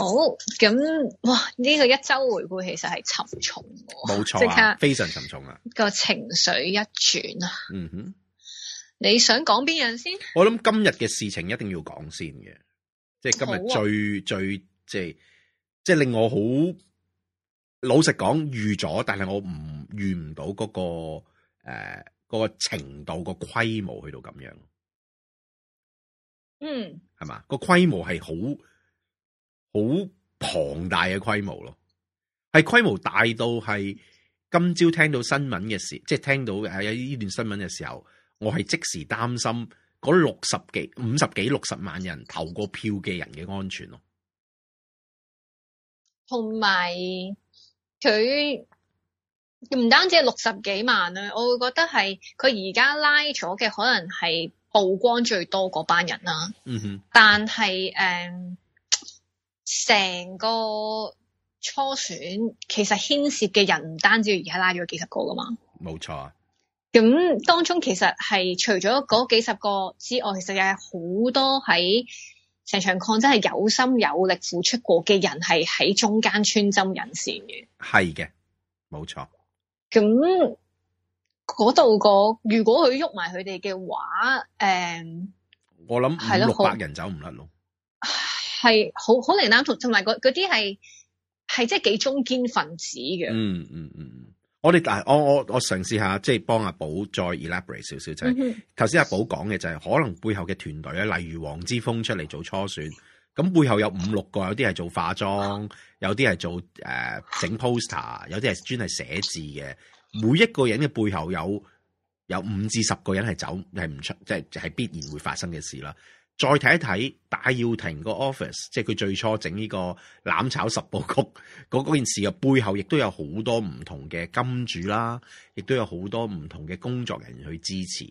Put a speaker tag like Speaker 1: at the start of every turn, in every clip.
Speaker 1: 好，咁、哦、哇，呢、呢個一周回顧其實係沉重，
Speaker 2: 冇錯，即刻非常沉重啊。
Speaker 1: 個情緒一轉啊，嗯哼，你想講邊樣先？
Speaker 2: 我諗今日嘅事情一定要講先嘅，即係今日最、啊、最，最即係即係令我好老實講，預咗，但係我唔預唔到嗰個誒嗰、呃嗰個程度、個規模去到咁樣。嗯，係嘛？個規模係好。好龐大嘅規模咯係規模大到係今朝聽到新聞嘅時候，即係聽到誒有呢段新聞嘅時候，我係即時擔心嗰六十幾五十幾六十萬人投過票嘅人嘅安全咯。
Speaker 1: 同埋佢唔單止係六十幾萬啊，我會覺得係佢而家拉咗嘅可能係曝光最多嗰班人啦。嗯哼，但係誒。嗯成個初選其實牽涉嘅人唔單止而家拉咗幾十個噶嘛，冇錯。咁當中其實係除咗嗰幾十個之外，其實又係好多喺成場抗爭係有心有力付出過嘅人，在人的的，係喺中間穿針引線嘅。
Speaker 2: 係嘅，冇錯。
Speaker 1: 咁嗰度個如果佢喐埋佢哋嘅話，誒、嗯，
Speaker 2: 我諗五六百人走唔甩囉。
Speaker 1: 係好好零擔同，同埋嗰啲係係即係幾中堅分子嘅、嗯。
Speaker 2: 嗯嗯嗯我哋我我我嘗試下即係、就是、幫阿寶再 elaborate 少少。就係頭先阿寶講嘅就係、是、可能背後嘅團隊咧，例如黃之鋒出嚟做初選，咁背後有五六個有啲係做化妝，有啲係做誒整 poster，有啲係專係寫字嘅。每一個人嘅背後有有五至十個人係走係唔出，即係係必然會發生嘅事啦。再睇一睇戴耀廷個 office，即係佢最初整呢個攬炒十部曲嗰件事嘅背後，亦都有好多唔同嘅金主啦，亦都有好多唔同嘅工作人員去支持。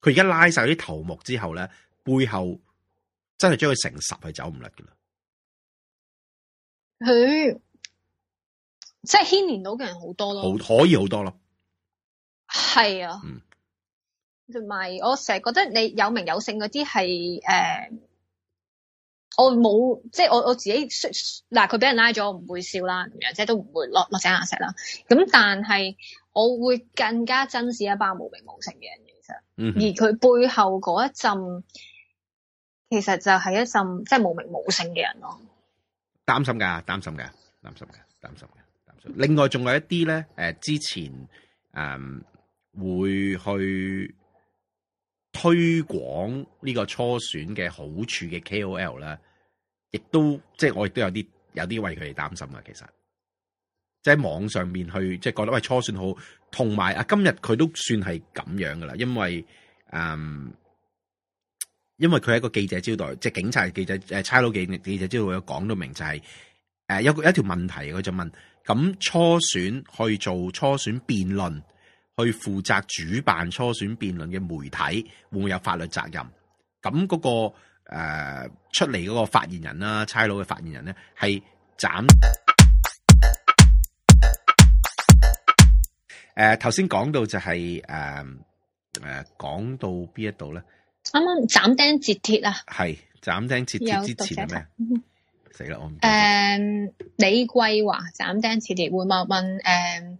Speaker 2: 佢而家拉晒啲頭目之後咧，背後真係將佢成十係走唔甩㗎啦。
Speaker 1: 佢即係牽連到嘅人好多咯，好
Speaker 2: 可以好多咯，
Speaker 1: 係啊。嗯同埋，我成日覺得你有名有姓嗰啲係誒，我冇即係我我自己，嗱佢俾人拉咗，我唔會笑啦咁樣，即係都唔會落落井下石啦。咁但係我會更加珍視一班無名無姓嘅人其實，嗯、哼而佢背後嗰一陣，其實就係一陣即係無名無姓嘅人咯。
Speaker 2: 擔心嘅，擔心嘅，擔心嘅，擔心嘅，擔心。另外仲有一啲咧，誒之前誒、嗯、會去。推廣呢個初選嘅好處嘅 KOL 咧，亦都即係我亦都有啲有啲為佢哋擔心啊！其實即係網上面去即係覺得喂初選好，同埋啊今日佢都算係咁樣噶啦，因為嗯，因為佢係一個記者招待，即係警察嘅記者誒差佬記者記者記者招待有講到明就係誒有有一條問題佢就問咁初選去做初選辯論。去負責主辦初選辯論嘅媒體會唔會有法律責任？咁嗰、嗰個誒、呃、出嚟嗰個發言人啦，差佬嘅發言人咧，係斬誒頭先講到就係誒誒講到邊一度咧？
Speaker 1: 啱啱斬釘截鐵啊！
Speaker 2: 係斬釘截鐵之前係咩？死啦！我誒、嗯、
Speaker 1: 李桂華斬釘截鐵會問問誒。嗯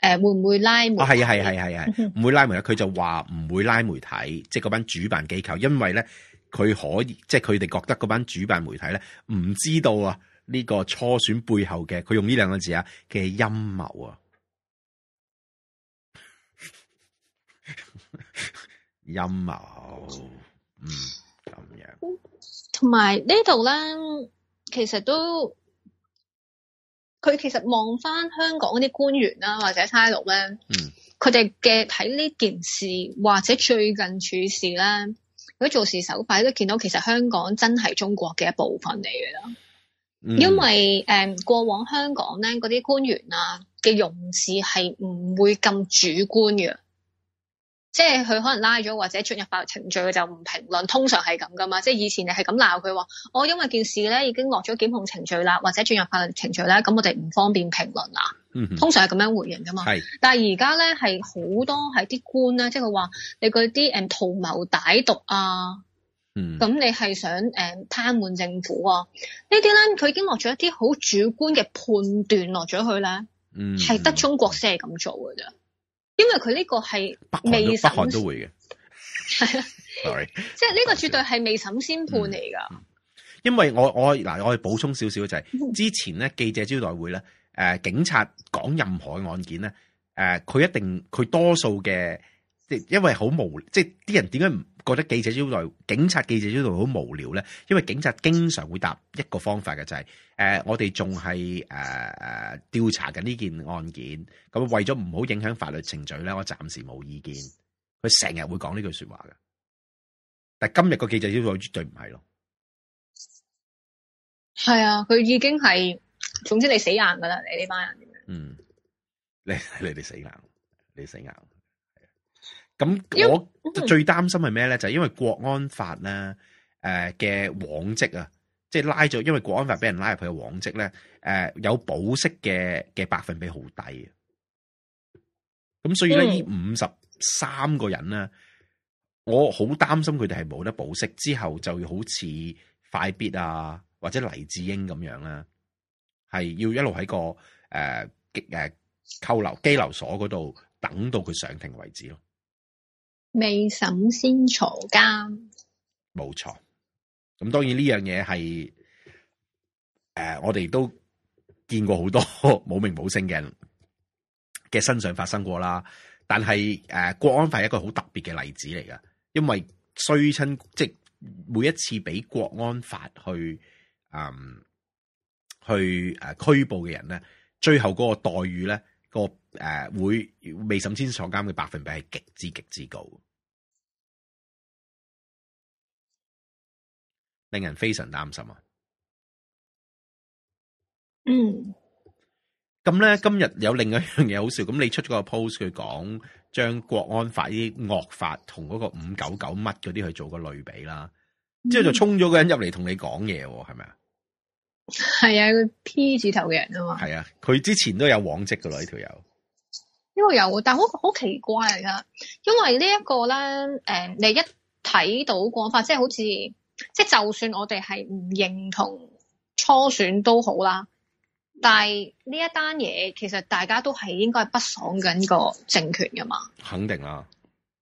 Speaker 1: 誒，會唔會拉媒？啊，係啊，係係係係，唔
Speaker 2: 會拉媒啊！佢就話唔會拉媒體，即係嗰班主辦機構，因為咧，佢可以，即係佢哋覺得嗰班主辦媒體咧，唔知道啊，呢個初選背後嘅，佢用呢兩個字啊嘅陰謀啊，陰謀， 陰
Speaker 1: 謀，嗯，咁樣。同埋呢度咧，其實都。佢其實望翻香港嗰啲官員啦，或者差佬咧，佢哋嘅睇呢件事或者最近處事咧，佢做事手法都見到，其實香港真係中國嘅一部分嚟嘅啦。嗯、
Speaker 3: 因為
Speaker 1: 誒、呃、過往香港咧嗰啲官員啊嘅用字係唔會咁主觀嘅。即係佢可能拉咗或者進入法律程序，就唔評論。通常係咁噶嘛，即係以前你係咁鬧佢話，我、哦、因為件事咧已經落咗檢控程序啦，或者進入法律程序咧，咁我哋唔方便評論啦。通常係咁樣回應噶嘛。係、mm，hmm. 但係而家咧係好多係啲官咧，即係話你嗰啲誒圖謀歹毒啊，mm hmm. 嗯，咁你係想誒癱瘓政府啊？呢啲咧佢已經落咗一啲好主觀嘅判斷落咗去咧，係係得中國先係咁做噶咋。因為佢呢個係未審，北韓都會嘅 的，
Speaker 2: 係啊，
Speaker 1: 啦，即係呢個絕對係未審先判嚟噶、嗯嗯。
Speaker 2: 因為我我嗱，我哋補充少少就係之前咧記者招待會咧，誒、呃，警察講任何嘅案件咧，誒、呃，佢一定佢多數嘅，即係因為好無，即係啲人點解唔？覺得記者招待、警察記者招待好無聊咧，因為警察經常會答一個方法嘅就係、是，誒、呃，我哋仲係誒誒調查緊呢件案件，咁、嗯、為咗唔好影響法律程序咧，我暫時冇意見。佢成日會講呢句說話嘅，但今日個記者招待絕對唔係咯。係啊，
Speaker 1: 佢已經係，總之你死硬㗎喇，
Speaker 2: 你呢班人。嗯，你你哋死硬，你死硬。咁我最擔心係咩咧？就係、係、因為國安法咧，嘅往績啊，即係拉咗，因為國安法俾人拉入去嘅往績咧，有保釋嘅嘅百分比好低啊！咁所以咧，呢五十三個人咧，我好擔心佢哋係冇得保釋，之後就要好似快必啊，或者黎智英咁樣啦，係要一路喺個誒、呃啊、扣留羈留所嗰度等到佢上庭為止咯。
Speaker 1: 未審先坐監，
Speaker 2: 冇錯。咁當然呢樣嘢係誒，我哋都見過好多冇 名冇姓嘅人嘅身上發生過啦。但係誒、呃，國安法係一個好特別嘅例子嚟噶，因為衰親即每一次俾國安法去嗯、呃、去誒拘捕嘅人咧，最後嗰個待遇咧。個誒會未審先坐監嘅百分比係極之極之高，
Speaker 4: 令人非常擔心啊呢！嗯，
Speaker 2: 咁咧今日有另一樣嘢好笑，咁你出咗個 post，佢講將國安法啲惡法同嗰個五九九乜嗰啲去做個類比啦，之後就衝咗個人入嚟同你講嘢，係咪啊？
Speaker 1: 係啊，P 字頭嘅人啊嘛。
Speaker 2: 係啊，佢之前都有往績噶咯呢條友。
Speaker 1: 呢個有，但好好奇怪啊，因為呢一個咧，誒、呃，你一睇到講法，即係好似，即係就算我哋係唔認同初選都好啦，但係呢一單嘢，其實大家都係應該係不爽緊個政權噶嘛。
Speaker 2: 肯定啦。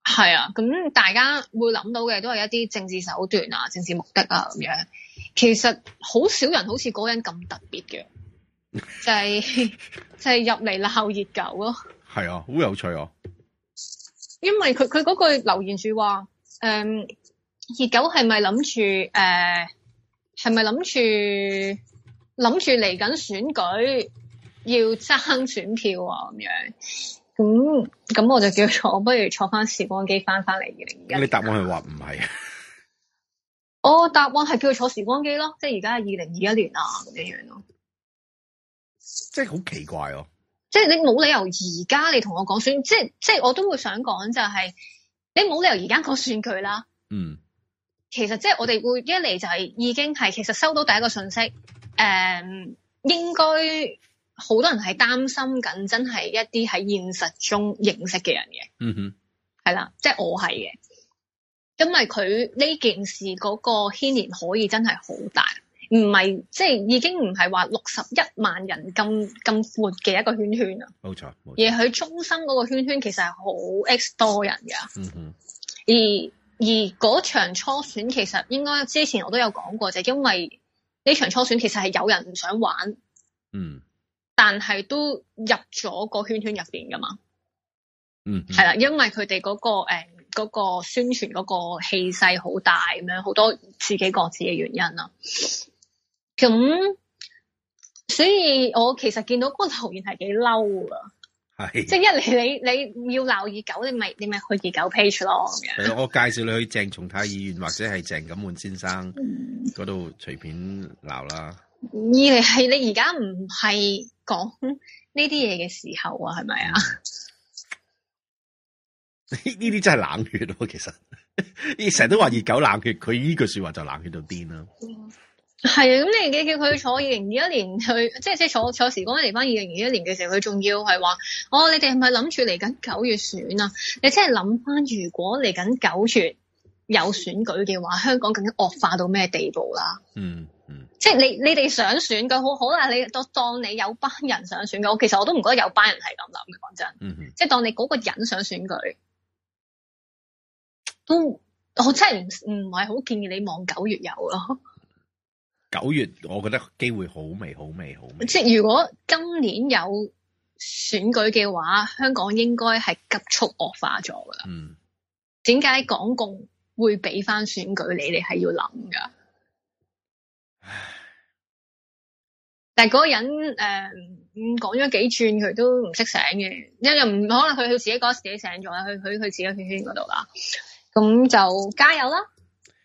Speaker 1: 係啊，咁大家會諗到嘅都係一啲政治手段啊、政治目的啊咁樣。其實好少人好似嗰人咁特別嘅、 就是，就係就係入嚟鬧熱狗咯。
Speaker 2: 係啊，好有趣啊！
Speaker 1: 因為佢佢嗰句留言處話，誒、嗯，熱狗係咪諗住誒，係咪諗住諗住嚟緊選舉要爭選票啊？咁樣咁咁，嗯、我就叫佢坐，我不如坐翻，時光機翻翻嚟而家。
Speaker 2: 咁你答案係話唔係
Speaker 1: 我、哦、答案係叫佢坐時光機咯，即係而家係二零二一年
Speaker 2: 啊咁樣樣咯，即係好奇怪咯、
Speaker 1: 哦，即係你冇理由而家你同我講算，即係即係我都會想講就係、是、你冇理由而家講算佢啦。嗯，其實即係我哋會一嚟就係已經係其實收到第一個信息，誒、嗯，應該好多人係擔心緊，真係一啲喺現實中認識嘅人嘅，
Speaker 3: 嗯哼，
Speaker 1: 係啦，即係我係嘅。因為佢呢件事嗰個牽連可以真係好大，唔係即係已經唔係話六十一萬人咁咁闊嘅一個圈圈啊。冇
Speaker 3: 錯，冇錯。而
Speaker 1: 佢中心嗰個圈圈其實係好 X 多人噶。嗯哼，而而嗰場初選其實應該之前我都有講過啫，因為呢場初選其實係有人唔想玩，嗯，但係都入咗個圈圈入邊噶嘛。嗯哼，係啦，因為佢哋嗰個誒。呃嗰個宣傳嗰個氣勢好大咁樣，好多自己各自嘅原因啦。咁所以我其實見到嗰個留言係幾嬲噶，係
Speaker 2: 的即係一
Speaker 1: 嚟你你你要鬧二狗，你咪你咪去二狗 page
Speaker 2: 咯。我介紹你去鄭松泰議員，或者係鄭錦滿先生嗰度隨便鬧啦。
Speaker 1: 二嚟係你而家唔係講呢啲嘢嘅時候啊，係咪啊？嗯
Speaker 2: 呢啲 真係冷血咯。其實你成日都話熱狗冷血，佢呢句說話就冷血到癲啦。
Speaker 1: 係啊、嗯，咁你叫佢坐二零二一年去，即係即係坐坐時光嚟翻二零二一年嘅時候，佢仲要係話哦。你哋係咪諗住嚟緊九月選啊？你真係諗翻，如果嚟緊九月有選舉嘅話，香港更加惡化到咩地步啦、嗯？嗯嗯，即係你你哋想選舉好好啦。你當當你有班人想選舉，我其實我都唔覺得有班人係咁諗嘅。講真，嗯、哼即係當你嗰個人想選舉。都我，我真係唔唔係好建議你望九月有咯。
Speaker 2: 九月我覺得機會好微好微好微。微微
Speaker 1: 即係如果今年有選舉嘅話，香港應該係急速惡化咗噶啦。嗯。點解港共會俾翻選舉你？你哋係要諗噶。唉。但係嗰個人誒，講、呃、咗幾轉佢都唔識醒嘅，因又唔可能佢佢自己嗰時自己醒咗啦，佢佢自己圈圈嗰度啦。咁就加油啦！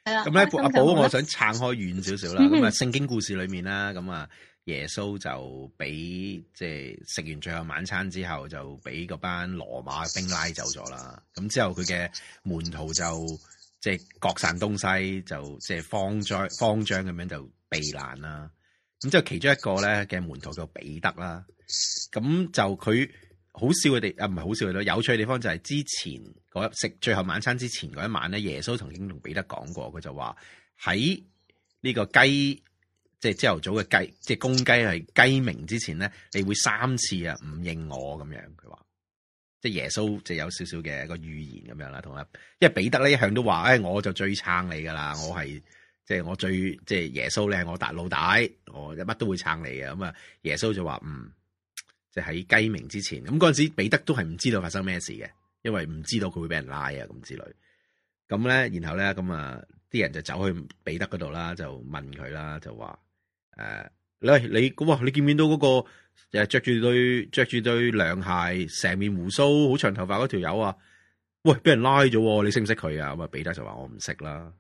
Speaker 1: 咁咧，那阿寶，我
Speaker 2: 想撐開遠少少啦。咁啊、嗯哼，聖經故事裏面啦，咁啊，耶穌就俾即係食完最後晚餐之後，就俾嗰班羅馬兵拉走咗啦。咁之後佢嘅門徒就即係、就是、各散東西，就即係慌張慌張咁樣就避難啦。咁之後其中一個咧嘅門徒叫彼得啦，咁就佢。好笑嘅地啊，唔係好笑嘅咯。有趣嘅地方就係之前嗰日食最後晚餐之前嗰一晚咧，耶穌曾經同彼得講過，佢就話喺呢個雞，即係朝頭早嘅雞，即係公雞係雞鳴之前咧，你會三次啊唔認我咁樣。佢話即係耶穌即係有少少嘅一個預言咁樣啦，同啊，因為彼得咧一向都話，誒、哎，我就最撐你噶啦，我係即係我最即係耶穌咧，我大老大，我乜都會撐你嘅。咁啊，耶穌就話嗯。即係喺雞鳴之前，咁嗰陣時彼得都係唔知道發生咩事嘅，因為唔知道佢會俾人拉啊咁之類。咁咧，然後咧，咁啊啲人就走去彼得嗰度啦，就問佢啦，就話：誒，喂，你哇，你見唔見到、誒、嗰個着住對著住對涼鞋、成面鬍鬚、好長頭髮嗰條友啊？喂，俾人拉咗喎，你識唔識佢啊？咁啊，彼得就話：我唔識啦。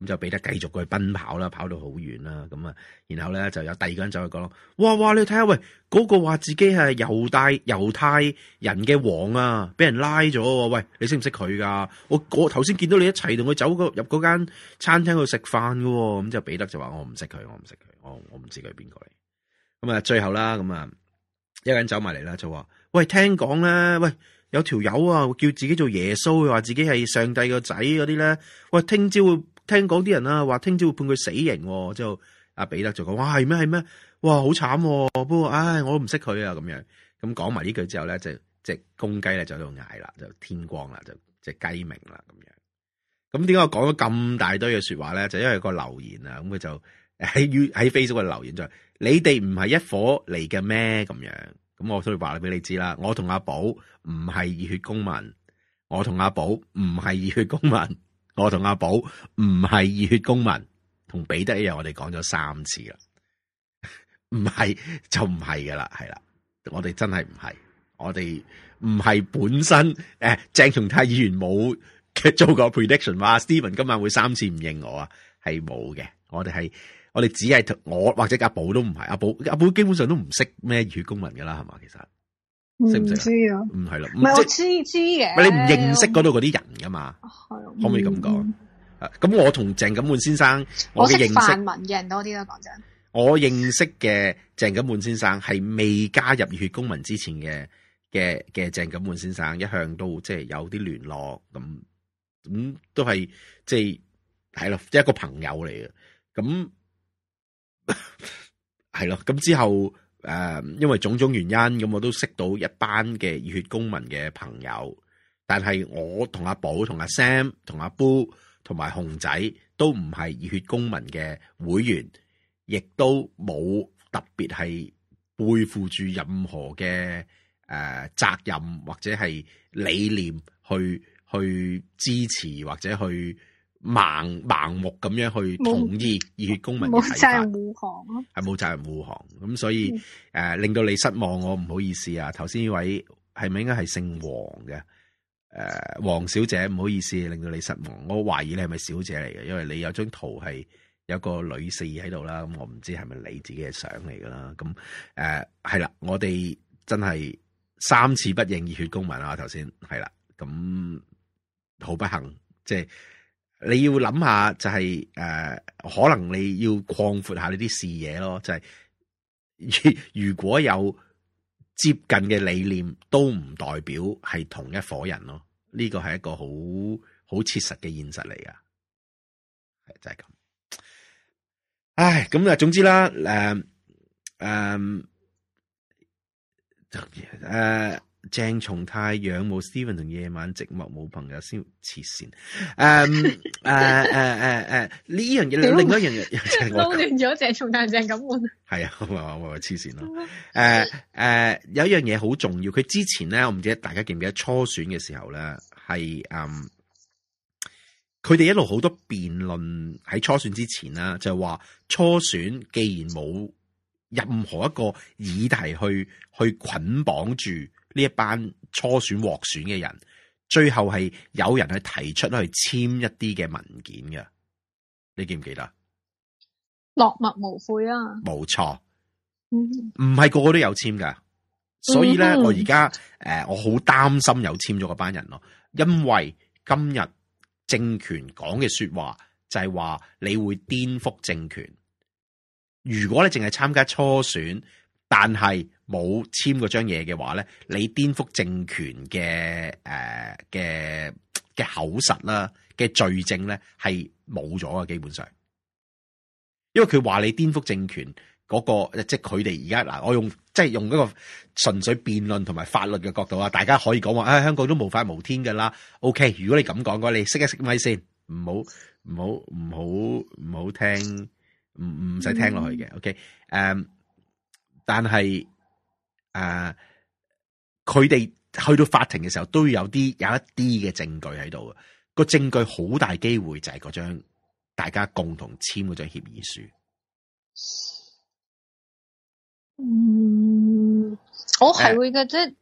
Speaker 2: 咁就彼得繼續佢去奔跑啦，跑到好遠啦，咁啊，然後咧就有第二個人走去講：哇哇，你睇下，喂，嗰、那個話自己係猶大猶太人嘅王啊，俾人拉咗。喂，你識唔識佢噶？我我頭先見到你一齊同佢走入嗰間餐廳去食飯噶，咁就彼得就話：我唔識佢，我唔識佢，我識我唔知佢邊個嚟。咁啊，最後啦，咁啊，一個人走埋嚟啦，就話：喂，聽講啦，喂，有條友啊，叫自己做耶穌，話自己係上帝個仔嗰啲咧，喂，聽朝。聽講啲人啊，話聽朝會判佢死刑，之後阿彼得就講：哇，係咩係咩？哇，好慘啊！不過，唉、哎，我都唔識佢啊，咁樣咁講埋呢句之後咧，就隻公雞咧就喺度嗌啦，就天光啦，就隻雞鳴啦，咁樣。咁點解我講咗咁大堆嘅說話咧？就因為有個留言啊，咁佢就喺喺 Facebook 嘅留言就：你哋唔係一夥嚟嘅咩？咁樣。咁我都要話俾你知啦，我同阿寶唔係熱血公民，我同阿寶唔係熱血公民。我同阿寶唔係熱血公民，同彼得一樣，我哋講咗三次啦，唔係就唔係噶啦，係啦，我哋真係唔係，我哋唔係本身誒，鄭松泰議員冇做過 prediction 話、啊、Steven 今晚會三次唔認我啊，係冇嘅。我哋係我哋只係我或者阿寶都唔係阿寶阿寶基本上都唔識咩熱血公民噶啦，係嘛其實。
Speaker 4: 唔知啊，
Speaker 2: 唔係啦，唔係我知
Speaker 1: 知嘅，唔係你唔認識嗰
Speaker 2: 度嗰啲人噶嘛，嗯、
Speaker 1: 可唔可以咁講？誒、嗯，
Speaker 2: 咁我同鄭錦滿先生，我認識我識泛
Speaker 1: 民嘅人多啲啦，
Speaker 2: 講真。我認識嘅鄭錦滿先生係未加入血公民之前嘅嘅嘅鄭錦滿先生，一向都即係有啲聯絡，咁咁都係即係係咯，即係、即係一個朋友嚟嘅，咁係咯，咁 之後。誒，因為種種原因，咁我都識到一班嘅熱血公民嘅朋友，但係我同阿寶、同阿 Sam、同阿 Bo、同埋熊仔都唔係熱血公民嘅會員，亦都冇特別係背負住任何嘅誒、呃、責任或者係理念去去支持或者去盲盲目咁樣去同意熱血公民嘅睇法，冇責任護航咯，係冇責任護航咁，所以誒、嗯呃、令到你失望，我唔好意思啊。頭先呢位係咪應該係姓黃嘅？誒、呃，黃小姐，唔好意思，令到你失望。我懷疑你係咪小姐嚟嘅？因為你有張圖係有個女士喺度啦，咁我唔知係咪你自己嘅相嚟噶啦。咁誒係啦，我哋真係三次不認熱血公民啊！頭先係啦，咁好不幸，即係。你要諗下，就係誒，可能你要擴闊下你啲視野咯，就係如果有接近嘅理念，都唔代表係同一伙人咯。呢個係一個好好切實嘅現實嚟噶，係就係咁。唉，咁啊，總之啦，誒，誒，誒。鄭松泰仰慕 Steven，同夜晚寂寞冇朋友先黐線。誒誒誒誒誒，呢樣嘢另外一樣嘢，即係亂咗鄭松泰鄭錦滿係啊，黐線咯。誒誒，吧 uh, uh, 有樣嘢好重要，佢之前咧，我唔知大家記唔記得初選嘅時候咧，係嗯，佢、um, 哋一路好多辯論喺初選之前啦，就係話初選既然冇任何一個議題去去捆綁住。呢一班初選獲選嘅人，最後係有人去提出去簽一啲嘅文件嘅，你記唔記得？
Speaker 1: 落墨無悔啊！冇錯，
Speaker 2: 唔係、嗯、個個都有簽㗎，所以咧、嗯呃，我而家誒，我好擔心有簽咗嗰班人咯，因為今日政權講嘅、就是、說話就係話你會顛覆政權，如果你淨係參加初選。但係冇簽嗰張嘢嘅話咧，你顛覆政權嘅誒嘅嘅口實啦，嘅罪證咧係冇咗㗎。基本上，因為佢話你顛覆政權嗰、那個，即係佢哋而家嗱，我用即係、就是、用一個純粹辯論同埋法律嘅角度啊，大家可以講話啊，香港都無法無天噶啦，OK，如果你咁講嘅話，你熄一熄咪先，唔好唔好唔好唔好聽，唔唔使聽落去嘅、嗯、，OK，誒、um,。但係，誒、呃，佢哋去到法庭嘅時候，都要有啲有一啲嘅證據喺度嘅。個證據好大機會就係嗰張大家共同簽嗰張協議書。嗯，
Speaker 4: 哎、我係會嘅，即係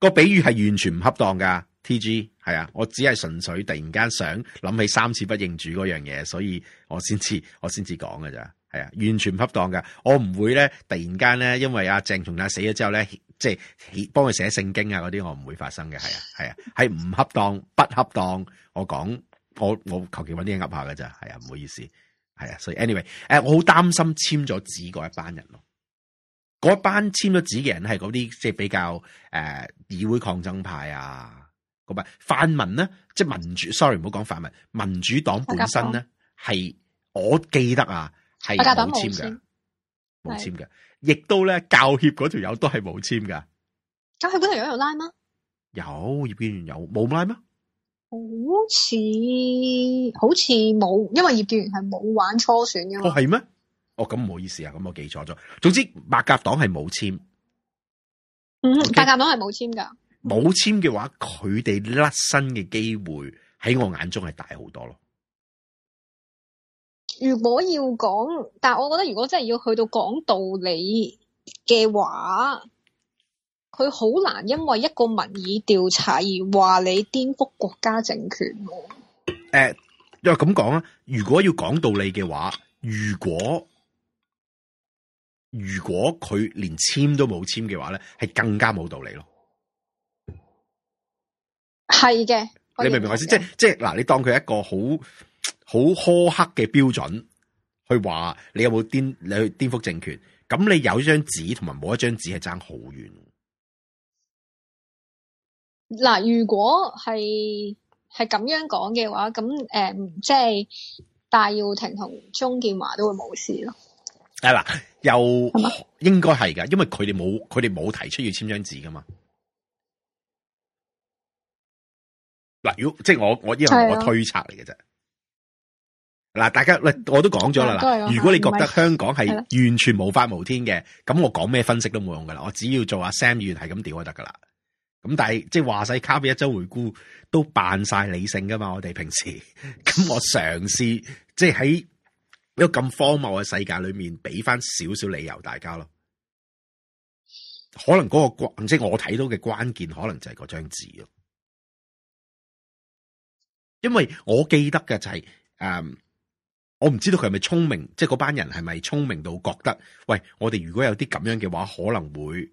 Speaker 2: 個比喻係完全唔恰當噶。TG，係啊，我只係純粹突然間想諗起三次不認主嗰樣嘢，所以我先至我先至講嘅咋。係啊，完全不恰當嘅。我唔會咧，突然間咧，因為阿、啊、鄭松泰死咗之後咧，即係寫幫佢寫聖經啊嗰啲，我唔會發生嘅。係啊，係啊，係唔恰當，不恰當。我講我我求其揾啲嘢噏下嘅咋。係啊，唔好意思，係啊。所以 anyway，誒，我好擔心簽咗紙嗰一班人咯。嗰班簽咗紙嘅人係嗰啲即係比較誒、呃、議會抗爭派啊，嗰泛民呢，即係民主。sorry 唔好講泛民，民主黨本身咧係我記得啊。係冇簽嘅，冇簽嘅，亦都咧教協嗰條友都係冇簽噶。教
Speaker 1: 協嗰條友有拉嗎？
Speaker 2: 有葉建源有冇拉咩？
Speaker 1: 好似好似冇，因為葉建源係冇玩初選嘅、哦。
Speaker 2: 哦係咩？哦咁唔好意思啊，咁我記錯咗。總之白鴿黨係冇簽。白鴿黨
Speaker 1: 冇簽嗯，白鴿黨係冇簽噶。
Speaker 2: 冇簽嘅話，佢哋甩身嘅機會喺我眼中係大好多咯。
Speaker 1: 如果要講，但係我覺得如果真係要去到講道理嘅話，佢好難因為一個民意調查而話你顛覆國家政權。誒、
Speaker 2: 呃，因為咁講啊，如果要講道理嘅話，如果如果佢連簽都冇簽嘅話咧，係更加冇道理咯。
Speaker 1: 係嘅，明白你明唔明我意思？即
Speaker 2: 係即係嗱，你當佢一個好。好苛刻嘅標準去話你有冇顛，你去顛覆政權，咁你有一張紙同埋冇一張紙係爭好遠。
Speaker 1: 嗱，如果係係咁樣講嘅話，咁誒，即、嗯、係、就是、戴耀廷同鍾建華都會冇事咯。
Speaker 2: 係啦，又應該係噶，因為佢哋冇佢哋冇提出要簽張紙噶嘛。嗱、啊，如果即係我這是我因為我推測嚟嘅啫。嗱，大家，我我都講咗啦。如果你覺得香港係完全無法無天嘅，咁我講咩分析都冇用噶啦。我只要做阿 Sam 原係咁屌就得噶啦。咁但係即係話晒，西卡比一周回顧都扮晒理性噶嘛。我哋平時，咁我嘗試即係喺一個咁荒謬嘅世界裏面，俾翻少少理由大家咯。可能嗰、嗰個關，即係我睇到嘅關鍵，可能就係嗰張紙咯。因為我記得嘅就係、係、誒。嗯我唔知道佢係咪聰明，即係嗰班人係咪聰明到覺得，喂，我哋如果有啲咁樣嘅話，可能會，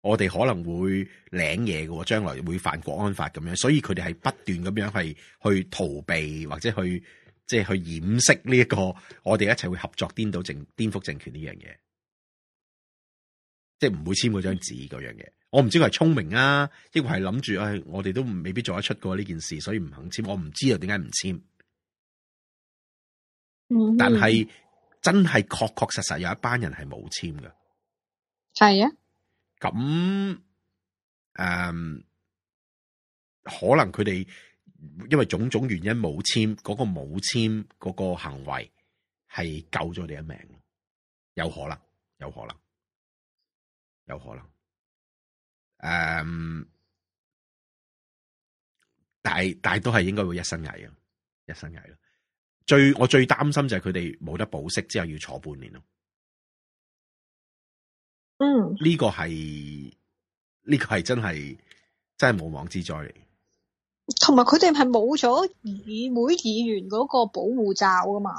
Speaker 2: 我哋可能會領嘢嘅，將來會犯國安法咁樣，所以佢哋係不斷咁樣係去逃避或者去即係、就是、去掩飾呢一個，我哋一齊會合作顛倒政顛覆政權呢樣嘢，即係唔會簽嗰張紙嗰樣嘢。我唔知佢係聰明啊，亦或係諗住，唉、哎，我哋都未必做得出過呢件事，所以唔肯簽。我唔知道點解唔簽。但係真係確確實實有一班人係冇簽嘅，
Speaker 4: 係啊。
Speaker 2: 咁誒，可能佢哋因為種種原因冇簽，嗰個冇簽嗰個行為係救咗你一命有，有可能，有可能，有可能。誒，但係但係都係應該會一身蟻咯，一身蟻咯。最我最擔心就係佢哋冇得保釋之後要坐半年咯。嗯、
Speaker 1: 這
Speaker 2: 個，呢個係呢個係真係真係無妄之災嚟。
Speaker 1: 同埋佢哋係冇咗議會議員嗰個保護罩㗎嘛？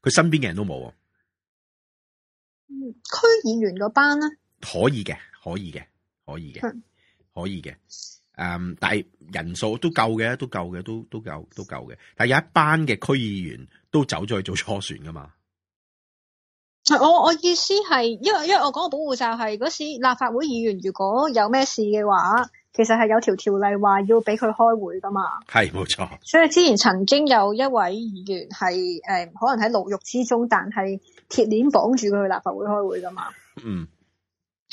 Speaker 2: 佢身邊嘅人都冇。嗯，
Speaker 1: 區議員嗰班咧？
Speaker 2: 可以嘅，可以嘅，可以嘅，可以嘅。誒、嗯，但係人數都夠嘅，都夠嘅，都都夠，都夠嘅。但係有一班嘅區議員都走咗去做初選噶嘛
Speaker 1: 係？我我意思係，因為因為我講個保護罩係嗰時立法會議員如果有咩事嘅話，其實係有條條例話要俾佢開會噶嘛？
Speaker 3: 係冇錯。錯，
Speaker 1: 所以之前曾經有一位議員係誒、呃，可能喺牢獄之中，但係鐵鏈綁住佢去立法會開會噶嘛？嗯。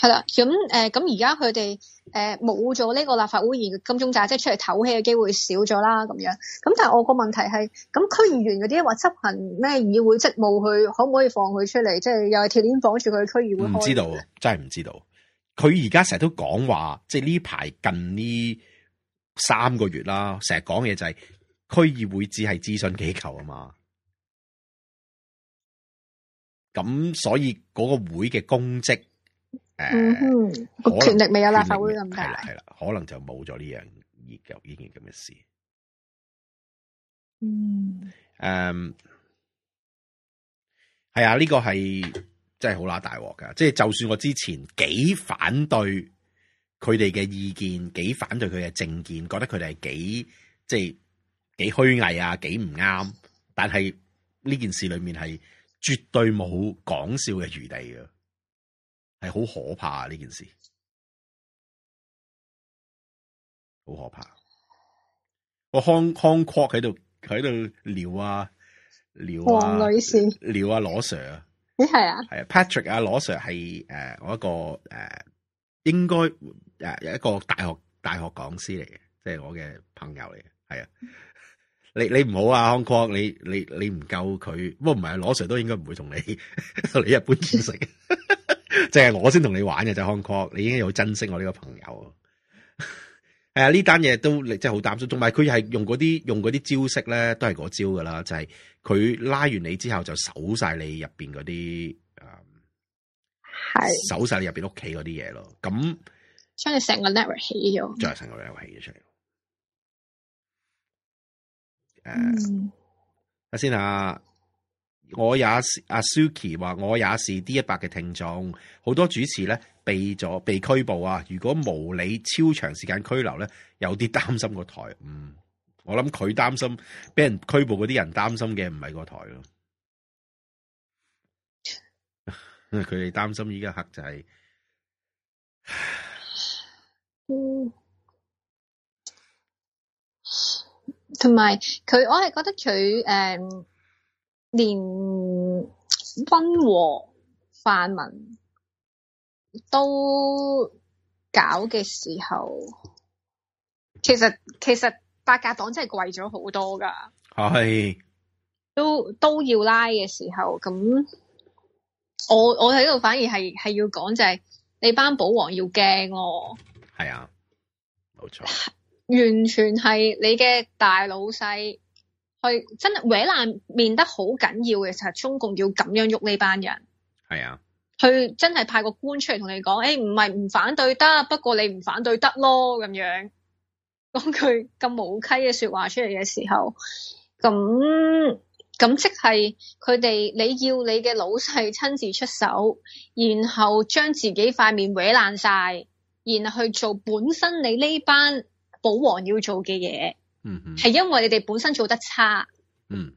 Speaker 1: 係啦，咁誒，咁而家佢哋誒冇咗呢個立法會議員嘅金鐘罩，即係出嚟唞氣嘅機會少咗啦，咁樣。咁但係我個問題係，咁區議員嗰啲話執行咩議會職務，佢可唔可以放佢出嚟？即係又係鐵鏈綁住佢區議會？唔知道，
Speaker 2: 真係唔知道。佢而家成日都講話，即係呢排近呢三個月啦，成日講嘢就係、是、區議會只係諮詢機構啊嘛。咁所以嗰個會嘅公職。嗯哼，個
Speaker 4: 能權
Speaker 3: 力未有立法會
Speaker 2: 咁大，係啦可能就冇咗呢樣已究呢件咁嘅事。嗯，誒、um,，係啊，呢個係真係好乸大鑊噶，即係就算我之前幾反對佢哋嘅意見，幾反對佢嘅政見，覺得佢哋係幾即係幾虛偽啊，幾唔啱，但係呢件事裏面係絕對冇講笑嘅餘地嘅。係好可怕啊，呢件事，好可怕。個康康科喺度，喺度撩啊撩啊，黃、啊、女士撩啊羅 Sir，啊？你係啊係啊 Patrick 啊羅 Sir 係誒、呃，我一個誒、呃，應該誒有一個大學大學講師嚟嘅，即、就、係、是、我嘅朋友嚟嘅，係啊。 你你唔好啊康科，你你你唔夠佢，不過唔係羅 Sir 都應該唔會同你 你一般見識。即係 我先同你玩嘅就 Hong Kong，你應該要珍惜我呢個朋友。係 啊，呢單嘢都即係好擔心，同埋佢係用嗰啲用嗰啲招式咧，都係嗰招噶啦，就係佢拉完你之後就搜晒你入邊嗰啲，係、嗯、是搜晒你入邊屋企嗰啲嘢咯。咁
Speaker 1: 將你成個 network 起咗，將
Speaker 2: 你成個 network 起咗出嚟。誒，阿先啊。嗯先看看我也是，阿 Suki 話我也是 D 一百嘅聽眾，好多主持咧被咗被拘捕啊！如果無理超長時間拘留咧，有啲擔心個台。嗯，我諗佢擔心俾人拘捕嗰啲人擔心嘅唔係個台咯，佢哋擔心依家刻就係、
Speaker 1: 是，同埋佢，我係覺得佢誒。嗯連溫和泛民都搞嘅時候，其實其實八甲黨真係貴咗好多噶，係的都都要拉嘅時候，咁我我喺度反而係係要講就係、是、你班保皇要驚咯，
Speaker 2: 係啊，冇錯，
Speaker 1: 完全係你嘅大老細。佢真係毀爛面得好緊要嘅，就係中共要咁樣喐呢班人。係啊，佢真係派個官出嚟同你講，誒、欸，唔係唔反對得，不過你唔反對得咯。咁樣講句咁無稽嘅說話出嚟嘅時候，咁咁即係佢哋你要你嘅老細親自出手，然後將自己塊面毀爛晒，然後去做本身你呢班保皇要做嘅嘢。嗯，係因為你哋本身做得差，嗯，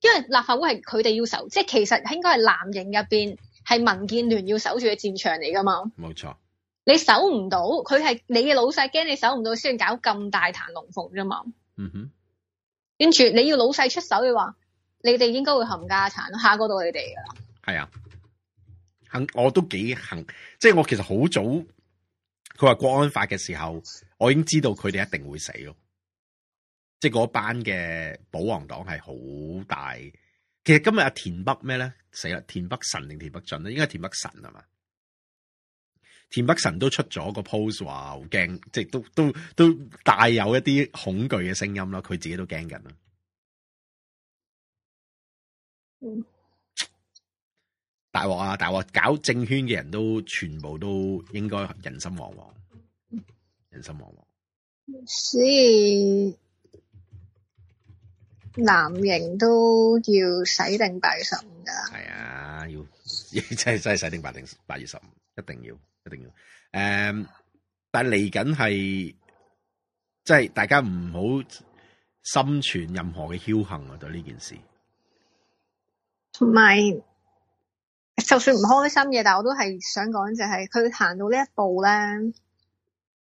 Speaker 1: 因為立法會係佢哋要守，即係其實應該係藍營入邊係民建聯要守住嘅戰場嚟噶嘛，
Speaker 5: 冇錯錯。
Speaker 1: 你守唔到，佢係你嘅老細驚你守唔到，先搞咁大壇龍鳳啫嘛。嗯哼，跟住你要老細出手嘅話，你哋應該會冚家鏟，下個到你哋噶啦。
Speaker 2: 係啊，肯我都幾幸，即係我其實好早佢話國安法嘅時候，我已經知道佢哋一定會死咯。即係嗰班嘅保皇黨係好大，其實今日阿田北咩咧死啦？田北辰定田北俊咧？應該係田北辰係嘛？田北辰都出咗個 post 話好驚，即係都都都帶有一啲恐懼嘅聲音咯，佢自己都驚緊咯。嗯，大鑊啊！大鑊！搞政圈嘅人都全部都應該人心惶惶，人心惶惶。
Speaker 1: 是。男營都要洗定八月十五噶，係
Speaker 2: 啊，要,要真係真係洗定八定八月十五，一定要，一定要。誒、嗯，但係嚟緊係，即係大家唔好心存任何嘅僥幸啊！對呢件事，
Speaker 1: 同埋就算唔開心嘅，但係我都係想講、就是，就係佢行到呢一步咧，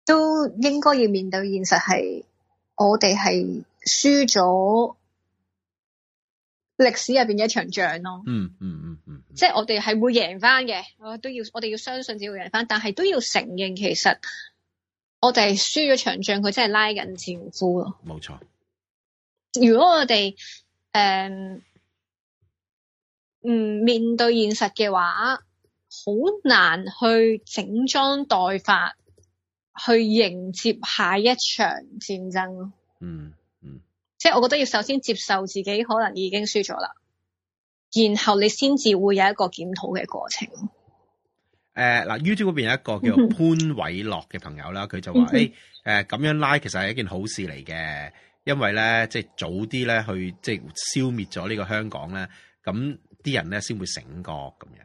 Speaker 1: 都應該要面對現實是，係我哋係輸咗。歷史入邊嘅一場仗咯。嗯，嗯嗯嗯嗯，嗯即係我哋係會贏翻嘅，我都要我哋要相信自己會贏翻，但係都要承認其實我哋輸咗場仗，佢真係拉緊戰俘咯。
Speaker 2: 冇錯錯，
Speaker 1: 如果我哋誒，嗯，唔面對現實嘅話，好難去整裝待發去迎接下一場戰爭咯。嗯。即係我覺得要首先接受自己可能已經輸咗啦，然後你先至會有一個檢討嘅過程。
Speaker 2: 誒、呃，嗱，YouTube 嗰邊有一個叫做潘偉樂嘅朋友啦，佢就話：誒、嗯哼，誒、欸，咁、呃、樣拉其實係一件好事嚟嘅，因為咧、就是，即係早啲咧去即係消滅咗呢個香港咧，咁啲人咧先會醒覺咁樣。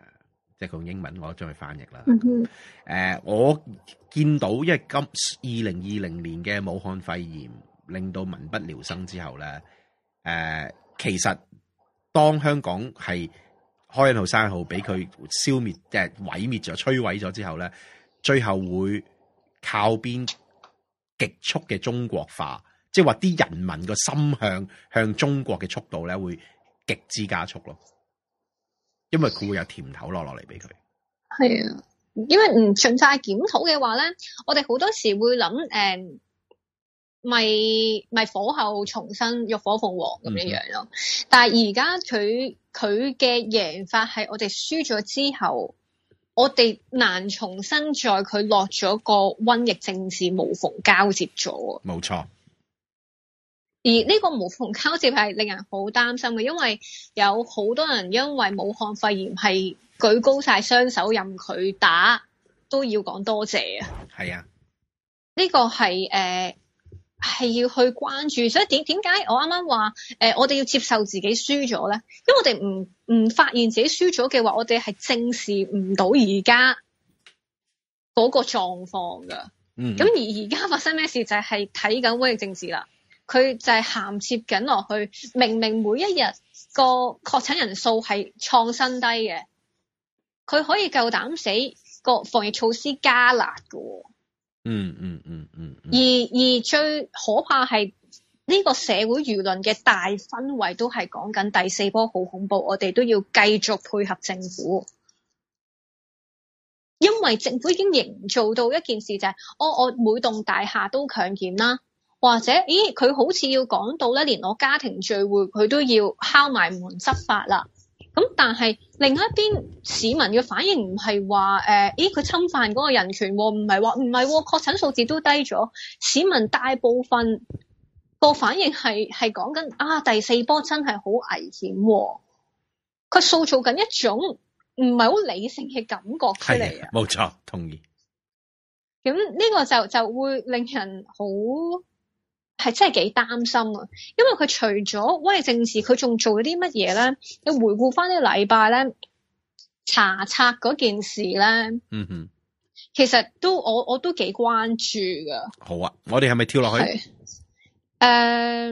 Speaker 2: 即係佢用英文我都將佢翻譯咗，我將佢翻譯啦。誒、呃，我見到因為今二零二零年嘅武漢肺炎。令到民不聊生之後咧，誒，其實當香港係開一套山號俾佢消滅、誒毀滅咗、摧毀咗之後咧，最後會靠邊極速嘅中國化，即係話啲人民個心向向中國嘅速度咧，會極之加速咯。因為佢會有甜頭落落嚟俾佢。
Speaker 1: 係啊，因為唔盡快檢討嘅話咧，我哋好多時會諗誒。嗯咪咪火候重生，浴火鳳凰咁樣樣咯。但係而家佢佢嘅贏法係我哋輸咗之後，我哋難重新再佢落咗個瘟疫政治無縫交接
Speaker 2: 咗。冇錯。
Speaker 1: 而呢個無縫交接係令人好擔心嘅，因為有好多人因為武漢肺炎係舉高晒雙手任佢打，都要講多謝啊。係啊，呢個係誒。係要去關注，所以點點解我啱啱話誒，我哋要接受自己輸咗咧？因為我哋唔唔發現自己輸咗嘅話，我哋係正視唔到而家嗰個狀況噶。嗯、嗯。咁而而家發生咩事就係睇緊瘟疫政治啦。佢就係銜接緊落去，明明每一日個確診人數係創新低嘅，佢可以夠膽死個防疫措施加辣噶。嗯嗯嗯嗯，嗯嗯嗯嗯而而最可怕係呢個社會輿論嘅大氛圍都係講緊第四波好恐怖，我哋都要繼續配合政府，因為政府已經營造到一件事就係，我我每棟大廈都強檢啦，或者，咦，佢好似要講到咧，連我家庭聚會佢都要敲埋門執法啦。咁但係另一邊市民嘅反應唔係話誒，咦，佢侵犯嗰個人權喎，唔係話唔係確診數字都低咗，市民大部分個反應係係講緊啊第四波真係好危險喎，佢塑造緊一種唔係好理性嘅感覺
Speaker 2: 出嚟啊，冇錯，同意。咁
Speaker 1: 呢、嗯這個就就會令人好。係真係幾擔心啊，因為佢除咗威政治，佢仲做咗啲乜嘢咧？你回顧翻呢個禮拜咧，查冊嗰件事咧，嗯
Speaker 2: 哼，
Speaker 1: 其實都我我都幾關注噶。
Speaker 2: 好啊，我哋係咪跳落去？誒
Speaker 1: ，uh,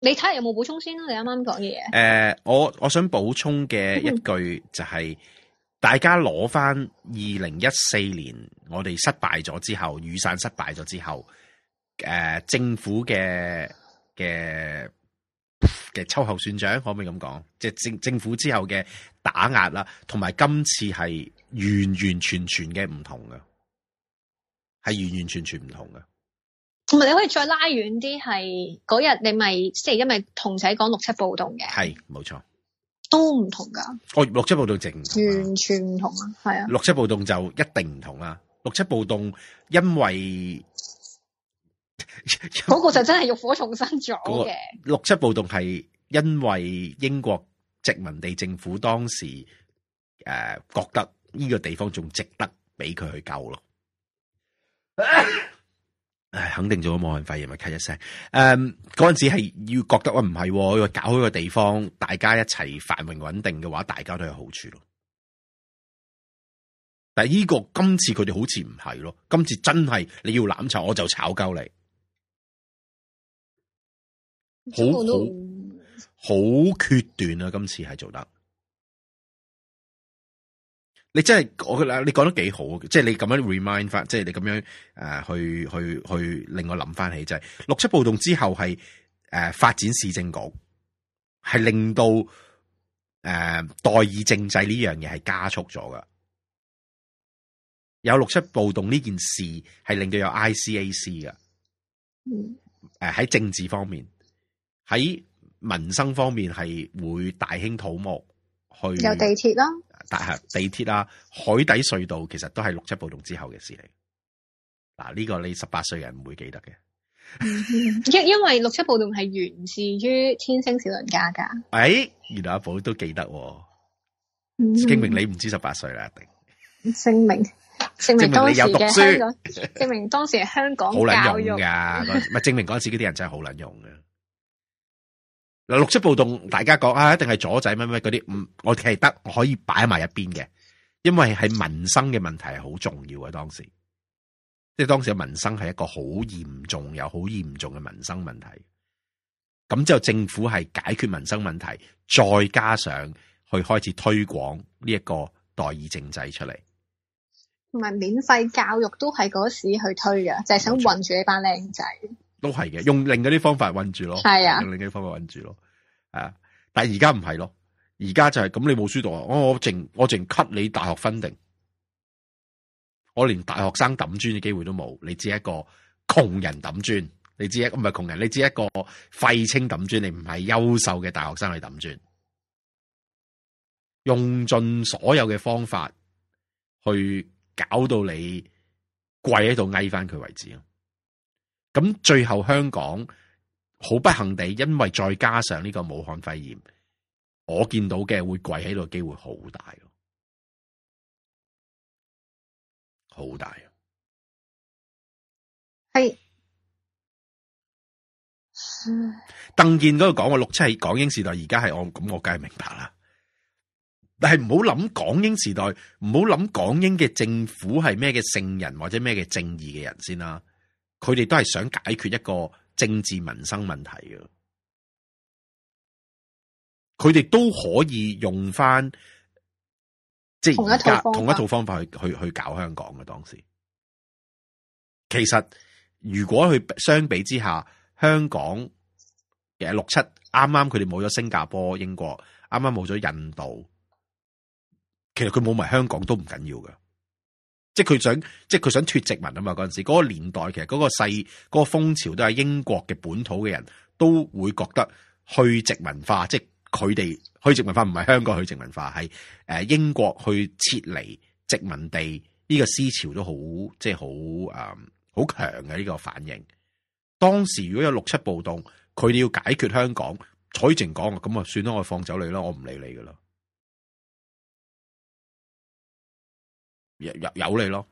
Speaker 1: 你睇下有冇補充先咯？你啱啱講嘅嘢。誒、
Speaker 2: uh,，我我想補充嘅一句就係、是， 大家攞翻二零一四年我哋失敗咗之後，雨傘失敗咗之後。誒、呃，政府嘅嘅嘅秋後算賬，可唔可以咁講？即係政政府之後嘅打壓啦，同埋今次係完完全全嘅唔同嘅，係完完全全唔同嘅。
Speaker 1: 同埋你可以再拉遠啲，係嗰日你咪即係因為同仔講六七暴動嘅，係冇錯，都唔同
Speaker 2: 噶。我、哦、六七暴動正
Speaker 1: 完全唔同啊，係啊。六
Speaker 2: 七暴動就一定唔同啦。六七暴動因為。
Speaker 1: 嗰 個就真係浴火重生
Speaker 2: 咗嘅。六七暴動係因為英國殖民地政府當時，誒覺得呢個地方仲值得俾佢去救咯，誒肯定做咗武漢肺炎咪咳一聲，誒嗰陣時係要覺得唔係要搞好個地方，大家一齊繁榮穩定嘅話，大家都有好處咯，這個。但係呢個今次佢哋好似唔係咯，今次真係你要攬炒
Speaker 4: 我就炒鳩你。好
Speaker 2: 好好決斷啊！今次係做得你真係我你講得幾好，即係你咁樣 remind 翻，即係你咁樣誒，去去去令我諗翻起就係六七暴動之後係誒發展市政局，係令到誒代議政制呢樣嘢係加速咗噶。有六七暴動呢件事係令到有 ICAC 噶，誒喺，嗯，政治方面。喺民生方面係會大興土木去有地
Speaker 1: 鐵咯，
Speaker 2: 但係地鐵啦、海底隧道，其實都係六七暴動之後嘅事嚟。嗱，呢個你十八歲人唔會記得嘅，哎，
Speaker 1: 因因為六七暴動係源自於天星小輪加
Speaker 2: 價。誒，原來阿寶都記得，
Speaker 1: 證明你
Speaker 2: 唔知十八歲啦，一定證明證明你有讀書，
Speaker 1: 證明當時係香港好撚用噶，
Speaker 2: 係證明嗰陣時嗰啲人真係好撚用嘅。嗱，六七暴動，大家講啊，一定係左仔乜乜嗰啲，唔，我哋係得可以擺埋一邊嘅，因為係民生嘅問題係好重要嘅當時，即係當時嘅民生係一個好嚴重又好嚴重嘅民生問題，咁之後政府係解決民生問題，再加上去開始推廣呢一個代議政制出嚟，
Speaker 1: 同埋免費教育都係嗰時去推嘅，冇錯，就係想穩住呢班靚仔。
Speaker 2: 都係嘅，用另一啲方法穩住咯。係啊，用另啲方法穩住咯。啊，但係而家唔係咯，而家就係咁，你冇書讀，我我我淨我淨 cut 你大學分定，我連大學生抌磚嘅機會都冇。你只係一個窮人抌磚，你只係一唔係窮人，你只係一個廢青抌磚，你唔係優秀嘅大學生去抌磚，用盡所有嘅方法去搞到你跪喺度挨翻佢為止。咁最後香港好不幸地，因為再加上呢個武漢肺炎，我見到嘅會跪喺度機會好大咯，
Speaker 4: 好大啊！係
Speaker 2: 鄧健嗰度講嘅六七係港英時代，而家係我咁，我梗係明白啦。但係唔好諗港英時代，唔好諗港英嘅政府係咩嘅聖人或者咩嘅正義嘅人先啦。佢哋都係想解決一個政治民生問題嘅，佢哋都可以用返即係而家同，同一套方法去去，去搞香港嘅當時。其實如果去相比之下，香港嘅六七啱啱佢哋冇咗新加坡、英國，啱啱冇咗印度，其實佢冇埋香港都唔緊要嘅。即係佢想，即係佢想脫殖民啊嘛！嗰陣時，嗰個年代其實嗰個世、嗰個風潮都係英國嘅本土嘅人都會覺得去殖民化，即係佢哋去殖民化唔係香港去殖民化，係誒英國去撤離殖民地呢個思潮都好，即係好誒好強嘅呢個反應。當時如果有六七暴動，佢哋要解決香港，彩靖講，咁啊算啦，我放走你啦，我唔理你噶啦。有由你咯，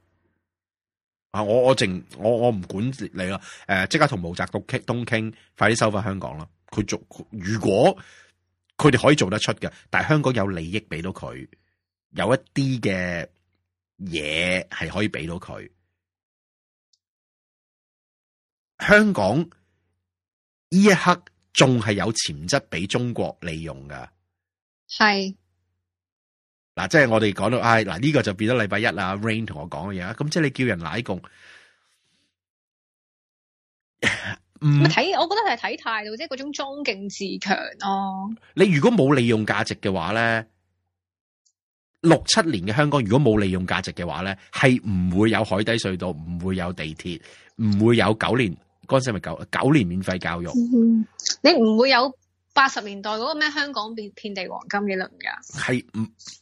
Speaker 2: 啊！我我淨我我唔管你啦，誒、呃！即刻同毛澤東傾，快啲收翻香港啦。佢做，如果佢哋可以做得出嘅，但係香港有利益俾到佢，有一啲嘅嘢係可以俾到佢。香港呢一刻仲係有潛質俾中國利用噶，
Speaker 4: 係。
Speaker 2: 嗱，即係我哋講到，哎，嗱、這、呢個就變咗禮拜一啦。Rain 同我講嘅嘢咁，即係你叫人奶共，唔、嗯、
Speaker 1: 睇，我覺得係睇態度，即係嗰種裝敬自強咯。
Speaker 2: 哦、你如果冇利用價值嘅話咧，六七年嘅香港如果冇利用價值嘅話咧，係唔會有海底隧道，唔會有地鐵，唔會有九年，干洗咪九九年免費教育，嗯、
Speaker 1: 你唔會有。八十年代嗰
Speaker 2: 個咩？香港遍遍地黃金嘅輪噶，係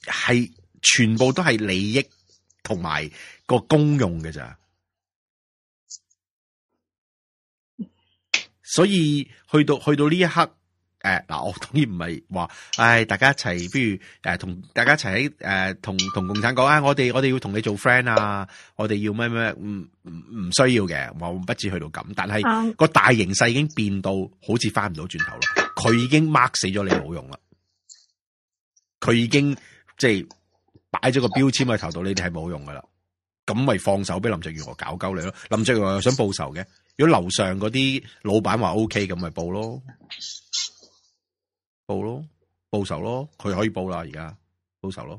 Speaker 2: 係全部都係利益同埋個公用嘅咋，所以去到去到呢一刻誒嗱，我當然唔係話唉，大家一齊，不如誒、啊、同大家一齊喺誒同同共產黨啊，我哋我哋要同你做 friend 啊，我哋要咩咩，唔唔唔需要嘅。我唔不知去到咁，但係個大形勢已經變到好似翻唔到轉頭咯。佢已經 mark 死咗你冇用啦，佢已經即係擺咗個標籤喺頭度，你哋係冇用噶啦，咁咪放手俾林鄭月娥搞鳩你咯。林鄭月娥想報仇嘅，如果樓上嗰啲老闆話 OK，咁咪報咯，報咯報仇咯，佢可以報啦，而家報仇咯。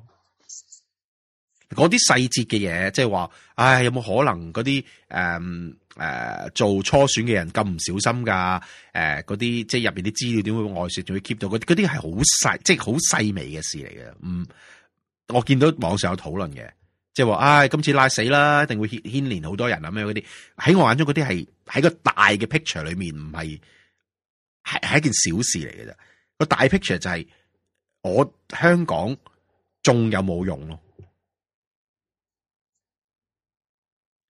Speaker 2: 嗰啲細節嘅嘢，即係話，唉，有冇可能嗰啲誒誒做初選嘅人咁唔小心噶？誒、呃，嗰啲即係入邊啲資料點會外泄，仲會 keep 到嗰啲係好細，即係好細微嘅事嚟嘅。嗯，我見到網上有討論嘅，即係話，唉，今次拉死啦，一定會牽連好多人啊咩嗰啲。喺我眼中，嗰啲係喺個大嘅 picture 裏面，唔係係係一件小事嚟嘅啫。個大 picture 就係我香港仲有冇用咯？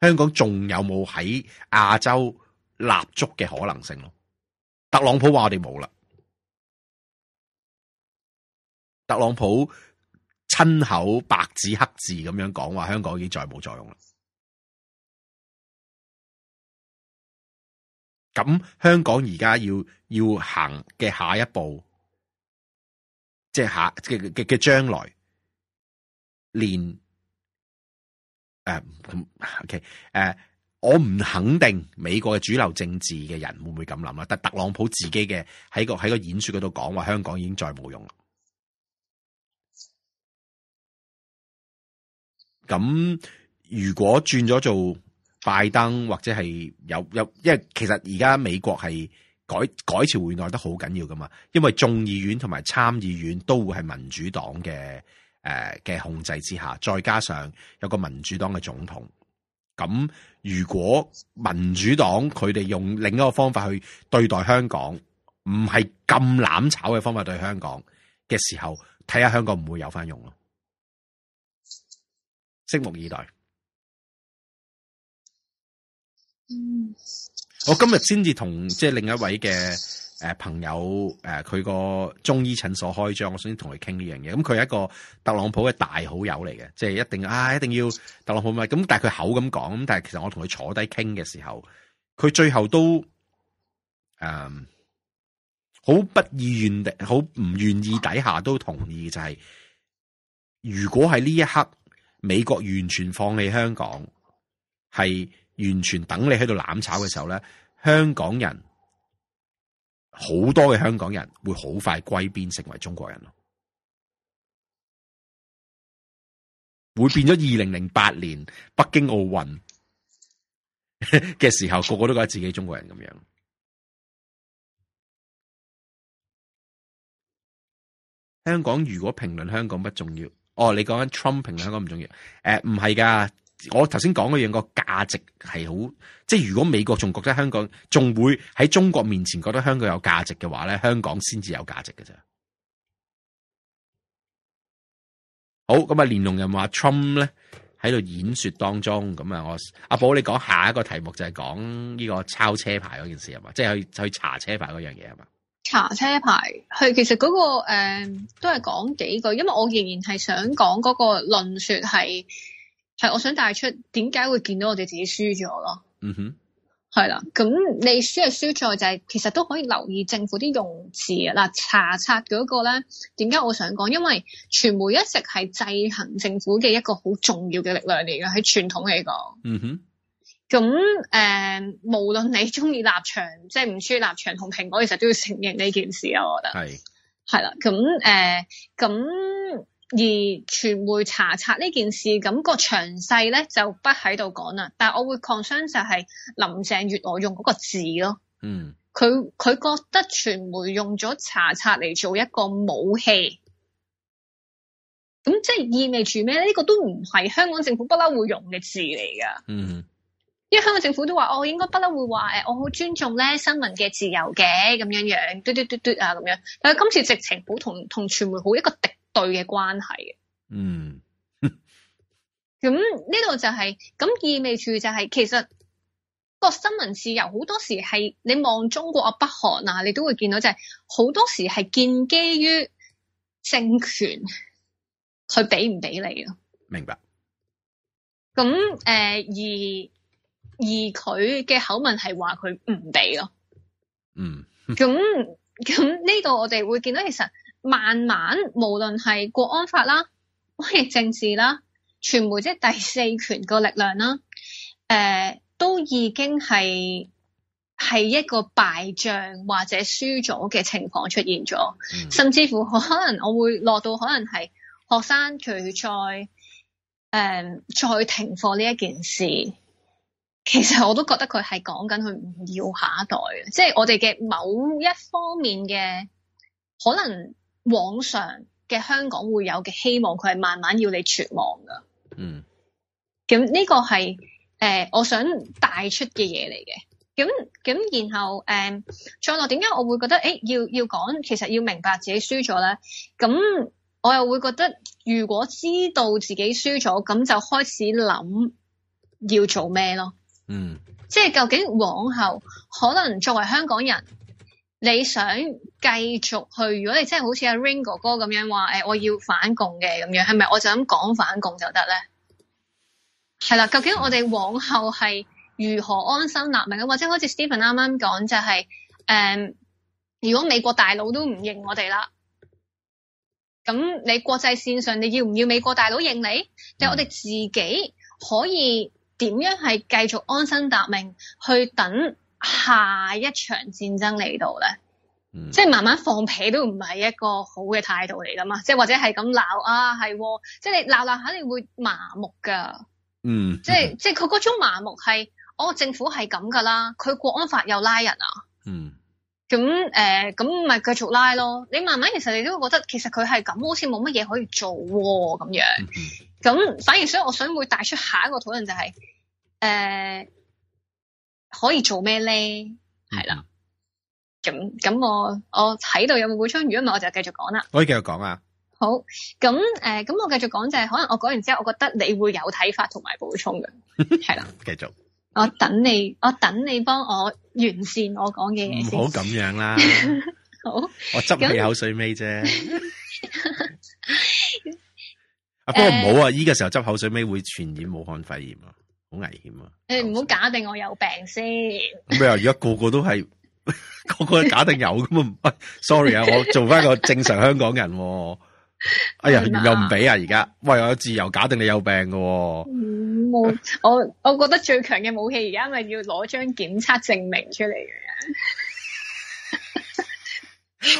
Speaker 2: 香港仲有冇喺亞洲立足嘅可能性咯？特朗普話我哋冇啦，特朗普親口白紙黑
Speaker 4: 字咁樣講話，香港已經再冇作用啦。
Speaker 2: 咁香港而家要要行嘅下一步，即係下嘅嘅嘅將來連。誒，咁、uh, OK，誒、uh，我唔肯定美國嘅主流政治嘅人會唔會咁諗啦，但特朗普自己嘅喺個喺個演說嗰度講話，香港已經再冇用啦。咁如果轉咗做拜登或者係有有，因為其實而家美國係改改朝換代得好緊要噶嘛因為眾議院同埋參議院都會係民主黨嘅。誒嘅控制之下，再加上有個民主黨嘅總統，咁如果民主黨佢哋用另一個方法去對待香港，唔係咁攬炒嘅方法對香港嘅時候，睇下香港唔會有翻用咯，拭目以待。
Speaker 3: 嗯，
Speaker 2: 我今日先至同即係另一位嘅誒朋友，誒佢個中醫診所開張，我先同佢傾呢樣嘢。咁佢係一個特朗普嘅大好友嚟嘅，即係一定啊，一定要特朗普咪。咁但係佢口咁講，咁但係其實我同佢坐低傾嘅時候，佢最後都誒好、嗯、不意願，好唔願意底下都同意、就是，就係如果喺呢一刻美國完全放棄香港，係完全等你喺度攬炒嘅時候咧，香港人。好多嘅香港人會好快歸邊成為中國人咯，會變咗二零零八年北京奧運嘅時候，個個都覺得自己中國人咁樣。香港如果評論香,、哦、香港不重要，哦、呃，你講緊 Trump 評論香港唔重要，誒，唔係噶。我頭先講嗰樣個價值係好，即係如果美國仲覺得香港仲會喺中國面前覺得香港有價值嘅話咧，香港先至有價值嘅咋。好，咁啊，連龍人話 Trump 咧喺度演說當中，咁啊，我阿寶你講下一個題目就係講呢個抄車牌嗰件事係嘛，即係去去查車牌嗰樣嘢係嘛？
Speaker 1: 查車牌係，其實嗰個誒都係講幾句，因為我仍然係想講嗰個論說係。係，我想帶出點解會見到我哋自己輸咗咯。嗯哼，係啦。咁你輸係輸在就係、是、其實都可以留意政府啲用字啊。嗱，查冊嗰個咧，點解我想講？因為傳媒一直係制衡政府嘅一個好重要嘅力量嚟嘅，喺傳統嚟講。嗯哼。咁誒、呃，無論你中意立場，即係唔中意立場，同蘋果其實都要承認呢件事啊。我覺得係。係啦是，咁誒，咁。呃那而傳媒查冊呢件事，感、那、覺、個、詳細咧就不喺度講啦。但係我會 concern 就係林鄭月娥用嗰個字咯。嗯，佢佢覺得傳媒用咗查冊嚟做一個武器，咁即係意味住咩咧？呢、這個都唔係香港政府不嬲會用嘅字嚟噶。嗯，因為香港政府都話、哦，我應該不嬲會話我好尊重咧新聞嘅自由嘅咁樣樣，嘟嘟嘟嘟、嘟啊咁樣。但係今次直情好同同傳媒好一個敵。對嘅關係嘅，嗯，咁呢度就係、是、咁意味住就係、是，其實個新聞自由好多時係你望中國啊、北韓啊，你都會見到就係、是、好多時係建基於政權佢俾唔俾你咯。明白。咁誒、呃，而而佢嘅口吻係話佢唔俾咯。嗯。咁咁呢度我哋會見到其實。慢慢，無論係國安法啦、威權政治啦、傳媒即係第四權個力量啦，誒、呃，都已經係係一個敗仗或者輸咗嘅情況出現咗。嗯、甚至乎可能我會落到可能係學生佢再誒、呃、再停課呢一件事，其實我都覺得佢係講緊佢唔要下一代嘅，即係我哋嘅某一方面嘅可能。往上嘅香港會有嘅希望，佢係慢慢要你絕望噶。嗯。咁呢個係誒、呃，我想帶出嘅嘢，嚟嘅。咁咁然後誒，再落點解我會覺得誒、欸、要要講？其實要明白自己輸咗咧。咁我又會覺得，如果知道自己輸咗，咁就開始諗要做咩咯。嗯。即係究竟往後可能作為香港人？你想繼續去？如果你真係好似阿 Ring 哥哥咁樣話、欸，我要反共嘅咁樣，係咪我就咁講反共就得咧？係啦，究竟我哋往後係如何安身立命？或者好似 Stephen 啱啱講就係、是嗯、如果美國大佬都唔認我哋啦，咁你國際線上你要唔要美國大佬認你？就我哋自己可以點樣係繼續安身立命去等？下一場戰爭嚟到咧，嗯、即係慢慢放屁都唔係一個好嘅態度嚟噶嘛，即係或者係咁鬧啊係，即係你鬧鬧肯定會麻木噶，嗯，即係、嗯、即係佢嗰種麻木係，哦政府係咁噶啦，佢國安法又拉人啊，嗯，咁誒咁咪繼續拉咯，你慢慢其實你都會覺得其實佢係咁，好似冇乜嘢可以做咁、啊、樣，咁、嗯、反而所以我想會帶出下一個討論就係、是、誒。呃可以做咩咧？
Speaker 2: 係啦、mm，
Speaker 1: 咁、hmm. 咁我我睇到有冇補充，如果唔係我就繼續講啦。可以繼續講啊。好，咁誒，咁、呃、我繼續講就係、是，可能我講完之後，我覺得你會有睇法同埋補充嘅，
Speaker 2: 係啦 的，繼續。
Speaker 1: 我等你，我等你幫我完善我講嘅嘢。唔好咁樣啦。 好。我執你口水尾啫。
Speaker 2: 啊，不過唔好啊，依個、呃、時候執口水尾會傳染武漢肺炎啊。好危險啊！
Speaker 1: 你唔好假定我有病先
Speaker 2: 咩？而家、啊、個個都係個個假定有㗎嘛 ！sorry 啊，我做翻個正常香港人、啊。哎呀，又唔俾啊！而家、啊、喂，我有自由假定你有病嘅、
Speaker 1: 啊。嗯，我我我覺得最強嘅武器而家係咪要攞張檢測證明出嚟嘅。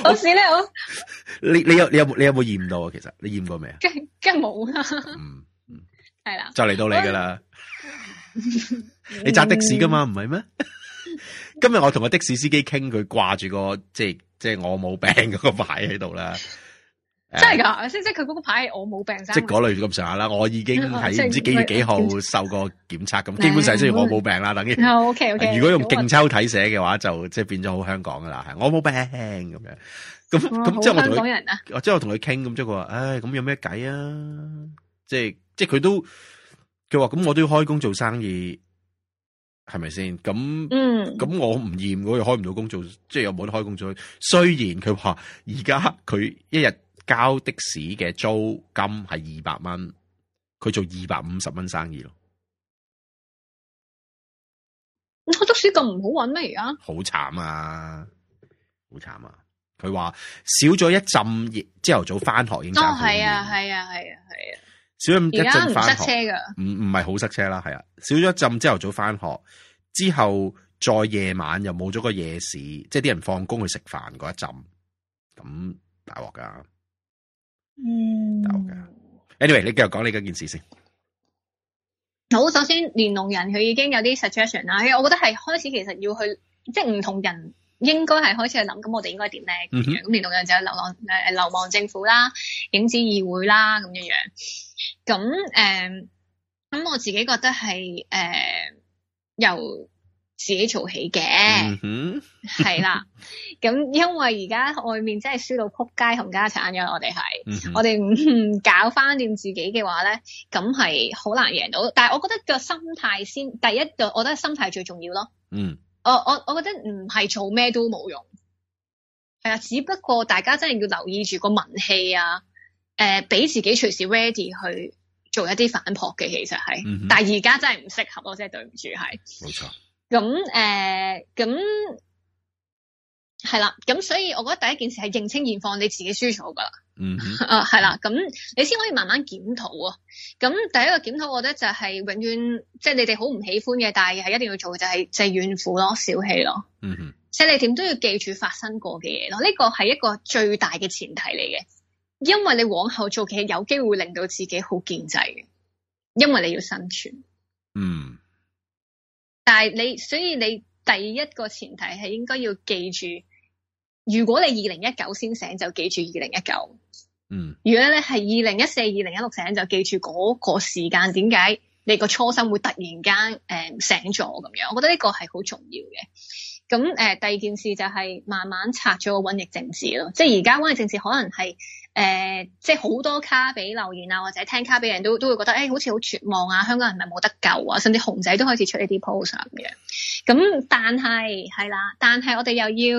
Speaker 1: 好 ，Leo，呢你你，
Speaker 2: 你，你有，有你有冇你有冇驗到啊？其實你驗過未啊？梗
Speaker 1: 梗冇啦。嗯嗯，係啦、啊，
Speaker 2: 就嚟到你噶啦。
Speaker 1: 你揸的士噶
Speaker 2: 嘛？唔係咩？是 今日我同個的士司機傾，佢掛住個即係即係我冇病嗰、嗯、個牌喺度啦。真係噶，即即佢嗰個牌我冇病。
Speaker 1: 即嗰
Speaker 2: 類咁上下啦，我已經喺唔知幾月幾號受過檢測咁，基本上雖然我冇病啦。嗯、等於 OK
Speaker 1: OK。嗯、如果用勁
Speaker 2: 抽體寫嘅話，就即係變咗、嗯、好香港噶啦。我冇病咁樣，咁咁即係我同人啊。即係我同佢傾咁，即係佢話唉，咁有咩計啊？即係即係佢都。佢話咁，我都要開工做生意，係咪先咁？咁、嗯、我唔厭，我、那、又、個、開唔到工做，即係又冇得開工做。雖然佢話而家佢一日交的士嘅租金係二百蚊，佢做二百五十蚊生意咯。我
Speaker 4: 開的士咁唔
Speaker 1: 好搵咩？而家
Speaker 2: 好慘啊！好慘啊！佢話少咗一浸熱，朝頭早翻學應該。哦，係啊，係啊，
Speaker 1: 係啊，係啊。
Speaker 2: 少咗一陣翻學，唔唔係好塞車啦，係啊，少咗一陣朝頭早翻學之後，再夜晚又冇咗個夜市，即係啲人放工去食飯嗰一陣，咁大鑊噶，嗯，大鑊噶。Anyway，你繼續講你嗰件事先。
Speaker 1: 好，首先連龍人佢已經有啲 suggestion 啦，我覺得係開始其實要去即係唔同人。應該係開始去諗，咁我哋應該點咧咁樣呢？咁、嗯、哼連同人就流亡流亡政府啦、影子議會啦咁樣樣。咁誒，咁、呃、我自己覺得係誒、呃、由自己做起嘅，係、嗯、哼啦。咁因為而家外面真係輸到撲街同家產嘅，我哋係，嗯、哼我哋唔搞翻掂自己嘅話咧，咁係好難贏到。但係我覺得個心態先，第一就我覺得心態最重要咯。嗯。我我我覺得唔係做咩都冇用，係啊，只不過大家真係要留意住個民氣啊，誒、呃，俾自己隨時 ready 去做一啲反撲嘅，其實係，嗯、哼但係而家真係唔適合咯，我真係對唔住係，冇錯，咁誒錯，咁係啦，咁、呃啊，所以我覺得第一件事係認清現況，你自己輸咗噶啦。嗯、mm hmm. 啊，係啦，咁你先可以慢慢檢討啊。咁第一個檢討，我覺得就係永遠，即、就、係、是、你哋好唔喜歡嘅，但係係一定要做嘅、就是，就係就係怨婦咯、小氣咯。嗯，即係你點都要記住發生過嘅嘢咯。呢個係一個最大嘅前提嚟嘅，因為你往後做嘢，有機會令到自己好建制嘅，因為你要生存。嗯、
Speaker 3: mm，hmm.
Speaker 1: 但係你所以你第一個前提係應該要記住。如果你二零一九先醒，就記住二零一九。嗯，如果你係二零一四、二零一六醒，就記住嗰個時間。點解你個初心會突然間誒、嗯、醒咗咁樣？我覺得呢個係好重要嘅。咁誒、呃，第二件事就係慢慢拆咗個瘟疫政治咯，即係而家瘟疫政治可能係誒、呃，即係好多卡比留言啊，或者聽卡比人都都會覺得誒、欸，好似好絕望啊，香港人唔係冇得救啊，甚至熊仔都開始出呢啲 post 咁、啊、樣。咁但係係啦，但係我哋又要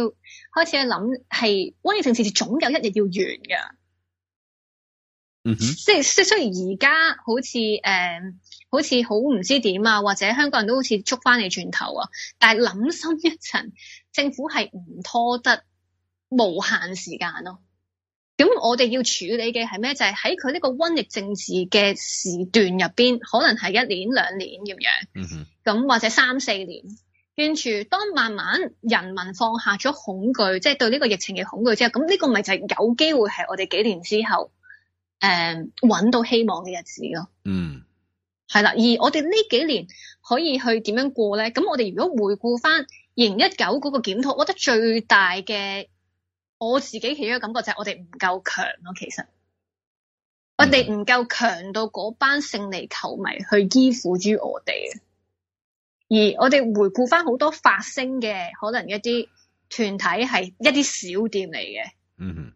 Speaker 1: 開始去諗係瘟疫政治，總有一日要完嘅。嗯
Speaker 3: 哼，
Speaker 1: 即係即係雖然而家好似誒。呃好似好唔知點啊，或者香港人都好似捉翻你轉頭啊。但係諗深一層，政府係唔拖得無限時間咯。咁我哋要處理嘅係咩？就係喺佢呢個瘟疫政治嘅時段入邊，可能係一年兩年咁樣。嗯咁、mm hmm. 或者三四年，跟住當慢慢人民放下咗恐懼，即、就、係、是、對呢個疫情嘅恐懼之後，咁呢個咪就係有機會係我哋幾年之後，誒、嗯，揾到希望嘅日子咯。嗯、mm。Hmm. 係啦，而我哋呢幾年可以去點樣過咧？咁我哋如果回顧翻二零一九嗰個檢討，我覺得最大嘅我自己其中嘅感覺就係我哋唔夠強咯。其實我哋唔夠強到嗰班勝利球迷去依附於我哋、mm hmm. 而我哋回顧翻好多發聲嘅可能一啲團體係一啲小店嚟嘅，嗯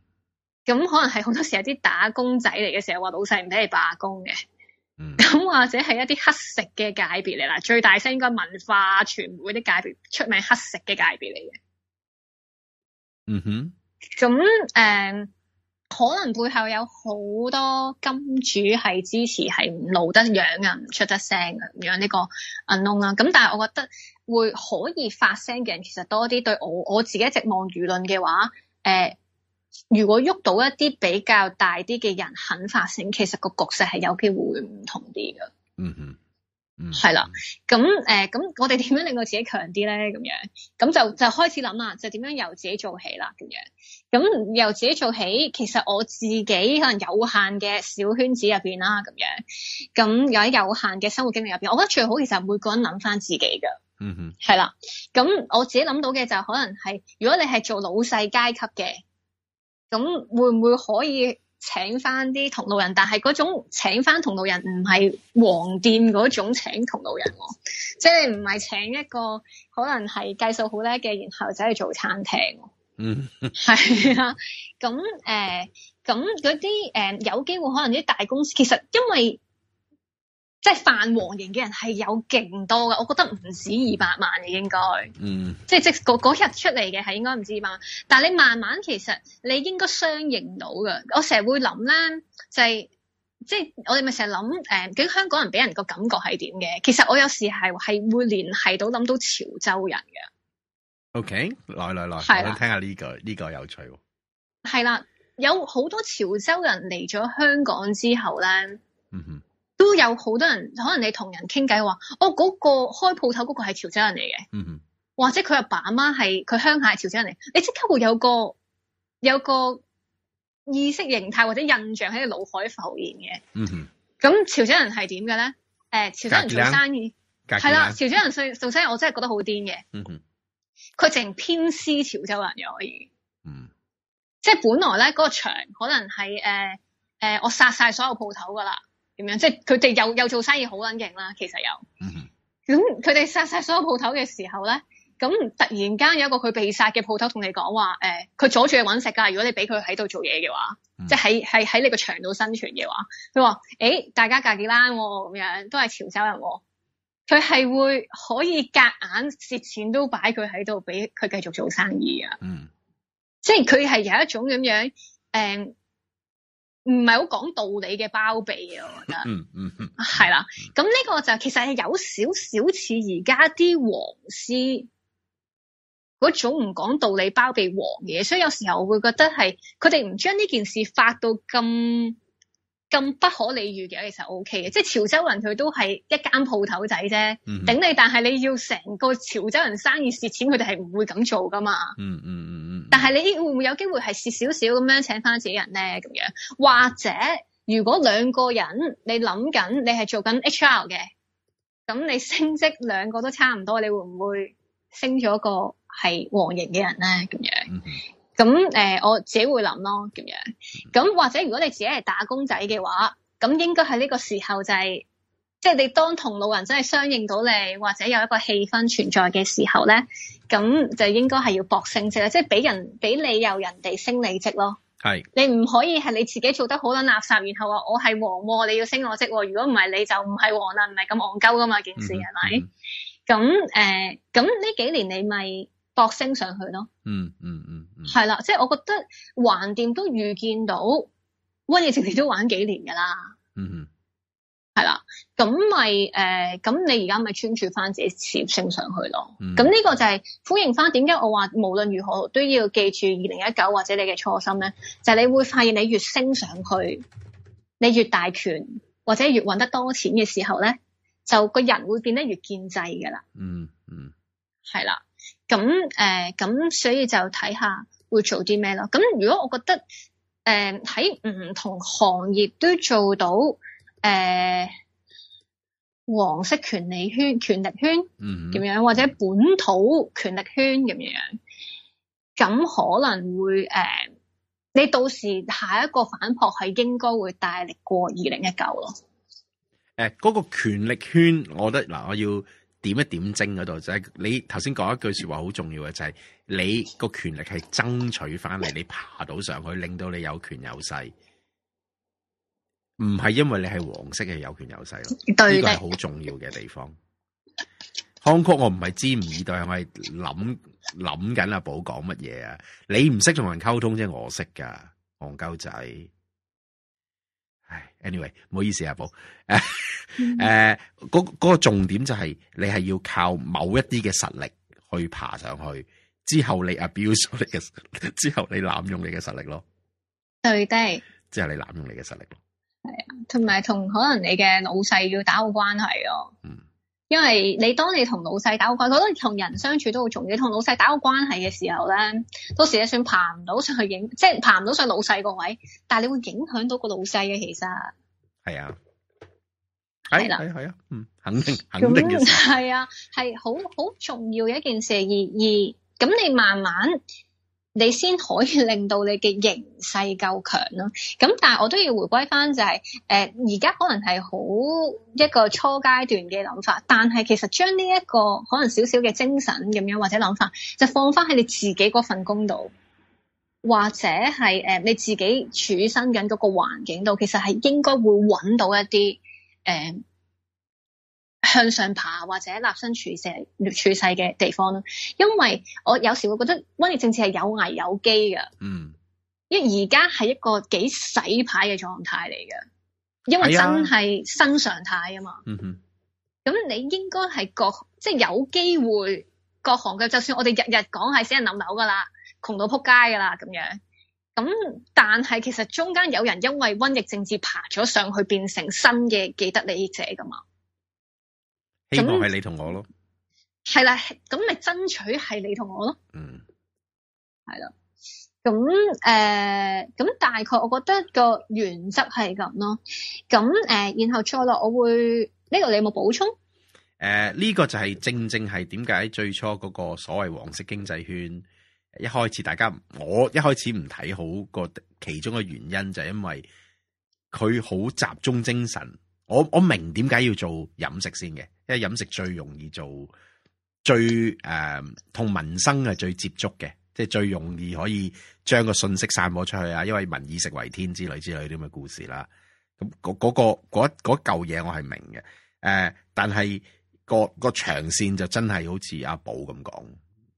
Speaker 1: 咁、mm hmm. 可能係好多時候啲打工仔嚟嘅時候話老細唔俾你罷工嘅。咁 或者係一啲黑食嘅界別嚟啦，最大聲應該文化傳媒啲界別出名黑食嘅界別嚟嘅。
Speaker 3: 嗯
Speaker 1: 哼。咁誒、呃，可能背後有好多金主係支持，係唔露得樣啊，唔出得聲啊，咁樣呢個 anon 啦。咁但係我覺得會可以發聲嘅人，其實多啲。對我我自己一直望輿論嘅話，誒、呃。如果喐到一啲比較大啲嘅人肯發聲，其實個局勢係有機會會唔同啲嘅。嗯嗯，係、嗯、啦。咁誒，咁、呃、我哋點樣令到自己強啲咧？咁樣咁就就開始諗啦，就點樣由自己做起啦。咁樣咁、嗯、由自己做起，其實我自己可能有限嘅小圈子入邊啦。咁樣咁有有限嘅生活經歷入邊，我覺得最好其實係每個人諗翻自己噶。嗯嗯，係啦。咁我自己諗到嘅就係、可能係，如果你係做老細階級嘅。咁會唔會可以請翻啲同路人？但係嗰種請翻同路人唔係黃店嗰種請同路人，即係唔係請一個可能係計數好叻嘅，然後仔去做餐廳。嗯， 係啊。咁、呃、誒，咁嗰啲誒，有機會可能啲大公司，其實因為。即係泛黃營嘅人係有勁多嘅，我覺得唔止二百萬嘅應該，嗯，即係即係嗰日出嚟嘅係應該唔止二百萬，但係你慢慢其實你應該相認到嘅。我成日會諗咧，就係、是、即係我哋咪成日諗誒，究竟香港人俾人個感覺係點嘅？其實我有時係係會聯繫到諗到潮州人嘅。
Speaker 2: OK，來來來，的我想聽下呢、呢個呢、呢個有趣
Speaker 1: 喎。係啦，有好多潮州人嚟咗香港之後咧，嗯哼。都有好多人，可能你同人傾偈話，哦嗰、那個開鋪頭嗰個係潮州人嚟嘅，嗯哼，或者佢阿爸阿媽係佢鄉下係潮州人嚟，你即刻會有個有個意識形態或者印象喺個腦海浮現嘅。
Speaker 3: 嗯
Speaker 1: 哼，咁潮州人係點嘅咧？誒、欸，潮州人做生意係啦，潮州人做做生意我真係覺得好癲嘅。嗯哼，佢淨偏私潮州人嘅可以，嗯，即係本來咧嗰、那個場可能係誒誒，我殺晒所有鋪頭噶啦。點樣？即係佢哋又又做生意好撚勁啦，其實又，咁佢哋殺晒所有鋪頭嘅時候咧，咁突然間有一個佢被殺嘅鋪頭同你講話，誒、呃，佢阻住你搵食噶。如果你俾佢喺度做嘢嘅話，嗯、哼即係喺喺喺你個牆度生存嘅話，佢話：誒、欸，大家隔幾間咁樣，都係潮州人、啊。佢係會可以夾硬蝕錢都擺佢喺度，俾佢繼續做生意啊。嗯哼。即係佢係有一種咁樣，誒、嗯。唔係好講道理嘅包庇啊，我覺得，嗯嗯嗯，係啦，咁呢個就其實係有少少似而家啲黃絲嗰種唔講道理包庇黃嘅，所以有時候我會覺得係佢哋唔將呢件事發到咁咁不可理喻嘅，其實 O K 嘅，即係潮州人佢都係一間鋪頭仔啫，頂、嗯、哼你，但係你要成個潮州人生意蝕錢，佢哋係唔會咁做噶嘛。嗯嗯嗯嗯。但係你會唔會有機會係蝕少少咁樣請翻自己人咧？咁樣或者如果兩個人你諗緊你係做緊 H R 嘅，咁你升職兩個都差唔多，你會唔會升咗個係黃營嘅人咧？咁樣。嗯咁誒、呃、我自己會諗咯，咁樣？咁或者如果你自己係打工仔嘅話，咁應該係呢個時候就係、是，即、就、係、是、你當同路人真係相應到你，或者有一個氣氛存在嘅時候咧，咁就應該係要搏升職啦，即係俾人俾你由人哋升你職咯。是你唔可以係你自己做得好撚垃圾，然後話我係黃喎，你要升我職喎。如果唔係你就唔係黃啦，唔係咁戇鳩㗎嘛件事係咪？咁誒、嗯嗯嗯，咁呢、呃、幾年你咪？搏升上去咯，嗯嗯嗯，係、嗯、啦、嗯，即係我覺得橫掂都預見到瘟疫情你都玩幾年噶啦、嗯，嗯嗯，係啦，咁咪誒，咁、呃、你而家咪穿住翻自己事業升上去咯，咁呢、嗯、個就係呼應翻。點解我話無論如何都要記住二零一九或者你嘅初心咧？就係、你會發現你越升上去，你越大權或者越揾得多錢嘅時候咧，就個人會變得越建制噶啦、嗯，嗯嗯，係啦。咁誒，咁、呃、所以就睇下會做啲咩咯。咁如果我覺得誒喺唔同行業都做到誒、呃、黃色權利圈、權力圈咁樣，或者本土權力圈咁樣，咁可能會誒、呃，你到時下一個反撲係應該會大力過二零一九咯。
Speaker 2: 誒、呃，嗰、那個權力圈，我覺得嗱，我要。點一點精嗰度就係、是、你頭先講一句說話好重要嘅就係、是、你個權力係爭取翻嚟，你爬到上去，令到你有權有勢，唔係因為你係黃色嘅有權有勢咯。對嘅，呢個係好重要嘅地方。康曲， 我唔係知唔以對，係咪諗諗緊阿寶講乜嘢啊？你唔識同人溝通，即係我識噶憨鳩仔。anyway 唔好意思啊，寶，誒誒、mm，嗰、hmm. 嗰、 呃那個重點就係你係要靠某一啲嘅實力去爬上去，之後你 abuse 你嘅，之後你濫用你嘅實力咯，
Speaker 1: 對的，
Speaker 2: 即係你濫用你嘅實力咯，
Speaker 1: 係啊，同埋同可能你嘅老細要打好關係咯，嗯。因為你當你同老細打過關，我覺得同人相處都好重要。同老細打過關係嘅時候咧，到時就算爬唔到上去影，即係爬唔到上老細個位，但係你會影響到個老細嘅。其實係啊，係啦，係啊，係啊，
Speaker 2: 嗯，肯定，肯定
Speaker 1: 係啊，係好好重要嘅一件事。而而咁你慢慢。你先可以令到你嘅形勢夠強咯，咁但係我都要回歸翻就係、是，誒而家可能係好一個初階段嘅諗法，但係其實將呢一個可能少少嘅精神咁樣或者諗法，就放翻喺你自己嗰份工度，或者係、呃、你自己處身緊嗰個環境度，其實係應該會揾到一啲誒，呃向上爬或者立身處世處世嘅地方咯，因為我有時會覺得瘟疫政治係有危有機嘅。嗯，因為而家係一個幾洗牌嘅狀態嚟嘅，因為真係新常態啊嘛。哎、嗯嗯，咁你應該係各即係、就是、有機會各行嘅，就算我哋日日講係死人冧樓噶啦，窮到扑街噶啦咁樣。咁但係其實中間有人因為瘟疫政治爬咗上去，變成新嘅既得利益者噶嘛。
Speaker 2: 希望係你同我咯，
Speaker 1: 係啦，咁咪爭取係你同我咯。嗯，係啦，咁、呃、誒，咁大概我覺得個原則係咁咯。咁誒、呃，然後再落我會呢個你有冇補充？
Speaker 2: 誒、呃、呢、這個就係正正係點解最初嗰個所謂黃色經濟圈一開始大家我一開始唔睇好個其中嘅原因就係因為佢好集中精神。我我明點解要做飲食先嘅。因為飲食最容易做最誒，同、呃、民生係最接觸嘅，即係最容易可以將個信息散播出去啊。因為民以食為天之類之類啲咁嘅故事啦。咁嗰嗰個嗰舊嘢，嗰個嗰個、我係明嘅。誒、呃，但係、嗰個、嗰個長線就真係好似阿寶咁講，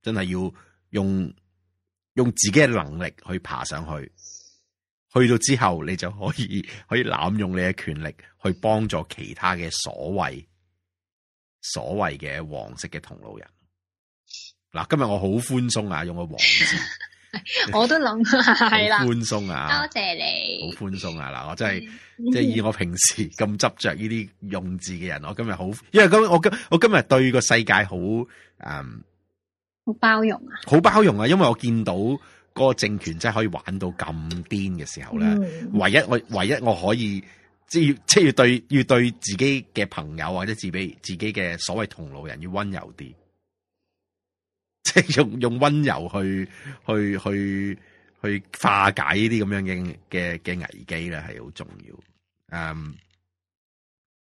Speaker 2: 真係要用用自己嘅能力去爬上去，去到之後你就可以可以濫用你嘅權力去幫助其他嘅所謂。所謂嘅黃色嘅同路人，嗱，今日我好寬鬆啊，用個黃字， 我都
Speaker 1: 諗係啦，寬鬆啊，多謝，謝你，好
Speaker 2: 寬鬆啊，嗱，我真係即係以我平時咁執着呢啲用字嘅人，我今日好，因為今我，我，我今我今日對個世界好誒，好、嗯、包
Speaker 1: 容
Speaker 2: 啊，好包容啊，因為我見到嗰個政權真係可以玩到咁癲嘅時候咧，嗯、唯一我唯一我可以。即係即係要對要對自己嘅朋友或者自己自己嘅所謂同路人要温柔啲，即係用用温柔去去去去化解呢啲咁樣嘅嘅嘅危機咧，係好重要。嗯，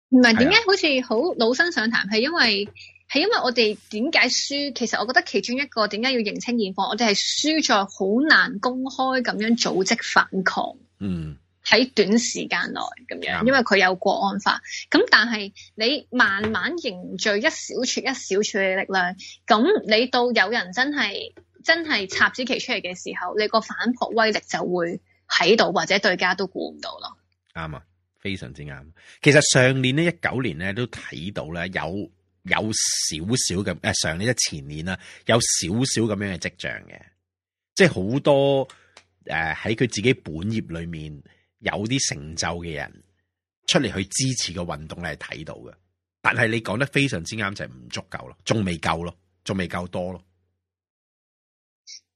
Speaker 1: 唔係點解好似好老生常談？係因為係因為我哋點解輸？其實我覺得其中一個點解要認清現況，我哋係輸在好難公開咁樣組織反抗。嗯。喺短時間內咁樣，因為佢有國安法。咁但係你慢慢凝聚一小撮一小撮嘅力量，咁你到有人真係真係插支旗出嚟嘅時候，你個反撲威力就會喺度，或者對家都估唔到咯。
Speaker 2: 啱啊，非常之啱。其實上年呢，一九年咧都睇到咧，有有少少嘅誒，上年即係前年啦，有少少咁、呃、樣嘅跡象嘅，即係好多誒喺佢自己本業裏面，有啲成就嘅人出嚟去支持個運動，你係睇到嘅。但係你講得非常之啱，就係唔足夠咯，仲未夠咯，仲未夠多咯。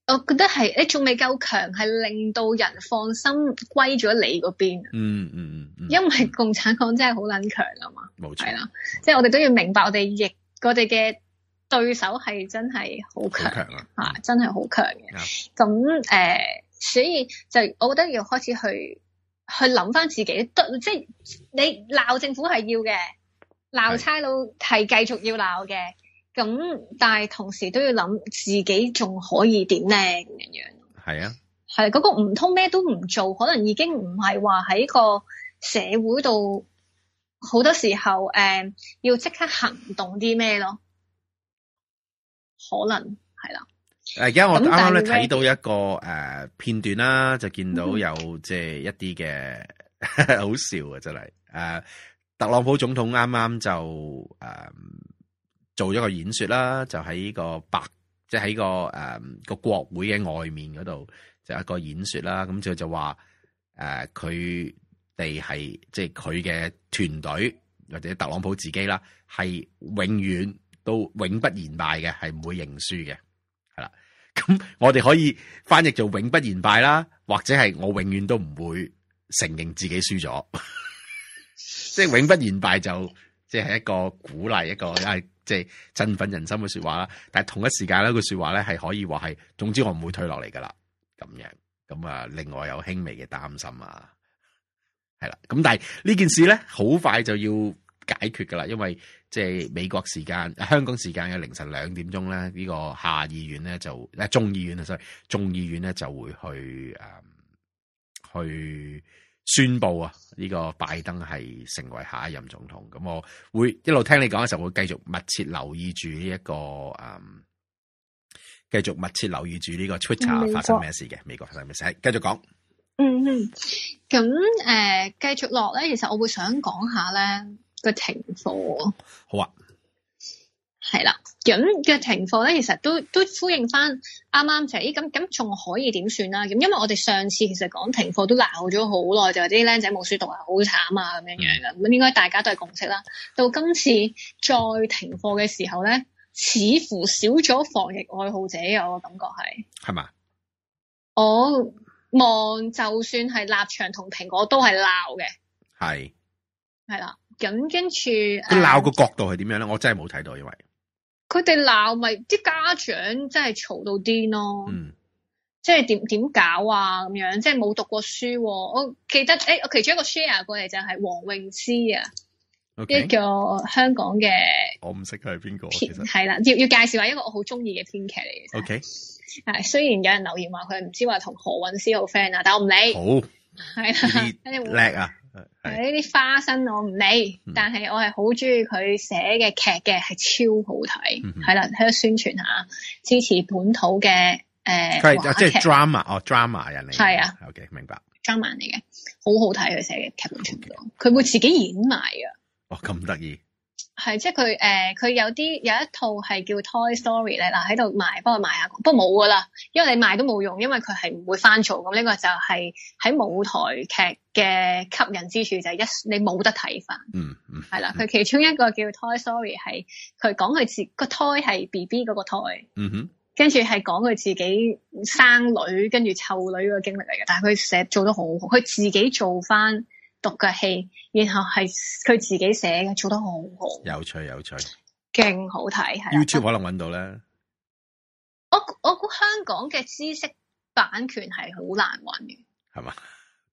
Speaker 1: 我覺得係誒，仲未夠強，係令到人放心歸咗你嗰邊。嗯
Speaker 3: 嗯
Speaker 1: 嗯，因為共產黨真係好撚強啊嘛，冇錯啦。即係我哋都要明白，我哋亦我哋嘅對手係真係好強啊，真係好強嘅。咁誒，所以就我覺得要開始去。去諗翻自己，即係你鬧政府係要嘅，鬧差佬係繼續要鬧嘅，咁是的 但係同時都要諗自己仲可以點咧咁樣呢。係啊是的，係、那、嗰個唔通咩都唔做，可能已經唔係話喺個社會度好多時候誒、呃，要即刻行動啲咩咯？可能係啦。
Speaker 2: 誒，而家我啱啱咧睇到一個誒片段啦，就見到有即係一啲嘅好笑啊，真係誒，特朗普總統啱啱就誒、呃、做咗個演說啦，就喺個白即係喺個誒個國會嘅外面嗰度就一個演說啦。咁就就話誒佢哋係即係佢嘅團隊或者特朗普自己啦，係永遠都永不言敗嘅，係唔會認輸嘅。咁我哋可以翻譯做永不言敗啦，或者係我永遠都唔會承認自己輸咗，即係永不言敗就即係一個鼓勵一個，即係振奮人心嘅說話啦。但係同一時間咧，個說話咧係可以話係，總之我唔會退落嚟噶啦。咁樣咁啊，另外有輕微嘅擔心啊，係啦。咁但係呢件事咧，好快就要解決噶啦，因為即係美國時間、香港時間嘅凌晨兩點鐘咧，呢、這個下議院咧就啊中議院啊 sorry 中議院咧就會去誒、嗯、去宣佈啊，呢、這個拜登係成為下一任總統。咁我會一路聽你講嘅時候，會繼續密切留意住呢一個誒、嗯，繼續密切留意住呢個 Twitter 發生咩事嘅美國，美國發生咩事，繼續講。
Speaker 1: 嗯哼、嗯，咁誒、呃、繼續落咧，其實我會想講下咧。個停
Speaker 2: 課好啊，
Speaker 1: 係啦，咁嘅停課咧，其實都都呼應翻啱啱仔咁、咁，仲可以點算啦？咁因為我哋上次其實講停課都鬧咗好耐，就話，啲靚仔冇書讀啊，好慘啊，咁樣樣噶，咁應該大家都係共識啦。到今次再停課嘅時候咧，似乎少咗防疫愛好者啊，我感覺係
Speaker 2: 係嘛？
Speaker 1: 嗎我望就算係立場同蘋果都係鬧嘅，係係啦。咁跟住，佢
Speaker 2: 鬧個角度係點樣咧？我真係冇睇到，因為
Speaker 1: 佢哋鬧咪啲家長真係嘈到癲咯。嗯即，即係點點搞啊？咁樣即係冇讀過書、啊。我記得誒、欸，我其中一個 share 過嚟就係黃詠詩啊，一 Okay? 個香港嘅。
Speaker 2: 我唔識佢係邊個，其實
Speaker 1: 係啦，要要介紹下一個我好中意嘅編劇嚟嘅。O K，係雖然有人留言話佢唔知話同何韻詩好 friend 的你們 啊，但我唔理。好，係叻
Speaker 3: 啊！佢呢
Speaker 1: 啲花生我唔理，嗯、但係我係好中意佢寫嘅劇嘅，係超好睇，係啦、嗯，喺、嗯、度宣傳下支持本土嘅誒，佢、呃、係是劇即係 drama，
Speaker 2: 哦 drama 人嚟，係啊，OK 明白
Speaker 1: ，drama 嚟嘅。好好睇佢寫嘅劇本全部，佢會自己演埋噶，
Speaker 2: 哦咁得意。
Speaker 1: 係，即係佢誒，佢有啲有一套係叫 Toy Story 咧，嗱喺度賣，幫我賣下，不過冇噶啦，因為你賣都冇用，因為佢係唔會翻做咁。呢個就係喺舞台劇嘅吸引之處，就係一你冇得睇翻。嗯嗯，係啦，佢其中一個叫 Toy Story 係，佢講佢自個胎係 B B 嗰個胎。嗯
Speaker 3: 哼，
Speaker 1: 跟住係講佢自己生女，跟住湊女個經歷嚟嘅，但係佢寫做得好好，佢自己做翻。讀嘅戲，然後係佢自己寫嘅，做得好
Speaker 2: 好。有趣，有趣，
Speaker 1: 勁好睇。YouTube 但可能揾到咧。我我估香港嘅知識版權係好難揾嘅，係嘛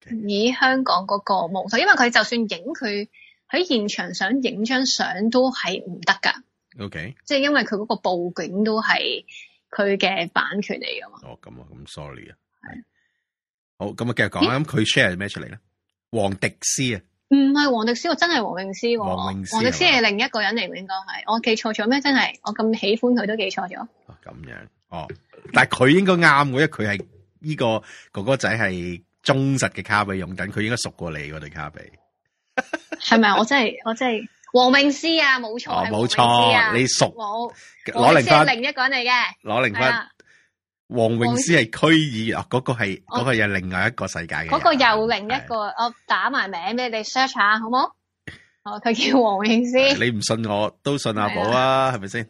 Speaker 1: ？Okay. 以香港嗰個模式，因為佢就算影佢喺現場想影張相都係唔得噶。OK，即係因為佢嗰個布景都係佢嘅版權嚟噶嘛。
Speaker 2: 哦，咁啊，咁 sorry 啊，係。好，咁啊，繼續講啊。咁佢 share 咩出嚟咧？黃迪斯
Speaker 1: 啊，唔係黃迪斯，我真係黃永詩。黃迪斯係另一個人嚟，應該係我記錯咗咩？真係我咁喜歡佢都記錯咗。
Speaker 2: 咁樣哦，但係佢應該啱喎，因為佢係呢個哥哥仔係忠實嘅卡比擁躉，佢應該熟過你嗰對卡比。
Speaker 1: 係 咪我真係我真係黃永詩啊，冇錯冇錯，你熟。我我係另一人
Speaker 2: 嚟嘅。黃詠詩係區議哦，嗰個係嗰個又另外一個世界嘅。嗰個
Speaker 1: 又另一個，我打埋名畀你哋 search 下好冇？哦，佢叫黃詠詩。你
Speaker 2: 唔信我都信阿寶啊，係咪先？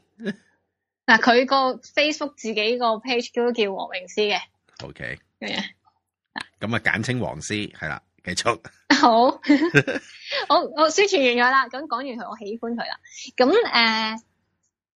Speaker 1: 嗱，佢個 Facebook 自己個 page 都叫黃詠詩
Speaker 2: 嘅。O K。咁啊，簡稱黃詩係啦。繼續。好，
Speaker 1: 好，我宣傳完咗啦。咁講完佢，我喜歡佢啦。咁誒。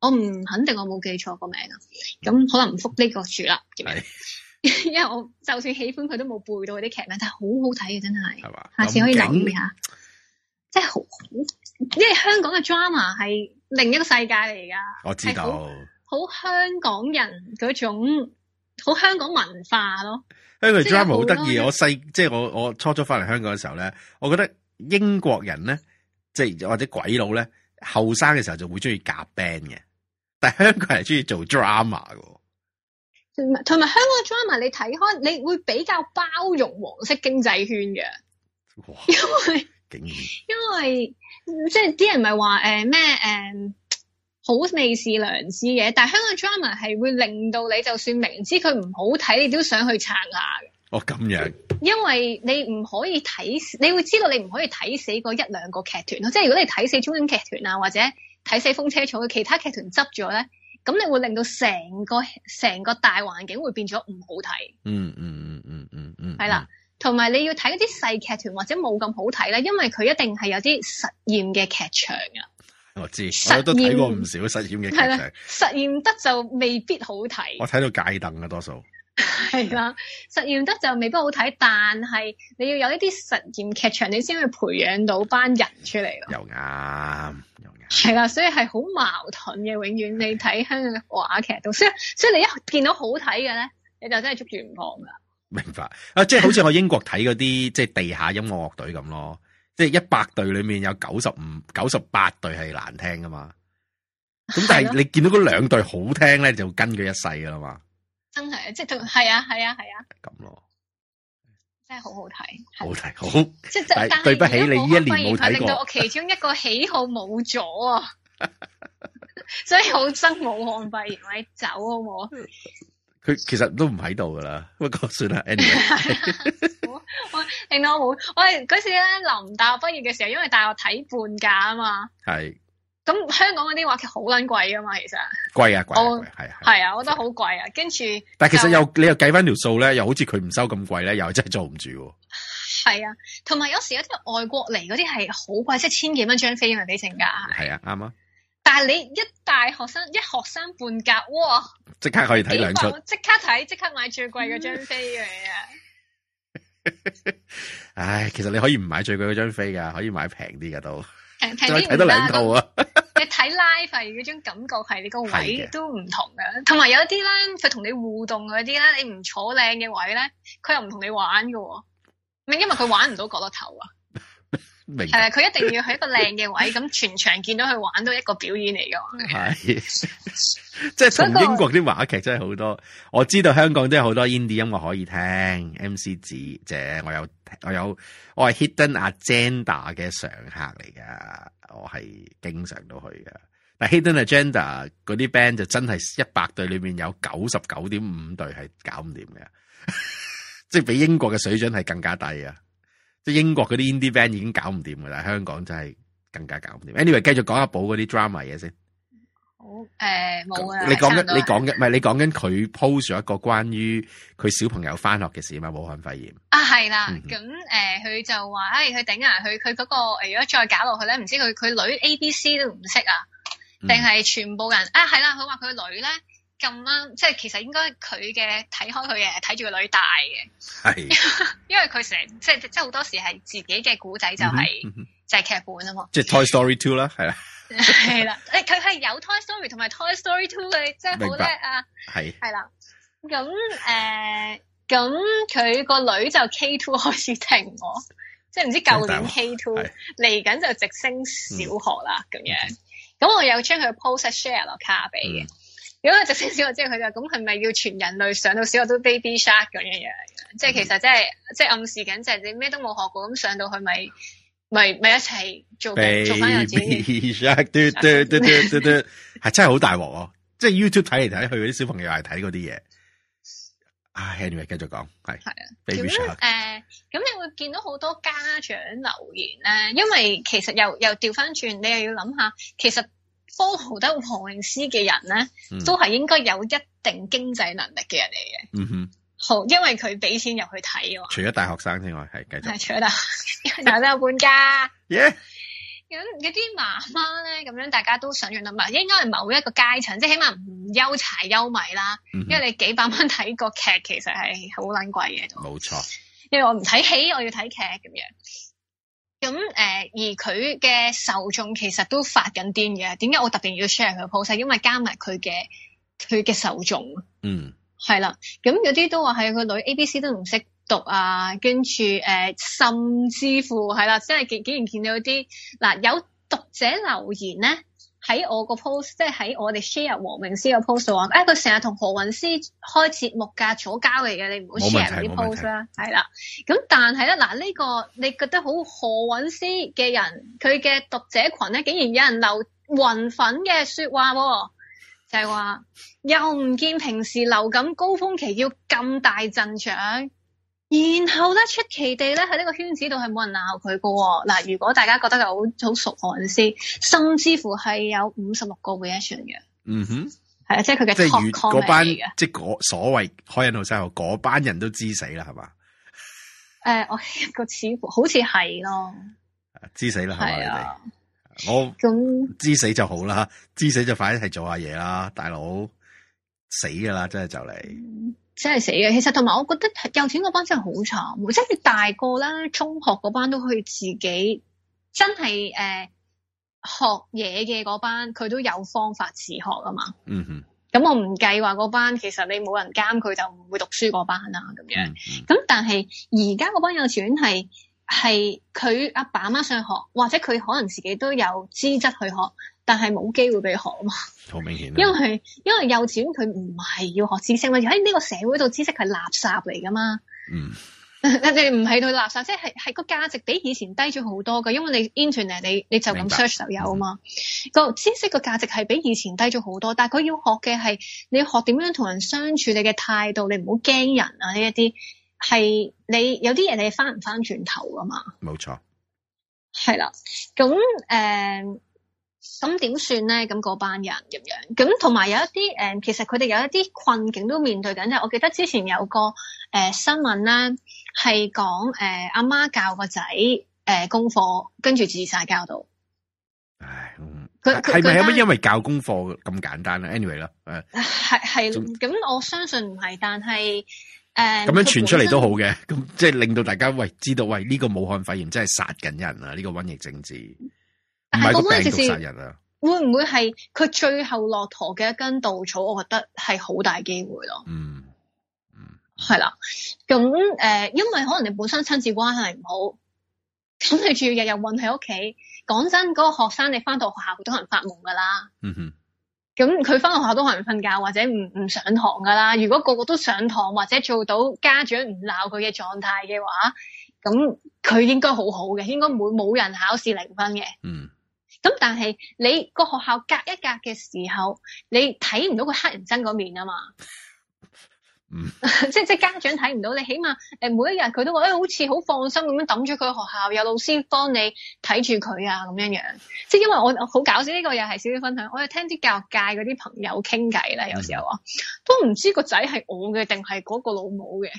Speaker 1: 我唔肯定我沒，我冇記錯個名啊！咁可能唔復呢個主啦，是因為我就算喜歡佢都冇背到嗰啲劇名，但係好好睇嘅，真係吧。係嘛？下次可以諗下，即係好好，因為香港嘅 drama 係另一個世界嚟噶。
Speaker 2: 我知道，
Speaker 1: 好香港人嗰種，好香港文化咯。
Speaker 2: 香港 drama 好得意。我細即係我我初初翻嚟香港嘅時候咧，我覺得英國人咧，即係或者鬼佬咧，後生嘅時候就會中意夾 band 嘅。但香港人係中意做 drama 噶，
Speaker 1: 同埋香港 drama 你睇開你會比較包容黃色經濟圈嘅，哇因為竟然因為即係啲人唔係話誒咩誒好未視良知嘅，但係香港 drama 係會令到你就算明知佢唔好睇，你都想去撐下嘅。
Speaker 3: 哦，咁樣，
Speaker 1: 因為你唔可以睇，你會知道你唔可以睇死過一兩個一兩個劇團咯，即係如果你睇死中英劇團啊或者。睇死風車草嘅其他劇團執咗咧，咁你會令到成個成個大環境會變咗唔好睇。嗯。嗯嗯嗯
Speaker 2: 嗯嗯嗯，係、嗯、啦，
Speaker 1: 同埋的、嗯、你要睇一啲細劇團或者冇咁好睇咧，因為佢一定係有啲實驗嘅劇場啊。
Speaker 2: 我知，驗我也都睇過唔少實驗嘅劇場，係啦，
Speaker 1: 實驗得就未必好睇。
Speaker 2: 我睇到解凳啊，多數
Speaker 1: 係啦，實驗得就未必好睇，但係你要有一啲實驗劇場，你先可以培養到班人出嚟咯。又啱。係啦，所以係好矛盾嘅。永遠你睇香港嘅話劇度，所以所以你一見到好睇嘅咧，你就真係捉住唔放噶。
Speaker 2: 明白啊，即係好似我英國睇嗰啲即係地下音樂樂隊咁咯，即係一百隊裏面有九十五、九十八隊係難聽噶嘛。咁的但係你見到嗰兩隊好聽咧，就跟佢一世噶啦嘛。
Speaker 1: 真係，即係都係啊，係啊，係啊。咁咯。真
Speaker 2: 係好好睇，好睇好，
Speaker 1: 即係對不起你呢一年冇睇過，令到我其中一個喜好冇咗啊！所以好憎武漢幣，畢完走好冇？
Speaker 2: 佢其實都唔喺度噶啦，不過算啦。anyway
Speaker 1: 我令到我，我係嗰時咧，臨大學畢業嘅時候，因為大學睇半價啊嘛。係。咁香港嗰啲話劇好撚貴噶嘛，其實
Speaker 2: 貴啊貴係啊
Speaker 1: 係啊，我覺得好貴啊。跟住、
Speaker 2: 啊、但係其實又你又計翻條數咧，又好似佢唔收咁貴咧，又真係做唔住。
Speaker 1: 係啊，同埋、啊、有時有啲外國嚟嗰啲係好貴，即係千幾蚊張飛咪俾成價。係啊，啱啱、啊、但係你一大學生一學生半價喎，
Speaker 2: 即刻可以睇兩出，
Speaker 1: 即刻睇，即刻買最貴嗰張飛嘅。
Speaker 2: 唉，其實你可以唔買最貴嗰張飛噶，可以買平啲噶都。睇多兩套啊！
Speaker 1: 你睇 live 嗰種感覺係你個位置是的 都唔同嘅，同埋有啲咧佢同你互動嗰啲咧，你唔坐靚嘅位咧，佢又唔同你玩嘅，因為佢玩唔到嗰角落頭啊。係啊 明白，佢一定要係一個靚嘅位置，咁 全場見到佢玩到一個表演嚟嘅。係
Speaker 2: 的， 即係從英國啲話劇真係好多，那個、我知道香港真係好多 indie 音樂可以聽。MC 子姐，我有。我有我係 Hidden Agenda 嘅常客嚟噶，我係經常都去噶。但 Hidden Agenda 嗰啲 band 就真係一百隊裏面有九十九點五隊係搞唔掂嘅， 即係比英國嘅水準係更加低啊！即係英國嗰啲 indie band 已經搞唔掂嘅，但香港真係更加搞唔掂。Anyway，繼續講下寶嗰啲 drama 嘢先。
Speaker 1: 好誒，冇啊，嗯說！你講緊，你講
Speaker 2: 緊，唔係你講緊佢 post 咗一個關於佢小朋友翻學嘅事啊嘛，武漢肺炎
Speaker 1: 啊係啦，咁誒，佢、嗯哼呃、就話，哎，佢頂啊，佢佢嗰個，如果再搞落去咧，唔知佢佢女 A B C 都唔識啊，定係全部人、嗯、啊係啦，佢話佢女咧咁啱，即係其實應該佢嘅睇開佢嘅，睇住個女大嘅，
Speaker 2: 係的，
Speaker 1: 因為佢成即係即係好多時係自己嘅古仔就係就係劇本啊嘛，嗯、即係
Speaker 2: Toy Story Two 啦，係啦。
Speaker 1: 係 啦，誒，佢係有 Toy Story 同埋 Toy Story Two 嘅，真係好叻啊！係係啦，咁、嗯、誒，咁佢個女就 K Two 開始停，即係唔知舊年 K Two 嚟緊就直升小學啦，咁、嗯、樣。咁我又將佢 post share 落卡俾嘅。嗯、如果佢直升小學，即係佢就咁，係咪要全人類上到小學都 Baby Shark 咁樣、嗯、樣？即係其實即係即係暗示緊就係你咩都冇學過，咁上到去咪、就是？咪咪一齊
Speaker 2: 做 Baby 做翻幼 Baby shark，係真係好大鑊哦！即係 YouTube 睇嚟睇去，嗰啲小朋友係睇嗰啲嘢。啊，anyway，繼續講係。係啊。
Speaker 1: 誒，咁你會見到好多家長留言咧，因為其實又又調翻轉，你又要諗下，其實輔豪得黃泳詩嘅人咧，嗯、都係應該有一定經濟能力嘅人嚟嘅。嗯哼。好，因為佢俾錢入去睇喎。
Speaker 2: 除咗大學生之外，係繼續。係除
Speaker 1: 咗大學生， 有得半價。耶 Yeah.！咁啲媽媽咧，咁樣大家都想樣諗，唔應該係某一個階層，即係起碼唔憂柴憂米啦。Mm hmm. 因為你幾百蚊睇個劇，劇其實係好撚貴嘅。冇錯錯、呃。因為我唔睇戲，我要睇劇咁樣。咁誒，而佢嘅受眾其實都發緊癲嘅。點解我特別要 share 佢 post，因為加埋佢嘅佢嘅受眾。嗯。係啦，咁有啲都話係個女 A、B、C 都唔識讀啊，跟住誒，甚至乎係啦，即係竟竟然見到啲，嗱有讀者留言咧，喺我個 post，即係喺我哋 share 黃明詩個 post 話，誒佢成日同何韻詩開節目噶坐交嚟嘅，你唔好 share 佢啲 post 啦。係啦，咁但係咧，嗱呢個你覺得好何韻詩嘅人，佢嘅讀者群咧，竟然有人留云粉嘅說話喎。就係話又唔見平時流感高峰期要咁大陣仗，然後咧出奇地咧喺呢個圈子度係冇人鬧佢嘅。嗱，如果大家覺得佢好好熟我先，甚至乎係有五十六個 reaction 嘅。嗯
Speaker 2: 哼，係啊，
Speaker 1: 即係佢嘅。即係越嗰班，是
Speaker 2: 的即係所謂開印腦細路，嗰班人都知死啦，係嘛？
Speaker 1: 誒、呃，我個似乎好似係咯，
Speaker 2: 知死啦，係咪、啊？你我咁知死就好啦，那知死就快啲係做下嘢啦，大佬死噶啦，真係就嚟，
Speaker 1: 真係死嘅。其實同埋，我覺得幼稚園嗰班真係好慘，即係大個啦，中學嗰班都可以自己真係誒、呃、學嘢嘅嗰班，佢都有方法自學啊嘛。嗯哼，咁我唔計話嗰班，其實你冇人監佢就唔會讀書嗰班啦，咁樣。咁、嗯、哼但係而家嗰班幼稚園係。係佢阿爸阿媽想學，或者佢可能自己都有資質去學，但係冇機會俾佢學啊嘛。
Speaker 2: 好
Speaker 3: 明
Speaker 1: 顯、啊，因為因為幼稚園佢唔係要學知識，嘛。因為喺呢個社會度，知識係垃圾嚟噶嘛。嗯，你唔係對垃圾，即係係個價值比以前低咗好多嘅，因為你 internet 你你就咁 search 就有啊嘛。個白知識個價值係比以前低咗好多，但係佢要學嘅係你學點樣同人相處，你嘅態度，你唔好驚人啊呢一啲。這些係你有啲嘢你翻唔翻轉頭噶嘛？
Speaker 2: 冇錯錯，
Speaker 1: 係啦。咁誒，咁點算咧？咁嗰班人咁樣，咁同埋有一啲誒、呃，其實佢哋有一啲困境都面對緊。我記得之前有個誒、呃、新聞咧，係講誒阿媽教個仔誒功課，跟住自殺教到。
Speaker 2: 唉，佢係咪係咪因為教功課咁簡單咧？Anyway 啦、啊，
Speaker 1: 誒，係係咁，總我相信唔係，但係。咁、嗯、樣傳出嚟都好
Speaker 2: 嘅，咁即係令到大家喂，知道喂呢、這個武漢肺炎真係殺緊人啊！呢，這個瘟疫政治唔係個病毒殺人啊？嗯
Speaker 1: 嗯，會唔會係佢最後駱駝嘅一根稻草？我覺得係好大機會咯、嗯。嗯，嗯係啦。咁誒、呃，因為可能你本身親子關係唔好，咁你仲要日日韫喺屋企。講真，嗰，那個學生你翻到學校好多人發夢噶啦。嗯哼。咁佢翻到學校都可能瞓覺或者唔唔上堂噶啦。如果個個都上堂或者做到家長唔鬧佢嘅狀態嘅話，咁佢應該好好嘅，應該會冇人考試零分嘅。嗯。咁但係你個學校隔一隔嘅時候，你睇唔到佢黑人憎嗰面啊嘛。 即即家長睇唔到你，你起碼誒每一日佢都話誒、欸、好似好放心咁樣抌咗佢學校，有老師幫你睇住佢啊咁樣樣。即因為我好搞笑呢、呢個又係少少分享，我又聽啲教育界嗰啲朋友傾偈啦有時候啊，都唔知個仔係我嘅定係嗰個老母嘅。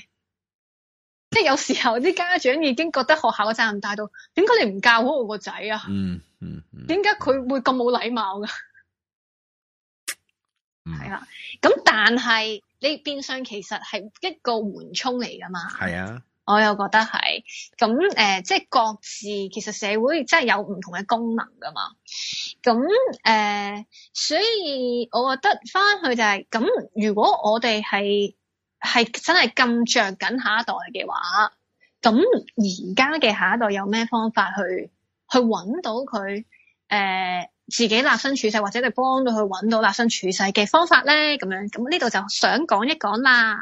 Speaker 1: 即有時候啲家長已經覺得學校嘅責任大到，點解你唔教好我個仔啊？嗯嗯，點解佢會咁冇禮貌噶？係 啦、啊，咁但係。呢變相其實係一個緩衝嚟噶嘛？
Speaker 3: 係啊，
Speaker 1: 我又覺得係。咁、呃、即係各自其實社會真係有唔同嘅功能噶嘛。咁誒、呃，所以我覺得翻去就係、是、咁。如果我哋係係真係咁著緊下一代嘅話，咁而家嘅下一代有咩方法去去揾到佢誒？呃自己立身處世，或者你幫到佢揾到立身處世嘅方法咧，咁樣咁呢度就想講一講啦。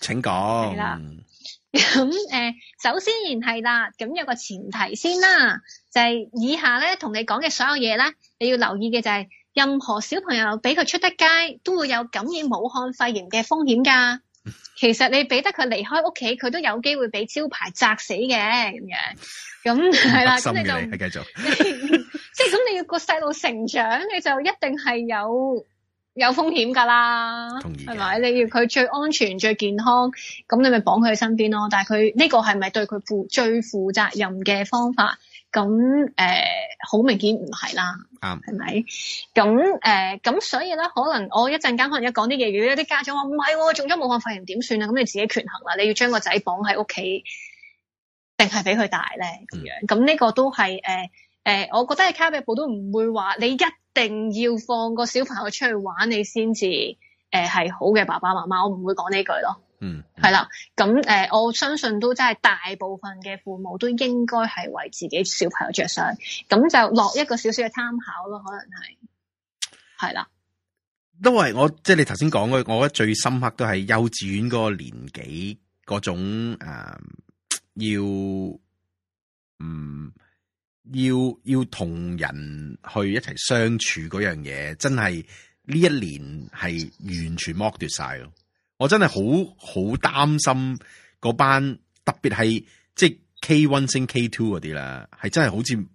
Speaker 2: 請講。係啦。
Speaker 1: 咁，呃，首先然係啦，咁有個前提先啦，就係、是、以下咧同你講嘅所有嘢咧，你要留意嘅就係、是、任何小朋友俾佢出得街，都會有感染武漢肺炎嘅風險㗎。其實你俾得佢離開屋企，佢都有機會俾招牌砸死嘅，咁樣，咁係啦。咁 你就繼續即係咁，你要個細路成長，你就一定係有有風險噶啦，係咪？你要佢最安全、 最健康，咁你咪綁佢喺身邊咯。但係佢呢個係咪對佢負最負責任嘅方法？咁誒，好、呃、明顯唔係啦，啱係咪？咁誒，咁、呃、所以咧，可能我一陣間可能一講啲嘢，如果有啲家長話唔係，中咗武漢肺炎點算啊？咁你自己權衡啦，你要將個仔綁喺屋企，定係俾佢大咧咁咁呢、嗯、個都係誒、呃、我覺得係卡比布都唔會話你一定要放個小朋友出去玩，你先至係好嘅爸爸媽媽，我唔會講呢句咯。嗯，係、嗯、啦，咁誒、呃，我相信都真係大部分嘅父母都應該係為自己小朋友着想，咁就落一個少少嘅參考咯，可能係，係啦。
Speaker 2: 都係我即係你頭先講嘅，我覺得最深刻都係幼稚園嗰個年紀嗰種誒、呃，要，嗯，要要同人去一齊相處嗰樣嘢，真係呢一年係完全剝奪晒咯。我真係好好擔心嗰班，特別係即係 K one 升 K two 嗰啲啦，係真係好似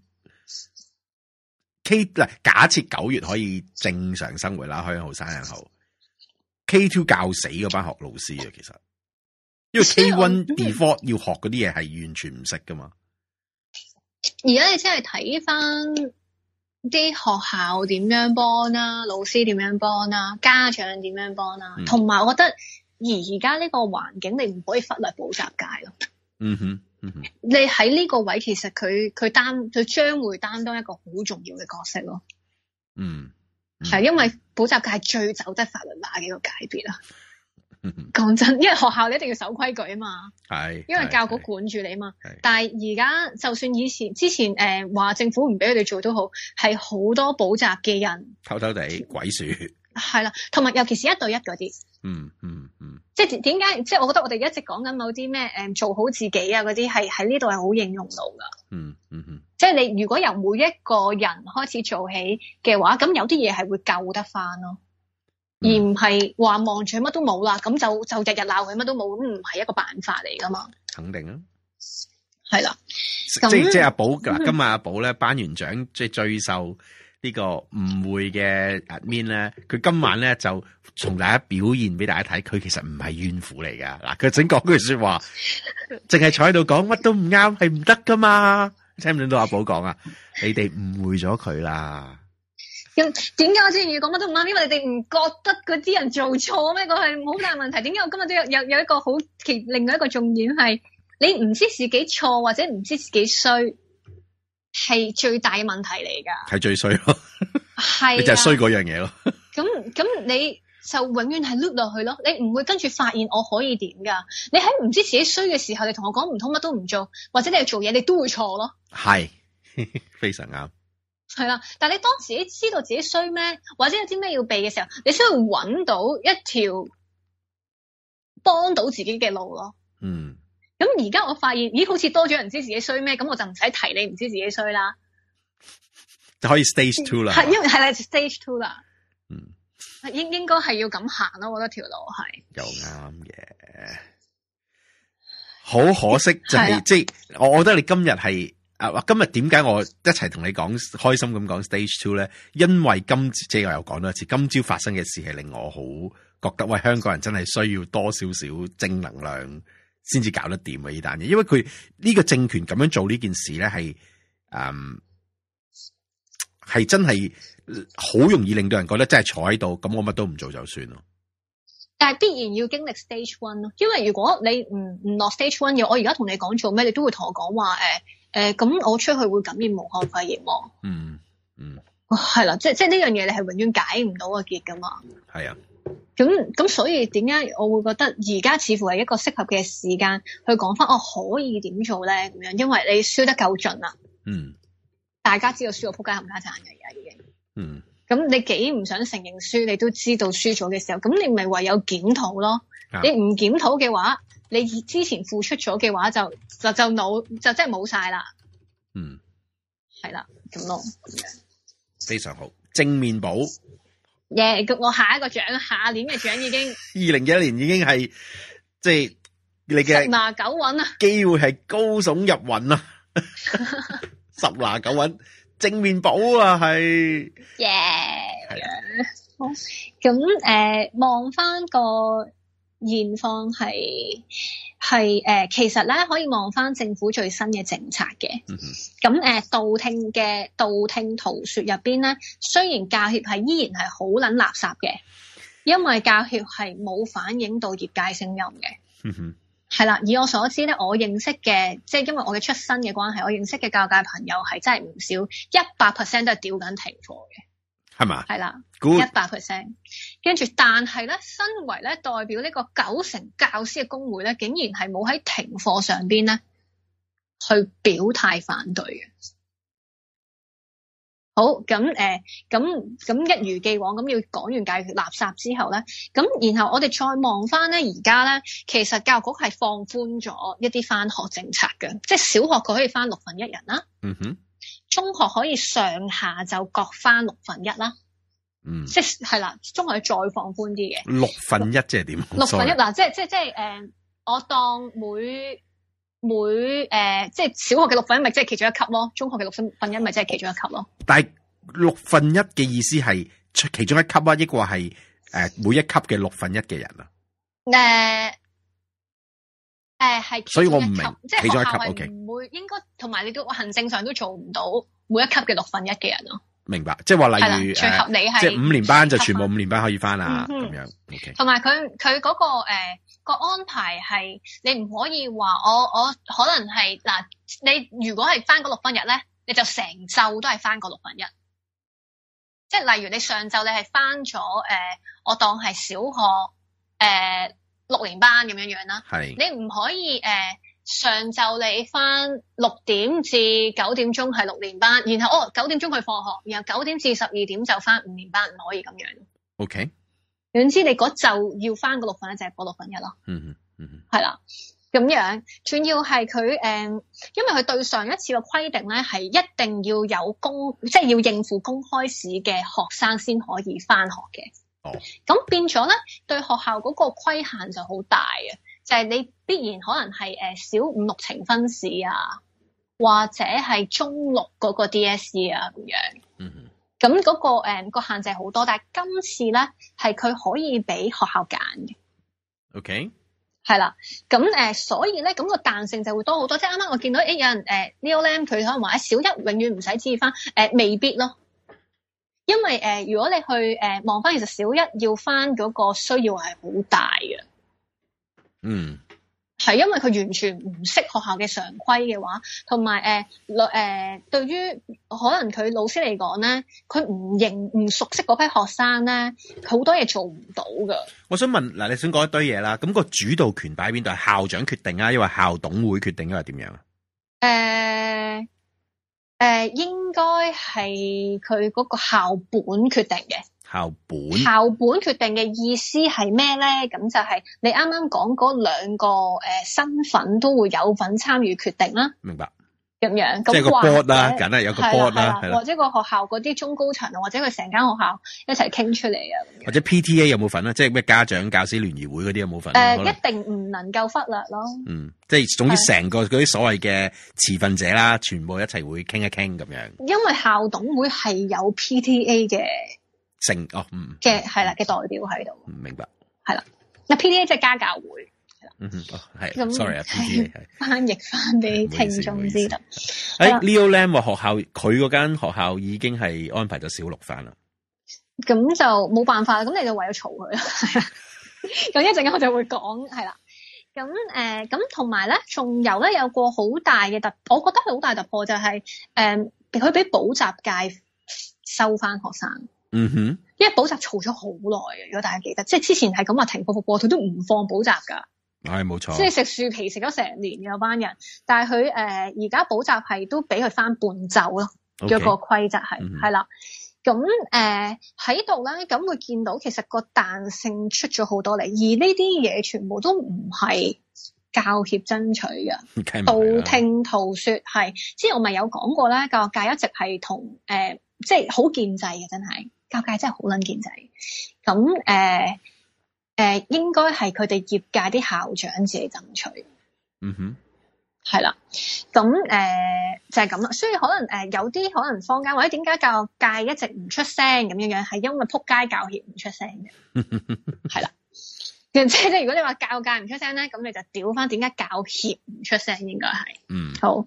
Speaker 2: K 嗱，假設九月可以正常生活啦，學生好，生日好。K two 教死嗰班學老師啊，其實因為 K one before 要學嗰啲嘢係完全唔識噶嘛。
Speaker 1: 而家你真係睇翻。啲學校點樣幫啦、啊，老師點樣幫啦、啊，家長點樣幫啦、啊，同埋、嗯、我覺得而而家呢個環境，你唔可以忽略補習界咯、嗯。嗯哼，你喺呢個位，其實佢佢擔佢將會擔當一個好重要嘅角色咯、嗯。嗯，係因為補習界最走得法律罅嘅一個界別。講真，因為學校你一定要守規矩啊嘛，係，是是
Speaker 2: 是因為教局
Speaker 1: 管住你啊嘛。但係而家就算以前之前誒話、呃、政府唔俾佢哋做都好，係好多補習嘅人
Speaker 2: 偷偷地鬼鼠，係
Speaker 1: 啦，同埋尤其是一對一嗰啲、嗯，嗯嗯嗯，即係點解？即係我覺得我哋一直講緊某啲咩誒做好自己啊嗰啲，係喺呢度係好應用到噶。嗯嗯嗯，即係你如果由每一個人開始做起嘅話，咁有啲嘢係會救得翻咯。而唔係話望住佢乜都冇啦，咁就就日日鬧佢乜都冇，咁唔係一個辦法嚟噶嘛？肯定啦、啊，係啦的、嗯。即係即阿寶 今日阿
Speaker 2: 寶咧班員長即係最受個誤呢個誤會嘅阿 Min 咧，佢今晚咧就同大家表現俾大家睇，佢其實唔係怨婦嚟噶。嗱，佢請講句說話，淨係 坐喺度講乜都唔啱，係唔得噶嘛？聽唔聽到阿寶講啊？ 你哋誤會咗佢啦。
Speaker 1: 點解我之前要講乜都唔啱？因為你哋唔覺得嗰啲人做錯咩？個係冇好大嘅問題。點解我今日都有有，有一個好其另外一個重點係你唔知自己錯或者唔知自己衰，係最大嘅問題嚟噶。
Speaker 2: 係最衰咯，
Speaker 1: 係 的你就係衰嗰樣嘢咯。咁 咁你就永遠係碌落去咯。你唔會跟住發現我可以點噶？你喺唔知自己衰嘅時候，你同我講唔通乜都唔做，或者你係做嘢你都會錯咯。
Speaker 2: 係非常啱。
Speaker 1: 係啦，但係你當時自己知道自己衰咩，或者有啲咩要避嘅時候，你需要揾到一條幫到自己嘅路咯。嗯。咁而家我發現，咦，好似多咗人知自己衰咩，咁我就唔使提你唔知自己衰啦。
Speaker 2: 就可以 stage two 啦。係，因
Speaker 1: 為係啦，stage two 啦。嗯。應應該係要咁行咯，我覺得條路係。
Speaker 2: 又啱嘅。好可惜就係，是，即係的，我覺得你今日係。啊！今日點解我一齊同你講開心咁講 stage two 咧？因為今即係我又講多次，今朝發生嘅事係令我好覺得，喂、哎，香港人真係需要多少少正能量先至搞得掂啊！呢單嘢，因為佢呢個政權咁樣做呢件事咧，係嗯係真係好容易令到人覺得真係坐喺度，咁我乜都唔做就算咯。
Speaker 1: 但係必然要經歷 stage one 咯，因為如果你唔唔落 stage one 嘅，我而家同你講做咩，你都會同我講話誒。哎誒，咁、呃、我出去會感染武漢肺炎喎？嗯嗯，係啦、啊，即係即係呢樣嘢，你係永遠解唔到個結噶嘛？係啊，咁咁所以點解我會覺得而家似乎係一個適合嘅時間去講翻我可以點做咧？咁樣，因為你輸得夠盡啦，嗯，大家知道輸到撲街冚家鏟嘅而家已經，嗯，咁你幾唔想承認輸，你都知道輸咗嘅時候，咁你咪唯有檢討咯。你唔檢討嘅話，你之前付出咗嘅話就就就冇就真係冇晒啦。了嗯，係啦，咁咯，
Speaker 2: 非常好，正面寶。
Speaker 1: 耶！Yeah, 我下一個獎，下年嘅獎已經
Speaker 2: 二零一一年已經係，即、就、係、是、你嘅十
Speaker 1: 拿九穩 啊！
Speaker 2: 機會係高聳入雲啊！十拿九穩，正面寶啊係
Speaker 1: 耶！咁誒，望、呃、翻個。現況係係誒，其實咧可以望翻政府最新嘅政策嘅。咁誒、嗯哼呃，道聽嘅道聽途說入邊咧，雖然教協係依然係好捻垃圾嘅，因為教協係冇反映到業界聲音嘅。係啦、嗯哼，以我所知咧，我認識嘅，即係因為我嘅出身嘅關係，我認識嘅教界朋友係真係唔少，一百 percent 都係吊緊停課嘅。係嘛？係啦，一百 percent。跟住，但係咧，身為咧代表呢個九成教師嘅工會咧，竟然係冇喺停課上邊咧去表態反對嘅。好，咁誒，咁咁一如既往咁要講完教育垃圾之後咧，咁然後我哋再望翻咧而家咧，其實教育局係放寬咗一啲翻學政策嘅，即係小學佢可以翻六分一人啦。嗯哼。嗯哼中學可以上下就割翻六分一啦，嗯，即係啦，中學再放寬啲嘅
Speaker 2: 六分一即係點？六分一嗱
Speaker 1: 以，即係即係即係誒，我當每每誒、呃，即係小學嘅六分一咪即係其中一級咯，中學嘅六分分一咪即係其中一級咯。
Speaker 2: 但係六分一嘅意思係其中一級啊，抑或係誒每一級嘅六分一嘅人啊？
Speaker 1: 誒、呃。誒，係、呃，所以我唔
Speaker 2: 明，即係下一級唔會，okay、
Speaker 1: 應該同埋你都行政上都做唔到每一級嘅六分一嘅人咯。
Speaker 2: 明白，即係話例如，你係即係五年班就全部五年班可以返啦，
Speaker 1: 咁、嗯、哼樣。同埋佢佢嗰個誒、呃、個安排係，你唔可以話我我可能係嗱、呃，你如果係返嗰六分一咧，你就成周都係返嗰六分一。即係例如你上晝你係返咗誒，我當係小學誒。呃六年班咁樣樣啦，是你唔可以誒、呃，上晝你翻六點至九點鐘係六年班，然後哦九點鐘去放學，然後九點至十二點就翻五年班，唔可以咁樣。O Okay ? K，總之你嗰晝要翻個六，就是、六分一就係六分一咯。嗯嗯嗯，係啦，咁樣，主要係佢誒，因為佢對上一次嘅規定咧係一定要有公，即、就、係、是、要應付公開試嘅學生先可以翻學嘅。咁變咗咧，對學校嗰個規限就好大啊。就係你必然可能係誒小五六呈分試啊，或者係中六嗰個 DSE 啊咁樣，嗯哼。
Speaker 6: 嗯。
Speaker 1: 咁嗰個誒個限制好多，但係今次咧係佢可以俾學校揀嘅。OK。係啦，咁誒，所以咧，咁個彈性就會多好多。即係啱啱我見到誒有人誒 Neil、呃、Lam 佢可能話小一永遠唔使置意翻，誒、呃、未必咯。因為誒、呃，如果你去誒望翻，其實小一要翻嗰個需要係好大嘅。嗯，係因為佢完全唔識學校嘅常規嘅話，同埋誒，誒、呃呃，對於可能佢老師嚟講咧，佢唔認唔熟悉嗰批學生咧，佢好多嘢做唔到噶。
Speaker 2: 我想問嗱，你想講一堆嘢啦，咁個主導權擺喺邊度？係校長決定啊，因為校董會決定，因為點樣
Speaker 1: 啊？誒、呃。誒、呃，應該係佢嗰個校本決定嘅
Speaker 2: 校本，
Speaker 1: 校本決定嘅意思係咩咧？咁就係你啱啱講嗰兩個誒、呃、身份都會有份參與決定啦、啊。明白。咁樣，即係個 board 啦、啊，梗係有個 board 啦，或者個學校嗰啲中高層，或者佢成間學校一齊傾出嚟啊。
Speaker 2: 或者 PTA 有冇份啊？即係咩家長教師聯誼會嗰啲有冇份？誒、呃，能一
Speaker 1: 定唔能夠忽略咯。
Speaker 2: 嗯，即係總之成個嗰啲所謂嘅持份者啦，是全部一齊會傾一傾咁樣。
Speaker 1: 因為校董會係有 PTA 嘅
Speaker 2: 性哦，嗯
Speaker 1: 嘅係啦嘅代表喺度。唔、嗯、明白。係啦，嗱 PTA 即係家教會。嗯係，咁、哦、係翻譯翻俾聽眾
Speaker 2: 知道。誒吧，Leo Lam 話學校佢嗰間學校已經係安排咗小六翻啦，
Speaker 1: 咁就冇辦法啦，咁你就唯有嘈佢啦。咁 一陣間我就會講，係啦，咁誒，咁同埋咧，仲有咧有,有個好大嘅突，我覺得好大突破就係、是，誒、呃，佢俾補習界收翻學生。嗯哼，因為補習嘈咗好耐，如果大家記得，即係之前係咁話停課復課，佢都唔放補習噶。
Speaker 3: 係冇錯，哎、即係食
Speaker 1: 樹皮食咗成年嘅班人，但係佢誒而家補習係都俾佢翻半袖咯，嘅 Okay, 個規則係係啦，咁誒喺度咧咁會見到其實個彈性出咗好多嚟，而呢啲嘢全部都唔係教協爭取嘅，
Speaker 3: 道聽
Speaker 1: 途說係，之前我咪有講過咧，教界一直係同誒即係好建制嘅，真係教界真係好撚建制，咁誒。呃誒、呃，應該係佢哋業界啲校長自己爭取，mm。嗯、
Speaker 3: hmm. 哼，
Speaker 1: 係啦。咁、呃、誒，就係咁啦。所以可能誒、呃，有啲可能坊間或者點解教、教界一直唔出聲咁樣樣，係因為扑街教協唔出聲嘅。係啦。 即係如果你話教界唔出聲咧，咁你就屌翻點解教協唔出聲？出聲應該係。嗯。好。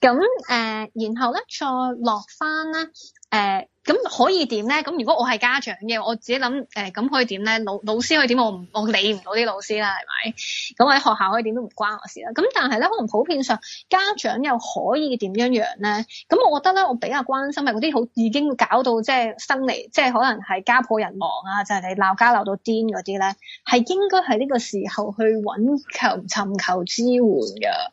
Speaker 1: 咁誒，然後咧再落翻咧，誒、呃。咁可以點咧？咁如果我係家長嘅，我自己諗誒，咁、欸、可以點咧？老老師可以點？我唔我理唔到啲老師啦，係咪？咁喺學校可以點都唔關我事啦。咁但係咧，可能普遍上家長又可以點樣樣咧？咁我覺得咧，我比較關心係嗰啲好已經搞到即係生離，即係可能係家破人亡啊，就係、是、你鬧家鬧到癲嗰啲咧，係應該係呢個時候去揾求尋求支援㗎。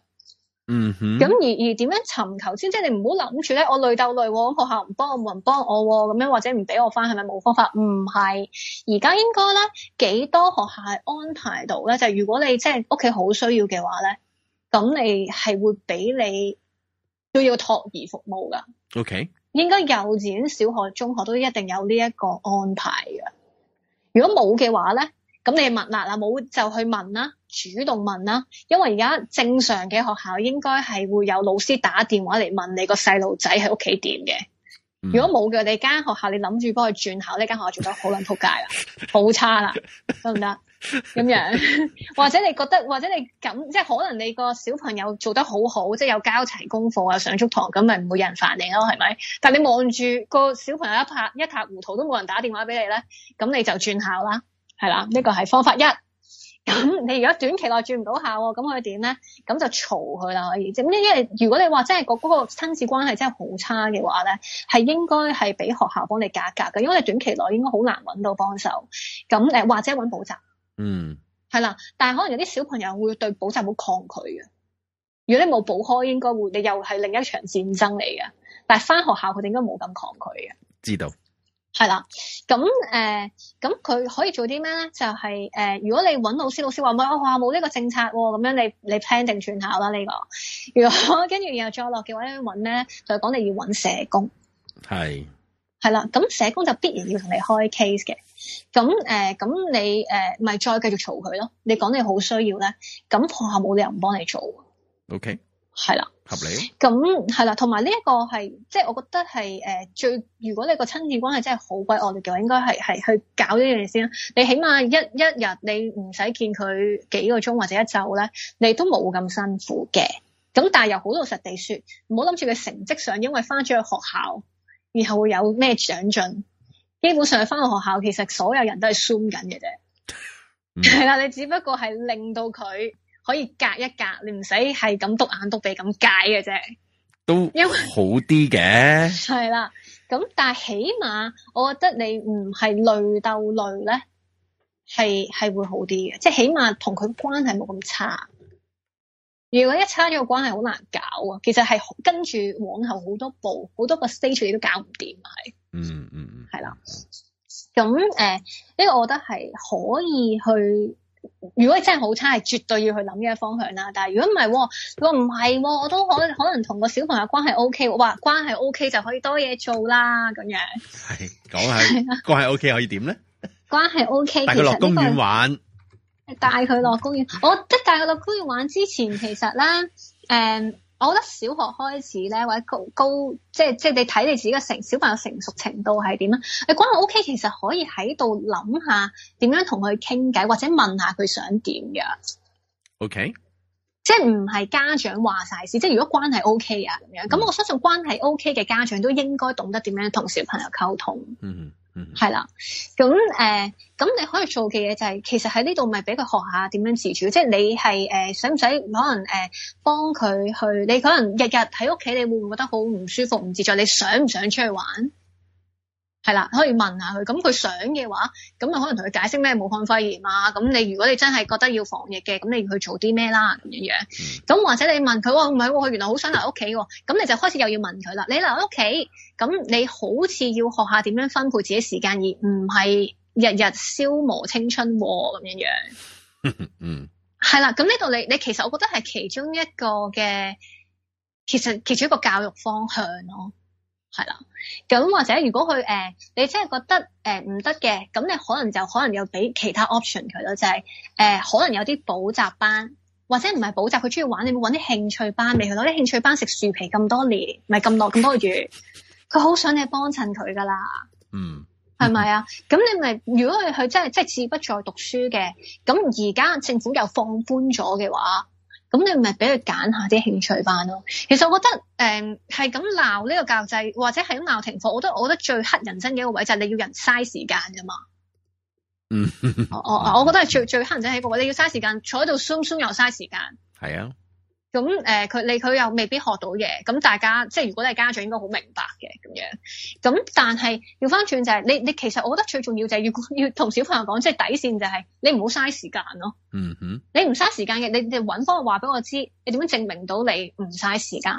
Speaker 1: 嗯哼，咁而而點樣尋求先？即係你唔好諗住咧，我累鬥累，我學校唔幫我，冇人幫我咁樣，或者唔俾我返，係咪冇方法？唔係，而家應該咧幾多學校係安排到咧？就係，如果你即係屋企好需要嘅話咧，咁你係會俾你都要托兒服務噶？OK，應該幼稚園、小學、中學都一定有呢一個安排嘅。如果冇嘅話咧，咁你問嗱啦，冇就去問啦。主動問啦，因為而家正常嘅學校應該係會有老師打電話嚟問你個細路仔喺屋企點嘅。嗯、如果冇嘅，你間學校你諗住幫佢轉校，呢間學校做得好卵撲街撚仆街啦，好 差啦，得唔得？咁樣或者你覺得，或者你咁即係可能你個小朋友做得好好，即係有交齊功課啊，上足堂咁，咪唔會有人煩你咯，係咪？但你望住個小朋友一拍一塌糊塗都冇人打電話俾你咧，咁你就轉校啦，係啦，呢、這個係方法一。咁你如果短期內轉唔到校，咁佢點咧？咁就嘈佢啦，可以。即因為如果你真、那個、係真話真係個嗰個親子關係真係好差嘅話咧，係應該係俾學校幫你夾格嘅，因為你短期內應該好難揾到幫手。咁誒，或者揾補習，嗯，係啦。但係可能有啲小朋友會對補習好抗拒
Speaker 2: 嘅。
Speaker 1: 如果你冇補開，應該會你又係另一場戰爭嚟嘅。但係翻學校佢哋應該冇咁抗拒嘅。知道。係啦，咁誒，咁、嗯、佢、嗯嗯嗯、可以做啲咩咧？就係、是、誒、嗯，如果你揾老師，老師話唔係我話冇呢個政策咁、哦、樣你，你你 plan 定轉校啦呢、這個。如果跟住又再落嘅話咧，揾咧就講你要揾社工係係啦。咁的、嗯、社工就必然要同你開 case 嘅。咁、嗯、誒，咁你誒，咪再繼續嘈佢咯？你講、呃、你好需要咧，咁、嗯、學校冇理由唔幫你做。OK。係啦，合理。咁係啦，同埋呢一個係，即係我覺得係誒、呃、最，如果你個親子關係真係好鬼惡劣嘅話，應該係係去搞呢樣嘢先啦。你起碼一一日你唔使見佢幾個鐘或者一晝咧，你都冇咁辛苦嘅。咁但係又好老實地說，唔好諗住佢成績上，因為翻咗去學校，然後會有咩長進。基本上翻到學校，其實所有人都係 Zoom 緊嘅啫。係、嗯、啦，你只不過係令到佢。可以隔一隔，你唔使係咁篤眼篤鼻咁解嘅啫，
Speaker 2: 都好啲嘅。
Speaker 1: 係啦，咁但係起碼我覺得你唔係累鬥累咧，係係會好啲嘅。即係起碼同佢關係冇咁差。如果一差咗個關係，好難搞啊！其實係跟住往後好多步，好多個 stage 你都搞唔掂係。嗯嗯嗯，係啦。咁誒，呢個我覺得係可以去。如果真係好差，係絕對要去諗呢個方向啦。但係如果唔係，如果唔係，我都可可能同個小朋友關係 O K，哇，關係 O K 就可以多嘢做啦。咁樣係
Speaker 2: 講係關係 O K 可以點咧？
Speaker 1: 關係 O K，帶佢落公園玩，帶佢落公園。 我一帶佢落公園玩之前，其實咧，誒、嗯。我覺得小學開始咧，或者高高，即係即係你睇你自己嘅成小朋友成熟程度係點呀。你關係 O K，其實可以喺度諗下點樣同佢傾偈，或者問下佢想點樣 O Okay ? K，即係唔係家長話晒事。即係如果關係 O K 啊咁樣，咁我相信關係 O K 嘅家長都應該懂得點樣同小朋友溝通。嗯。係啦，咁誒、嗯、咁、呃、你可以做嘅嘢就係、是，其實喺呢度咪俾佢學下點樣自處，即係你係誒，使唔使可能誒，幫佢、呃、去？你可能日日喺屋企，你會唔會覺得好唔舒服、唔自在？你想唔想出去玩？係啦，可以問下佢，咁佢想嘅話，咁啊可能同佢解釋咩武漢肺炎啊，咁你如果你真係覺得要防疫嘅，咁你要去做啲咩啦咁樣樣。咁、嗯、或者你問佢，唔、哦、係，佢、哦、原來好想留喺屋企，咁你就開始又要問佢啦。你留喺屋企，咁你好似要學下點樣分配自己時間，而唔係日日消磨青春咁樣樣。嗯，係啦，咁呢度你你其實我覺得係其中一個嘅，其實其中一個教育方向咯、啊。係啦，咁或者如果佢誒、呃，你真係覺得誒唔得嘅，咁、呃、你可能就可能又俾其他 option 佢咯，就係、是、誒、呃、可能有啲補習班，或者唔係補習，佢中意玩，你會搵啲興趣班嚟，攞啲興趣班食樹皮咁多年，咪咁耐咁多個 月，佢好想你幫襯佢噶啦，嗯，係咪啊？咁、嗯、你咪如果佢佢真係即志不在讀書嘅，咁而家政府又放寬咗嘅話。咁你咪係俾佢揀下啲興趣班咯？其實我覺得，誒係咁鬧呢個教制，或者係咁鬧停課，我覺得 我，我，我覺得最乞人憎嘅一個位就係你要人嘥時間㗎嘛。嗯，
Speaker 3: 我
Speaker 1: 我覺得係最最乞人憎一個位，你要嘥時間坐喺度 Zoom Zoom 又嘥時間。係啊。咁誒，佢你佢又未必學到嘢，咁大家即係如果你係家長，應該好明白嘅咁樣。咁但係調翻轉就係、是，你你其實我覺得最重要就係要要同小朋友講，即係底線就係你唔好嘥時間咯。嗯嗯，你唔嘥時間嘅，你、嗯、哼你揾方話俾我知，你點樣證明到你唔嘥時間？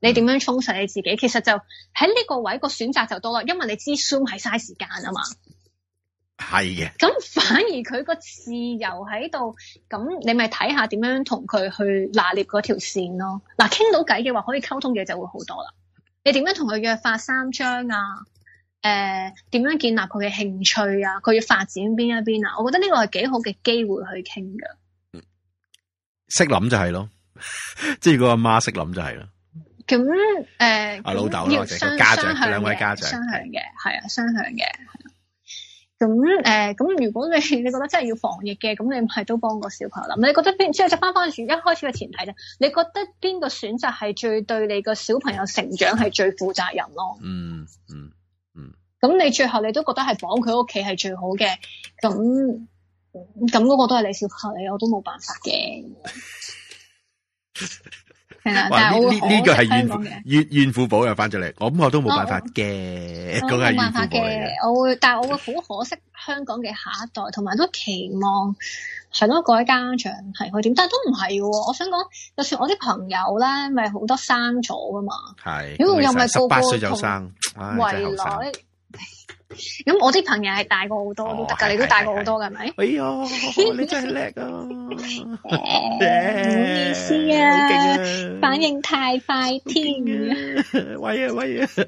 Speaker 1: 你點樣充實你自己？嗯、其實就喺呢個位個選擇就多啦，因為你知 Zoom 係嘥時間啊嘛。係嘅，咁是反而佢個自由喺度，咁你咪睇下點樣同佢去拿捏嗰條線咯。嗱，傾到偈嘅話，可以溝通嘅就會好多啦。你點樣同佢約法三章啊？誒、呃，點樣建立佢嘅興趣啊？佢要發展邊一邊啊？我覺得呢個係幾好嘅機會去傾噶。
Speaker 2: 識諗就係咯， 即係如果阿媽識諗就係啦。
Speaker 1: 咁誒，阿、呃、老豆或者個家長，兩位家長，雙向嘅，係啊，雙向嘅。咁誒，咁、嗯呃、如果你你覺得真係要防疫嘅，咁你咪都幫個小朋友。咁你覺得邊？即係翻翻住一開始嘅前提咧，你覺得邊個選擇係最對你個小朋友成長係最負責任咯、嗯？嗯嗯嗯。咁你最後你都覺得係綁佢屋企係最好嘅，咁咁嗰個都係你小朋友，我都冇辦法嘅。 係啦，但係我我香港、
Speaker 2: 這個、怨父怨母又翻咗嚟，我咁我都冇辦法嘅，咁係冇辦法嘅。
Speaker 1: 我，我，我會，但係我會好可惜香港嘅下一代，同埋 都期望係咯，各位家長係佢點？但係都唔係嘅。我想講，就算我啲朋友咧，咪好多生咗噶嘛，如
Speaker 3: 果又咪係十八歲就生，未來。
Speaker 1: 咁我啲朋友係大過好多都得噶，哦、是是是是你都大過好多嘅係咪？哎呀，你
Speaker 3: 真係叻啊！唔、 呃、
Speaker 1: 好意思啊，啊反應太快添、啊 啊。
Speaker 2: 喂啊喂啊！誒、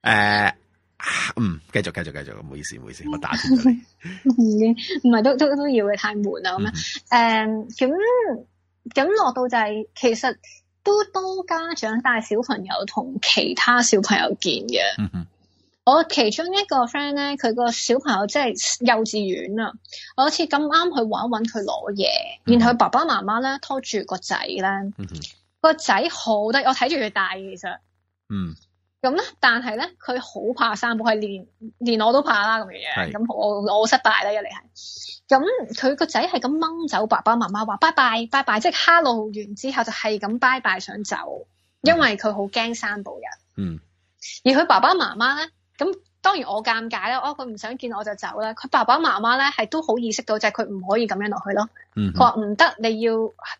Speaker 2: 呃，嗯，繼續繼續繼續，唔好意思唔好意思，我打斷咗
Speaker 1: 你。唔唔係都都都要嘅，太悶啦咁樣。誒、嗯，咁咁落到就係、是，其實都多家長帶小朋友同其他小朋友見嘅。嗯。我其中一個 friend 咧，佢個小朋友即係幼稚園啦、啊。我好似咁啱去玩一搵佢攞嘢，然後佢爸爸媽媽咧拖住個仔咧，嗯、哼個仔好得我睇住佢大其實。嗯，咁咧、嗯，但係咧，佢好怕生保，係連連我都怕啦咁嘅嘢。咁是我我失敗啦，一嚟係。咁佢個仔係咁掹走爸爸媽媽，話拜拜拜拜，即係哈囉完之後就係咁拜拜想走，因為佢好驚生保人。嗯，而佢爸爸媽媽咧。咁當然我尷尬啦，哦佢唔想見我就走啦。佢爸爸媽媽咧係都好意識到，就係佢唔可以咁樣落去咯。佢話唔得，你要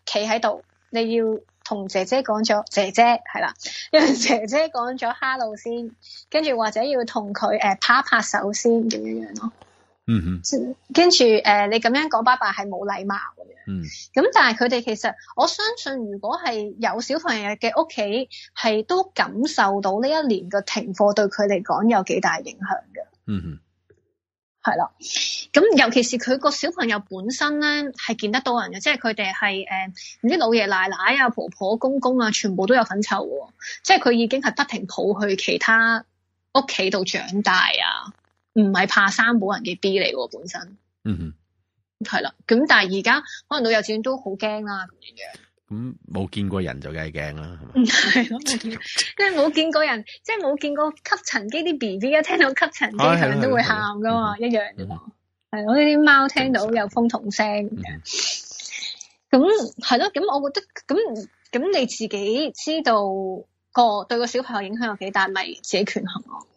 Speaker 1: 企喺度，你要同姐姐講咗姐姐係啦，因為姐姐講咗 hello 先，跟住或者要同佢誒拍拍手先咁樣樣咯。嗯哼，跟住誒，你咁樣講爸爸係冇禮貌嘅咁樣，嗯，咁但係佢哋其實我相信，如果係有小朋友嘅屋企，係都感受到呢一年嘅停課對佢嚟講有幾大影響
Speaker 3: 嘅。
Speaker 1: 嗯哼，係啦，咁尤其是佢個小朋友本身咧，係見得到人嘅，即係佢哋係誒唔知老爺奶奶啊、婆婆公公啊，全部都有份湊嘅，即係佢已經係不停抱去其他屋企度長大啊。唔係怕生保人嘅 B 嚟喎，本身，嗯哼，係啦。咁但係而家可能到幼稚園都好驚啦咁
Speaker 2: 樣。咁冇見過人就梗係驚啦，
Speaker 1: 係嘛？係咯， 即係冇見過人，即係冇見過吸塵機啲 B B 一聽到吸塵機咪都會喊噶嘛，嗯、哼一樣。係呢啲貓聽到常有風筒聲咁。咁係咯，咁我覺得咁咁你自己知道個對個小朋友影響有幾大，咪自己權衡咯。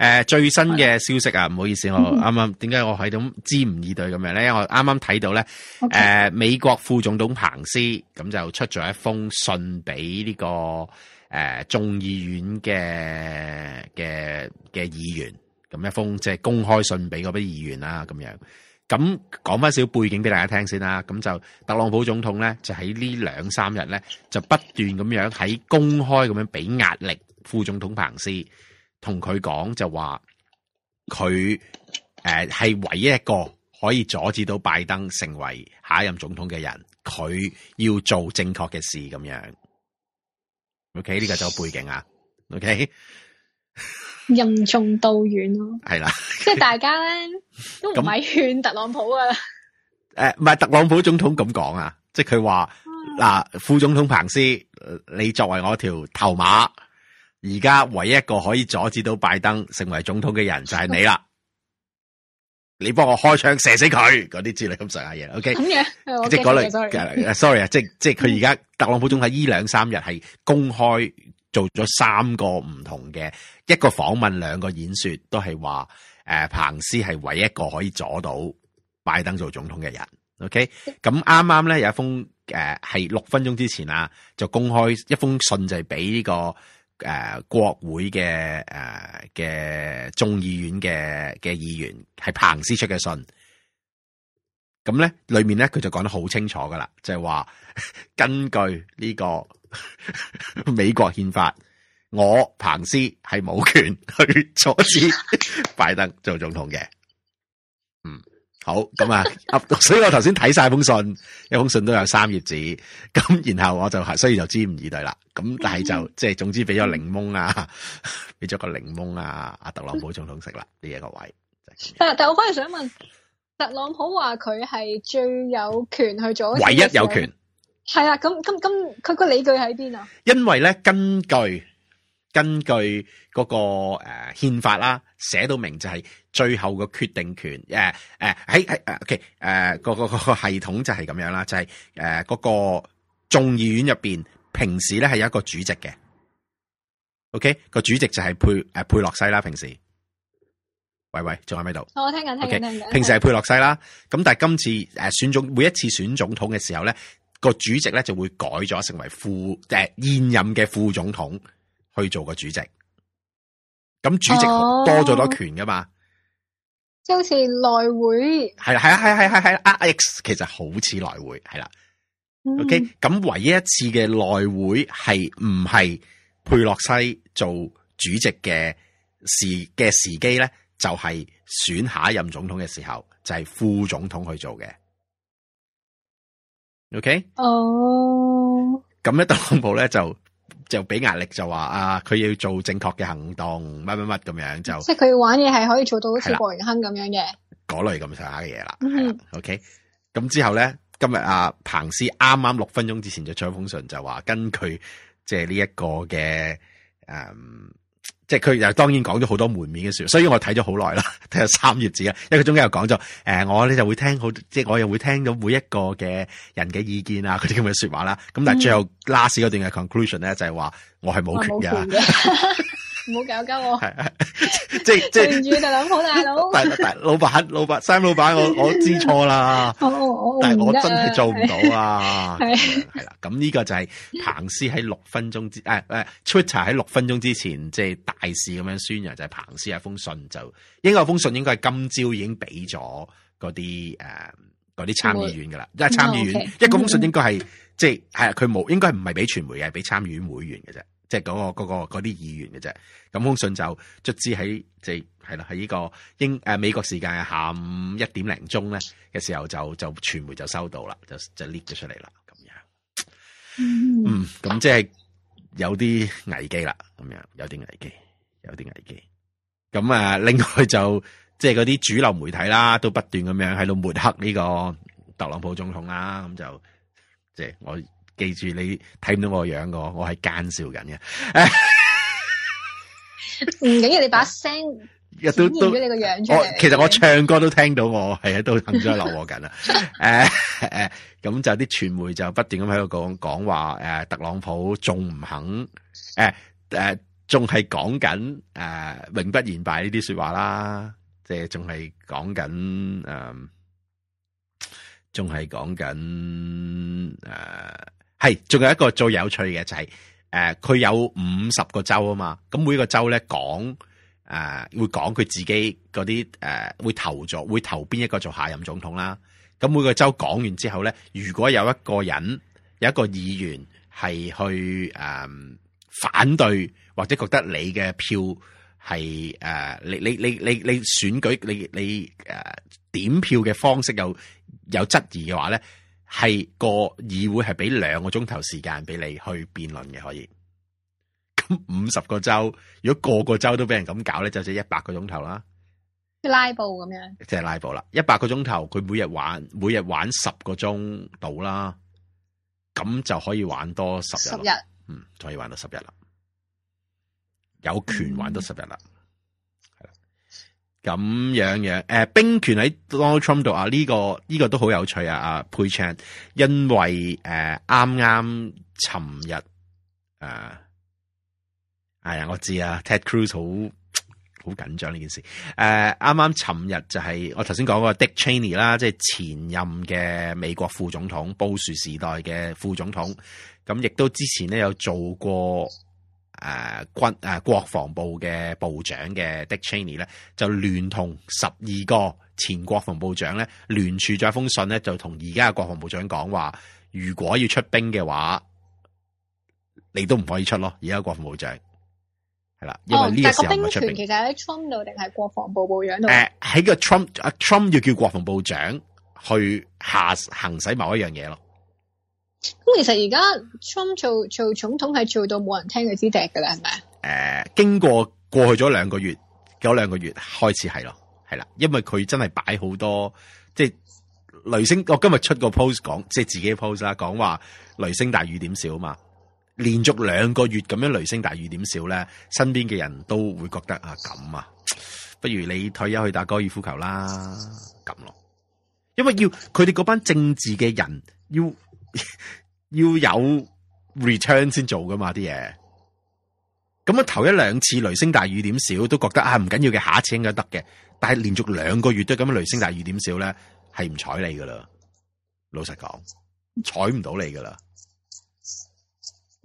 Speaker 2: 誒、呃，最新嘅消息啊，唔好意思，嗯、哼剛剛我啱啱點解我係咁支吾以對咁樣咧？因為我啱啱睇到咧，誒，美國副總統彭斯咁就出咗一封信俾呢、這個誒、呃、眾議院嘅嘅嘅議員，咁一封即係、就是、公開信俾嗰啲議員啦，咁樣。咁講翻少背景俾大家聽先啦。咁就特朗普總統咧，就喺呢兩三日咧，就不斷咁樣喺公開咁樣俾壓力副總統彭斯。同佢講就話佢誒係唯一一個可以阻止到拜登成為下一任總統嘅人，佢要做正確嘅事咁樣。OK，呢個就背景啊。OK，
Speaker 1: 任重道遠咯，
Speaker 2: 係是啦， 即係大
Speaker 1: 家咧都唔係勸特朗普啊。誒 、
Speaker 2: 呃，唔係特朗普總統咁講啊，即係佢話嗱，副總統彭斯，你作為我條頭馬。而家唯一一個可以阻止到拜登成為總統嘅人就係你啦，你幫我開槍射死佢嗰啲之類咁上下嘢 OK，咁即
Speaker 3: 係嗰類 sorry,、
Speaker 2: 嗯、sorry 啊，即係即係佢而家特朗普總統喺呢兩三日係公開做咗三個唔同嘅一個訪問，兩個演說,都說，都係話誒彭斯係唯一一個可以阻到拜登做總統嘅人。OK，咁啱啱咧有一封誒係、呃、六分鐘之前啊，就公開一封信就係俾呢個。誒、呃，國會嘅誒嘅眾議院嘅嘅議員係彭斯出嘅信，咁咧裏面咧佢就講得好清楚㗎喇，就係、是、話根據呢、這個美國憲法，我彭斯係冇權去阻止 拜登做總統嘅。好咁啊， 所以我頭先睇晒封信，一封信都有三頁紙，咁然後我就係，所以就知唔易對啦。咁但係就即係，總之俾咗檸檬啊，俾咗個檸檬啊，阿特朗普總統食啦呢一個位，
Speaker 1: 就是但。但但，我反而想問，特朗普話佢係最有權去做，唯一有權係啊，咁咁咁，佢個理據喺邊啊？
Speaker 2: 因為咧，根據根據嗰、那個誒憲、呃、法啦，寫到明就係、是。最後嘅決定權，誒誒喺喺，OK，誒嗰個個個系統就係咁樣啦，就係誒嗰個眾議院入邊平時咧係有一個主席嘅，OK，個主席就係佩誒、uh, 佩洛西啦，平時，喂喂，仲喺咪度？我聽
Speaker 1: 緊，聽緊，聽緊。Okay, 聽聽平時
Speaker 2: 係佩洛西啦，咁但係今次誒選總每一次選總統嘅時候咧，個主席咧就會改咗成為副，即係現任嘅副總統去做個主席，咁主席多咗多權㗎嘛。哦好似內會係啦，係啊，係係係係 r x 其實好似內會係啦。
Speaker 1: 啊嗯、OK，
Speaker 2: 咁唯一一次嘅內會係唔係佩洛西做主席嘅時嘅時機咧，就係、是、選下一任總統嘅時候，就係、是、副總統去做嘅。OK，哦，咁咧特朗普咧就。就俾壓力就話啊，佢要做正確嘅行動，乜乜乜咁樣就。即
Speaker 1: 係佢玩嘢係可以做到好似郭榮鏗咁樣嘅。
Speaker 2: 嗰類咁上下嘅嘢啦，係啦。OK，咁之後咧，今日阿、啊、彭斯啱啱六分鐘之前就出咗封信就話，根據即係呢一個嘅嗯。即係佢又當然講咗好多門面嘅說話，所以我睇咗好耐啦，睇咗三頁紙啊，因為佢中間又講咗，誒、欸、我咧就會聽好，即我又會聽到每一個嘅人嘅意見啊，嗰啲咁嘅說話啦。咁但係最後 last 嗰、嗯、段嘅 conclusion 咧就係、是、話我係冇權㗎。 唔好搞鳩我，係即係即係，唔
Speaker 1: 住就
Speaker 2: 兩、是、好、 就是、大佬，但係但老闆老闆三老闆，我我知錯啦，
Speaker 3: 哦、我但係我真係做唔到啊，係
Speaker 2: 啦 是，咁呢個就係彭斯喺六分鐘之誒誒、啊啊、Twitter 喺六分鐘之前即係、就是、大事咁樣宣揚就係、是、彭斯一封信就應該封信應該係今朝已經俾咗嗰啲誒嗰啲參議院噶啦，會因為參議院、哦、okay，一個封信應該係、嗯、即係係佢冇應該唔係俾傳媒嘅係俾參議院會員嘅啫。即係、嗰個、嗰個嗰、嗰個嗰啲、嗰啲、議員嘅啫，咁封信就卒之喺即係係啦，喺、就、呢、是、個英誒、啊、美國時間下午一點零鐘咧嘅時候就就傳媒就收到啦，就就 lift 咗出嚟啦，咁樣嗯，咁即係有啲危機啦，咁樣有啲危機，有啲危機。咁啊，另外就即係嗰啲主流媒體啦，都不斷咁樣喺度抹黑呢個特朗普總統啦，咁就即係、就是、我。記住你睇唔到我個樣㗎，我係奸笑緊嘅。唔
Speaker 1: 緊要，你把聲
Speaker 2: 展現咗你個樣出
Speaker 1: 嚟。我其
Speaker 2: 實我唱歌都聽到，我係喺度含在流汗緊啦。誒誒，咁就啲傳媒就不斷咁喺度講講話，誒，特朗普仲唔肯？誒誒，仲係講緊誒永不言敗呢啲說話啦，即係仲係講緊誒，仲係講緊誒。係，仲有一個最有趣嘅就係、是，誒、呃，佢有五十個州啊嘛，咁每個州咧講，誒、呃，會講佢自己嗰啲，誒、呃，會投咗，會投邊一個做下任總統啦。咁每個州講完之後咧，如果有一個人，有一個議員係去誒、呃、反對，或者覺得你嘅票係誒、呃，你你你你你選舉你你誒、呃、點票嘅方式有有質疑嘅話咧。係個議會係俾兩個鐘頭時間俾你去辯論嘅，可以。咁五十個州，如果個個州都俾人咁搞咧，就即一百個鐘頭啦。
Speaker 1: 拉布咁
Speaker 2: 樣，即係拉布啦。一百個鐘頭，佢每日玩，每日玩十個鐘到啦。咁就可以玩多十日，十日。嗯，可以玩到十日啦，有權玩到十日啦。嗯咁樣樣，誒、呃，兵權喺 Donald Trump 度、這個這個、啊，呢個呢個都好有趣啊，啊 p a Chan，因為誒啱啱尋日，誒、呃，係啊、呃哎，我知啊，Ted Cruz 好好緊張呢件事，誒、呃，啱啱尋日就係、是、我頭先講個 Dick Cheney 啦，即係前任嘅美國副總統，布殊時代嘅副總統，咁亦都之前咧有做過。誒，國誒、呃，國防部嘅部長嘅 Dick Cheney 咧，就聯同十二個前國防部長咧，聯署咗一封信咧，就同而家嘅國防部長講話，如果要出兵嘅話，你都唔可以出咯。而家嘅國防部長係啦，因為呢個時候兵、哦、兵其實喺 Trump 度定係國防
Speaker 1: 部部長度？誒、
Speaker 2: 呃，喺個 Trump，阿 Trump 要叫國防部長去下行使某一樣嘢咯。
Speaker 1: 咁其實而家 Trump 做做總統係做到冇人聽佢支笛噶啦，係咪？
Speaker 2: 誒、呃，經過過去咗兩個月，有兩個月開始係咯，係啦，因為佢真係擺好多即係雷聲。我今日出個 post 講，即係自己 post 啦，講話雷聲大雨點少啊嘛。連續兩個月咁樣雷聲大雨點少咧，身邊嘅人都會覺得啊咁啊，不如你退休去打高爾夫球啦咁咯。因為要佢哋嗰班政治嘅人要。 要有 return 先做噶嘛啲嘢，咁啊，頭一兩次雷聲大雨點少，都覺得啊唔緊要嘅，下一次應該得嘅。但係連續兩個月都咁樣雷聲大雨點少咧，係唔睬你噶啦。老實講，睬唔到你噶啦。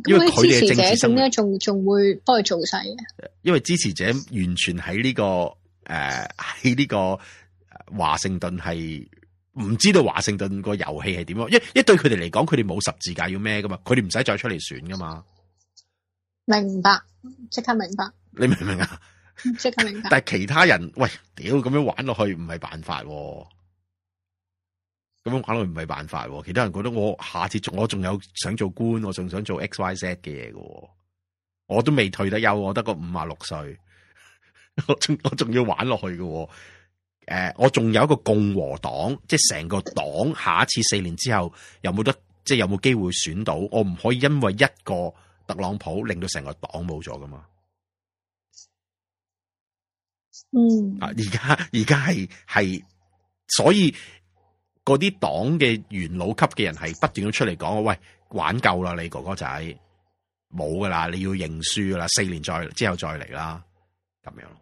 Speaker 2: 因為支持者咁
Speaker 1: 咧，仲仲會幫佢做晒嘅。
Speaker 2: 因為支持者完全喺呢、個誒喺呢個華盛頓係。唔知道華盛頓個遊戲係點樣？因為對佢哋嚟講，佢哋冇十字架要咩噶嘛？佢哋唔使再出嚟選噶嘛？明
Speaker 1: 白，即刻明
Speaker 2: 白。你明唔明啊？即刻明白。
Speaker 1: 明白，但係
Speaker 2: 其他人，喂，屌，咁樣玩落去唔係辦法，啊，咁樣玩落去唔係辦法，啊。其他人覺得我下次我仲有想做官，我仲想做 X Y Z 嘅嘢噶，我都未退得休，我得個五啊六歲，我仲我仲要玩落去喎，啊。誒、呃，我仲有一個共和黨，即係成個黨下一次四年之後，有冇得即係有冇機會選到？我唔可以因為一個特朗普令到成個黨冇咗噶嘛？嗯，啊，而家而家係係，所以嗰啲黨嘅元老級嘅人係不斷咁出嚟講，喂，玩夠啦，你哥哥仔冇噶啦，你要認輸啦，四年再之後再嚟啦，咁樣咯。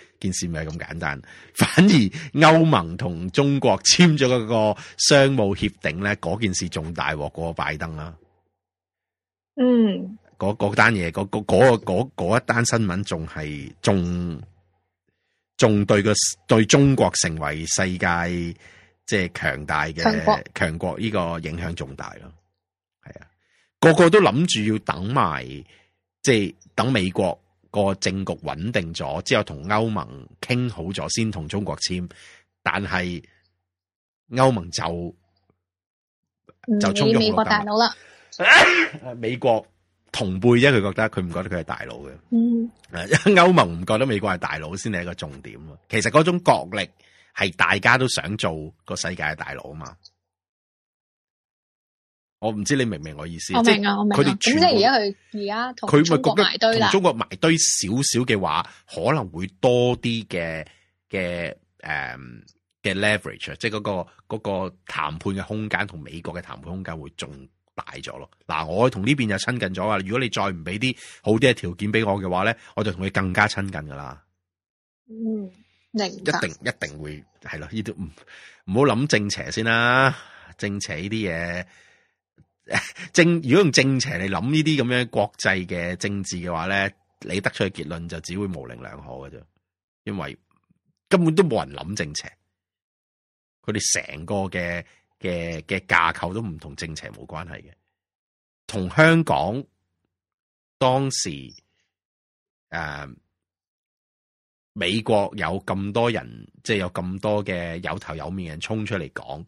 Speaker 2: 件事咪係咁簡單，反而歐盟同中國簽咗嗰個商務協定咧，嗰件事仲大鑊過拜登啦。
Speaker 3: 嗯那，
Speaker 2: 嗰嗰單嘢，嗰嗰嗰嗰嗰一單新聞仲係仲仲對個對中國成為世界即係強大嘅強國呢個影響仲大咯。係啊，個個都諗住要等埋，即係等美國。個政局穩定咗之後歐，同歐盟傾好咗先同中國簽，但係歐盟就美就沖入美國大佬啦、啊。美國同輩啫，佢覺得佢唔覺得佢係大佬嘅。嗯，因為歐 盟唔覺得美國係大佬先係一個重點。其實嗰種角力係大家都想做個世界嘅大佬啊嘛。我唔知你明唔明我意思，即係佢哋全部。咁而
Speaker 1: 家去而家同佢咪覺得啦中國
Speaker 2: 埋堆少少嘅話，了可能會多啲嘅嘅誒嘅、嗯、leverage，即係嗰、嗰個嗰、嗰個談判嘅空間同美國嘅談判空間會仲大咗咯。嗱，我同呢邊就親近咗啊！如果你再唔俾啲好啲嘅條件俾我嘅話咧，我就同佢更加親近噶啦、嗯。
Speaker 1: 嗯，一定
Speaker 2: 一定會係咯，呢啲唔唔好諗正邪先啦，正邪呢啲嘢。正如果用正邪嚟諗呢啲咁樣國際嘅政治嘅話咧，你得出嘅結論就只會模稜兩可嘅啫，因為根本都冇人諗正邪，佢哋成個嘅嘅嘅架構都唔同正邪冇關係嘅，同香港當時誒、呃、美國有咁多人，即係有咁多嘅有頭有面人衝出嚟講。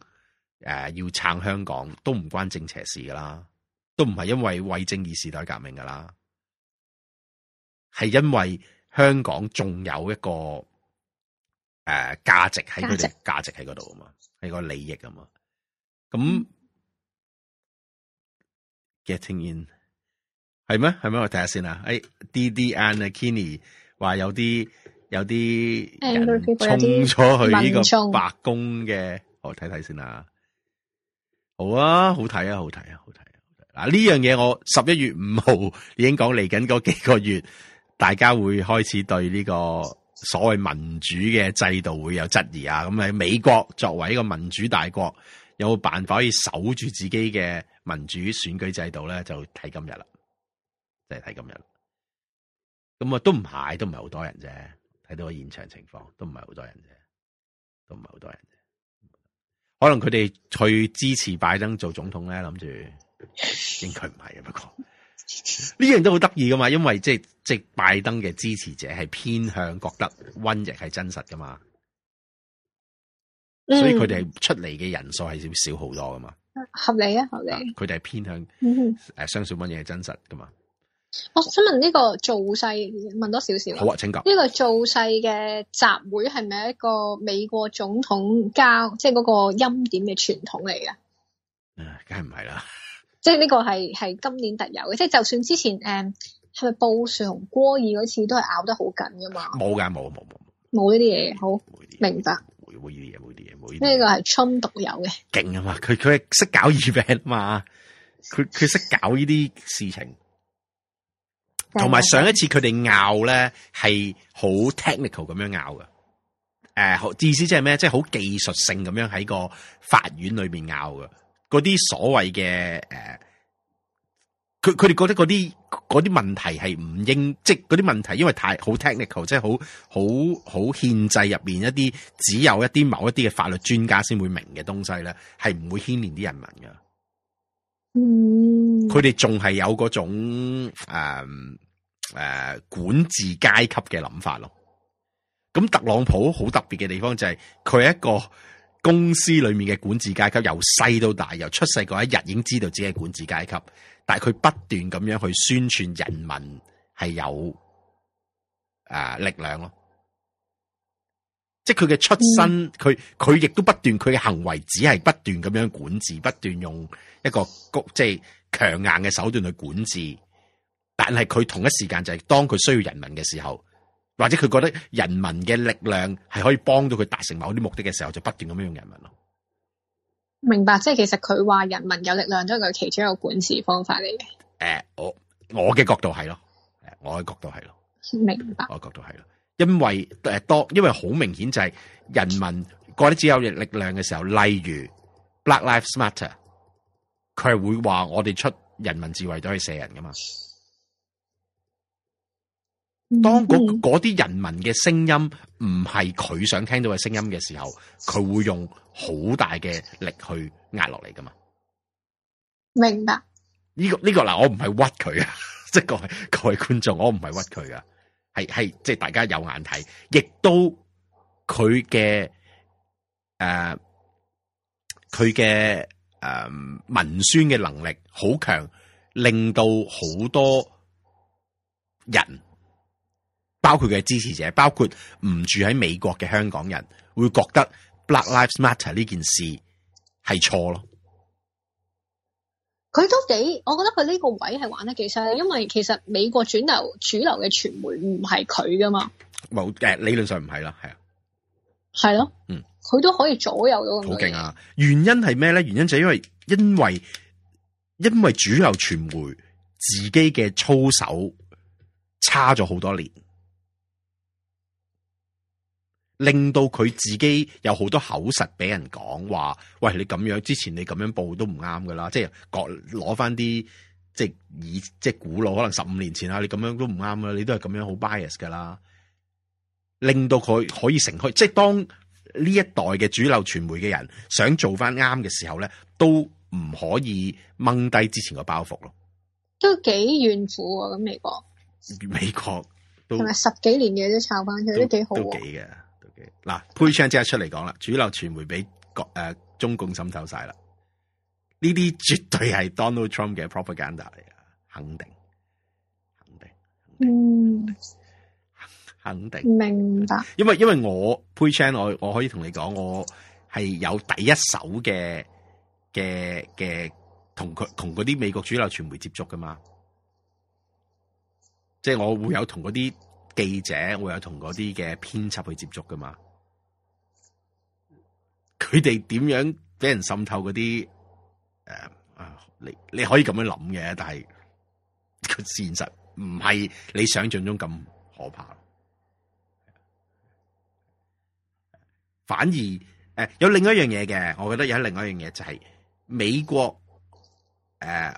Speaker 2: 誒、呃，要撐香港都唔關政邪事噶啦，都唔係因為為正義時代革命噶啦，係因為香港仲有一個誒價、呃、值喺嗰度，價值喺嗰度啊嘛，係個利益啊嘛。咁、嗯、Getting in 係咩？係咩？我睇下先啊。誒、欸、D D and Kenny 話有啲有啲
Speaker 3: 人衝咗去呢個
Speaker 2: 白宮嘅，我睇睇先啦好啊，好睇啊，好睇啊，好睇啊，好睇啊！嗱、啊，呢樣嘢我十一月五號已經講嚟緊嗰幾個月，大家會開始對呢個所謂民主嘅制度會有質疑啊！咁、嗯、美國作為一個民主大國，有冇辦法可以守住自己嘅民主選舉制度咧？就睇今日啦，即係睇今日。咁、嗯、啊，都唔係，都唔係好多人啫。睇到個現場情況，都唔係好多人啫，都唔係好多人。可能佢哋去支持拜登做總統咧，諗住應該唔係啊。不過呢樣都好得意噶嘛，因為即係即係拜登嘅支持者係偏向覺得瘟疫係真實噶嘛，
Speaker 4: 嗯、所以佢哋
Speaker 2: 出嚟嘅人數係少少好多噶嘛，
Speaker 1: 合理啊，合理。
Speaker 2: 佢哋係偏向誒相信瘟疫係真實噶嘛
Speaker 1: 我想問呢個做勢問多少少？好啊，請講。呢個做勢嘅集會係咪一個美國總統交即係嗰個音點嘅傳統嚟噶？
Speaker 2: 梗係唔係啦。
Speaker 1: 即係呢個係係今年特有嘅，即、就、係、是、就算之前誒係咪布瑞同戈爾嗰次都係拗得好緊噶
Speaker 2: 嘛？冇噶，冇冇冇
Speaker 1: 冇呢啲嘢。好，沒明白。冇呢啲嘢，冇啲嘢，冇呢呢個係春 r 獨有嘅。
Speaker 2: 勁啊嘛，佢佢識搞預備啊嘛，佢佢識搞呢啲事情。同埋上一次佢哋拗咧，係好 technical 咁樣拗嘅，誒，意思即係咩？即係好技術性咁樣喺個法院裏面拗嘅，嗰啲所謂嘅誒，佢佢哋覺得嗰啲嗰啲問題係唔應，即係嗰啲問題，因為太好 technical，即係好好好限制入面一啲，只有一啲某一啲嘅法律專家先會明嘅東西咧，係唔會牽連啲人民㗎。嗯，
Speaker 3: 佢
Speaker 2: 哋仲係有嗰種誒。誒、啊，管治階級嘅諗法咯。咁特朗普好特別嘅地方就係佢係一個公司裏面嘅管治階級，由細到大，由出世嗰一日已經知道自己係管治階級。但係佢不斷咁樣去宣傳人民係有誒、啊、力量咯。即係佢嘅出身，佢佢亦都不斷佢嘅行為，只係不斷咁樣管治，不斷用一個即係強硬嘅手段去管治。但係佢同一時間就係當佢需要人民嘅時候，或者佢覺得人民嘅力量係可以幫到佢達成某啲目的嘅時候，就不斷咁樣用人民咯。
Speaker 1: 明白，即係其實佢話人民有力量都係其中一個管治方法嚟
Speaker 2: 嘅。誒、呃，我我嘅角度係咯，係我嘅角度係咯，明白。我嘅角度係咯，因為誒多，因為好明顯就係人民覺得只有力量嘅時候，例如 Black Lives Matter，佢係會話我哋出人民智慧都係射人噶嘛。當嗰嗰啲人民嘅聲音唔係佢想聽到嘅聲音嘅時候，佢會用好大嘅力去壓落嚟噶嘛？
Speaker 1: 明白？
Speaker 2: 呢個呢個嗱，我唔係屈佢啊！即係各位各位觀眾，我唔係屈佢啊，係係即係大家有眼睇，亦都佢嘅誒，佢嘅誒文宣嘅能力好強，令到好多人。包括佢嘅支持者，包括唔住喺美國嘅香港人，會覺得 Black Lives Matter 呢件事係錯咯。
Speaker 1: 佢都幾，我覺得佢呢個位係玩得幾犀利，因為其實美國流主流主流嘅傳媒唔係佢噶嘛。
Speaker 2: 冇，誒，理論上唔係啦，係啊，係咯，啊，嗯，
Speaker 1: 佢都可以左右咗。好
Speaker 2: 勁啊！原因係咩咧？原因就係因為因為因為主流傳媒自己嘅操守差咗好多年。令到佢自己有好多口實俾人講話，喂，你咁樣之前你咁樣報都唔啱噶啦，即係攞攞翻啲即係以即係古老，可能十五年前啊，你咁樣都唔啱啦，你都係咁樣好 bias 噶啦。令到佢可以成開，即係當呢一代嘅主流傳媒嘅人想做翻啱嘅時候咧，都唔可以掹低之前嘅包袱咯。
Speaker 1: 都幾怨婦咁美國，
Speaker 2: 美國都同埋十
Speaker 1: 幾年嘢，都炒翻佢都幾好嘅
Speaker 2: 嗱，c 潘昌即係出嚟講啦，主流傳媒俾國誒中共滲透晒啦，呢啲絕對係 Donald Trump 嘅 propaganda 嚟嘅，肯定，肯定，
Speaker 3: 嗯，肯定，明
Speaker 4: 白。
Speaker 2: 因為因為我潘昌，我我可以同你講，我係有第一手嘅嘅嘅，同佢同嗰啲美國主流傳媒接觸噶嘛，即係我會有同嗰啲。記者會有同嗰啲嘅編輯去接觸噶嘛，佢哋點樣俾人滲透嗰啲？誒啊，你你可以咁樣諗嘅，但係個現實唔係你想象中咁可怕。反而誒，有另外一樣嘢嘅，我覺得有另外一樣嘢就係美國誒。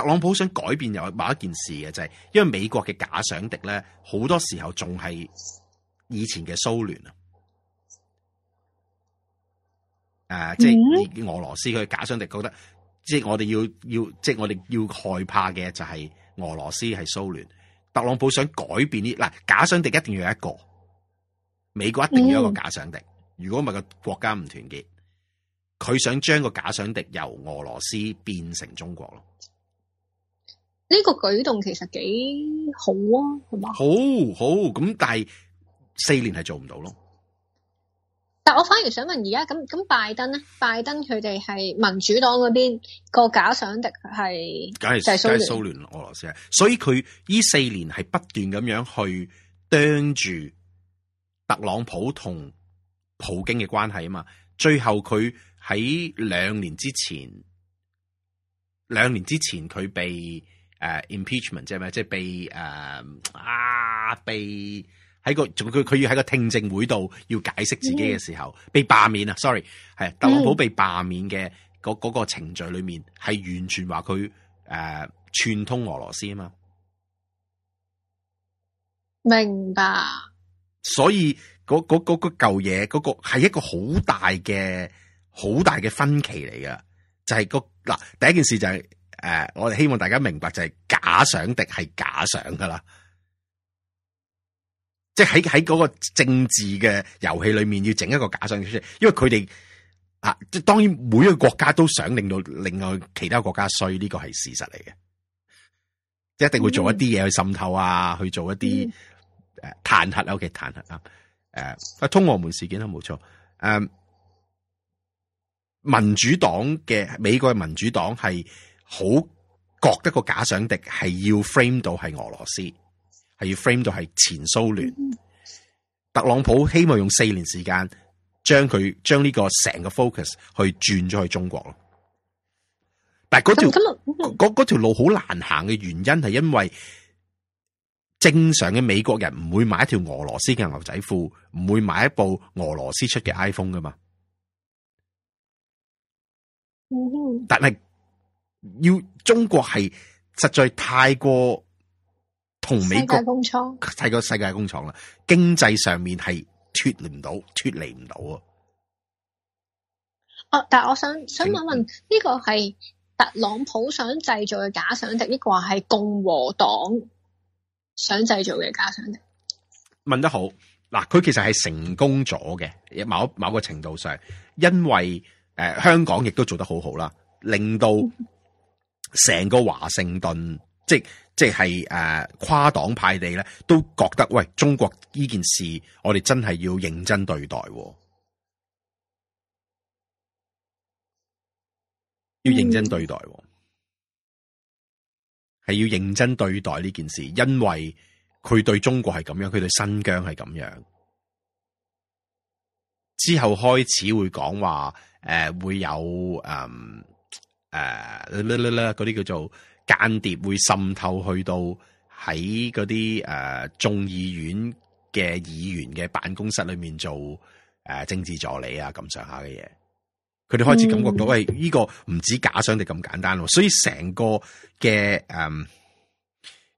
Speaker 2: 特朗普想改變又某一件事嘅，就係、是、因為美國嘅假想敵咧，好多時候仲係以前嘅蘇聯啊！誒、啊，即係俄羅斯佢嘅假想敵覺得，即係我哋要要，即係我哋要害怕嘅就係俄羅斯係蘇聯。特朗普想改變呢，嗱假想敵一定要一個，美國一定要一個假想敵，如果唔係個國家唔團結，佢想將個假想敵由俄羅斯變成中國咯。
Speaker 1: 呢個舉動其實幾好啊，係嘛？
Speaker 2: 好好咁，但係四年係做唔到咯。
Speaker 1: 但我反而想問現在，而家咁咁拜登咧，拜登佢哋係民主黨嗰邊，個假想敵係，梗係蘇聯
Speaker 2: 俄羅斯，所以佢呢四年係不斷咁樣去盯住特朗普同普京嘅關係啊嘛。最後佢喺兩年之前，兩年之前佢被誒、uh,，impeachment 即係咪即係被誒、uh, 啊，被喺個仲佢佢要喺個聽證會度要解釋自己嘅時候、嗯、被罷免啊！Sorry，係特朗普被罷免嘅嗰嗰個程序裏面係、嗯、完全話佢誒串通俄羅斯啊嘛，
Speaker 1: 明白。
Speaker 2: 所以嗰嗰嗰舊嘢嗰個係、那個、一個好大嘅好大嘅分歧嚟㗎。就係、是、嗱、那個、第一件事就係、是。誒，uh, 我哋希望大家明白就係假想敵係假想噶啦，即係喺喺嗰個政治嘅遊戲裏面要整一個假想敵出嚟，因為佢哋啊，即係當然每一個國家都想令到另外其他國家衰，呢個係事實嚟嘅，一定會做一啲嘢，去滲透啊，嗯、去做一啲誒、嗯 uh, 彈劾啊，OK，彈劾啊，誒、uh, 啊通俄門事件都冇錯，誒、uh, 民主黨嘅美國嘅民主黨係。好覺得個假想敵係要 frame 到係俄羅斯，係要 frame 到係前蘇聯。特朗普希望用四年時間將佢將呢個成個 focus 去轉咗去中國咯。但係嗰條嗰嗰條路好難行嘅原因係因為正常嘅美國人唔會買一條俄羅斯嘅牛仔褲，唔會買一部俄羅斯出嘅 iPhone 噶嘛。但係。要中國係實在太過同美國世界工廠太過世界工廠啦，經濟上面係脫離唔到，脫離唔到
Speaker 1: 啊！哦，但係我想想問問，呢個係特朗普想製造嘅假想敵，呢個係共和黨想製造嘅假想敵？
Speaker 2: 問得好，嗱，佢其實係成功咗嘅，某某個程度上，因為誒、呃、香港亦都做得很好好啦，令到、嗯。成個華盛頓，即即係誒、呃，跨黨派地咧，都覺得喂，中國呢件事，我哋真係要認真對待、哦，要認真對待、哦，係、嗯、要認真對待呢件事，因為佢對中國係咁樣，佢對新疆係咁樣，之後開始會講話，誒、呃，會有嗯。誒，咧咧咧嗰啲叫做間諜會滲透去到喺嗰啲誒眾議院嘅議員嘅辦公室裏面做誒、uh, 政治助理啊咁上下嘅嘢，佢哋開始感覺到喂，呢個唔止假想敵咁簡單咯，所以成個嘅嗯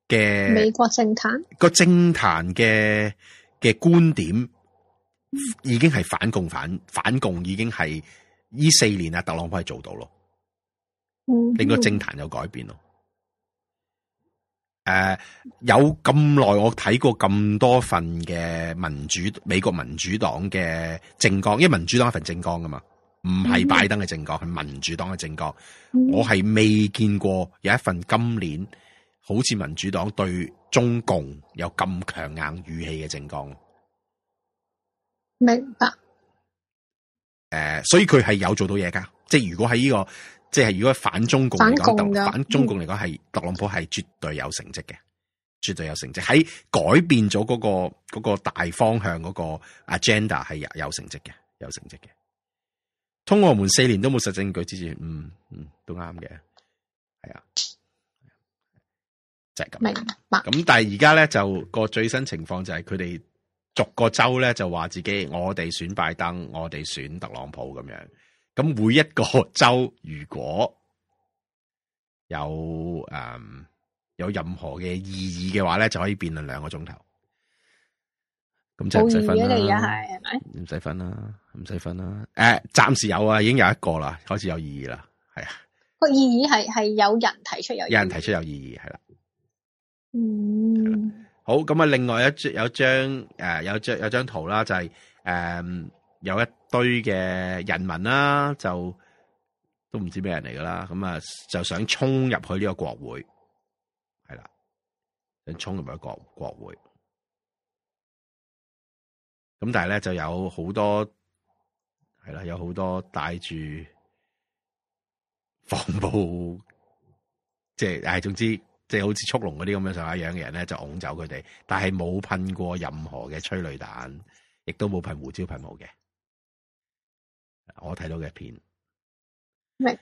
Speaker 2: 嘅美
Speaker 1: 國政壇
Speaker 2: 個政壇嘅嘅觀點已經係反共反反共已經係呢四年啊，特朗普係做到咯。令個政壇有改變咯。誒，有咁耐，我睇過咁多份嘅民主，美國民主黨嘅政綱，因為民主黨一份政綱噶嘛，
Speaker 3: 唔係拜
Speaker 2: 登嘅政綱，係民主黨嘅政綱。我係未見過有一份今年好似民主黨對中共有咁強硬語氣嘅政綱。
Speaker 1: 明白。
Speaker 2: 誒，所以佢係有做到嘢噶，即係如果喺呢個。即係如果反中共嚟講，反中共嚟講係特朗普係絕對有成績嘅，絕對有成績喺改變咗嗰、嗰個、嗰個大方向嗰、嗰個 agenda 係有成績嘅，有成績嘅。通俄門四年都冇實證據之前，嗯嗯都啱嘅，係啊，就係、是、咁明白。咁但係而家咧就個最新情況就係佢哋逐個州咧就話自己我哋選拜登，我哋選特朗普咁樣。咁每一個州如果有誒、嗯、有任何嘅意義嘅話咧，就可以辯論兩個鐘頭。咁就唔使分啦。唔使分啦，唔使分啦。誒、欸，暫時有啊，已經有一個啦，開始有意義啦。係啊，
Speaker 1: 個意義係係有人提出有。有人提
Speaker 2: 出有意義係啦。嗯。好，咁啊，另外一張有張誒有張有張圖啦，就係、是、誒有一。堆嘅人民啦，就都唔知咩人嚟噶啦。咁啊，就想衝入去呢個國會，係啦，想衝入去國國會咁，但係咧就有好多，係啦，有好多帶住防暴，即係誒，總之即係、就是、好似速龍嗰啲咁樣上下樣嘅人咧，就拱走佢哋，但係冇噴過任何嘅催淚彈，亦都冇噴胡椒噴霧嘅。我睇到嘅片，u n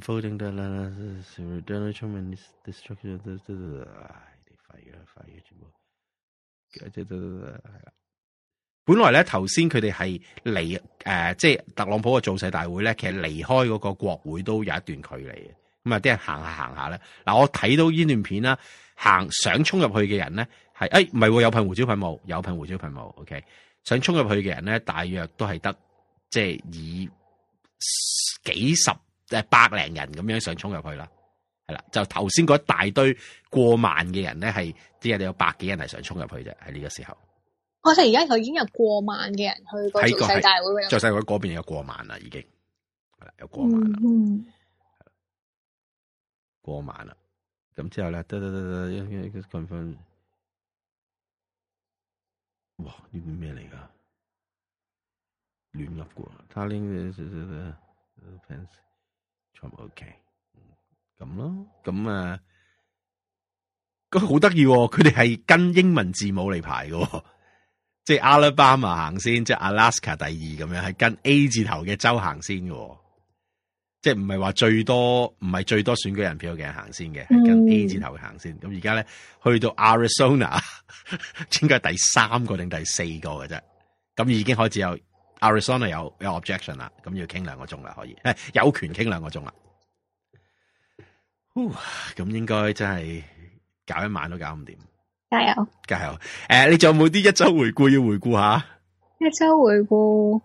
Speaker 2: f o l d i n g d e t d 係啦。本來咧，頭先佢哋係離誒，即係特朗普嘅造勢大會咧，其實離開嗰個國會都有一段距離嘅。咁啊，啲人行下行下咧，嗱，我睇到呢段片啦，行想衝入去嘅人咧，係誒，唔、哎、係，有噴胡椒噴霧，有噴胡椒噴霧，OK。想衝入去嘅人咧，大約都係得即係以幾十即係百零人咁樣想衝入去啦，係啦。就頭先嗰一大堆過萬嘅人咧，係只有百幾人係想衝入去啫，喺呢個時候。
Speaker 1: 我哋而家佢已經有過萬嘅人去嗰
Speaker 2: 個世界會。喺個世邊有過萬啦，已經係啦，有過萬啦，嗯，過萬啦。咁之後咧，得得得得，哇！呢邊咩嚟噶？亂入過，Tiling 嘅嘅嘅 p a n t 全部 OK。咁咯，咁啊，咁好得意喎！佢哋係跟英文字母嚟排嘅，哦，即係阿拉巴 a 行先，即係 a s k a 第二咁樣，係跟 A 字頭嘅州行先嘅，哦。即係唔係話最多唔係最多選舉人票嘅人行先嘅，係跟 A 字頭行先。咁而家咧去到 Arizona，應該係第三個定第四個嘅啫。咁已經開始有 Arizona 有有 objection 啦。咁要傾兩個鐘啦，可以有權傾兩個鐘啦。咁、呃、應該真係搞一晚都搞唔掂。
Speaker 1: 加油，
Speaker 2: 加油，加油！誒，你仲有冇啲一周回顧要回顧下？
Speaker 1: 一周回顧。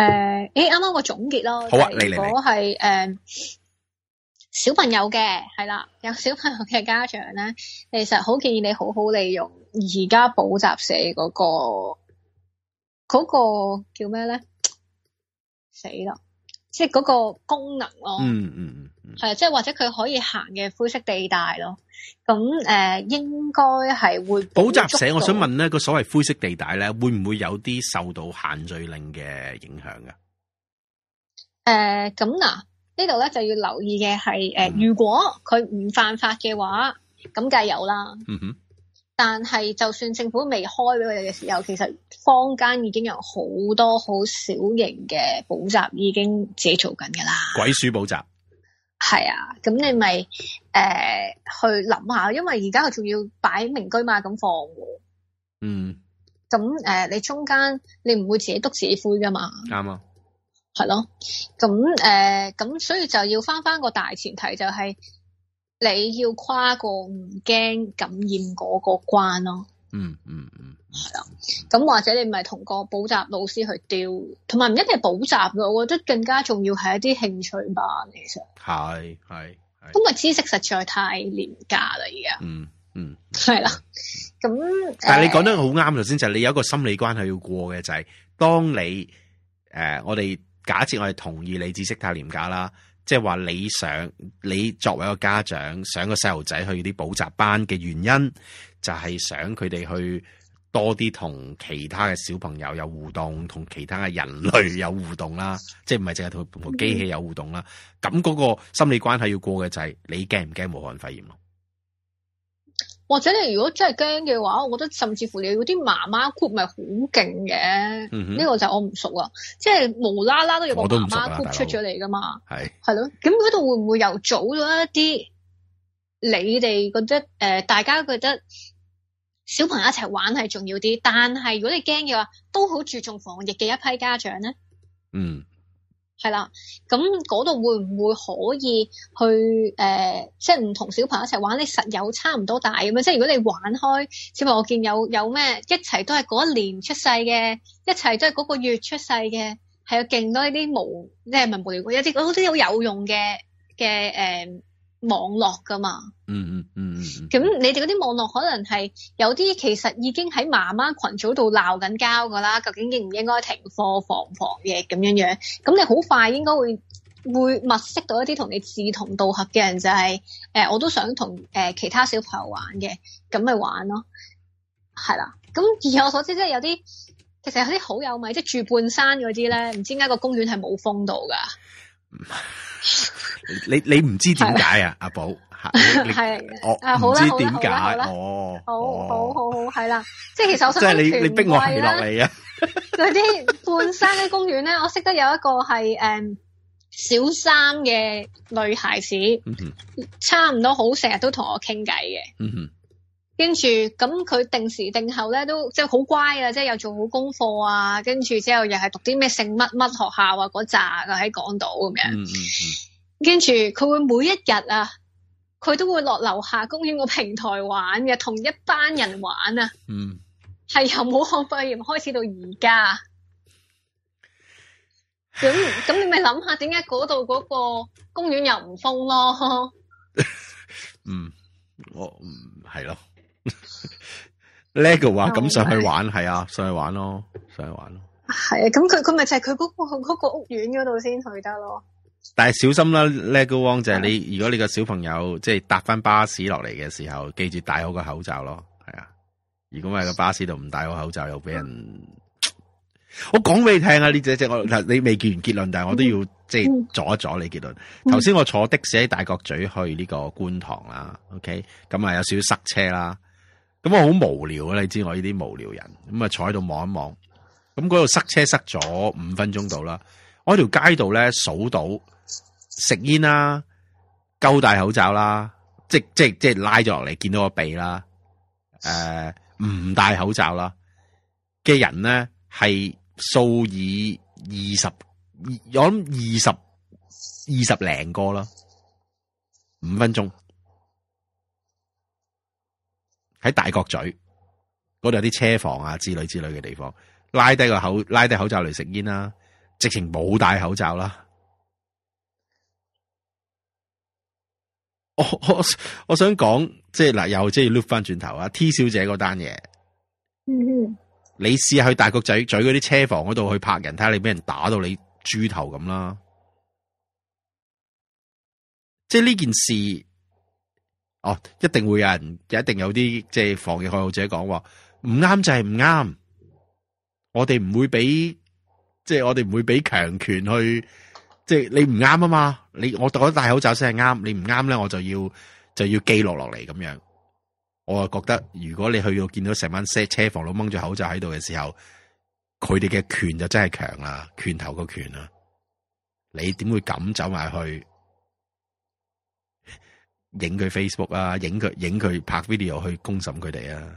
Speaker 1: Uh, 誒，誒，啱啱個總結咯。好啊，你嚟。如果係誒、uh, 小朋友嘅，係啦，有小朋友嘅家長咧，其實好建議你好好利用而家補習社嗰個，嗰個叫咩咧？死啦！即係嗰個功能咯。嗯嗯嗯。嗯。係，即係或者佢可以行嘅灰色地帶咯。咁誒、呃，應該係會補習社。我想
Speaker 2: 問咧，個所謂灰色地帶咧，會唔會有啲受到限聚令嘅影響嘅？
Speaker 1: 誒、呃，咁嗱、啊，呢度咧就要留意嘅係，誒、呃、嗯、如果佢唔犯法嘅話，咁梗係有啦。嗯哼。但係，就算政府未開俾佢哋嘅時候，其實坊間已經有好多好小型嘅補習已經自己做緊噶啦。
Speaker 2: 鬼鼠補習。
Speaker 1: 係啊，咁你咪誒、呃、去諗下，因為而家佢仲要擺明車馬咁放喎。嗯。咁誒、呃，你中間你唔會自己篤自己灰噶嘛？啱、嗯、啊。係咯。咁、呃、誒，咁所以就要返返個大前提，就係、是、你要跨過唔驚感染嗰個關咯。嗯嗯嗯。嗯。係啦，咁或者你唔係同個補習老師去調，同埋唔一定係補習嘅，我覺得更加重要係一啲興趣班。其實
Speaker 2: 係系，
Speaker 1: 因為知識實在太廉價啦，而家嗯嗯係啦，咁、嗯、但係你講得
Speaker 2: 好啱頭先，就係你有一個心理關係要過嘅，就係、是、當你誒、呃，我哋假設我哋同意你知識太廉價啦，即係話你想你作為一個家長上個細路仔去啲補習班嘅原因，就係、是、想佢哋去。多啲同其他嘅小朋友有互動，同其他嘅人類有互動啦，即係唔係淨係同同機器有互動啦。咁嗰個心理關係要過嘅就係、是、你驚唔驚武漢肺炎咯？
Speaker 1: 或者你如果真係驚嘅話，我覺得甚至乎你嗰啲媽媽 group 咪好勁嘅，呢、嗯、哼個就我唔熟啊，即係無啦啦都有個媽媽 group 出咗嚟噶嘛，係係咯。咁嗰度會唔會又組咗一啲？你哋覺得誒、呃，大家覺得？小朋友一齊玩係重要啲，但係如果你驚嘅話，都好注重防疫嘅一批家長咧。嗯，係啦，咁嗰度會唔會可以去誒、呃，即係唔同小朋友一齊玩？你實有差唔多大咁啊？即係如果你玩開，小朋友我見有有咩一齊都係嗰一年出世嘅，一齊都係嗰個月出世嘅，係有勁多呢啲無，即係唔係無聊，有啲嗰啲好有用嘅嘅誒。的呃網絡噶嘛，嗯嗯嗯嗯，咁、嗯嗯、你哋嗰啲網絡可能係有啲其實已經喺媽媽群組度鬧緊交噶啦，究竟應唔應該停課防防疫咁樣樣？咁你好快應該會會物識到一啲同你志同道合嘅人，就係、是、誒、呃、我都想同誒、呃、其他小朋友玩嘅，咁咪玩咯，係啦。咁以我所知，即係有啲其實有啲好有米即係住半山嗰啲咧，唔知點解個公園係冇風度噶。
Speaker 2: 你你唔知點解啊？吧阿寶係
Speaker 1: 的，我啦，唔知點解哦。
Speaker 2: 好好
Speaker 1: 好好，係啦，即係其實我想即係你你逼我起落嚟啊！嗰啲半山啲公園咧，我識得有一個係誒、um, 小三嘅女孩子，差唔多好成日都同我傾偈嘅。嗯哼跟住咁，佢定時定候咧，都即係好乖啊！即係又做好功課啊，跟住之後又係讀啲咩聖乜乜學校啊，嗰扎啊喺港島咁樣。嗯嗯嗯。跟住佢會每一日啊，佢都會落樓下公園個平台玩嘅，同一班人玩啊。嗯。係由武漢肺炎開始到而家。咁咁，你咪諗下點解嗰度嗰個公園又唔封咯？嗯，我
Speaker 2: 唔係咯。 Lego 話咁上去玩係啊，上去玩咯，上去玩咯。
Speaker 1: 係啊，咁佢佢咪就係佢嗰個、嗰個屋苑嗰度先去得咯。
Speaker 2: 但係小心啦、啊，Lego 王就係你，如果你個小朋友即係搭翻巴士落嚟嘅時候，記住戴好個口罩咯。係啊，如果喺個巴士度唔戴好口罩又被，又俾人我講俾你聽啊！呢只只我嗱，你未結完結論，但係我都要即係阻一阻你結論。頭先、嗯、我坐的士喺大角咀去呢個觀塘啦、嗯、，OK，咁啊有少少塞車啦。咁我好無聊啊！你知我呢啲無聊人，咁啊坐喺度望一望，咁嗰度塞車塞咗五分鐘到啦。我喺條街度咧數到食煙啦，夠戴口罩啦，即即即係拉咗落嚟見到個鼻啦，誒、呃、唔戴口罩啦嘅人咧係數以二十，我諗二十二十零個啦，五分鐘。喺大角咀嗰度有啲車房啊，之類之類嘅地方，拉低個口，拉低口罩嚟食煙啦，直情冇戴口罩啦。我我我想講，即係嗱，又即係要碌翻轉頭啊，T 小姐嗰單嘢，嗯、哼你試下去大角咀咀嗰啲車房嗰度去拍人，睇下你俾人打到你豬頭咁啦。即係呢件事。哦，一定會有人，一定有啲即係防疫愛好者講話，唔啱就係唔啱，我哋唔會俾，即係我哋唔會俾強權去，即係你唔啱啊嘛，你我覺得戴口罩先係啱，你唔啱咧，我就要就要記落落嚟咁樣。我啊覺得，如果你去到見到成班車車房佬掹住口罩喺度嘅時候，佢哋嘅權就真係強啦，拳頭個拳啊，你點會咁走埋去？影佢 Facebook 啊，影佢影佢拍 video 去公審佢哋啊！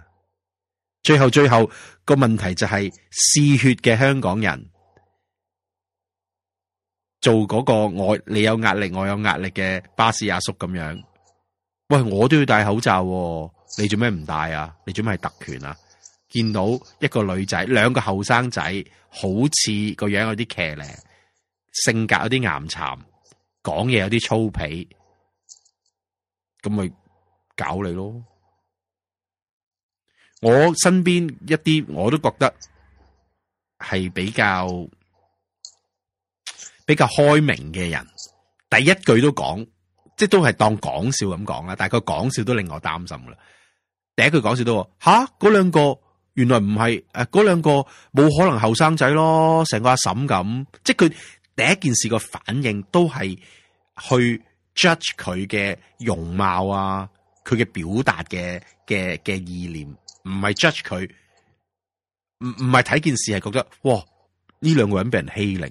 Speaker 2: 最後最後個問題就係，嗜血嘅香港人做嗰個我你有壓力我有壓力嘅巴士阿叔咁樣，喂，我都要戴口罩喎，你做咩唔戴啊？你做咩係特權啊？見到一個女仔，兩個後生仔，好似個樣有啲騎呢，性格有啲岩巉，講嘢有啲粗鄙。咁咪搞你咯！我身邊一啲我都覺得係比較比較開明嘅人，第一句都講，即係都係當講笑咁講啦。但係佢講笑都令我擔心噶啦。第一句講笑都吓，嗰兩個原來唔係誒，嗰兩個冇可能後生仔咯，成個阿嬸咁。即係佢第一件事個反應都係去。judge 佢嘅容貌啊，佢嘅表達嘅嘅嘅意念，唔係 judge 佢，唔唔係睇件事係覺得，哇！呢兩個人俾人欺凌，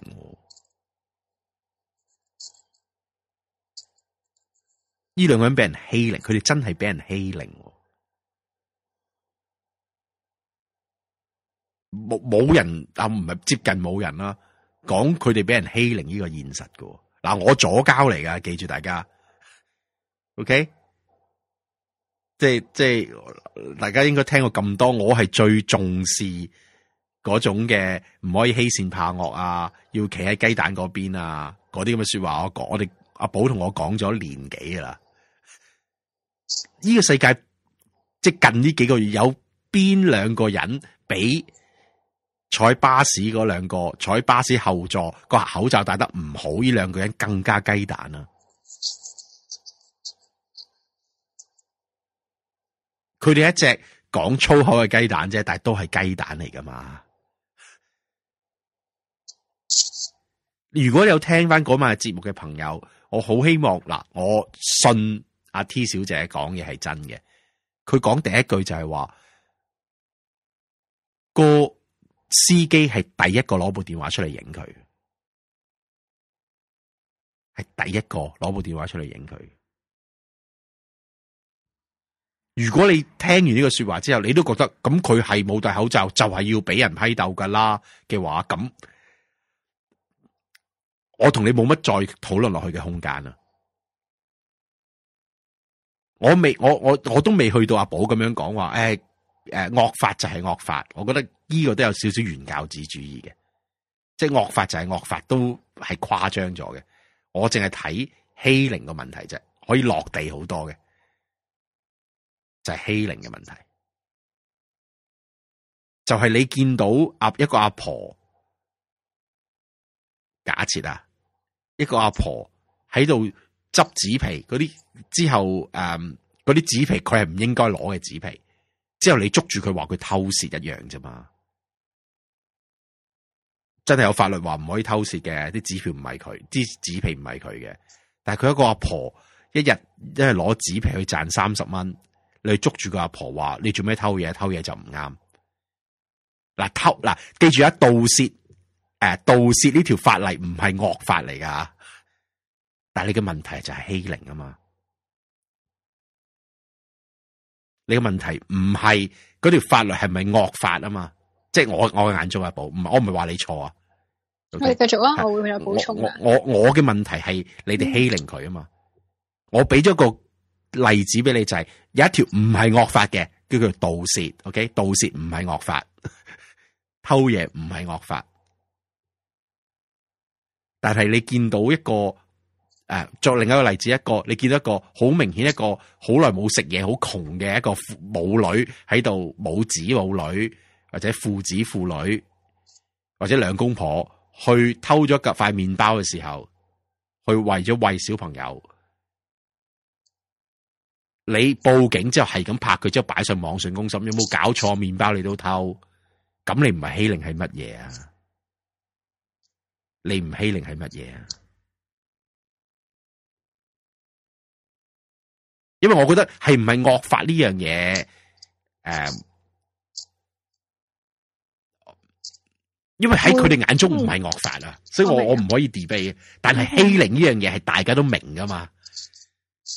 Speaker 2: 呢兩個人俾人欺凌，佢哋真係俾人欺凌，冇冇人啊？唔係接近冇人啦，講佢哋俾人欺凌呢個現實噶。嗱，我左交嚟噶，記住大家，OK？即係即係，大家應該聽過咁多，我係最重視嗰種嘅，唔可以欺善怕惡啊，要企喺雞蛋嗰邊啊，嗰啲咁嘅說話我講，我哋阿寶同我講咗年幾噶啦，呢個世界即係近呢幾個月有邊兩個人俾坐巴士嗰兩個，坐巴士後座個口罩戴得唔好，呢兩個人更加雞蛋啊。佢哋一隻講粗口嘅雞蛋啫，但係都係雞蛋嚟噶嘛。如果有聽翻嗰晚嘅節目嘅朋友，我好希望嗱，我信阿 T 小姐講嘢係真嘅。佢講第一句就係話，個。司機係第一個攞部電話出嚟影佢，係第一個攞部電話出嚟影佢。如果你聽完呢個說話之後，你都覺得咁佢係冇戴口罩，就係要俾人批鬥噶啦嘅話，咁我同你冇乜再討論落去嘅空間啦。我未，我我我都未去到阿寶咁樣講話，誒、哎、誒，呃，惡法就係惡法，我覺得。呢個都有少少原教旨主義嘅，即係惡法就係惡法，都係誇張咗嘅。我淨係睇欺凌個問題啫，可以落地好多嘅就係欺凌嘅問題。
Speaker 4: 就
Speaker 2: 係你見到啊一個阿婆，假設啊一個阿婆喺度執紙皮嗰啲之後，誒嗰啲紙皮佢係唔應該攞嘅紙皮，之後你捉住佢話佢偷竊一樣啫嘛。真係有法律話唔可以偷竊嘅，啲紙票唔係佢，啲紙皮唔係佢嘅。但係佢一個阿婆，婆，一日即係攞紙皮去賺三十蚊，你捉住個阿婆話：你做咩偷嘢？偷嘢就唔啱。嗱、啊、偷嗱、啊，記住啊，盜竊誒，盜竊呢條法例唔係惡法嚟噶、啊，但係你嘅問題就係欺凌啊嘛。你嘅問題唔係嗰條法律係咪惡法啊嘛？即係我我嘅眼中阿寶，唔我唔係話你錯啊。我哋
Speaker 1: 繼續啊，我會唔會有補充我。
Speaker 2: 我我嘅問題係你哋欺凌佢啊嘛。我俾咗個例子俾你就係、是、有一條唔係惡法嘅，叫做盜竊。OK，盜竊唔係惡法，偷嘢唔係惡法。但係你見到一個誒、啊，作另一個例子，一個你見到一個好明顯一個好耐冇食嘢、好窮嘅一個母女喺度母子，母女，或者父子父女，或者兩公婆，去偷咗夾塊麵包嘅時候，去為咗餵小朋友，你報警之後係咁拍佢，之後擺上網上公審，有冇搞錯？麵包你都偷，咁你唔係欺凌係乜嘢啊？你唔欺凌係乜嘢啊？因為我覺得係唔係惡法呢樣嘢誒。呃因為喺佢哋眼中唔係惡法啦，嗯、所以我我唔可以 debate，但係欺凌呢樣嘢係大家都明噶嘛。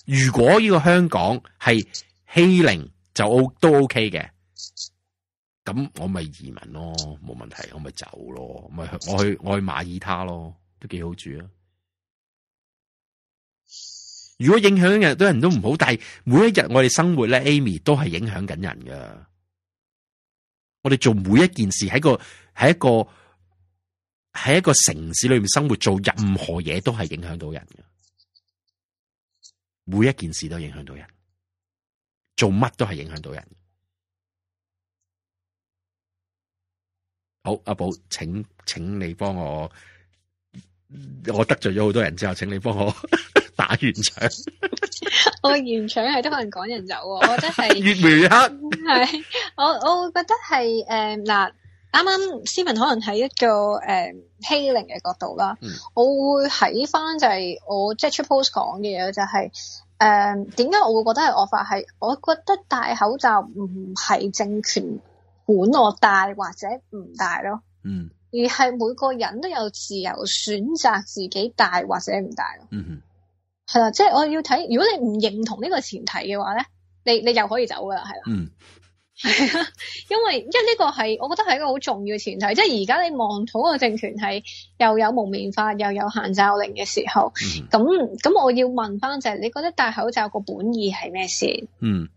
Speaker 2: 如果呢個香港係欺凌就都 OK 嘅，咁我咪移民咯，冇問題，我咪走咯，咪我去我去馬爾他咯，都幾好住啊。如果影響人都人都唔好，但係每一日我哋生活咧，Amy 都係影響緊人噶。我哋做每一件事喺個喺一個喺一,一個城市裏面生活，做任何嘢都係影響到人嘅。每一件事都影響到人，做乜都係影響到人。好，阿寶，請請你幫我，我得罪咗好多人之後，請你幫我。 打完場，
Speaker 1: 我完場係都可能趕人走。我覺得係越描越黑。係 我我會覺得係誒嗱，啱啱斯文可能喺一個誒欺凌嘅角度啦。我會喺翻就係我即係出 post 講嘅嘢，就係誒點解我會覺得係惡法係？我覺得戴口罩唔係政權管我戴或者唔戴咯，嗯，而係每個人都有自由選擇自己戴或者唔戴咯，嗯哼。係啦，即係我要睇，如果你唔認同呢個前提嘅話咧，你你又可以走噶啦，係啦。
Speaker 3: 嗯。
Speaker 1: 係啊，因為因為呢個係，我覺得係一個好重要嘅前提。即係而家你望到個政權係又有蒙面法，又有限罩令嘅時候，咁咁、嗯，我要問翻就係、是，你覺得戴口罩個本意係咩先？嗯。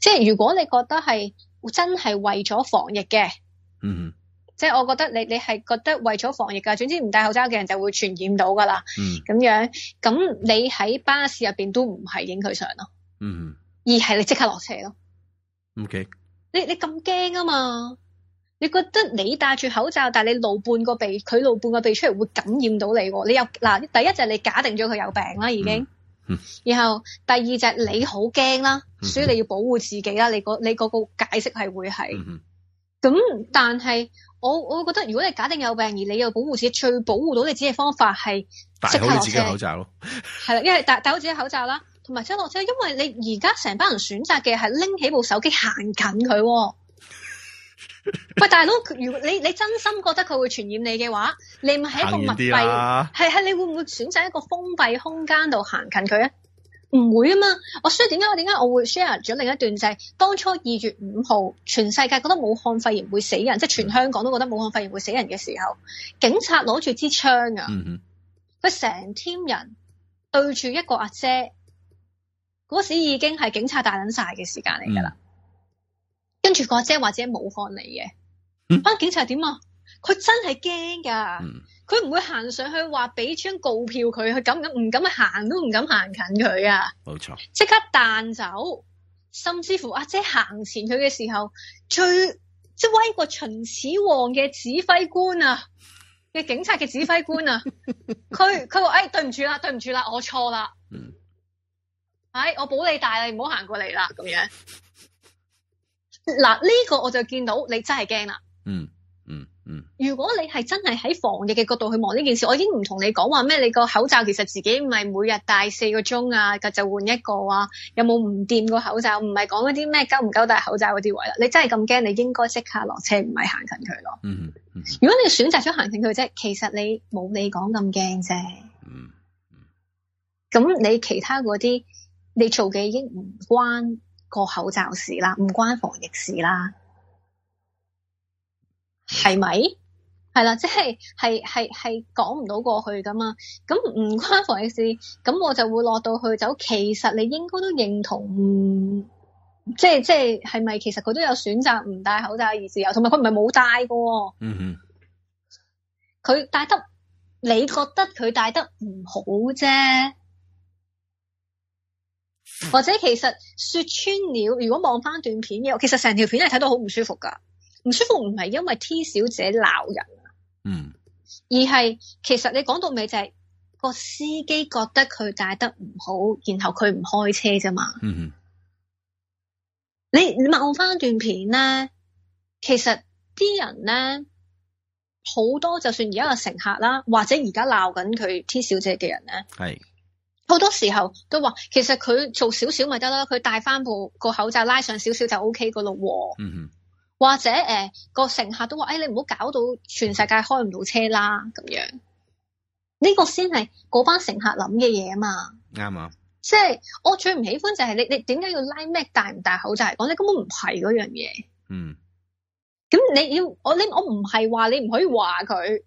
Speaker 1: 即係如果你覺得係真係為咗防疫嘅，嗯。即係我覺得你你係覺得為咗防疫噶總之唔戴口罩嘅人就會傳染到噶啦，咁、嗯、樣咁你喺巴士入邊都唔係影佢相咯，
Speaker 3: 嗯、
Speaker 1: 而係你即刻落車咯。O
Speaker 3: Okay . K，
Speaker 1: 你你咁驚啊嘛？你覺得你戴住口罩，但係你露半個鼻，佢露半個鼻出嚟，會感染到你、啊。你又嗱，第一就係你假定咗佢有病啦，已經。然後第二只你好驚啦，所以你要保護自己啦。你嗰、嗰個，你嗰個解釋係會係，咁、嗯嗯、但係。我我覺得如果你假定有病，而你又保護自己，最保護到你自己嘅方法係戴好你自己嘅口罩嘅自己嘅口罩咯。係啦，因為戴戴好自己口罩啦，同埋車落車，因為你而家成班人選擇嘅係拎起部手機行近佢。喂， 大佬，如果你你真心覺得佢會傳染你嘅話，你咪喺一個密閉係係，你會唔會選擇一個封閉空間度行近佢啊？唔會啊嘛！我所以點解點解我會 share 咗另一段，就係當初二月五號，全世界覺得武漢肺炎會死人，即係全香港都覺得武漢肺炎會死人嘅時候，警察攞住支槍啊！佢成 team 人對住一個阿姐，嗰時已經係警察大撚晒嘅時間嚟噶啦。跟住個阿姐或者武漢嚟嘅，啊，警察點啊？佢真係驚㗎！佢唔會行上去話俾張告票佢，佢敢唔敢唔敢行都唔敢行近佢啊！
Speaker 3: 冇錯錯，
Speaker 1: 即刻彈走，甚至乎阿姐行前佢嘅時候，最即威過秦始皇嘅指揮官啊嘅警察嘅指揮官啊，佢佢話哎對唔住啦，對唔住啦，我錯啦，嗯，哎我保你大你唔好行過嚟啦，咁樣嗱呢 個我就見到你真係驚啦，嗯嗯。如果你係真係喺防疫嘅角度去望呢件事，我已經唔同你講話咩，你個口罩其實自己唔係每日戴四個鐘啊，就換一個啊，有冇唔掂個口罩？唔係講嗰啲咩夠唔夠戴口罩嗰啲位啦。你真係咁驚，你應該即刻落車，唔係行近佢咯。嗯。嗯。如果你選擇咗行近佢啫，其實你冇你講咁驚啫。嗯。咁你其他嗰啲，你做嘅已經唔關個口罩事啦，唔關防疫事啦。係咪？係啦，即係係係係講唔到過去噶嘛？咁唔關防疫事，咁我就會落到去就，其實你應該都認同，嗯、即係即係係咪？是是其實佢都有選擇唔戴口罩而自由，同埋佢唔係冇戴㗎。嗯嗯哼，佢戴得，你覺得佢戴得唔好啫？嗯、或者其實說穿了，如果望翻段片嘅，其實成條片係睇到好唔舒服噶。唔舒服唔係因為 T 小姐鬧人啊，嗯，而係其實你講到尾就係、是、個司機覺得佢戴得唔好，然後佢唔開車啫嘛，嗯嗯，你你望翻段片咧，其實啲人咧好多就算而家個乘客啦，或者而家鬧緊佢 T 小姐嘅人咧，係好是多時候都話，其實佢做少少咪得啦，佢戴翻部個口罩拉上少少就 OK 噶咯，嗯嗯。或者誒，呃那個乘客都話，誒、哎，你唔好搞到全世界開唔到車啦，咁樣呢、這個先係嗰班乘客諗嘅嘢啊嘛。
Speaker 3: 啱啊好！
Speaker 1: 即係我最唔喜歡就係你，你點解要拉咩戴唔戴口罩嚟講？你根本唔係嗰樣嘢。嗯。咁你要我你我唔係話你唔可以話佢，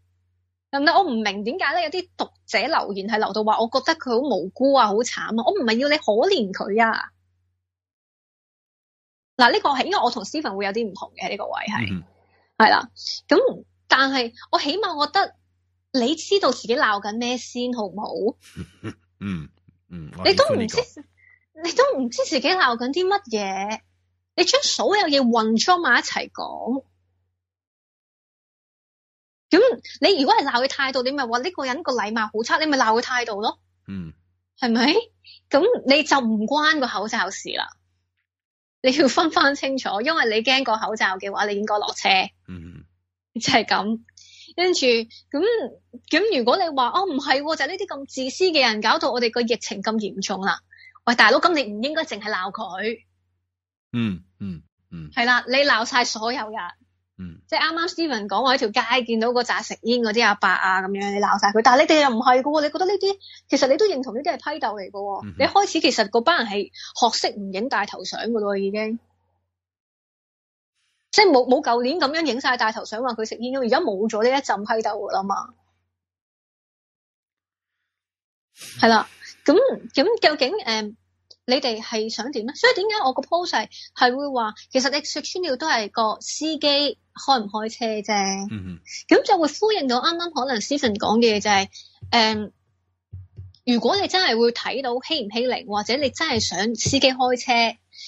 Speaker 1: 係唔係？我唔明點解咧有啲讀者留言係留到話，我覺得佢好無辜啊，好慘啊！我唔係要你可憐佢啊。嗱，呢、這個應該我同 Stephen 會有啲唔同嘅，呢、這個位係，係啦、嗯。咁但係我起碼我覺得你知道自己鬧緊咩先好唔好？嗯嗯，嗯你都唔知，你都唔知自己鬧緊啲乜嘢，你將所有嘢混裝埋一齊講。咁你如果係鬧佢態度，你咪話呢個人個禮貌好差，你咪鬧佢態度咯。嗯。係咪？咁你就唔關個口罩事啦。你要分翻清楚，因為你驚個口罩嘅話，你應該落車，mm hmm. 就係咁。跟住咁咁，嗯、如果你話哦唔係、哦，就係呢啲咁自私嘅人搞到我哋個疫情咁嚴重啦。喂，大佬，咁你唔應該淨係鬧佢。嗯嗯
Speaker 3: 嗯，
Speaker 1: 係、hmm. 啦、mm hmm.，你鬧晒所有人。嗯，即係啱啱 Steven 講話喺條街見到個扎食煙嗰啲阿伯啊，咁樣你鬧晒佢，但係你哋又唔係噶喎，你覺得呢啲其實你都認同呢啲係批鬥嚟噶喎，嗯、哼你開始其實嗰班人係學識唔影大頭相噶咯，已經，即係冇冇舊年咁樣影晒大頭相話佢食煙咯，而家冇咗呢一陣批鬥啦嘛，係啦， 咁咁究竟誒？嗯你哋係想點咧？所以點解我個 pose 係係會話，其實你說穿了都係個司機開唔開車啫。嗯嗯、mm。
Speaker 3: 咁、
Speaker 1: hmm. 就會呼應到啱啱可能 Stephen 講嘅嘢就係，誒、hmm. 可能嗯，如果你真係會睇到欺唔欺凌，或者你真係想司機開車，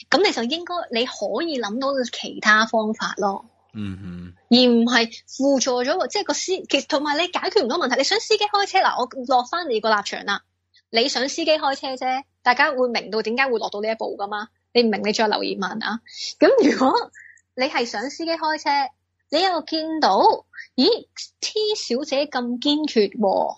Speaker 1: 咁你就應該你可以諗到其他方法咯。嗯嗯、mm。Hmm. 而唔係輔助咗，即、就、係、是、個司，其實同埋你解決唔到問題。你想司機開車嗱，我落翻你個立場啦。你想司機開車啫，大家會明到點解會落到呢一步噶嘛？你唔明，你再留言問啊。咁如果你係想司機開車，你又見到咦，T 小姐咁堅決喎，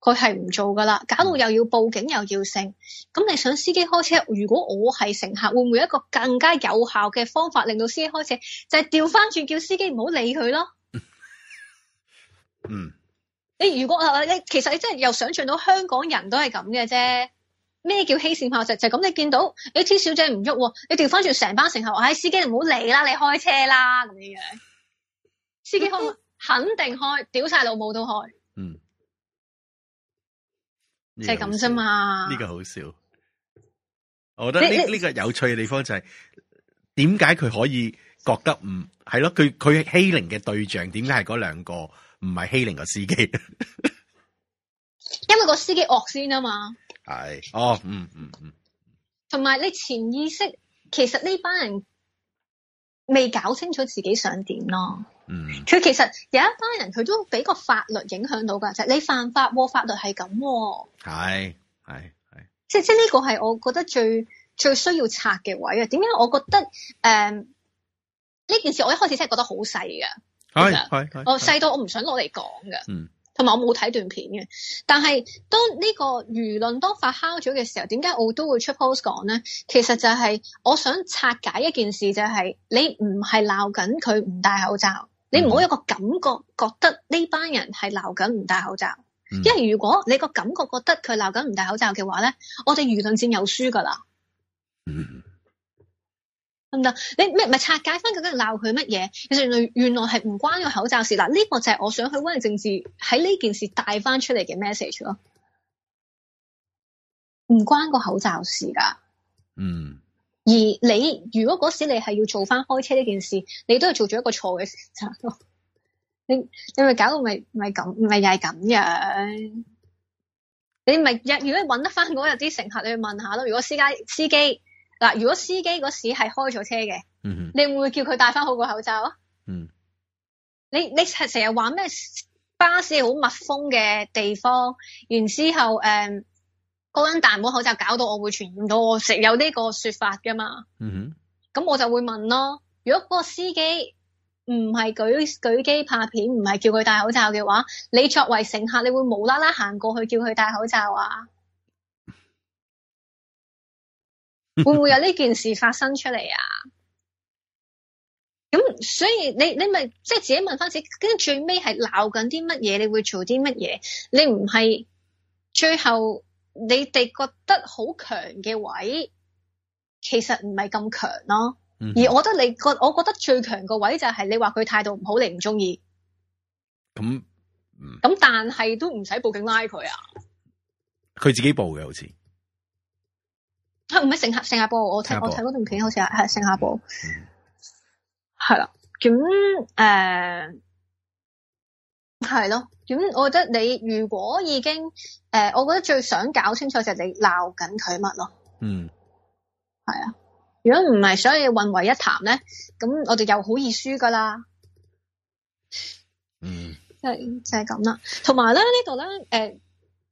Speaker 1: 佢係唔做噶啦，搞到又要報警又要剩。咁你想司機開車，如果我係乘客，會唔會有一個更加有效嘅方法，令到司機開車，就係調翻轉叫司機唔好理佢咯？ 嗯。你如果啊，你其實你真係又想象到香港人都係咁嘅啫。咩叫欺善怕惡？就就是，咁，你見到 A T 小姐唔喐，你調翻轉成班乘客話，唉，哎，司機唔好理啦，你開車啦咁樣。司機開肯定開，屌晒老母都開。嗯，這
Speaker 2: 個，就係咁啫嘛。呢個好笑。我覺得呢呢個有趣嘅地方就係、是，點解佢可以覺得唔係咯？佢佢，啊、欺凌嘅對象點解係嗰兩個？唔係欺凌司機 個司機，
Speaker 1: 因為個司機惡先啊嘛。
Speaker 2: 係，哦，嗯嗯嗯。
Speaker 1: 同、嗯、埋你潛意識，其實呢班人未搞清楚自己想點咯。嗯。佢其實有一班人，佢都俾個法律影響到噶，就係、是、你犯法喎，法律係咁喎。
Speaker 2: 係係
Speaker 1: 係。即即呢個係我覺得最最需要拆嘅位啊！點解我覺得誒呢、呃、件事我一開始真係覺得好細噶。
Speaker 3: 係，係，我細到
Speaker 1: 我唔想攞嚟講嘅，嗯，同埋我冇睇段片嘅。但係當呢個輿論當發酵咗嘅時候，點解我都會出 post 講咧？其實就係我想拆解一件事，就係你唔係鬧緊佢唔戴口罩，你唔好有個感覺覺得呢班人係鬧緊唔戴口罩。嗯、因為如果你個感覺覺得佢鬧緊唔戴口罩嘅話咧，我哋輿論戰有輸噶啦。嗯你咩咪拆解翻究竟住鬧佢乜嘢？其實原來原來係唔關個口罩事嗱，呢個就係我想去溫政治喺呢件事帶翻出嚟嘅 message 咯，唔關個口罩事噶。嗯。而你如果嗰時你係要做翻開車呢件事，你都係做咗一個錯嘅選擇咯。你你咪搞到咪咪咁咪又係咁樣？你咪若如果揾得翻嗰日啲乘客，你去問下咯。如果私家司機。嗱，如果司機嗰時，係開咗車嘅，你會唔會叫佢戴翻好個口罩啊？嗯，你你成成日話咩巴士好密封嘅地方，然之後誒嗰根大帽口罩搞到我會傳染到我，食有呢個說法噶嘛？嗯哼，咁我就會問咯。如果嗰個司機唔係舉舉機拍片，唔係叫佢戴口罩嘅話，你作為乘客，你會無啦啦行過去叫佢戴口罩啊？ 會唔會有呢件事發生出嚟啊？咁所以你你咪即係自己問翻自己，跟最尾係鬧緊啲乜嘢？你會做啲乜嘢？你唔係最後你哋覺得好強嘅位，其實唔係咁強咯。嗯、哼而我覺得你個，我覺得最強個位就係你話佢態度唔好，你唔中意。
Speaker 2: 咁、嗯，
Speaker 1: 咁但係都唔使報警拉佢啊？
Speaker 2: 佢自己報嘅好似。
Speaker 1: 唔係聖下聖下播。我睇我睇嗰段片好，好似係係聖下播，係啦、嗯。咁誒係咯。咁、呃、我覺得你如果已經誒、呃，我覺得最想搞清楚就係你鬧緊佢乜咯。嗯，係啊。如果唔係，所以混為一談咧，咁我哋又好易輸噶啦。嗯，即係就係咁啦。同埋咧呢度咧，誒。呃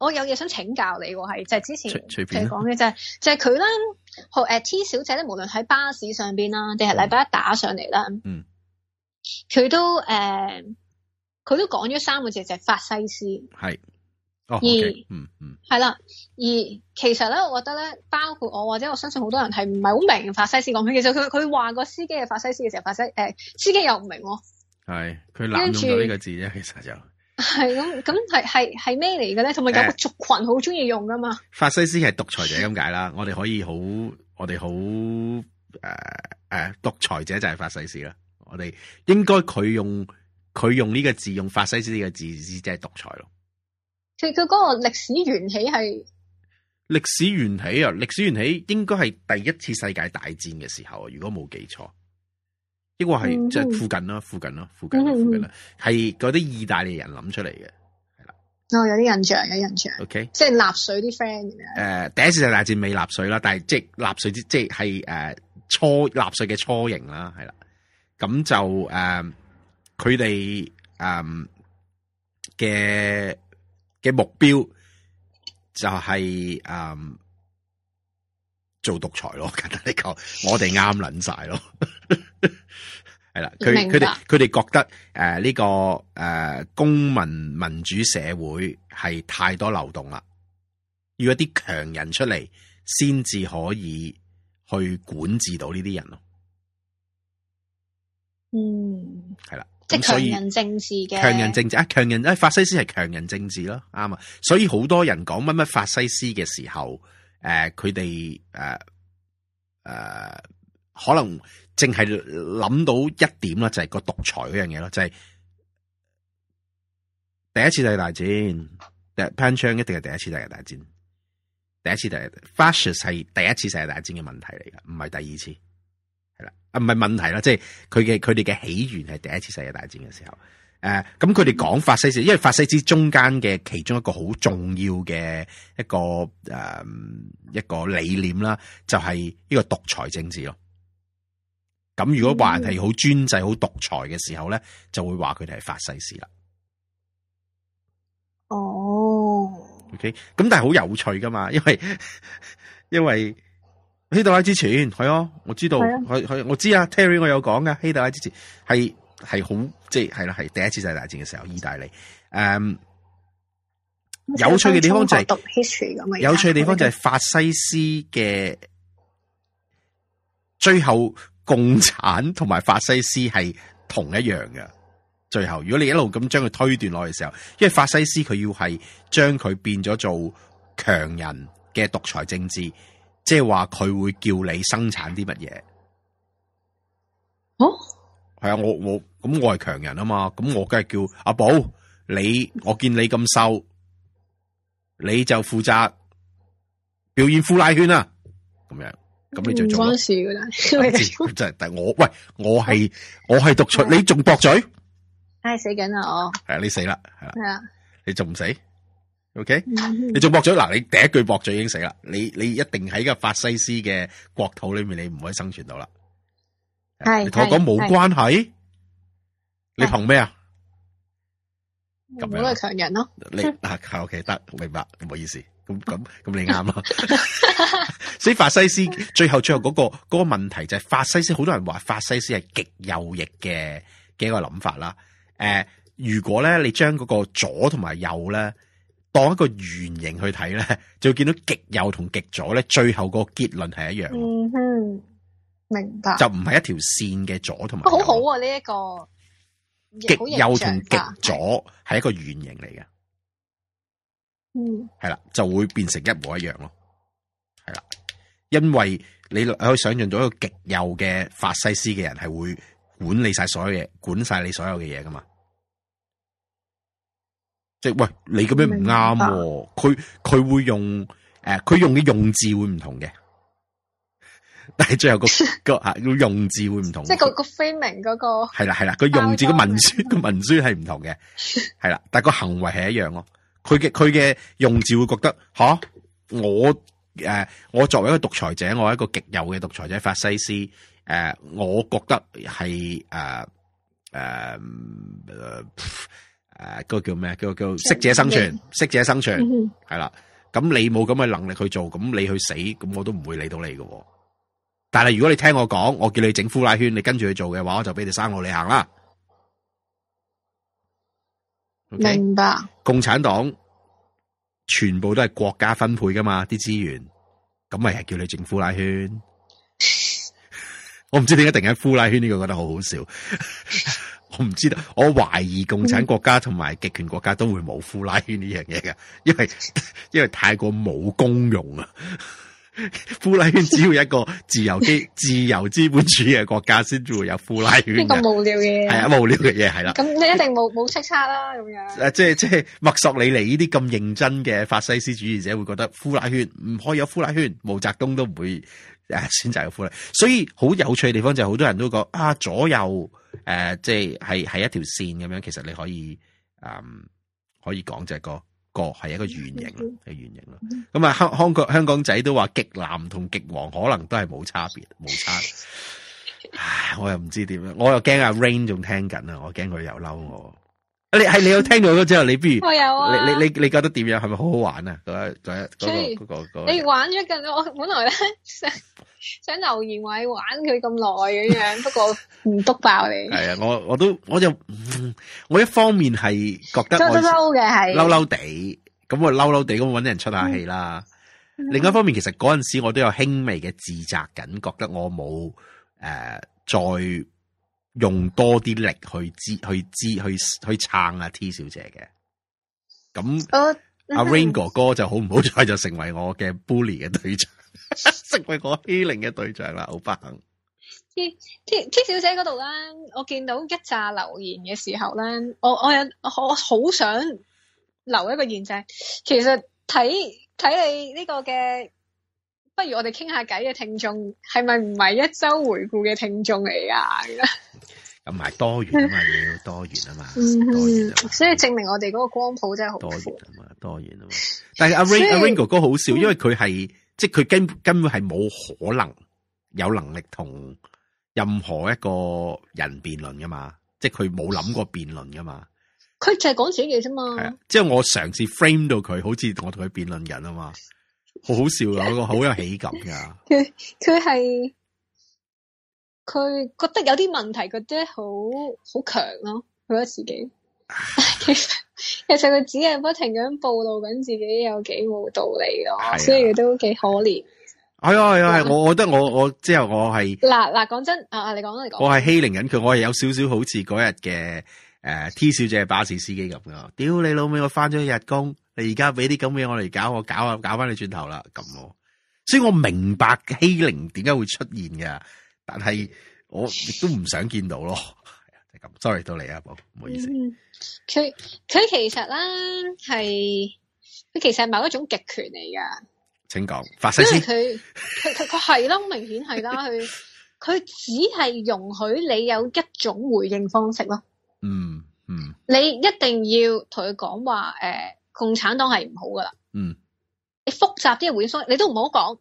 Speaker 1: 我有嘢想請教你，我係就係、是、之前佢講嘅就係就係佢啦。學 T 小姐咧，無論喺巴士上邊啦，定係禮拜一打上嚟啦，嗯，佢都誒佢、呃、都講咗三個字，就係、是、法西斯，
Speaker 3: 係，哦、而嗯、okay，嗯，
Speaker 1: 係、嗯、啦，而其實咧，我覺得咧，包括我或者我相信好多人係唔係好明法西斯講咩嘅，其實佢佢話個司機係法西斯嘅時候，法西、呃、司機又唔明喎，
Speaker 2: 係佢濫用咗呢個字啫，後其實就。
Speaker 1: 係咁咁係係係咩嚟嘅咧？同埋有，有個族群好中意用噶嘛、
Speaker 2: 欸？法西斯係獨裁者咁解啦。我哋可以好，我哋好誒誒，獨裁者就係法西斯啦。我哋應該佢用佢用呢個字，用法西斯呢個字，即係獨裁咯。
Speaker 1: 佢佢嗰個歷史緣起係
Speaker 2: 歷史緣起啊！歷史緣起應該係第一次世界大戰嘅時候啊！如果冇記錯。呢個係即係附近咯、嗯，附近咯，附近附近啦，係嗰啲意大利人諗出嚟嘅，係啦。哦，有啲印象，有印
Speaker 1: 象。OK，即係納粹啲 friend。
Speaker 2: 誒、呃，第一次就大戰未納粹啦，但係即係納粹即係誒初納粹嘅雛形啦，係啦。咁就誒佢哋誒嘅嘅目標就係、是、誒、呃、做獨裁咯，簡單啲講，我哋啱捻晒咯。係啦，佢佢哋佢哋覺得誒呢、呃這個誒、呃、公民民主社會係太多漏洞啦，要一啲強人出嚟先至可以去管治到呢啲人咯。嗯，係啦，咁所以強人
Speaker 1: 政治嘅強人
Speaker 2: 政治啊，強人誒、啊，法西斯係強人政治咯，啱啊。所以好多人講乜乜法西斯嘅時候，誒、呃，佢哋誒誒。呃呃可能淨係諗到一點啦，就係、是、個獨裁嗰樣嘢啦，就係、是、第一次世界大戰，第一噴槍一定係第一次世界大戰，第一次第 Fascist 係第一次世界大戰嘅問題嚟㗎，唔係第二次，係啦，啊唔係問題啦，即係佢嘅佢哋嘅起源係第一次世界大戰嘅時候，誒、呃，咁佢哋講法西斯，因為法西斯中間嘅其中一個好重要嘅一個誒、呃、一個理念啦，就係、是、呢個獨裁政治咯。咁如果話人哋好專制、好獨裁嘅時候咧，就會話佢哋係法西斯啦。哦、
Speaker 3: oh.，OK，
Speaker 2: 咁但係好有趣噶嘛，因為因為希特拉之前，係啊，我知道，我知啊我知我知，Terry 我有講噶，希特拉之前係係好即係啦，係、就是、第一次世界大戰嘅時候，意大利誒、um, 就是，有趣嘅地方就
Speaker 1: 係有趣嘅地方就係
Speaker 2: 法西斯嘅最後。共產同埋法西斯係同一樣嘅。最後，如果你一路咁將佢推斷去落嘅時候，因為法西斯佢要係將佢變咗做強人嘅獨裁政治，即係話佢會叫你生產啲乜嘢？
Speaker 4: 哦，
Speaker 2: 係啊，我我咁我係強人啊嘛，咁我梗係叫阿寶，你我見你咁瘦，你就負責表演呼拉圈啊，咁樣。咁你就做唔關事噶啦，真係，但係我喂我係我係獨裁，你仲駁嘴，
Speaker 1: 唉死緊啦我
Speaker 2: 係你死啦係啦，你仲唔死？OK，你仲駁嘴嗱，你第一句駁嘴已經死啦，你你一定喺個法西斯嘅國土裏面，你唔可以生存到啦。
Speaker 1: 係你同我講冇關
Speaker 2: 係，你憑咩啊？咁
Speaker 1: 樣都我係強人咯，你
Speaker 2: 嗱 OK 得明白，唔好意思。咁咁咁你啱啊！所以法西斯最後最後嗰個嗰個問題就係法西斯，好多人話法西斯係極右翼嘅嘅一個諗法啦。誒，如果咧你將嗰個左同埋右咧當一個圓形去睇咧，就會見到極右同極左咧，最後個結論係一樣。
Speaker 1: 嗯哼，明白。就唔係一
Speaker 2: 條線嘅左同埋右。
Speaker 1: 好好啊，呢一個極右同極
Speaker 2: 左係一個圓形嚟嘅。嗯嗯，係啦，就會變成一模一樣咯。係啦，因為你可以想象到一個極右嘅法西斯嘅人係會管理晒所有嘢，管晒你所有嘅嘢噶嘛。即係喂，你咁樣唔啱喎，佢佢會用誒，佢、呃、用嘅用字會唔同嘅。但係最後、那個 個啊，用字會唔同。即係、
Speaker 1: 那個他、那個非名嗰個
Speaker 2: 係啦，係啦，佢用字嘅概文書個文書係唔同嘅，係啦， 但係個行為係一樣咯。佢嘅佢嘅用字會覺得嚇我誒，我作為一個獨裁者，我係一個極右嘅獨裁者法西斯誒，我覺得係誒誒誒嗰個叫咩？嗰個叫適者生存，適者生存係啦。咁你冇咁嘅能力去做，咁你去死，咁我都唔會理到你嘅。但係如果你聽我講，我叫你整呼拉圈，你跟住去做嘅話，我就俾你生路你行啦。Okay? 明白，共產黨全部都係國家分配噶嘛，啲資源咁咪係叫你整呼拉圈。 我唔知點解突然間呼拉圈呢個覺得好好笑， 我唔知道，我懷疑共產國家同埋極權國家都會冇呼拉圈呢樣嘢嘅，因為因為太過冇功用啊。呼拉圈只要一個自由基 自由資本主義嘅國家先至會有呼拉圈，呢個無
Speaker 1: 聊嘅嘢係啊，無
Speaker 2: 聊嘅嘢係啦。
Speaker 1: 咁你一定冇冇
Speaker 2: 色差啦咁樣。誒，即係即係墨索里尼呢啲咁認真嘅法西斯主義者會覺得呼拉圈唔可以有呼拉圈，毛澤東都唔會誒選擇有呼拉。所以好有趣嘅地方就係好多人都講啊，左右誒，即係係係一條線咁樣。其實你可以誒、嗯，可以講隻歌個係一個圓形啦，嘅圓形啦。咁啊，香香港香港仔都話極藍同極黃可能都係冇差別，冇差別。 唉，我又唔知點樣，我又驚阿 Rain 仲聽緊啊，我驚佢又嬲我。你係你有聽到咗之後，你不如我有啊！你你你覺得點樣？係咪好好玩啊？嗰一嗰一嗰個嗰個，你玩咗咁耐，
Speaker 1: 我本來咧想想留言話你玩佢咁耐咁樣，不過唔督爆你。
Speaker 2: 係啊，我我都我就我一方面係覺得嬲嘅，係嬲嬲地，咁我嬲嬲地咁搵人出下氣啦。另一方面，其實嗰陣時我都有輕微嘅自責緊，覺得我冇誒再。用多啲力去支去，去，去支去去撐阿 T 小姐嘅，咁阿 Ringo 哥哥就好唔好彩就成為我嘅 bully 嘅對象， 成為我欺凌嘅對象啦，好不幸。
Speaker 1: T, T T 小姐嗰度咧，我見到一紮留言嘅時候咧，我我有我好想留一個言就係，其實睇睇你呢個嘅。不如我哋傾下偈嘅聽眾係咪唔係一周回顧嘅聽眾嚟啊？
Speaker 2: 咁係多元啊嘛，要多元啊嘛，嘛嗯、嘛
Speaker 1: 所以證明我哋嗰個光譜真係好多元
Speaker 2: 啊嘛，多元啊嘛。但係阿 Ringo 哥哥好笑，因為佢係、嗯、即係佢根根本係冇可能有能力同任何一個人辯論噶嘛，即係佢冇諗過辯論噶嘛。
Speaker 1: 佢就係講自己啫嘛。
Speaker 2: 即係我嘗試 frame 到佢，好似我同佢辯論人啊嘛。好好笑啊，嗰個好有喜感噶。
Speaker 1: 佢佢係佢覺得有啲問題，佢覺得好好強咯，佢覺得自己 其實其實佢只係不停咁暴露緊自己有幾冇道理咯，所以、啊、都幾可憐。
Speaker 2: 係啊係啊係、啊嗯，我覺得我我之後我係
Speaker 1: 嗱嗱講真啊，你講你講，我係
Speaker 2: 欺凌緊佢，我係有少少好似嗰日嘅誒 T 小姐巴士司機咁噶，屌你老味，我翻咗一日工。你而家俾啲咁嘅嘢我嚟搞，我搞啊，搞翻你轉頭啦咁。所以我明白欺凌點解會出現嘅，但係我亦都唔想見到咯。係啊，就係咁。Sorry 到你啊，冇唔好意思。
Speaker 1: 佢佢其實咧係，佢其實係某一種極權嚟嘅。
Speaker 2: 請講，發聲先。佢
Speaker 1: 佢佢係啦，明顯係啦。佢佢只係容許你有一種回應方式咯。嗯嗯。你一定要同佢講話誒。共產黨係唔好噶啦，嗯，你複雜啲嘅回覆你都唔好講，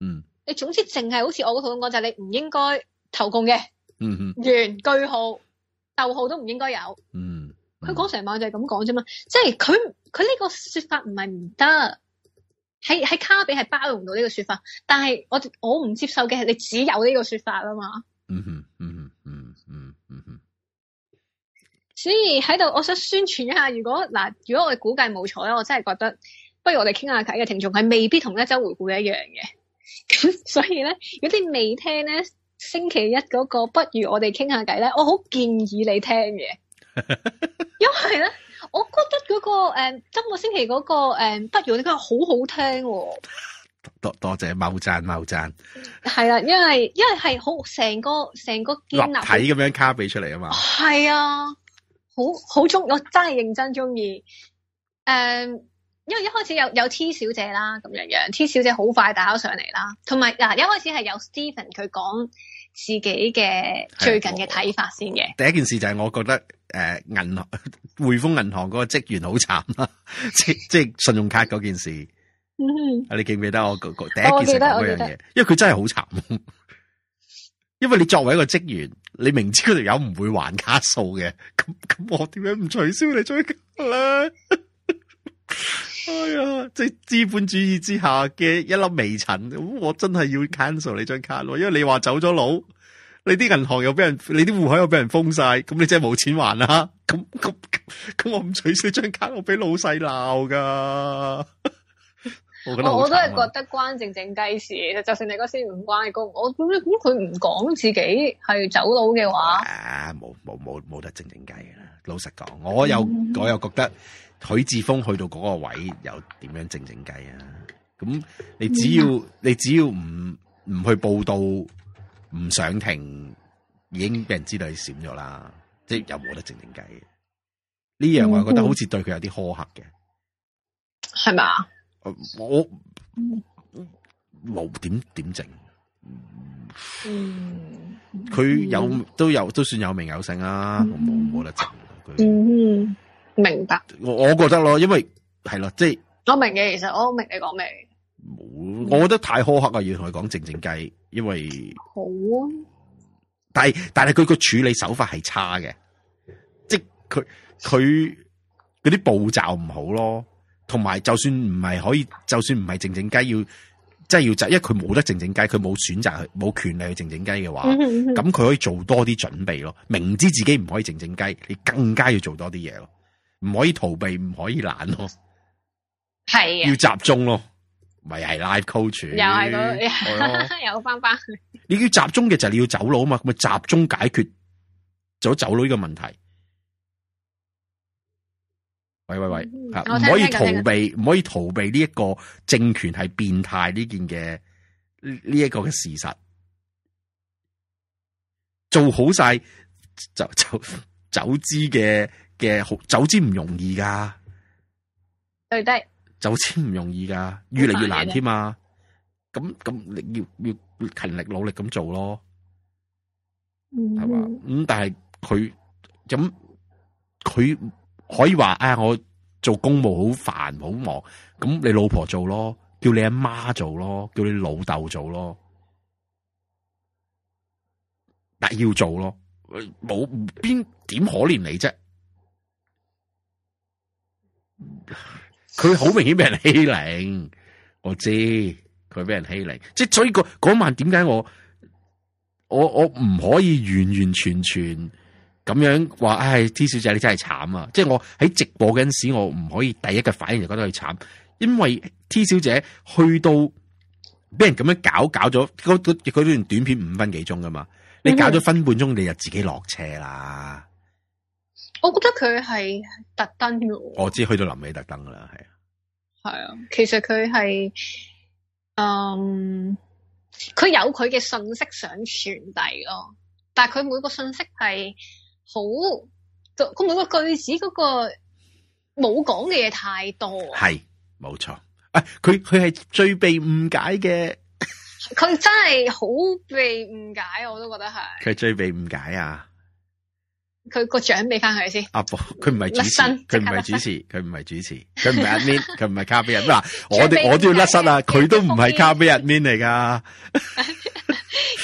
Speaker 1: 嗯，你總之淨係好似我嗰套講就係你唔應該投共嘅，嗯哼，連句號逗號都唔應該有，嗯，佢講成晚就係咁講啫嘛，即係佢佢呢個說法唔係唔得，喺喺卡比係包容到呢個說法，但係我我唔接受嘅係你只有呢個說法啊嘛，嗯嗯嗯嗯嗯，嗯，嗯所以喺度，我想宣傳一下。如果嗱，如果我哋估計冇錯咧，我真係覺得不如我哋傾下偈嘅聽眾係未必同一週回顧一樣嘅。咁 所以咧，有啲未聽咧，星期一嗰個不如我哋傾下偈咧，我好建議你聽嘅，因為咧，我覺得嗰個誒今個星期嗰個誒不如呢個好好聽喎。
Speaker 2: 多多謝踎讚踎讚，
Speaker 1: 係啦，因為因為係好成個成個建立體咁
Speaker 2: 樣卡俾出嚟啊嘛，
Speaker 1: 係啊。好好中，我真係認真中意。誒、um，因為一開始有有 T 小姐啦，咁樣樣。T 小姐好快打上嚟啦，同埋嗱，一開始係有 Steven 佢講自己嘅最近嘅睇法先嘅。
Speaker 2: 第一件事就係我覺得，誒，銀行匯豐銀行嗰個職員好慘啊，即即信用卡嗰件事。嗯。啊，你記唔記得我？我記得記得。第一件事講嗰樣嘢，因為佢真係好慘。因為你作為一個職員，你明知嗰條友唔會還卡數嘅，咁咁我點樣唔取消你張卡咧？ 哎呀，即係資本主義之下嘅一粒微塵，咁我真係要 cancel 你張卡咯，因為你話走咗佬，你啲銀行又俾人，你啲戶口又俾人封晒，咁你真係冇錢還啦。咁咁咁我唔取消張卡我被，我俾老細鬧噶。我
Speaker 1: 都係、啊哦、覺得關靜靜雞事，就算你嗰先唔關公，我咁咁佢唔講自己係走佬嘅話，啊冇
Speaker 2: 冇冇冇得靜靜雞嘅啦！老實講，我又、嗯、我又覺得許智峯去到嗰個位靜靜，又點樣靜靜雞啊！咁你只要、嗯、你只要唔唔去報到，唔上庭，已經俾人知道你閃咗啦，即係又冇得靜靜雞嘅。呢、這、樣、個、我又覺得好似對佢有啲苛刻嘅，
Speaker 4: 係
Speaker 2: 嘛、嗯？我冇點點整，佢、嗯、有、嗯、都有都算有名有姓啊，冇冇、嗯、我得爭、嗯、
Speaker 1: 明白。
Speaker 2: 我我覺得咯，因為係咯，即係
Speaker 1: 我明嘅。其實我明白你講咩，
Speaker 2: 冇。我覺得太苛刻啊，要同佢講靜靜雞，因為好啊。但係但係佢個處理手法係差嘅，即係佢佢嗰啲步驟唔好咯。同埋，就算唔係可以，就算唔係靜靜雞，要即係要集，因為佢冇得靜靜雞，佢冇選擇，冇權利去靜靜雞嘅話，咁佢 可以做多啲準備咯。明知自己唔可以靜靜雞，你更加要做多啲嘢咯，唔可以逃避，唔可以懶咯，係啊
Speaker 1: 是的 要集
Speaker 2: 中咯，咪係 live coach 又係咯、嗰個，又翻翻， 班班你要集中嘅就係你要走佬啊嘛，咁咪集中解決就走佬呢個問題。喂喂喂，吓唔可以逃避，唔可以逃避呢一個政權係變態呢件嘅呢一個嘅事實，做好晒就就走資嘅嘅好走資唔容易噶，
Speaker 1: 對低的，
Speaker 2: 走資唔容易噶，越嚟越難添、啊、嘛，咁咁的要要勤力努力咁做咯，
Speaker 3: 係
Speaker 2: 嘛、嗯？咁、嗯、但係佢咁佢。可以話啊、哎，我做公務好煩好忙，咁你老婆做咯，叫你阿媽做咯，叫你老豆做咯，但要做咯，冇邊點可憐你啫？佢好 明顯俾人欺凌，我知佢俾人欺凌，即係所以個嗰晚點解我我我唔可以完完全全。咁樣話，唉，哎，T 小姐你真係慘啊！即係我喺直播嗰陣時，我唔可以第一嘅反應就覺得佢慘，因為 T 小姐去到俾人咁樣搞搞咗，佢段短片五分幾鐘噶嘛，你搞咗分半鐘，你就自己落車啦。
Speaker 1: 我覺得佢係特登，
Speaker 2: 我知去到臨尾特登噶啦，係啊，
Speaker 1: 係啊，其實佢係，嗯，佢有佢嘅信息想傳遞咯，但係佢每個信息係。好，佢每個句子嗰個冇講嘅嘢太多，係
Speaker 2: 冇錯。佢佢係最被誤解嘅，
Speaker 1: 佢真係好被誤解，我都覺得係。
Speaker 2: 佢最被誤解啊！
Speaker 1: 佢個獎俾翻佢先。
Speaker 2: 阿佢唔係主持，佢唔係主持，佢唔係主持，佢唔係阿 Nin，佢唔係卡比人。 我我我 都要甩身啦，佢都唔係卡比阿 Nin 嚟噶。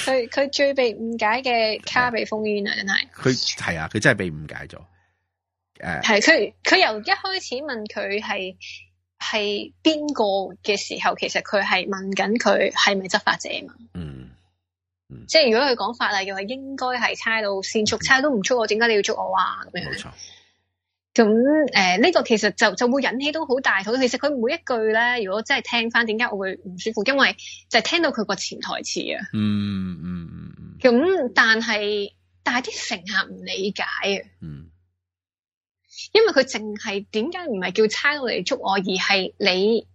Speaker 1: 佢佢 最被誤解嘅卡比封冤的是是啊！真係
Speaker 2: 佢係啊，佢真係被誤解咗。誒，
Speaker 1: 係佢佢由一開始問佢係係邊個嘅時候，其實佢係問緊佢係咪執法者啊嘛、嗯。嗯，即係如果佢講法例的話，嘅話應該係猜到先捉，嗯、猜都唔捉我，點解你要捉我啊？咁樣。咁誒，呢、呃，這個其實就就會引起到好大討論。其實佢每一句咧，如果真係聽翻，點解我會唔舒服？因為就係聽到佢個潛台詞啊。嗯嗯嗯咁，但係但係啲乘客唔理解啊。嗯。嗯嗯因為佢淨係點解唔係叫差佬嚟捉我，而係你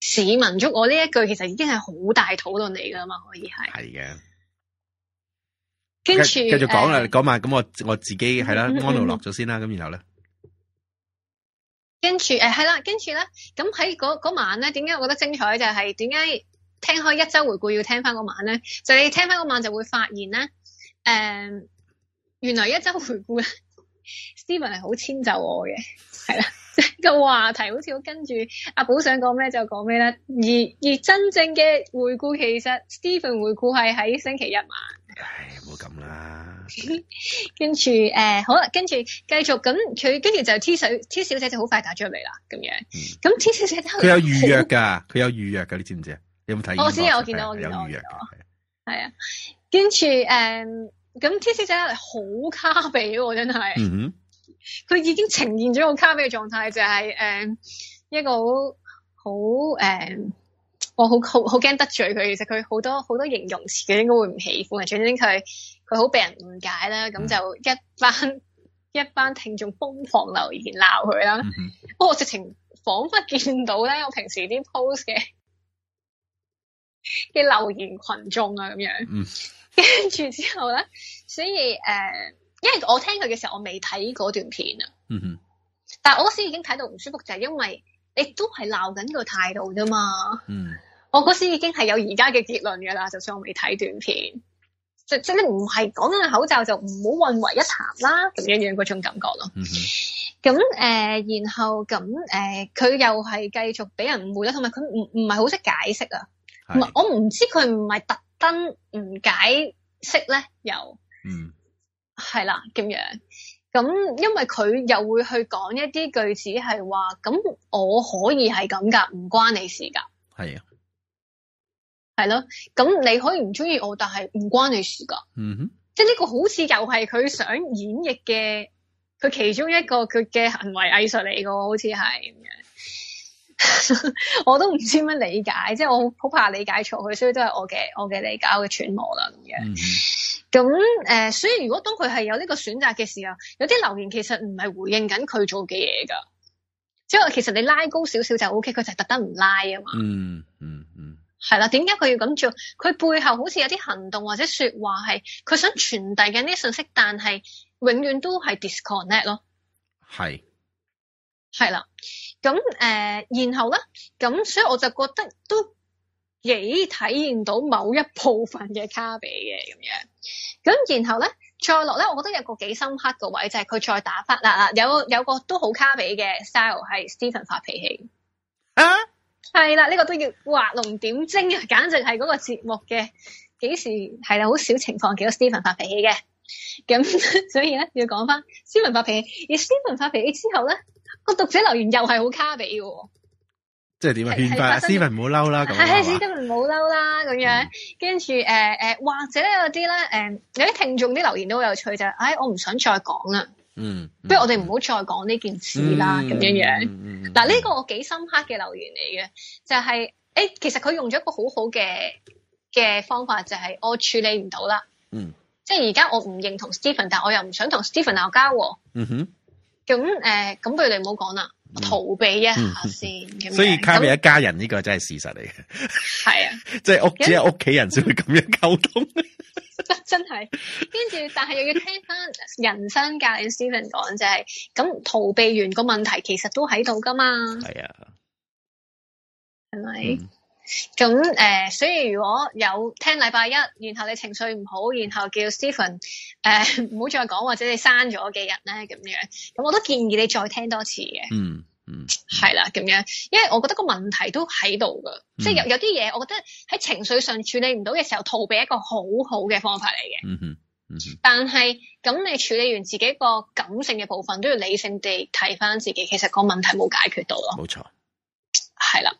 Speaker 1: 市民捉我呢一句，其實已經係好大討論嚟噶啦嘛。可以係。係嘅的。跟住後繼續講啦，啊、你
Speaker 2: 講埋。咁我我自己係啦，嗯、安樂落咗先啦。咁、嗯、然後咧。
Speaker 1: 跟住誒係啦，跟住咧，咁喺嗰晚咧，點解我覺得精彩就係，點解聽開一周回顧要聽翻嗰晚咧？就係你聽翻嗰晚就會發現咧，誒、呃，原來一周回顧 Steven 係好遷就我嘅，係啦，個 話題好似好跟住阿寶想講咩就講咩啦，而而真正嘅回顧其實 Steven 回顧係喺星期一晚，唉唔好咁啦。 跟住誒、呃，好啦，跟住繼續咁，佢跟住就 T 小 T 小姐就好快打咗入嚟啦，咁樣。咁、嗯、T 小姐佢有預約
Speaker 2: 噶，佢 有預約噶，你知唔知啊？你有冇睇、哦？我知的我見到，到，我見到有預
Speaker 1: 約。係啊的，跟住誒，咁、呃、T 小姐好卡比喎，真係。嗯哼。佢已經呈現咗個卡比嘅狀態，就係、是、誒、呃、一個好好誒，我好好好驚得罪佢。其實佢好多好多形容詞，佢應該會唔喜歡。最緊要佢。佢好被人誤解啦，咁就一班一班聽眾瘋狂留言鬧佢啦。不過、嗯哼。我直情仿佛見到咧，我平時啲 post 嘅嘅留言群眾啊咁樣。嗯。跟住之後咧，所以誒、呃，因為我聽佢嘅時候，我未睇嗰段片啊。嗯哼。但係我嗰時已經睇到唔舒服，就係、是、因為你都係鬧緊個態度啫嘛。嗯。我嗰時已經係有而家嘅結論噶啦，就算我未睇段片。即即你唔係講緊個口罩就唔好混為一談啦，咁樣樣嗰種感覺咯。咁誒、嗯哼呃，然後咁誒，佢、呃、又係繼續俾人誤會，同埋佢唔唔係好識解釋啊。唔係是我唔知佢唔係特登唔解釋咧，又嗯，係啦，咁樣咁，因為佢又會去講一啲句子係話，咁我可以係咁㗎，唔關你事㗎。係啊。係咯，咁你可以唔中意我，但係唔關你事噶。
Speaker 3: 嗯
Speaker 1: 哼，即係呢個好似又係佢想演繹嘅，佢其中一個佢嘅行為藝術嚟噶，好似係。 我都唔知點樣理解，即係我好怕理解錯佢，所以都係我嘅我嘅理解，我嘅揣摩啦咁樣。咁、呃、誒，所以如果當佢係有呢個選擇嘅時候，有啲留言其實唔係回應緊佢做嘅嘢噶，即係其實你拉高少少就 OK，佢就係特登唔拉啊嘛。嗯嗯嗯。嗯嗯係啦，點解佢要咁做？佢背後好似有啲行動或者說話係佢想傳遞緊啲信息，但係永遠都係 disconnect 咯。係係啦，咁誒、呃，然後咧，咁所以我就覺得都幾體驗到某一部分嘅卡比嘅咁樣。咁然後咧，再落咧，我覺得有個幾深刻嘅位置就係、是、佢再打翻啦，啦，有有個都好卡比嘅 style 係 Stephen 發脾氣啊！係啦，呢、這個都叫畫龍點睛啊，簡直係嗰個節目嘅。幾時係啦，好少情況見到 Stephen 發脾氣嘅。咁所以咧，要講翻，Stephen 發脾氣，而 Stephen 發脾氣之後咧，個讀者留言又係好卡比嘅。
Speaker 2: 即係點啊？勸翻 Stephen 唔好嬲啦，咁樣。係，Stephen
Speaker 1: 唔好嬲啦，咁樣。跟住誒誒，或者有啲咧，誒、呃、有啲聽眾啲留言都好有趣就係、是，唉，我唔想再講啦。嗯，不如我哋唔好再講呢件事啦，咁樣樣。嗱，呢個我幾深刻嘅留言嚟嘅，就係誒，其實佢用咗一個好好嘅嘅方法，就係我處理唔到啦。嗯，即係而家我唔認同 Stephen，但我又唔想同 Stephen 鬧交。
Speaker 2: 嗯
Speaker 1: 哼。咁誒，咁不如你唔好講啦，逃避一下先。
Speaker 2: 所以卡比一家人呢個真係事實嚟
Speaker 1: 嘅。係啊，
Speaker 2: 即係屋只係屋企人先會咁樣溝通。
Speaker 1: 真係，跟住但係又要聽翻人生教練 Stephen 講，就係、是、咁逃避完個問題，其實都喺度噶嘛。係啊、哎呀，係咪？咁誒、嗯呃，所以如果有聽禮拜一，然後你情緒唔好，然後叫 Stephen 誒、呃、唔好再講，或者你刪咗嘅人咧，咁樣，咁我都建議你再聽多次嘅。嗯。係啦，咁樣、嗯嗯，因為我覺得個問題都喺度噶，即係、嗯、有有啲嘢，我覺得喺情緒上處理唔到嘅時候，逃避一個好好嘅方法嚟嘅、嗯。嗯嗯。但係咁，你處理完自己個感性嘅部分，都要理性地睇翻自己，其實個問題冇解決到咯。冇錯，係啦。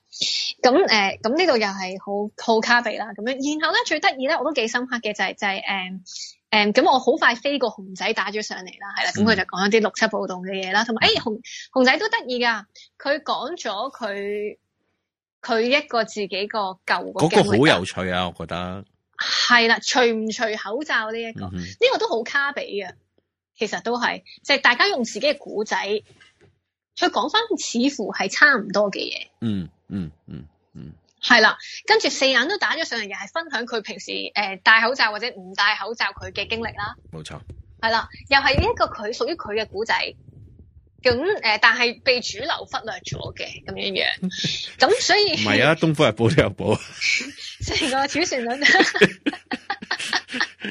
Speaker 1: 咁誒，咁呢度又係好好卡比啦。咁樣，然後咧最得意咧，我都幾深刻嘅就係、就係、誒。嗯誒，咁、嗯、我好快飛個熊仔打咗上嚟啦，係啦，咁佢就講一啲六七暴動嘅嘢啦，同埋，誒、哎，熊熊仔都得意噶，佢講咗佢佢一個自己個舊嗰個，嗰個好有
Speaker 2: 趣啊，我覺得
Speaker 1: 係啦，除唔除口罩呢、這、一個，呢、嗯、哼個都好卡比嘅，其實都係，就係、是、大家用自己嘅古仔去講翻，似乎係差唔多嘅嘢、嗯，嗯
Speaker 3: 嗯嗯嗯。
Speaker 1: 係啦，跟住四眼都打咗上嚟，又係分享佢平時誒戴口罩或者唔戴口罩佢嘅經歷啦。冇錯，係啦，又係呢一個佢屬於佢嘅古仔。咁誒，但係被主流忽略咗嘅咁樣樣。咁 所以唔係啊，
Speaker 2: 東方日報都有報
Speaker 1: 啊， 成個小船輪。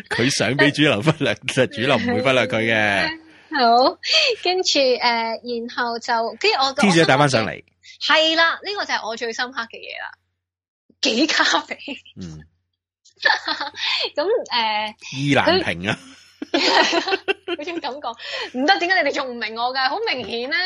Speaker 2: 佢想俾主流忽略，但主流唔會忽略佢嘅。
Speaker 1: 好，跟住誒，然後就跟住我記者帶翻上嚟。係啦，呢個就係我最深刻嘅嘢啦。幾卡肥？嗯，咁誒，
Speaker 2: 意難平啊他，
Speaker 1: 嗰種感覺。唔得， 點解你哋仲唔明我㗎？好明顯咧，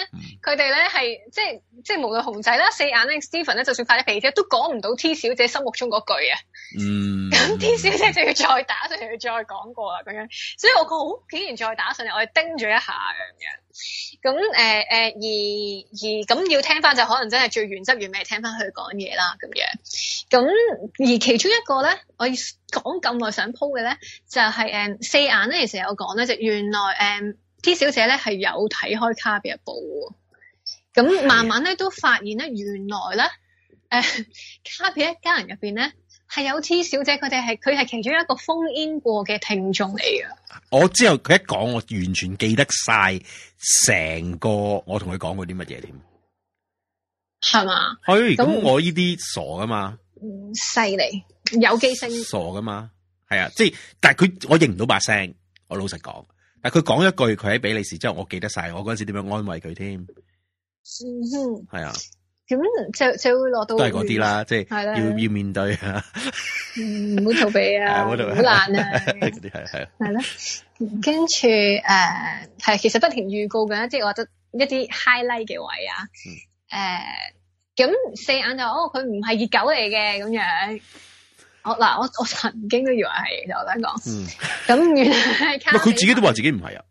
Speaker 1: 佢哋咧係即係即係，無論熊仔啦、四眼啦、Steven 咧，就算快啲肥啫，都講唔到 T 小姐心目中嗰句啊。嗯，
Speaker 3: 咁 T 小姐就要再
Speaker 1: 打上嚟， 要再講過啦，咁樣。所以我覺好、哦，竟然再打上嚟，我哋叮咗一下咁樣。咁誒誒而而咁要聽翻就可能真係最原汁原味聽翻佢講嘢啦咁樣，咁而其中一個咧，我講咁耐想鋪嘅咧，就係誒四眼咧，其實有講咧就原來誒、嗯、T 小姐咧係有睇開卡比日報喎。咁慢慢咧都發現咧原來咧誒是的、嗯、卡比一家人入邊咧。係有 T 小姐，佢哋係佢係其中一個烽煙過嘅聽眾嚟
Speaker 2: 嘅。我之後佢一講，我完全記得晒成個我同佢講過啲乜嘢添，
Speaker 1: 係吧、哎、嘛？係咁、嗯，我依
Speaker 2: 啲傻噶嘛，
Speaker 1: 犀利有記性，
Speaker 2: 傻噶嘛？係啊，即係，但係佢我認唔到把聲，我老實講，但係佢講一句，佢喺比利時之後，我記得晒我嗰陣時點樣安慰佢添，嗯
Speaker 1: 哼，係啊。咁就就會落到都係嗰啲啦，即、就、係、是、要對啦 要，要面對啊、嗯，唔唔好逃避啊，好難啊，
Speaker 2: 係係係
Speaker 1: 啦，跟住誒係，其實不停預告嘅，即係我覺得一啲 highlight 嘅位啊，誒、呃、咁四眼就哦佢唔係熱狗嚟嘅咁樣，我嗱我我，我曾經都以為係，就我想講，咁、嗯、原
Speaker 2: 來佢自己都話自己唔係啊，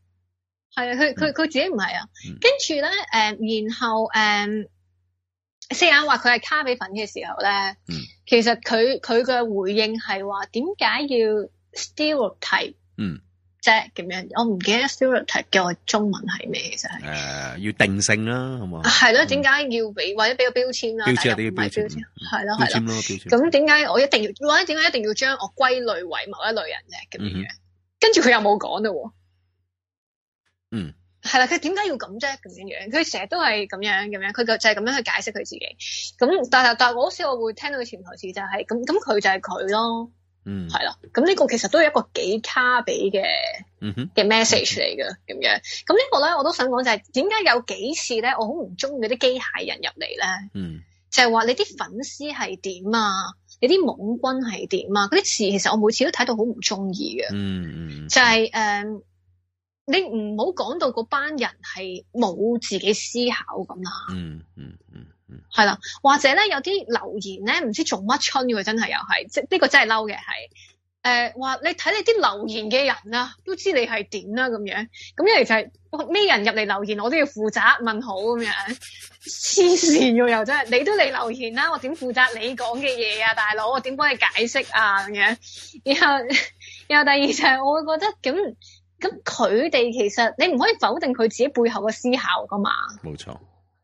Speaker 1: 係啊，佢佢佢自己唔係啊，跟住咧誒然後誒。呃四眼話佢係卡比粉嘅時候咧，其實佢佢嘅回應係話點解要 stereotype？嗯，即係咁樣？我唔記得 stereotype 嘅中文係咩？其實係
Speaker 2: 誒，要定性啦，係嘛？係咯？點解
Speaker 1: 要俾或者俾個標籤啦？標籤啲咩標籤？係咯係咯。標籤標籤。咁點解我一定要或者點解一定要將我歸類為某一類人嘅咁樣？跟住佢又冇講咯，嗯。係啦，佢點解要咁啫？咁樣樣，佢成日都係咁樣咁樣，佢就係係咁樣去解釋佢自己。咁但但但，但我好少我會聽到佢潛台詞就係咁咁，佢就係佢咯。嗯，係啦。咁呢個其實都係一個幾卡比嘅嘅 message 嚟㗎咁樣咁呢個咧，我都想講就係點解有幾次咧，我好唔中意啲機械人入嚟咧。嗯，就係話你啲粉絲係點啊？你啲網軍係點啊？嗰啲詞其實我每次都睇到好唔中意嘅。嗯，嗯就係、是、誒。呃你唔好講到嗰班人係冇自己思考咁啦、嗯。嗯嗯嗯，係啦，或者咧有啲留言咧，唔知做乜春嘅，真係又係，即、係、呢個真係嬲嘅係。誒，話、呃、你睇你啲留言嘅人啦、啊，都知你係點啦咁樣。咁一嚟就係、是，咩人入嚟留言，我都要負責問好咁樣。黐線嘅又真係，你都嚟留言啦、啊，我點負責你講嘅嘢啊，大佬，我點幫你解釋啊咁樣？然後，然後第二就係、是、我會覺得咁。咁佢哋其實，你唔可以否定佢自己背後嘅思考噶嘛？
Speaker 2: 冇錯錯，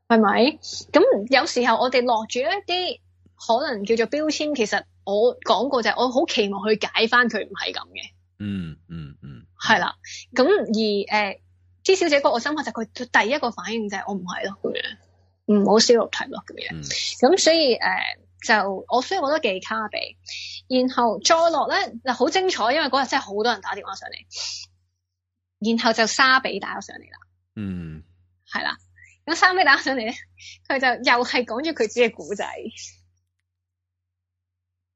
Speaker 1: 係咪？咁有時候我哋落住一啲可能叫做標籤，其實我講過就係我好期望去解翻佢唔係咁嘅。嗯嗯嗯，係啦。咁而誒，朱、呃、小姐個我心法就佢第一個反應就係我唔係咯咁樣，唔好消肉題咯咁樣。咁、嗯、所以誒、呃，就所以我需要好多記卡比，然後再落咧，嗱，好精彩，因為嗰日真係好多人打電話上嚟。然後就沙比打咗上嚟啦，嗯，係啦。咁沙比打咗上嚟咧，佢就又係講住佢自己嘅古仔，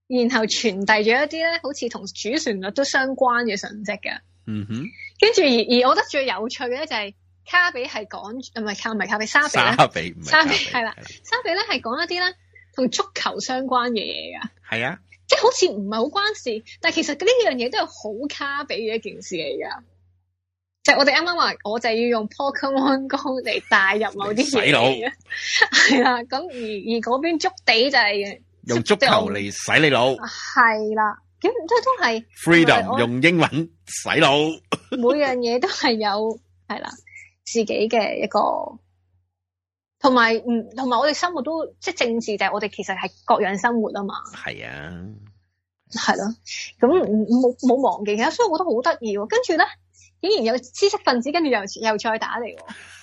Speaker 1: 然後傳遞咗一啲咧，好似同主旋律都相關嘅信息嘅。嗯哼。跟住而而，而我覺得最有趣嘅咧就係卡比係講，唔係唔係卡比沙比啦，沙比係啦，沙比咧係的講一啲咧同足球相關嘅嘢噶。的係啊，即係好似唔係好關事，但係其實呢樣嘢都係好卡比嘅一件事嚟噶。就我哋啱啱話，我就要用 Pokemon Go 嚟帶入某啲嘢洗腦，係啦。咁而而嗰邊足地就係
Speaker 2: 用足球嚟洗你腦，
Speaker 1: 係啦。咁都都係 Freedom 用
Speaker 2: 英文洗腦，
Speaker 1: 每樣嘢都係有係啦，自己嘅一個。同埋，嗯，同埋我哋生活都即係政治，就係我哋其實係各樣生活啊嘛。係啊，係咯。咁冇冇忘記嘅，所以我覺得好得意喎。跟住咧。竟然有知識分子跟住又又再打嚟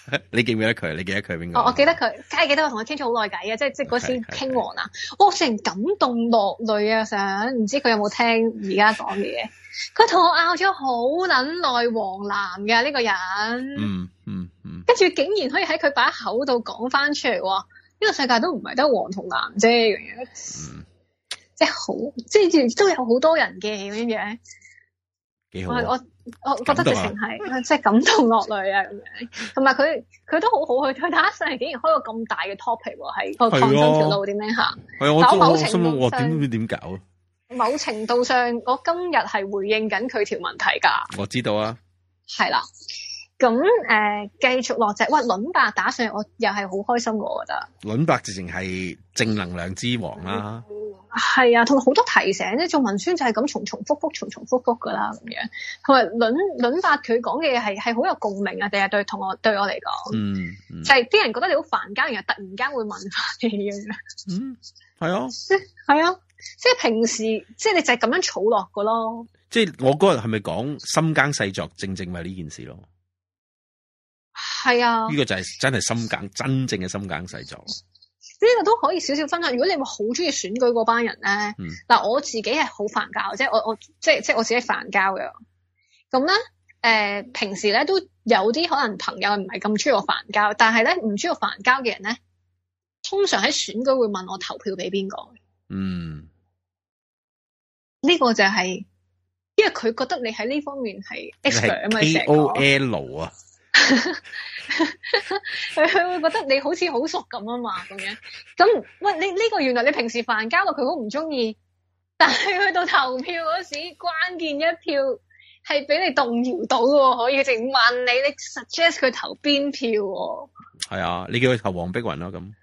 Speaker 1: 喎！
Speaker 2: 你記唔記得佢？你記得佢係邊個？我
Speaker 1: 記得佢，梗係記得我同佢傾咗好耐偈啊！即係即係嗰時傾黃藍啊，我成感動落淚啊！想唔知佢有冇聽而家講嘅嘢？佢同 我拗咗好撚耐黃藍嘅呢個人，嗯嗯嗯，跟、嗯、住、嗯、竟然可以喺佢把口度講翻出嚟喎！呢、這個世界都唔係得黃同藍啫咁樣，即係好，即係都有好多人嘅咁樣。好啊，我，我覺得直情係即係感動落淚啊，咁樣同埋佢佢都好好，佢推第一世竟然開個咁大嘅 topic 喎，喺個抗爭條路點樣行？
Speaker 2: 係啊，某程度上我我點點搞
Speaker 1: 啊？某程度上，我今日係回應緊佢條問題噶，我知道啊，係啦，啊。咁誒，繼、呃、續落只喂，輪伯打上，我又係好開心我覺得
Speaker 2: 輪伯直情係正能量之王啦，
Speaker 1: 係啊，同埋好多提醒咧。做文宣就係咁重重，重重複复，重重複複噶啦，咁樣同埋輪輪伯佢講嘅嘢係係好有共鳴啊。定係對同我對,對,對我嚟講、嗯，
Speaker 3: 嗯，
Speaker 1: 就係啲人覺得你好煩交，然後突然間會問翻你咁樣，嗯，係啊，係啊，即係平時即係你就係咁樣儲落噶咯。
Speaker 2: 即係我嗰日係咪講深耕細作，正正係呢件事咯。係啊，呢個就係真係心梗，真正嘅心梗細作。
Speaker 1: 呢個都可以少少分享。如果你話好中意選舉嗰班人咧，嗱、嗯、我自己係好煩交，即係我我即係即係我自己煩交嘅。咁咧，誒、呃、平時咧都有啲可能朋友唔係咁中意我煩交，但係咧唔中意我煩交嘅人咧，通常喺選舉會問我投票俾邊個。嗯，呢個就係、是、因為佢覺得你喺呢方面係 expert K O L 啊。佢佢 會覺得你好似好熟咁啊嘛，咁樣咁喂？呢呢、這個原來你平時凡交落，佢好唔中意，但係去到投票嗰時候關鍵一票係俾你動搖到可以直問你你 suggest 佢投邊票？
Speaker 2: 係啊，你叫佢投黃碧雲啦、啊，咁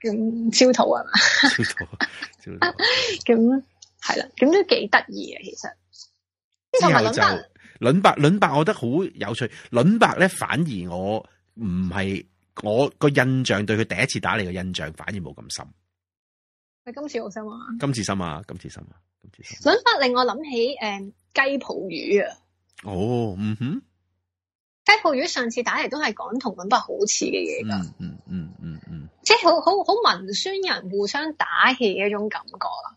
Speaker 1: 咁超土啊嘛？超 土，咁係啦，咁都幾得意啊，其實
Speaker 2: 同埋倫敦。卵白卵白，卵白我覺得好有趣。卵白咧，反而我唔係我個印象，對佢第一次打嚟嘅印象，反而冇咁深。
Speaker 1: 係今次好深啊，今
Speaker 2: 次深啊！今次深啊！今
Speaker 1: 次深啊！卵白令我諗起誒雞泡魚啊！哦，嗯
Speaker 2: 哼，
Speaker 1: 雞泡魚上次打嚟都係講同卵伯好似嘅嘢噶，嗯嗯嗯嗯嗯，嗯嗯即係好好好文宣人互相打氣嘅一種感覺啦。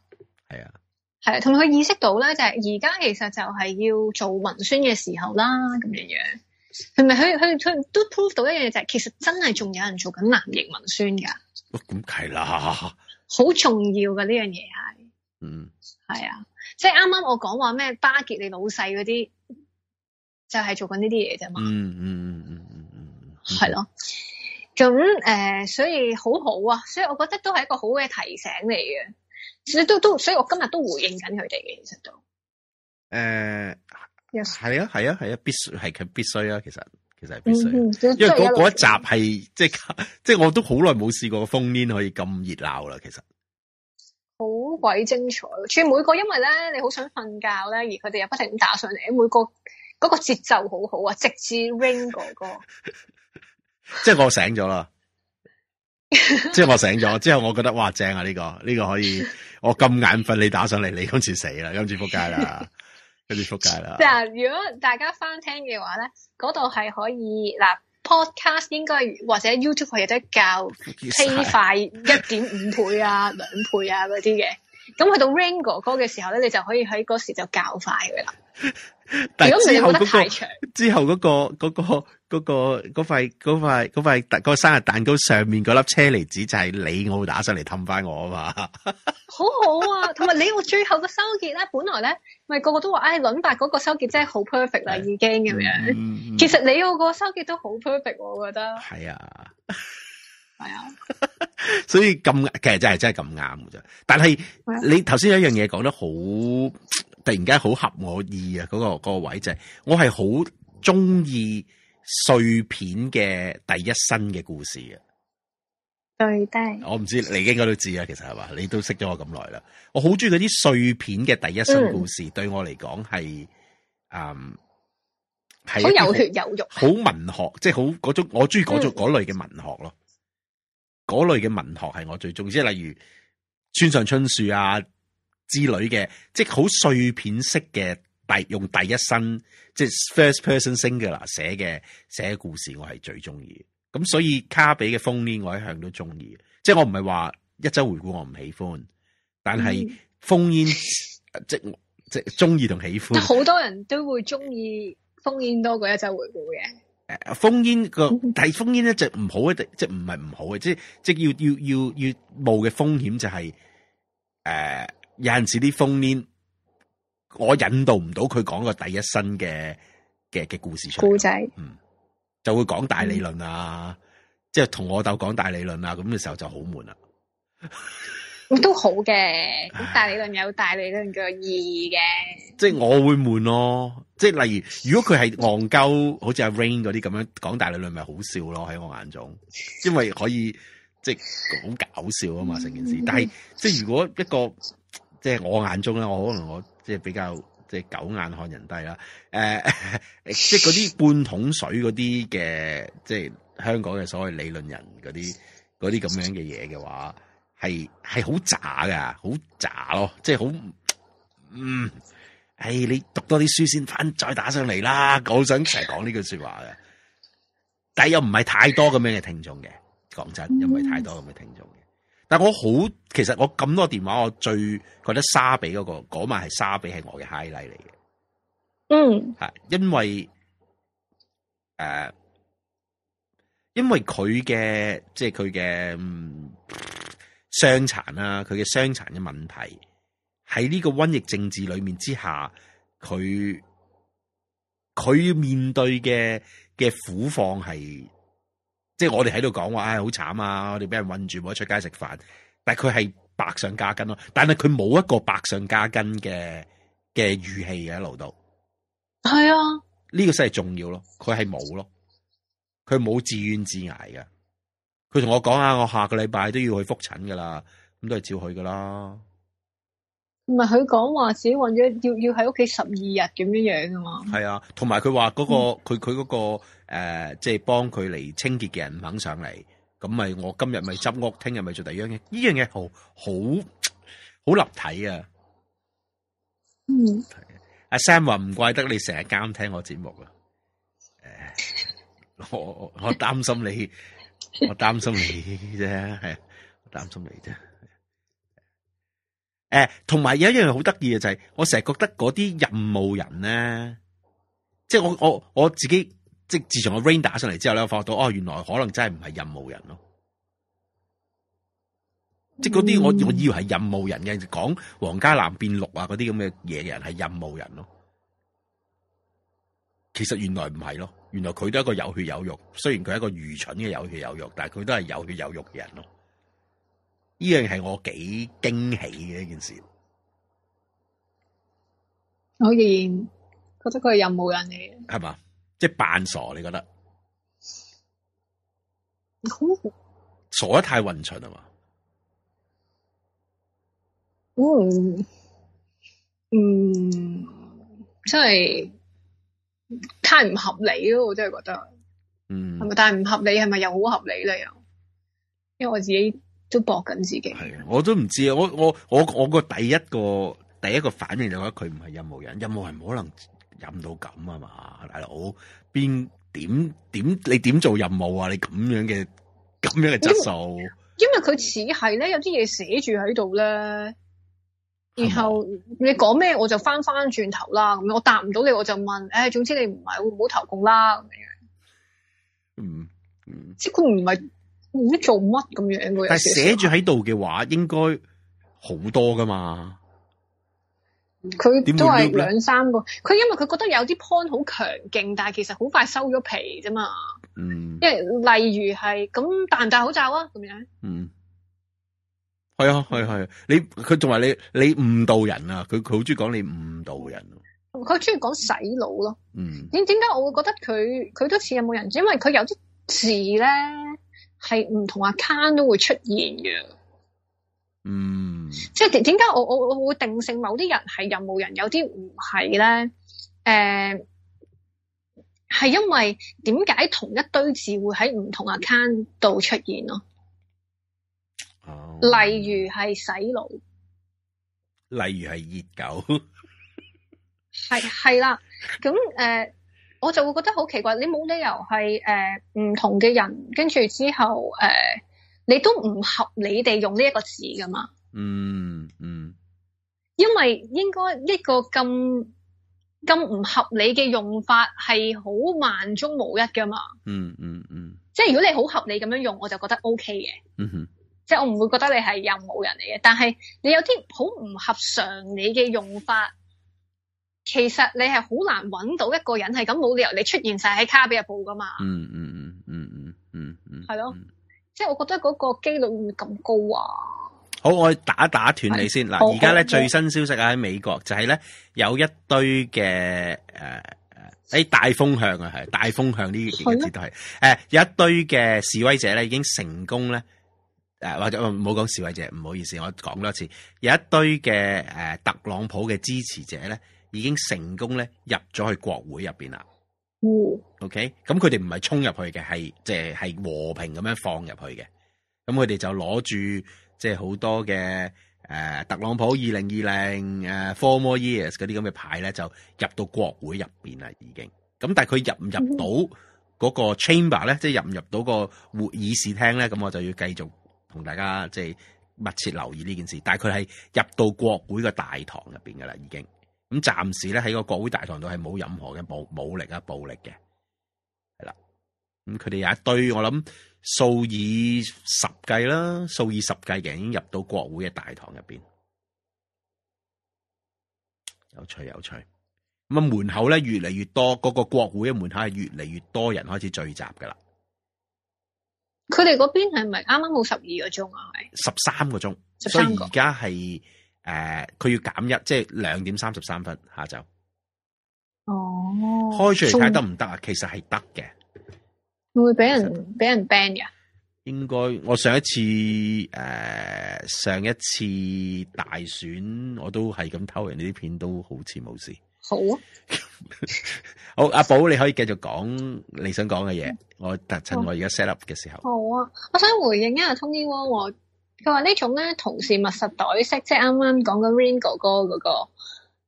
Speaker 1: 係啊。係，同埋佢意識到咧，就係而家其實就係要做文宣嘅時候啦，咁樣樣，同咪佢佢佢都 prove 到一樣嘢，就是，就係其實真係仲有人做緊藍營文宣噶。
Speaker 2: 咁係啦，
Speaker 1: 好重要嘅呢樣嘢係，這個、嗯，係啊，即係啱啱我講話咩巴結你老細嗰啲，就係、是、做緊呢啲嘢啫嘛。嗯嗯嗯嗯嗯嗯，係、嗯、咯，咁誒、啊呃，所以好好啊，所以我覺得都係一個好嘅提醒嚟嘅。都都，所以我今日都回應緊佢哋嘅，其實都
Speaker 2: 誒，係 Yes. 啊，係啊，係啊，必須係佢必須啊，其實其實係必須，因為嗰一集係即係即係，我都好耐冇試過封面可以咁熱鬧啦，其實
Speaker 1: 好鬼精彩。至於每個，因為咧你好想瞓覺咧，而佢哋又不停打上嚟，每個嗰個節奏好好啊，直至 ring 嗰、那個，
Speaker 2: 即係我醒咗啦。 即係我醒咗之後，我覺得哇正啊！呢個呢個可以，我咁眼瞓，你打上嚟，你今次死啦，今次撲街啦，今次撲街啦。嗱，
Speaker 1: 如果大家翻聽嘅話咧，嗰度係可以嗱，podcast 應該或者 YouTube 有得教，披快，一點五倍啊，兩 倍啊嗰啲嘅。咁去到 Ringo 嗰嘅時候咧，你就可以喺嗰時就教快佢啦。如
Speaker 2: 果、那個、你係得太長。之後嗰、嗰個嗰、嗰個嗰、嗰個嗰塊嗰塊塊個生日蛋糕上面嗰粒車厘子就係你，我會打上嚟氹翻我啊嘛。
Speaker 1: 好好啊，同埋 你我最後嘅收結咧，本來咧咪、哎、個個都話，唉，倫白嗰個收結真係好 perfect 啦，是已經咁樣。嗯、其實你嗰個收結都好 perfect，我覺
Speaker 5: 得。
Speaker 2: 係啊。係啊， 所以咁其實真係真係咁啱嘅啫。但係你頭先有一樣嘢講得好突然間好合我意啊！嗰個、嗰個位就係、是、我係好中意碎片嘅第一身嘅故事啊，
Speaker 1: 對的。
Speaker 2: 我唔知你應該都知啊，其實係嘛？你都識咗我咁耐啦，我好中意啲碎片嘅第一身故事，嗯、對我嚟講係，啊係好有血有肉，好文學，即係好種我中意種類嘅文學咯。嗰類嘅文學係我最中意，即係例如《村上春樹》啊之類嘅，即係好碎片式嘅，第用第一身即係 first person singular 寫嘅寫故事我，我係最中意。咁所以卡比嘅烽煙我一向都中意，即係我唔係話一周回顧我唔喜歡，但係烽煙、嗯、即即係中意同喜歡，好
Speaker 1: 多人都會中意烽煙多過一周回顧嘅。
Speaker 2: 封煙個，但封煙咧就唔好，即係唔係唔好嘅，即係即係要要要要冒嘅風險就係、是、誒、呃，有陣時啲封煙我引導唔到佢講個第一身嘅嘅嘅故事出嚟，故事嗯，就會講大理論啊，嗯、即係同我鬥講大理論啊，咁嘅時候就好悶啦。
Speaker 1: 都好嘅，大理論有大理論嘅意義嘅。
Speaker 2: 即係我會悶咯，即係例如，如果佢係戇鳩，好似阿 Rain 嗰啲咁樣講大理論，咪好笑咯喺我眼中，因為可以即係好搞笑啊嘛成件事。但係即係如果一個即係我眼中呢，我可能我即係比較即係狗眼看人低啦。誒、呃，即係嗰啲半桶水嗰啲嘅，即係香港嘅所謂理論人嗰啲嗰啲咁樣嘅嘢嘅話。係係好渣噶，好渣咯，即係好，嗯，係、哎、你讀多啲書先翻，再打上嚟啦。我想成日講呢句說話嘅，但係又唔係太多咁樣嘅聽眾嘅。講真，又唔係太多咁嘅聽眾嘅。但係我好，其實我咁多電話，我最覺得沙比嗰個，嗰晚係沙比係我嘅 highlight 嚟嘅。嗯，係因為誒，因為佢嘅即係佢嘅。傷殘啊，佢嘅傷殘嘅問題喺呢個瘟疫政治裏面之下，佢佢面對嘅嘅苦況係，即係我哋喺度講話，唉，好慘啊！我哋俾人困住，冇得出街食飯。但係佢係百上加斤咯，但係佢冇一個百上加斤嘅嘅語氣嘅一路度。
Speaker 4: 係啊，
Speaker 2: 呢個真係重要咯，佢係冇咯，佢冇自怨自艾嘅。佢同我講啊，我下個禮拜都要去復診噶啦，咁都係照佢噶啦。
Speaker 1: 唔係佢講話自己暈咗，要要喺屋企十二日咁樣樣啊嘛。係
Speaker 2: 啊，同埋佢話嗰個佢佢嗰個誒，即係幫佢嚟清潔嘅人唔肯上嚟，咁咪我今日咪執屋，聽日咪做第樣嘢。呢樣嘢好好好立體啊。
Speaker 1: 嗯。
Speaker 2: 阿 Sam 話唔怪得你成日監聽我節目啊。誒、呃，我我擔心你。 我擔心你啫，係我擔心你啫。誒、欸，同埋有一樣好得意嘅就係、是，我成日覺得嗰啲任務人咧，即係我我我自己，即係自從個 Rain 打上嚟之後咧，我發覺到哦，原來可能真係唔係任務人咯。嗯、即係嗰啲我我以為係任務人嘅，講黃加藍變綠啊，嗰啲咁嘅嘢嘅人係任務人咯。其實原來唔係咯，原來佢都係一個有血有肉，雖然佢係一個愚蠢嘅有血有肉，但係佢都係有血有肉嘅人咯。呢樣係我幾驚喜嘅一件事。
Speaker 1: 我認覺得佢係有冇人嚟
Speaker 2: 嘅，係嘛？即係扮傻，你覺得？傻得太混秦啊嘛？哦、嗯，嗯，真
Speaker 1: 係。太唔合理咯，我真係覺得，嗯，係咪？但係唔合理，係咪又好合理咧？又，因為我自己都搏緊自己。係啊，
Speaker 2: 我都唔知啊。我我我我個第一個第一個反應就是覺得佢唔係任務人，任務係唔可能飲到咁啊嘛大佬，邊點點你點做任務啊？你咁樣嘅咁樣嘅質素
Speaker 1: 因，因為佢似係咧有啲嘢寫住喺度咧。然後你講咩我就翻翻轉頭啦咁樣，我答唔到你我就問，誒、哎，總之你唔係會唔好投共啦咁樣嗯。嗯，即係佢唔係唔知做乜咁樣。但係寫住喺
Speaker 2: 度嘅話，應該好多噶嘛。
Speaker 1: 佢都係兩三個，佢因為佢覺得有啲 point 好強勁，但係其實好快收咗皮啫嘛。嗯。因為例如係咁戴唔戴口罩啊咁樣。嗯。
Speaker 2: 係啊，係係、啊啊啊，你佢仲話你你誤導人啊，佢佢好中意講你誤導人、啊
Speaker 1: 嗯他，佢中意講洗腦咯，嗯，點點解我會覺得佢佢都似任務人，因為佢有啲字咧係唔同 account 都會出現嘅，嗯為什麼，即係點點解我我我會定性某啲人係任務人，有啲唔係咧，誒、呃，係因為點解同一堆字會喺唔同 account 度出現咯？例如係洗腦，
Speaker 2: 例如係熱狗，
Speaker 1: 係係啦。咁誒、呃，我就會覺得好奇怪，你冇理由係誒唔同嘅人，跟住之後誒、呃，你都唔合理地用呢一個字噶嘛？嗯嗯，嗯因為應該呢個咁咁唔合理嘅用法係好萬中無一噶嘛。嗯嗯嗯。嗯嗯即係如果你好合理咁樣用，我就覺得 O K 嘅。嗯哼。即係我唔會覺得你係任務人嚟嘅，但係你有啲好唔合常理嘅用法，其實你係好難揾到一個人係咁冇理由你出現晒喺《卡比日報》噶嘛？嗯嗯
Speaker 2: 嗯嗯嗯嗯嗯，
Speaker 1: 係咯，即係我覺得嗰個機率會咁高啊？
Speaker 2: 好，我打打斷你先嗱，而家咧最新消息啊喺美國就係咧有一堆嘅誒誒，誒、呃、大風向啊係大風向呢件事都係誒有一堆嘅示威者咧已經成功咧。誒或者唔好講示威者，唔好意思，我講多次有一堆嘅、啊、特朗普嘅支持者咧，已經成功咧入咗去國會入邊啦。OK 咁佢哋唔係衝入去嘅，係即係係和平咁樣放入去嘅。咁佢哋就攞住即係好多嘅、啊、特朗普二零二零、啊 Four More Years 嗰啲咁嘅牌咧，就入到國會入邊啦。已經咁、嗯，但係佢入唔入到嗰個 Chamber 咧，嗯、即係入唔入到個會議事廳咧？咁我就要繼續。同大家即係密切留意呢件事，但係佢係入到國會嘅大堂入邊嘅啦，已經，咁暫時咧喺個國會大堂度係冇任何嘅武武力啊暴力嘅，係啦。咁佢哋有一堆，我諗數以十計啦，數以十計嘅已經入到國會嘅大堂入邊，有趣，有趣。咁啊，門口咧越嚟越多，嗰個國會嘅門口係越嚟越多人開始聚集㗎啦。
Speaker 1: 佢哋嗰邊係咪啱啱好十二個鐘啊？係
Speaker 2: 十三個鐘，個所以而家係誒，佢、呃、要減一，即係兩點三十三分下晝。
Speaker 1: 哦，開出嚟睇得唔
Speaker 2: 得啊？其實係得嘅。
Speaker 1: 會唔會俾人俾人 ban 嘅？
Speaker 2: 應該我上一次誒、呃，上一次大選我都係咁偷人呢啲片，都好似冇事。好啊， 好阿寶，你可以繼續講你想講嘅嘢。嗯、我特趁我而家 set up 嘅時候
Speaker 1: 好、啊，好啊，我想回應一下 Tony Wong 佢話呢種咧，同事密實袋式，即係啱啱講緊 Ring 哥哥、那、嗰個，誒、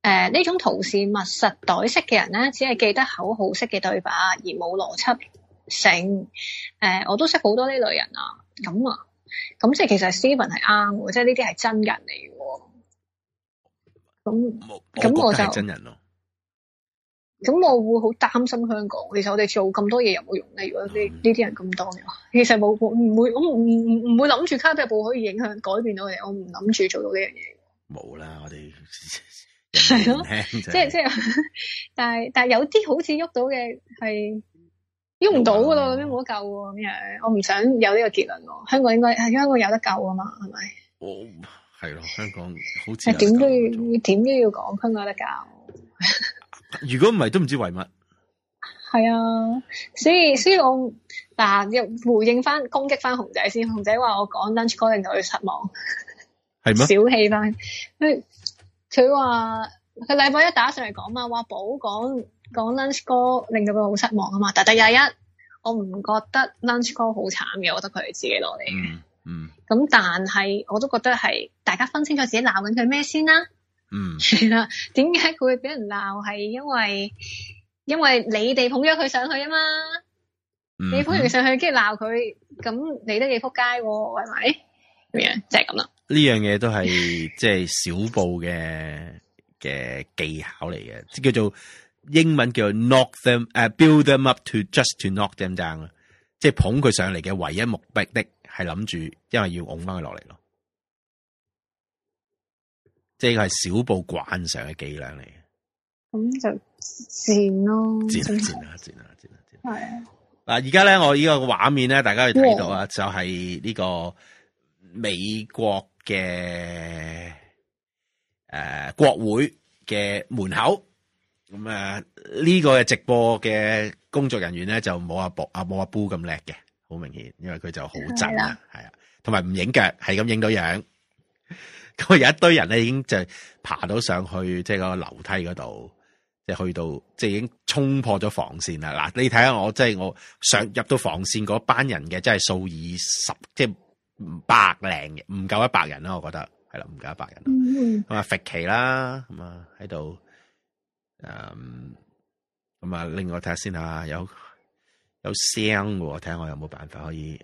Speaker 1: 呃、呢種同事密實袋式嘅人咧，只係記得口號式嘅對白而冇邏輯性。誒、呃，我都識好多呢類人啊，咁啊，咁即係其實 Steven 係啱嘅，即係呢啲係真人嚟
Speaker 2: 嘅，咁咁我就。我
Speaker 1: 咁我會好擔心香港。其實我哋做咁多嘢有冇用咧？如果呢呢啲人咁多嘅話，其實冇唔會我唔唔唔會諗住卡比部可以影響改變到我，我唔諗住做到呢樣嘢。冇啦，我
Speaker 2: 哋係咯，即係即
Speaker 1: 係。但係但係有啲好似喐到嘅係喐唔到噶咯，咁、嗯、樣冇得救喎咁樣。我唔想有呢個結論喎。香港應該係香港有得救啊嘛？係咪？
Speaker 3: 我係咯，
Speaker 2: 香港好似點
Speaker 1: 都要點都要講香港有得救。
Speaker 2: 如果唔係，都唔知為乜。
Speaker 1: 係啊，所以所以我嗱，又回應翻攻擊翻紅仔先。紅仔話我講 lunch 哥，令到佢失望，
Speaker 2: 係咩？小
Speaker 1: 氣翻佢，佢話佢禮拜一打上嚟講嘛，話寶講講 lunch 哥令到佢好失望啊嘛。但第一，我唔覺得 lunch 哥好慘嘅，我覺得佢係自己攞嚟嘅。嗯。咁但係，我都覺得係大家分清楚自己鬧緊佢咩先啦。嗯，係啦，點解佢會俾人鬧？係因為因為你哋捧咗佢上去啊嘛，
Speaker 2: 嗯嗯、你捧完
Speaker 1: 上去，跟住鬧佢，咁你都幾撲街喎？係咪咁樣？咁樣就係咁啦。
Speaker 2: 呢樣嘢都係即係小報嘅嘅技巧嚟嘅，即係叫做英文叫做 knock them 誒、uh,，build them up to just to knock them down。即係捧佢上嚟嘅唯一目的係諗住，因為要拱翻佢落嚟咯。呢個係小布慣常嘅伎倆嚟嘅，
Speaker 1: 咁就賤咯，賤啊賤啊賤啊賤
Speaker 2: 啊！係啊，嗱而家咧，我呢個畫面咧，大家可以睇到啊，耶就係呢個美國嘅誒、呃、國會嘅門口，咁啊呢個嘅直播嘅工作人員咧，就冇阿博、啊、阿冇阿波咁叻嘅，好明顯，因為佢就好震啊，係啊、嗯，同埋唔影腳，係咁影到樣。咁有一堆人咧，已經就爬到上去，即係個樓梯度，即係去到，即係已經衝破咗防綫啦。嗱，你睇下我，即係我上入到防綫班人嘅，真係數以十，即係百零，嘅唔夠一百人啦。我覺得係啦，唔夠一百人
Speaker 3: 了。咁
Speaker 2: 啊、嗯哼，弗奇啦，咁啊喺度，誒、嗯，咁啊，另外睇下先啊，有有聲嘅，睇下我有冇辦法可以。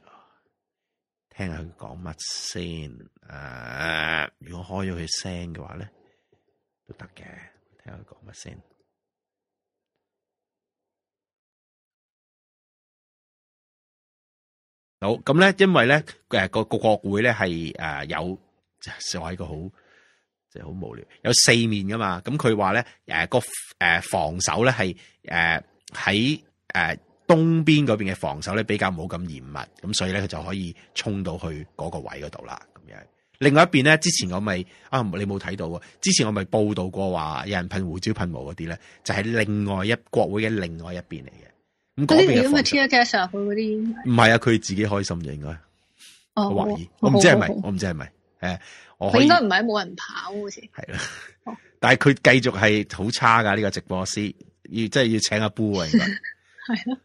Speaker 2: 聽下佢講乜先？誒，如果開咗佢聲嘅話咧，都得嘅。聽下佢講乜先？好，咁咧，因為咧，誒，個個國會咧係誒有，就係個好，即係好無聊。有四面噶嘛？咁佢話咧，誒，個誒防守咧係誒喺誒。東邊嗰邊嘅防守咧比較冇咁嚴密，咁所以咧佢就可以衝到去嗰個位嗰度啦。咁樣，另外一邊咧，之前我咪啊，你冇睇到啊？之前我咪報道過話有人噴胡椒噴霧嗰啲咧，就係、是、另外一國會嘅另外一邊嚟嘅。咁呢邊嘅。t 啲點解黐
Speaker 1: 咗架上
Speaker 2: 去嗰啲？唔係啊，佢自己開心就應該。
Speaker 1: 哦、我懷疑，好我唔知係咪，好我
Speaker 2: 唔知係咪。誒，我可應該
Speaker 1: 唔係冇人跑好似。係啦的。
Speaker 2: 好但係佢繼續係好差噶，呢、這個直播師要即係要請阿 Bo 啊。
Speaker 1: 係咯，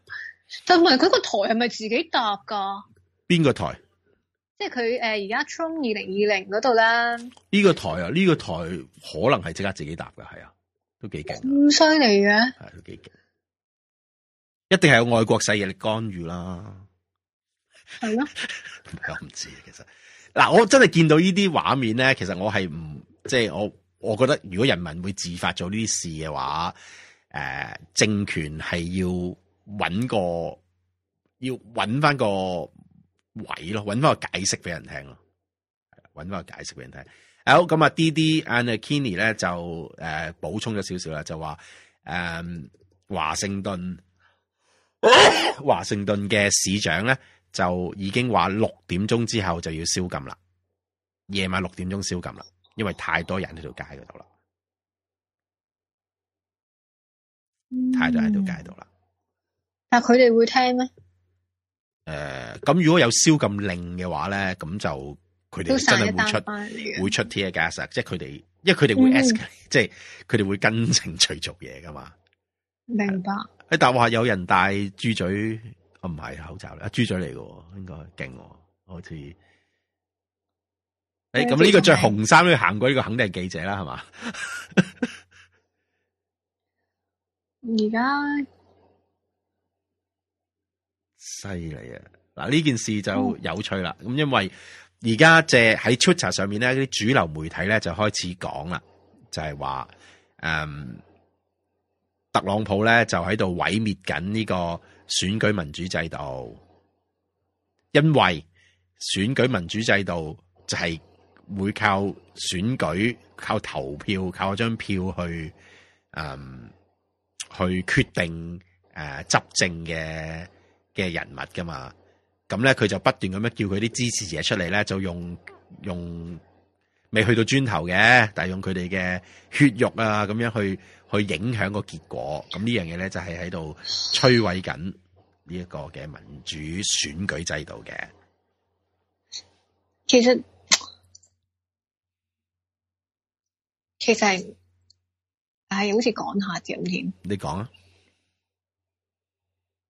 Speaker 1: 就係佢個台係咪自己搭噶？
Speaker 2: 邊個台？
Speaker 1: 即係佢誒，而家 Trump 二零二零嗰度啦。
Speaker 2: 呢個台啊，呢、呢個台可能係即刻自己搭噶，係啊，都幾勁。
Speaker 1: 咁犀利嘅？
Speaker 2: 係都幾勁，一定係有外國勢力干預啦。係咯、啊， 我唔知道其實嗱，我真係見到呢啲畫面咧，其實我係唔即係我我覺得，如果人民會自發做呢啲事嘅話，誒、呃，政權係要。揾個要揾翻個位咯，揾翻個解釋俾人聽咯，揾翻個解釋俾人聽。好，咁啊，D D and Kenny 咧就誒補充咗少少啦，就話誒、呃嗯、華盛頓 華盛頓嘅市長咧就已經話六點鐘之後就要宵禁啦，夜晚六點鐘宵禁啦，因為太多人喺度街嗰度啦，嗯、
Speaker 1: 太多人喺度街度啦。但
Speaker 2: 佢哋會聽咩？誒、呃，咁如果有燒咁令嘅話咧，咁就佢哋真係會出，的會出 tear gas 啊即係佢哋，因為佢哋會 ask，、嗯、哼即係佢哋會跟情隨俗嘢噶嘛。明白。但話有人戴豬嘴，唔、啊、係口罩咧，啊豬嘴嚟嘅，應該勁喎，好似誒，咁、欸、呢豬嘴 個着紅衫去的行過呢個，肯定係記者啦，係嘛？而家。犀利啊！嗱，呢件事就有趣啦。咁因為而家即係喺 Twitter 上面咧，啲主流媒體咧就開始講啦，就係話誒，特朗普咧就喺度毀滅緊呢個選舉民主制度，因為選舉民主制度就係會靠選舉、靠投票、靠張票去嗯去決定誒、呃、執政嘅。嘅人物噶嘛，咁咧佢就不斷咁樣叫佢啲支持者出嚟咧，就用用未去到磚頭嘅，但係用佢哋嘅血肉啊，咁樣去去影響個結果。咁呢樣嘢咧就係喺度摧毀緊呢一個嘅民主選舉制度嘅。其
Speaker 1: 實其實係係好似講下啫，點點你講啊！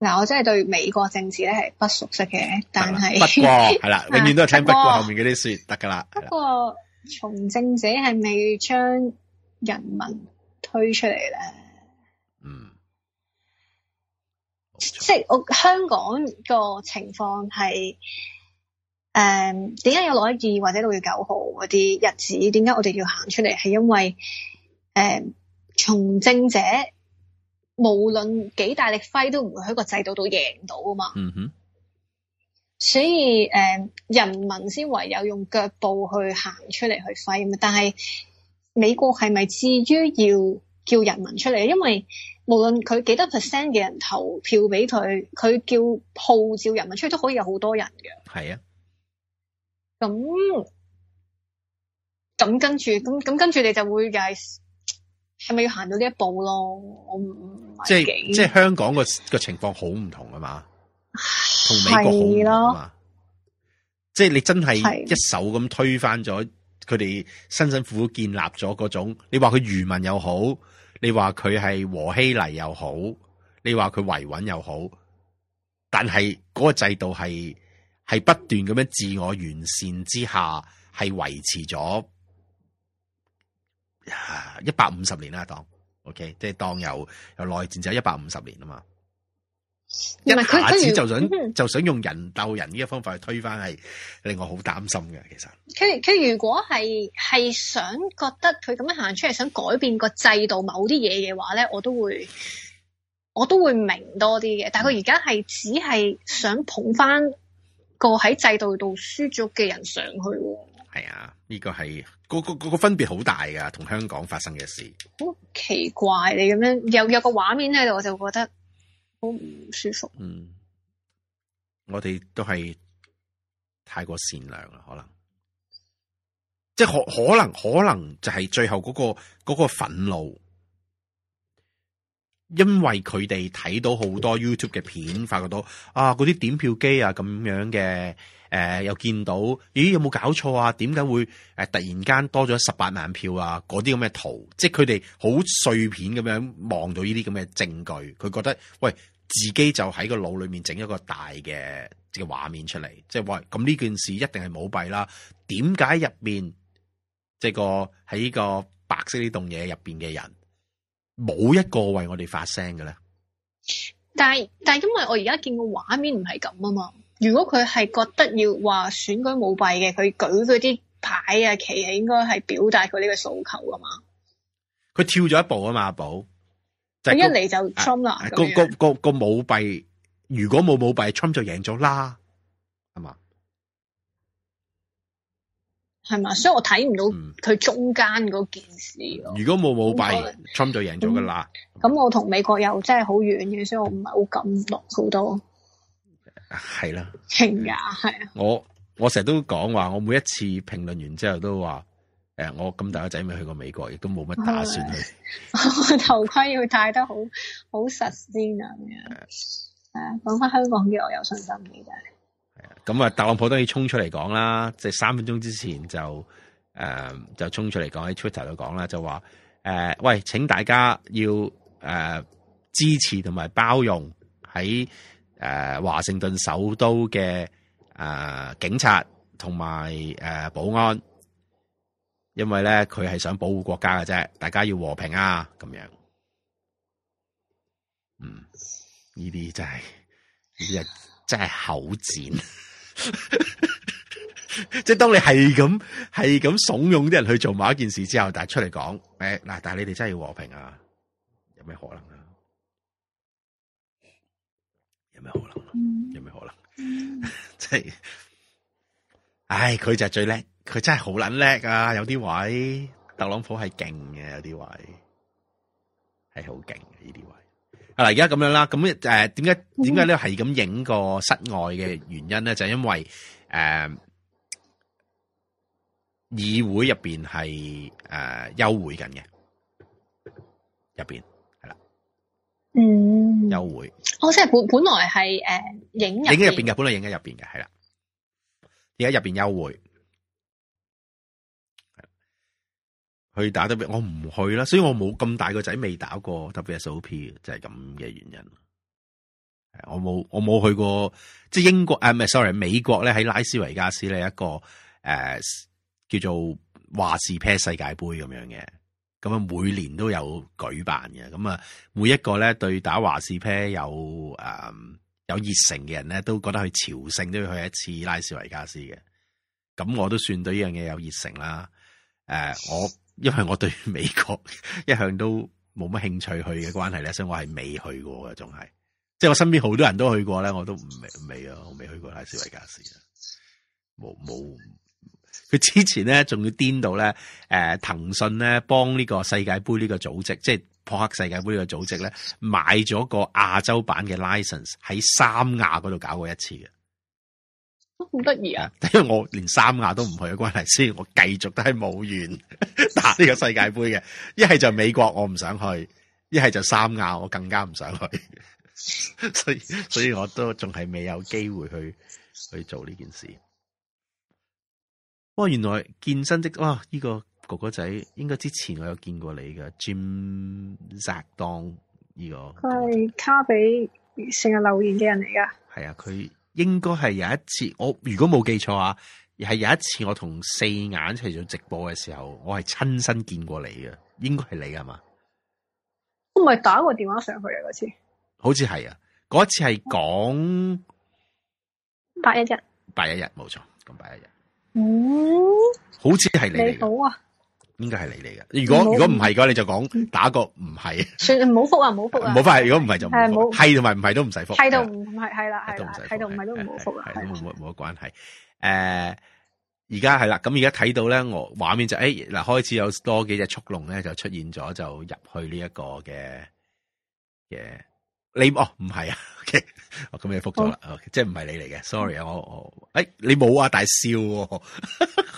Speaker 1: 嗱，我真係對美國政治咧係不熟悉嘅，是的但係是不過係啦，永遠都係聽不過後面
Speaker 2: 嗰啲說得噶啦。的
Speaker 1: 了不過從的政者係咪將人民推出嚟咧，嗯就是，嗯，即係我香港個情況係，誒，點解有六一二或者六月九號嗰啲日子？點解我哋要行出嚟？係因為誒，從、嗯、政者。無論幾大力揮都唔會喺個制度度贏到啊嘛、嗯哼，所以誒、呃，人民先唯有用腳步去行出嚟去揮。但係美國係咪至於要叫人民出嚟？因為無論佢幾多 percent 嘅人投票俾佢，佢叫號召人民出去都可以有好多人嘅。係啊，咁咁、嗯嗯嗯嗯、跟住，咁、嗯、咁跟住你就會係咪要行
Speaker 2: 到呢一步咯？我唔即係即係香港個個、嗯、情況好唔同啊嘛，同美國好唔同嘛。是的即係你真係一手咁推翻咗佢哋辛辛苦苦建立咗嗰種。你話佢愚民又好，你話佢係和稀泥又好，你話佢維穩又好，但係嗰個制度係係不斷咁樣自我完善之下，係維持咗。啊，一百五十年啦，當 OK，即係當有有內戰就一百五十年啊嘛，因為佢一下子就想，嗯、就想用人鬥人呢個方法去推翻，係令我好擔心嘅。其實
Speaker 1: 佢佢如果係係想覺得佢咁樣行出嚟，想改變個制度，某啲嘢嘅話咧，我都會我都會明多啲嘅。但係佢而家係只係想捧翻個喺制度度輸咗嘅人上去。係
Speaker 2: 啊，呢、呢個係。個個、個個分別好大噶，同香港發生嘅事
Speaker 1: 好奇怪，你咁樣有有個畫面喺度，我就覺得好唔舒服。嗯，
Speaker 2: 我哋都係太過善良啦，可能即係可可能可能就係最後嗰、個嗰、個憤怒，因為佢哋睇到好多 YouTube 嘅片，發覺到啊嗰啲點票機啊咁樣嘅。誒，又見到咦？有冇搞錯啊？點解會誒突然間多咗十八萬票啊？嗰啲咁嘅圖，即係佢哋好碎片咁樣望到呢啲咁嘅證據，佢覺得喂，自己就喺個腦裏面整一個大嘅個畫面出嚟，即係喂，咁呢件事一定係舞弊啦。點解入面，即係個喺個白色呢棟嘢入邊嘅人冇一個為我哋發聲嘅咧？
Speaker 1: 但係但係，因為我而家見個畫面唔係咁啊嘛。如果佢係覺得要話選舉舞弊嘅，佢舉嗰啲牌啊旗啊，應該係表達佢呢個訴求噶嘛？
Speaker 2: 佢跳咗一步啊嘛，阿寶。佢一嚟就 Trump 啦。個個個舞弊，如果冇舞弊，Trump 就贏咗啦，係嘛？
Speaker 1: 係嘛？所以我睇唔到佢中間嗰件事。
Speaker 2: 如果冇舞弊，Trump 就贏咗噶啦。
Speaker 1: 咁我同美國又真係好遠嘅，所以我唔係好敢落好多。
Speaker 2: 係啦，
Speaker 1: 傾噶係。
Speaker 2: 我我成日都講話，我每一次評論完之後都話，誒，我咁大個仔未去過美國，亦都冇乜打算去的。我的頭盔
Speaker 1: 要戴得好好實先啊！係啊的，講翻香港嘅，我有信心
Speaker 2: 嘅。咁啊，特朗普都要衝出嚟講啦，即係三分鐘之前就誒就衝出嚟講喺 Twitter 度講啦，就話誒、呃、喂，請大家要誒、呃、支持同埋包容喺。誒，華、呃、盛頓首都嘅誒、呃、警察同埋誒保安，因為咧佢係想保護國家嘅啫，大家要和平啊，咁樣。嗯，呢啲真係呢啲啊，真係口賤，即 係當你係咁係咁慫恿啲人去做某一件事之後，但係出嚟講誒嗱，但係你哋真係要和平啊？有咩可能啊？
Speaker 3: 有咩可能？
Speaker 2: 有咩可能？即係、嗯，唉、 哎，佢就係最叻，佢真係好撚叻啊！有啲位，特朗普係勁嘅，有啲位係好勁嘅呢啲位。啊，而家咁樣啦，咁誒，點解點解咧？係咁影個室外嘅原因咧？就係、因為誒、呃，議會入邊係誒休會緊嘅，入邊係啦。嗯。優惠
Speaker 1: 哦，即係本本來係誒影入已入邊
Speaker 2: 嘅，本來影喺入邊嘅係啦，而家入邊優惠去打得別，我唔去啦，所以我冇咁大個仔未打過 W S O P，就係咁嘅原因。我冇我冇去過即係英國誒，唔、啊、係 sorry 美國咧喺拉斯維加斯咧一個誒、呃、叫做 p 話事啤世界杯咁樣嘅。咁啊，每年都有舉辦嘅，咁啊，每一個咧對打華士啤有誒有熱誠嘅人咧，都覺得去朝聖都要去一次拉斯維加斯嘅，咁我都算對呢樣嘢有熱誠啦。誒、呃，我因為我對美國一向都冇乜興趣去嘅關係咧，所以我係未去過嘅，仲係，即係我身邊好多人都去過咧，我都唔未未咯，我未去過拉斯維加斯啊，冇冇。佢之前咧仲要癲到咧，誒、呃，騰訊咧幫呢個世界杯呢個組織，即係撲克世界杯呢個組織咧，買咗個亞洲版嘅 license，喺三亞嗰度搞過一次
Speaker 1: 嘅，好得意啊！
Speaker 2: 因為我連三亞都唔去嘅關係，先我繼續都係冇緣打呢個世界杯嘅。一係就美國我唔想去，一係就三亞我更加唔想去所，所以所以我都仲係未有機會去去做呢件事。哇、哦！原來健身的哇，呢、哦，這個哥哥仔應該之前我有見過你噶，Jim Zach 當呢個
Speaker 1: 佢係卡比成日留言嘅人嚟噶，
Speaker 2: 係啊，佢應該係有，有一次我如果冇記錯啊，係有一次我同四眼一齊上直播嘅時候，我係親身見過你嘅，應該係你係嘛？
Speaker 1: 我咪打個電話上去啊，嗰次
Speaker 2: 好似係啊，嗰次係講
Speaker 1: 八一日
Speaker 2: 八一日，冇錯，咁八一日。沒嗚、嗯、好似係你，你好啊，你應該係你嚟嘅。如果覆覆如果唔係嘅，你就講打個唔係。
Speaker 1: 算唔好復啊，唔好復啊。好翻，
Speaker 2: 如果唔係就唔係，係同埋唔係都唔使復。係到唔
Speaker 1: 係係啦，係啦，係就唔係都唔好復啦。
Speaker 2: 係都冇冇冇關係。誒，而家係啦，咁而家睇到咧， 我畫面就誒嗱，開始有多幾隻速龍咧就出現咗，就入去呢一個嘅嘅、yeah 你哦唔係啊，OK，我今日復咗啦，OK，即係唔係你嚟嘅，sorry 啊，我我，哎，你冇啊，大笑，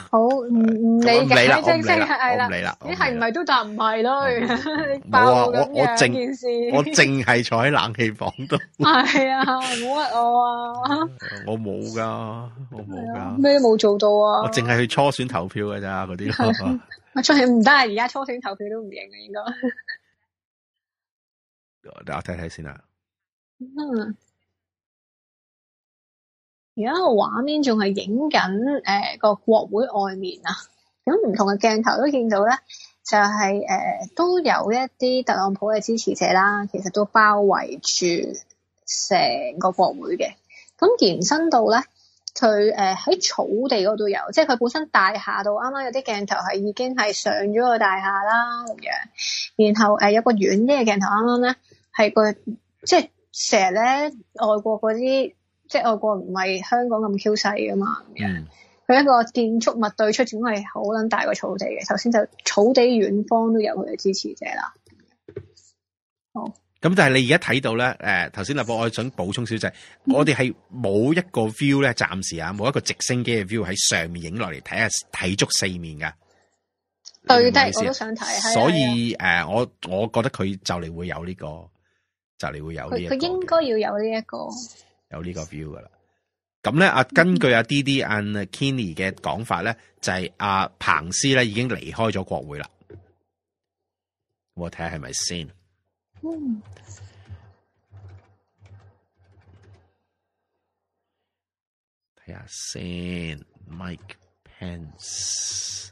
Speaker 2: 好唔
Speaker 1: 理嚟嘅，唔嚟啦，我唔理啦，你係唔係都答唔係咯？你啊，我我件事，我淨
Speaker 2: 係坐喺冷氣房度。係啊，唔屈我啊，我冇㗎，我冇㗎，咩
Speaker 1: 都冇做到啊，我
Speaker 2: 淨係去初選投票嘅咋嗰啲，我出選唔得啊，而家初選投票都
Speaker 1: 唔贏啊，應該，
Speaker 2: 我睇睇先啊。
Speaker 1: 嗯，而家個畫面仲係影緊誒個國會外面啊，咁唔同嘅鏡頭都見到咧，就係、是、誒、呃、都有一啲特朗普嘅支持者啦，其實都包圍住成個國會嘅，咁延伸到咧，佢誒喺草地嗰度有，即係佢本身大廈度，啱啱有啲鏡頭係已經係上咗個大廈啦，咁樣，然後誒、呃、有個遠啲嘅鏡頭剛剛呢，啱啱咧係個即係。成日咧，外國嗰啲即係外國唔係香港咁 Q 細噶嘛，佢，嗯，一個建築物對出展係好撚大個草地嘅。首先就草地遠方都有佢嘅支持者啦。好。
Speaker 2: 咁但係你而家睇到咧，誒頭先立博，我想補充少少，嗯，我哋係冇一個 view 咧，暫時啊冇一個直升機嘅 view 喺上面影落嚟睇下睇足四面嘅。對的，我都想睇。所以誒，嗯，我我覺得佢就嚟會有呢，呢個。就你會有呢一佢
Speaker 1: 應該要
Speaker 2: 有呢、這、一個，有呢個 view 噶啦。咁咧，阿根據阿 D D and Kenny 嘅講法咧，就係、是、阿彭斯咧已經離開咗國會啦。我睇下係咪先。睇下先，Mike Pence。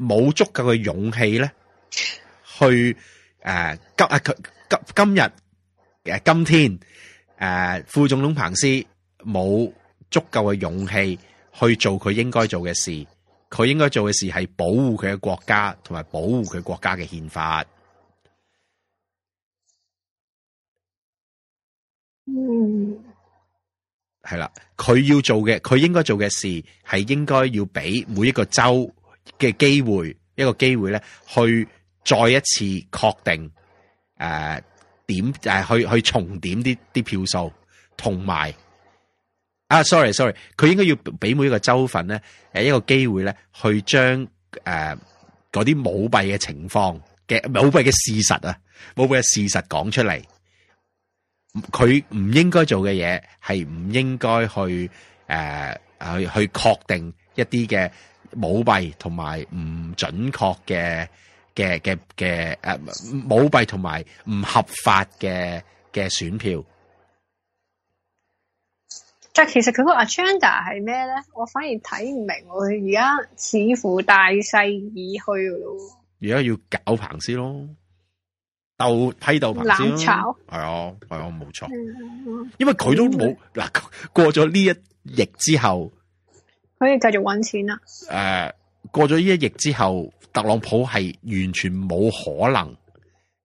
Speaker 2: 冇足夠嘅勇氣咧，去誒今啊，佢今日誒今天誒，副總統彭斯冇足夠嘅勇氣去做佢應該做嘅事，佢應該做嘅事係保護佢嘅國家同埋保護佢國家嘅憲法。
Speaker 3: 嗯，
Speaker 2: 係啦，佢要做嘅，佢應該做嘅事係應該要俾每一個州。嘅機會一個機會咧，去再一次確定誒、呃、點誒、啊、去去重點啲啲票數，同埋啊，sorry sorry，佢應該要俾每一個州份咧，誒一個機會咧，去將誒嗰啲舞弊嘅情況嘅舞弊嘅事實啊，舞弊嘅事實講出嚟，佢唔應該做嘅嘢係唔應該去誒、呃、去去確定一啲嘅。舞弊同埋唔準確嘅嘅嘅嘅誒舞弊同埋唔合法嘅嘅選票。
Speaker 1: 但係其實佢個 agenda 係咩咧？我反而睇唔明，我而家似乎大勢已去
Speaker 2: 咯。而家要搞彭斯咯，鬥批鬥彭斯咯。係啊，係啊，冇錯。因為佢都冇嗱過咗呢一役之後，
Speaker 1: 可以繼續揾錢
Speaker 2: 啦。誒，過咗呢一役之後，特朗普係完全冇可能，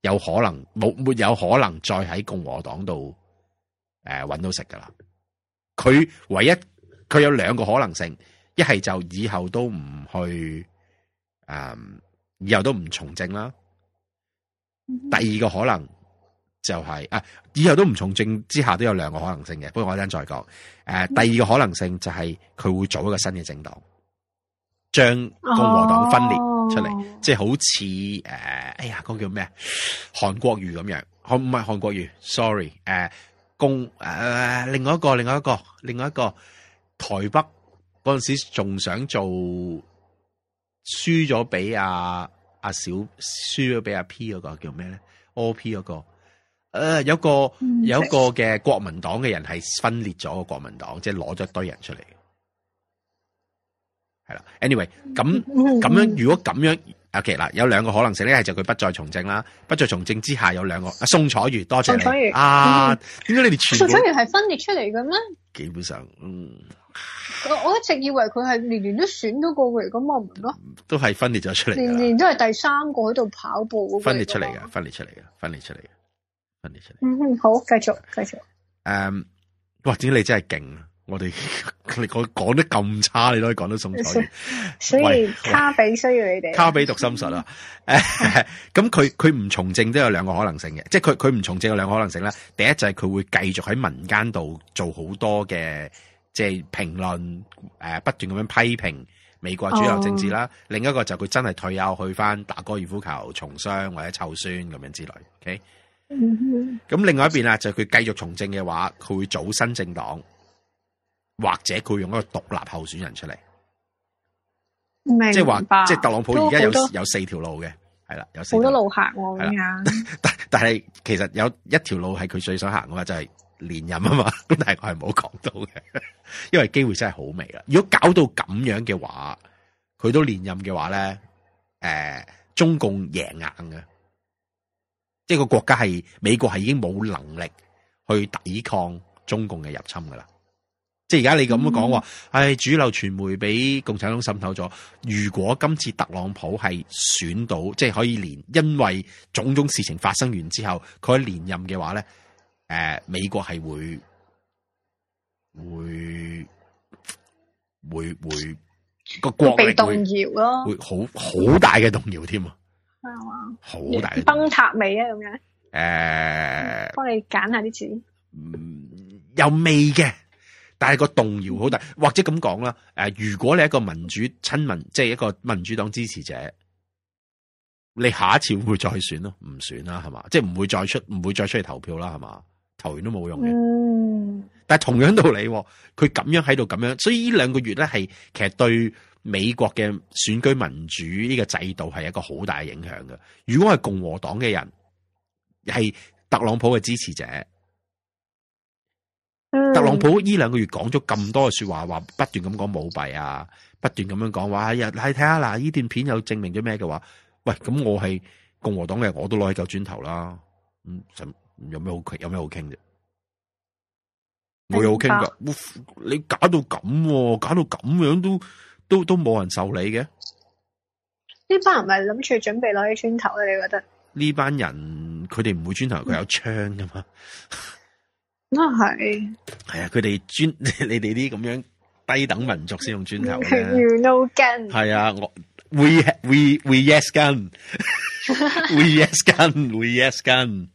Speaker 2: 有可能冇沒有可能再喺共和黨度誒揾到食噶啦。佢唯一佢有兩個可能性，一係就以後都唔去，誒、uh, 以後都唔從政啦。Mm
Speaker 3: hmm. 第二
Speaker 2: 個可能。就係、是、啊，以後都唔從政之下都有兩個可能性嘅，不過我一陣再講。誒、啊，第二個可能性就係佢會做一個新嘅政黨，將共和黨分裂出嚟，oh. 即係好似誒、啊，哎呀，嗰個叫咩韓國瑜咁樣，唔係韓國瑜，sorry，誒、啊，共誒、啊、另外一個，另外一個，另外一個台北嗰陣時仲想做，輸咗俾阿阿小，輸咗俾阿 P 嗰個叫咩咧？OP 嗰個。誒、呃，有個有個嘅國民黨嘅人係分裂咗個國民黨，即係攞咗一堆人出嚟。係啦，anyway，咁咁樣如果咁樣，ok 嗱，有兩個可能性，一係就佢不再從政啦，不再從政之下有兩個，啊宋楚瑜，多謝你啊，點解、嗯、你哋全宋楚瑜
Speaker 1: 係分裂出嚟咁咩？
Speaker 2: 基本上，嗯，
Speaker 1: 我一直以為佢係年年都選到過嚟咁嘛，唔咯，
Speaker 2: 都係分裂咗出嚟，年
Speaker 1: 年都係第三個喺度跑步分裂出嚟
Speaker 2: 嘅，分裂出嚟嘅，分裂出嚟嘅。
Speaker 1: 嗯，
Speaker 2: 好，繼續，繼續。誒、um，或者你真係勁，我哋 你我講得咁差，你都可以講得上台。
Speaker 1: 所以喂卡比需要你哋，卡比
Speaker 2: 讀心術啦。咁佢佢唔從政都有兩個可能性嘅，即係佢佢唔從政有兩個可能性啦。第一就係佢會繼續喺民間度做好多嘅即係評論，誒、呃，不斷咁樣批評美國主流政治啦。哦、另一個就佢真係退休去翻打高爾夫球、從商或者湊孫咁樣之類。ok。咁、嗯、另外一邊啊，就佢、係、繼續從政嘅話，佢會組新政黨，或者佢用一個獨立候選人出嚟，
Speaker 1: 白即係話，即係特朗普而家有有
Speaker 2: 四條路嘅，係啦，有好多
Speaker 1: 路行，喎。但
Speaker 2: 但係其實有一條路係佢最想行嘅話就係、係、連任啊嘛，但係我係冇講到嘅，因為機會真係好微啦。如果搞到咁樣嘅話，佢都連任嘅話咧，誒、欸，中共贏硬嘅。即係個國家係美國係已經冇能力去抵抗中共嘅入侵噶啦，即係而家你咁樣講話，唉、嗯哎、主流傳媒俾共產黨滲透咗。如果今次特朗普係選到，即係可以連，因為種種事情發生完之後，佢連任嘅話咧，誒、呃、美國係會會會會個國力會被動搖咯，會好好大嘅動搖添啊！
Speaker 1: 好大崩塌味啊，咁
Speaker 2: 樣。誒，
Speaker 1: 幫你揀下啲錢。
Speaker 2: 又未嘅，但係個動搖好大。或者咁講啦，誒，如果你係一個民主親民，即係一個民主黨支持者，你下一次會唔會再選咯？唔選啦，係嘛？即係唔會再出，唔會再出嚟投票啦，係嘛？投完都冇用
Speaker 3: 嘅。嗯。
Speaker 2: 但係同樣道理，佢咁樣喺度咁樣，所以呢兩個月咧，係其實對。美國嘅選舉民主呢個制度係一個好大嘅影響嘅。如果係共和黨嘅人係特朗普嘅支持者，嗯、特朗普呢兩個月講咗咁多嘅說話，話不斷咁講舞弊啊，不斷咁樣講話。啊，你睇下嗱，呢段片又證明咗咩嘅話？喂，咁我係共和黨嘅，我都攞起嚿磚頭啦。咁有咩好傾？有咩好傾啫？
Speaker 1: 冇有傾噶白、
Speaker 2: 呃？你搞到咁，搞到咁樣都？都都冇人受理嘅，
Speaker 1: 呢班人咪諗住準備攞起磚頭咧，啊？你覺得
Speaker 2: 呢班人佢哋唔會磚頭，佢有槍噶嘛？
Speaker 1: 咁啊係，
Speaker 2: 係 啊！佢哋磚你哋啲咁樣低等民族先用磚頭嘅，you
Speaker 1: know gun 係
Speaker 2: 啊，我 we we we yes gun
Speaker 1: we
Speaker 2: yes gun we yes gun，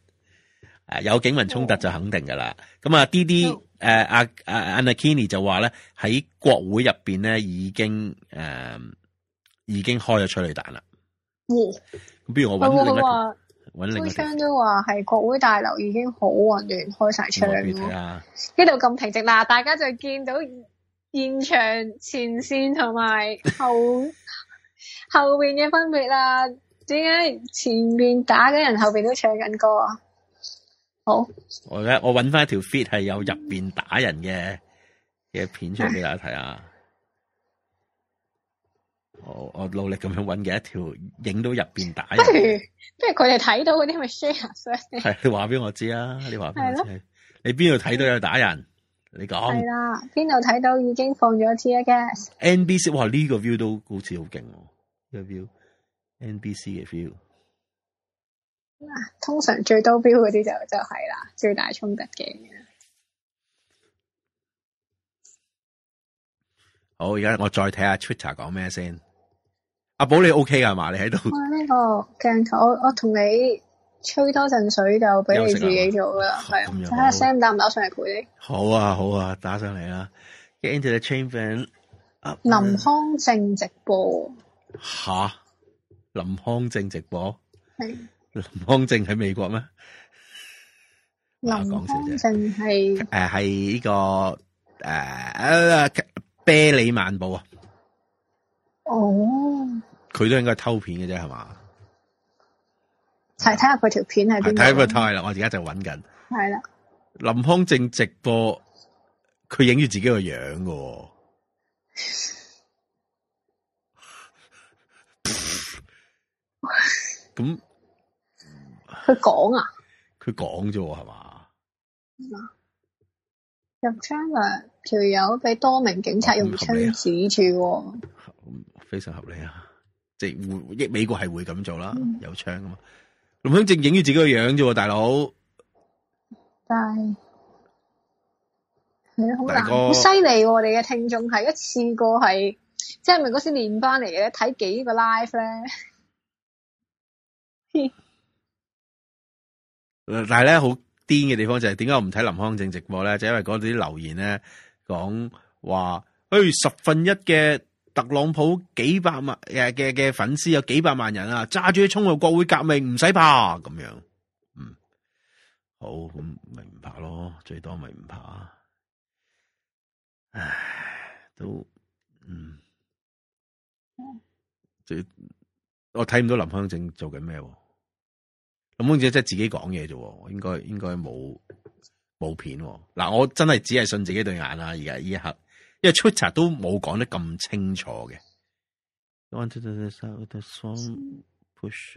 Speaker 2: 啊、 uh, 有警民衝突就肯定噶啦，咁、oh. 啊 dd 誒阿阿阿，uh, uh, uh, Nakini 就話咧喺國會入邊咧已經誒、uh, 已經開咗催淚彈啦。
Speaker 1: 哇、嗯！咁不如我揾
Speaker 2: 佢啦。潘昌說
Speaker 1: 都話係國會大樓已經好混亂，開曬催淚彈。呢度咁平靜啦，大家就見到現場前線同埋後 後邊嘅分別啦。點解前面打緊人後面，後邊都唱緊歌啊？
Speaker 2: 好，我咧我揾翻一條 fit 係有入邊打人嘅嘅片出嚟俾大家睇啊唉！我我努力咁樣揾嘅一條影到入邊打
Speaker 1: 人不，不如佢哋睇到嗰啲咪 share
Speaker 2: 晒先，係你話俾我知啊！你話俾我知，你邊度睇到有打人？你講係啦，
Speaker 1: 邊度睇到已經放咗一次啊 guess
Speaker 2: NBC 哇，呢、這個 view 都好似好勁喎，呢、這個 view NBC 嘅 view。
Speaker 1: 啊、通常最多標嗰啲就就係啦，最大衝突嘅。
Speaker 2: 好，而家我再睇下 Twitter 講咩先。阿寶你 OK 噶嘛？你喺度？呢、啊
Speaker 1: 這個鏡頭，我我同你吹多陣水就俾你自己做啦。係睇下聲打唔打上嚟陪你
Speaker 2: 好啊，好啊，打上嚟啦。Get into the chain fan。
Speaker 1: 林康正直播。
Speaker 2: 吓、啊？林康正直播？
Speaker 1: 係。
Speaker 2: 林匡正喺美國咩？
Speaker 1: 林匡正
Speaker 2: 係誒，係呢、啊呃這個誒、呃呃，啤梨漫步啊。哦。佢都應該係偷片嘅啫，係嘛？
Speaker 1: 齊睇下佢條片係邊。睇唔
Speaker 2: 睇啦？我而家就揾緊。
Speaker 1: 係
Speaker 2: 啦的。林匡正直播，佢影住自己個樣嘅。咁。佢講啊！佢講
Speaker 1: 啫，係嘛？入槍啊，條友俾多名警察用槍指住，啊，
Speaker 2: 非常合理啊！即係美國係會咁做啦，嗯，有槍啊嘛！咁樣正影住自己個樣啫，大佬。
Speaker 5: 但係，
Speaker 1: 係好難，好犀利！我哋嘅聽眾係一次過係，即係咪嗰時練翻嚟嘅？睇幾個 live 咧？
Speaker 2: 但係咧，好癲嘅地方就係點解我唔睇林匡正直播咧？就是、因為嗰啲留言咧，講話，誒、欸，十分一嘅特朗普幾百萬嘅嘅嘅粉絲有幾百萬人啊，揸住去衝入國會革命，唔使怕咁樣。嗯，好，咁咪唔怕咯，最多咪唔怕。唉，都，嗯，最我睇唔到林匡正做緊咩。咁好似即係自己講嘢啫喎，應該應該冇冇片喎、啊。嗱、啊，我真係只係信自己對眼啦，而家依一刻，因為 Twitter 都冇講得咁清楚嘅。
Speaker 4: Want to with push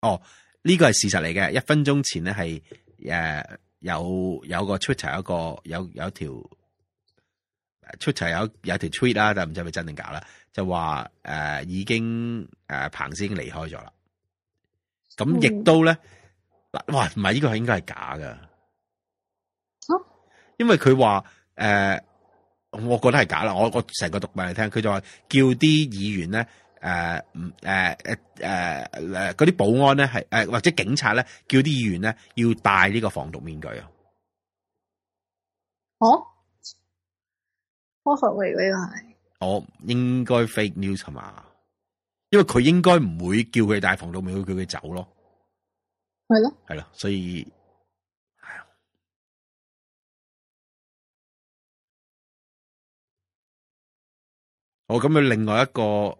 Speaker 2: 哦，呢、呢個係事實嚟嘅。一分鐘前咧係誒有有個 Twitter 有個有有條。出齊有有條 tweet 啦，但唔知係咪真定假啦，就話誒、呃、已經誒、呃、彭斯離開咗啦，咁亦都咧嗱哇唔係呢個係應該係假噶，因為佢話誒，我覺得係假啦，我我成個讀俾你聽，佢就話叫啲議員咧誒誒誒誒嗰啲保安咧係誒或者警察咧叫啲議員咧要戴呢個防毒面具啊，哦。科學類喂，個我、哦、應該 fake news 係嘛？因為佢應該唔會叫佢戴防毒面，會叫佢走咯。
Speaker 4: 係咯的，係咯，所以，
Speaker 2: 我咁樣另外一個，係、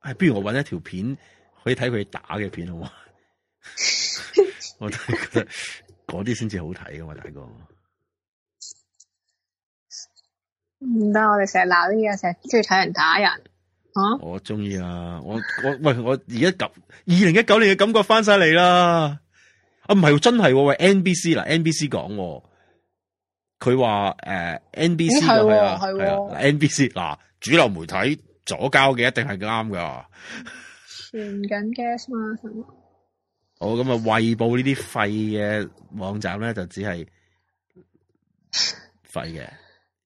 Speaker 2: 哎、不如我搵一條片可以睇佢打嘅片好嘛？ 我覺得嗰啲先至好睇噶嘛，大哥。唔得，我哋成日鬧呢啲嘢，成日中意睇人打人，我啊！我中意啊，我我喂，我而家咁二零一九年嘅感覺翻晒嚟啦，啊唔係、啊，真係、啊、喂 NBC 嗱，NBC 講佢話誒 NBC 係啊係 NBC 嗱，主流媒體左交嘅一定係啱㗎，傳緊 gas 嘛？ 好咁啊，衛報呢啲廢嘅網站咧，就只係廢嘅。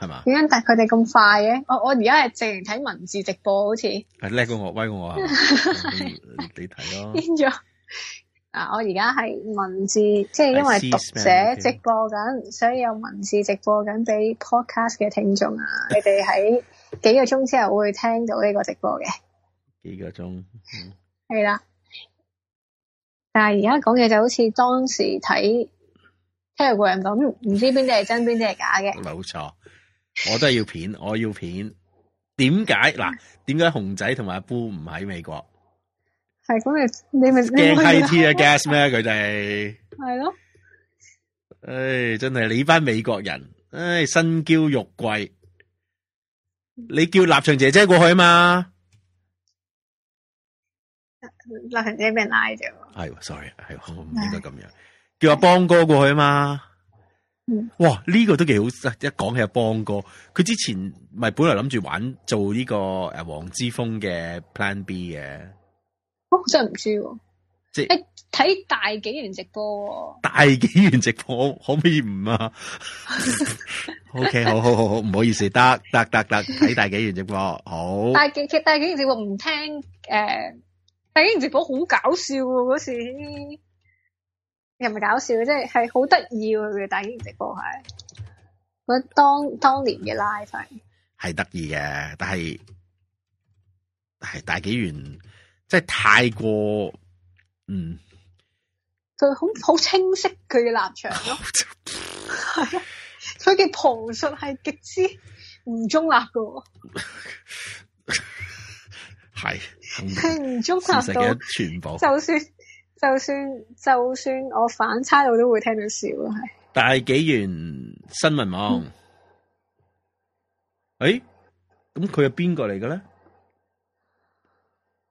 Speaker 1: 係嘛？點解但佢哋咁快嘅？我我而家係淨係睇文字直播，好似
Speaker 2: 係叻過我，威過我，
Speaker 1: 係
Speaker 2: 你睇咯
Speaker 1: 變咗啊！ 我而家係文字，即係因為是讀寫直播緊，所以有文字直播緊俾 podcast 嘅聽眾啊。你哋喺幾個鐘之後會聽到呢個直播嘅幾個鐘係、嗯、啦，但係而家講嘅就好似當時睇 telegram 咁，唔知邊啲係真，邊啲係假嘅，
Speaker 2: 冇係錯。我都係要片，我要片。點解嗱？啊、點解熊仔同埋阿姑唔喺美國？
Speaker 1: 係咁啊！你咪驚 high 啲啊？gas
Speaker 2: 咩？佢哋係咯。唉、哎，真係你班美國人，唉、哎，身嬌肉貴。你叫立場姐姐過去啊嘛？
Speaker 1: 立場
Speaker 2: 姐俾人拉咗。係、哎，sorry，係、哎，唔應該咁樣。叫阿邦哥過去啊嘛？哇！呢、這個都幾好，一講起阿邦哥，佢之前咪本來諗住玩做呢個誒黃之鋒嘅 Plan B 嘅，
Speaker 1: 我真係唔知喎。即係睇大紀元、啊、元直播，
Speaker 2: 大紀元直播可唔可以唔啊 ？OK，好好好好，唔好意思，得得得得，睇大紀元直播好。大
Speaker 1: 紀大紀元直播唔聽誒、呃，大紀元直播好搞笑嗰、啊、時。又唔搞笑嘅，即係係好得意嘅。大紀元直播係，嗰，當當年嘅 live
Speaker 2: 係得意嘅，但係係大紀元即係太過，嗯，
Speaker 1: 佢好好清晰佢嘅立場咯，係啊， 佢嘅旁述係極之唔中立嘅，係係唔中立到
Speaker 2: 全部就
Speaker 1: 算。就算就算我反差，我都會聽到笑咯，係
Speaker 2: 大紀元新聞網。誒、嗯，咁佢係邊個嚟嘅咧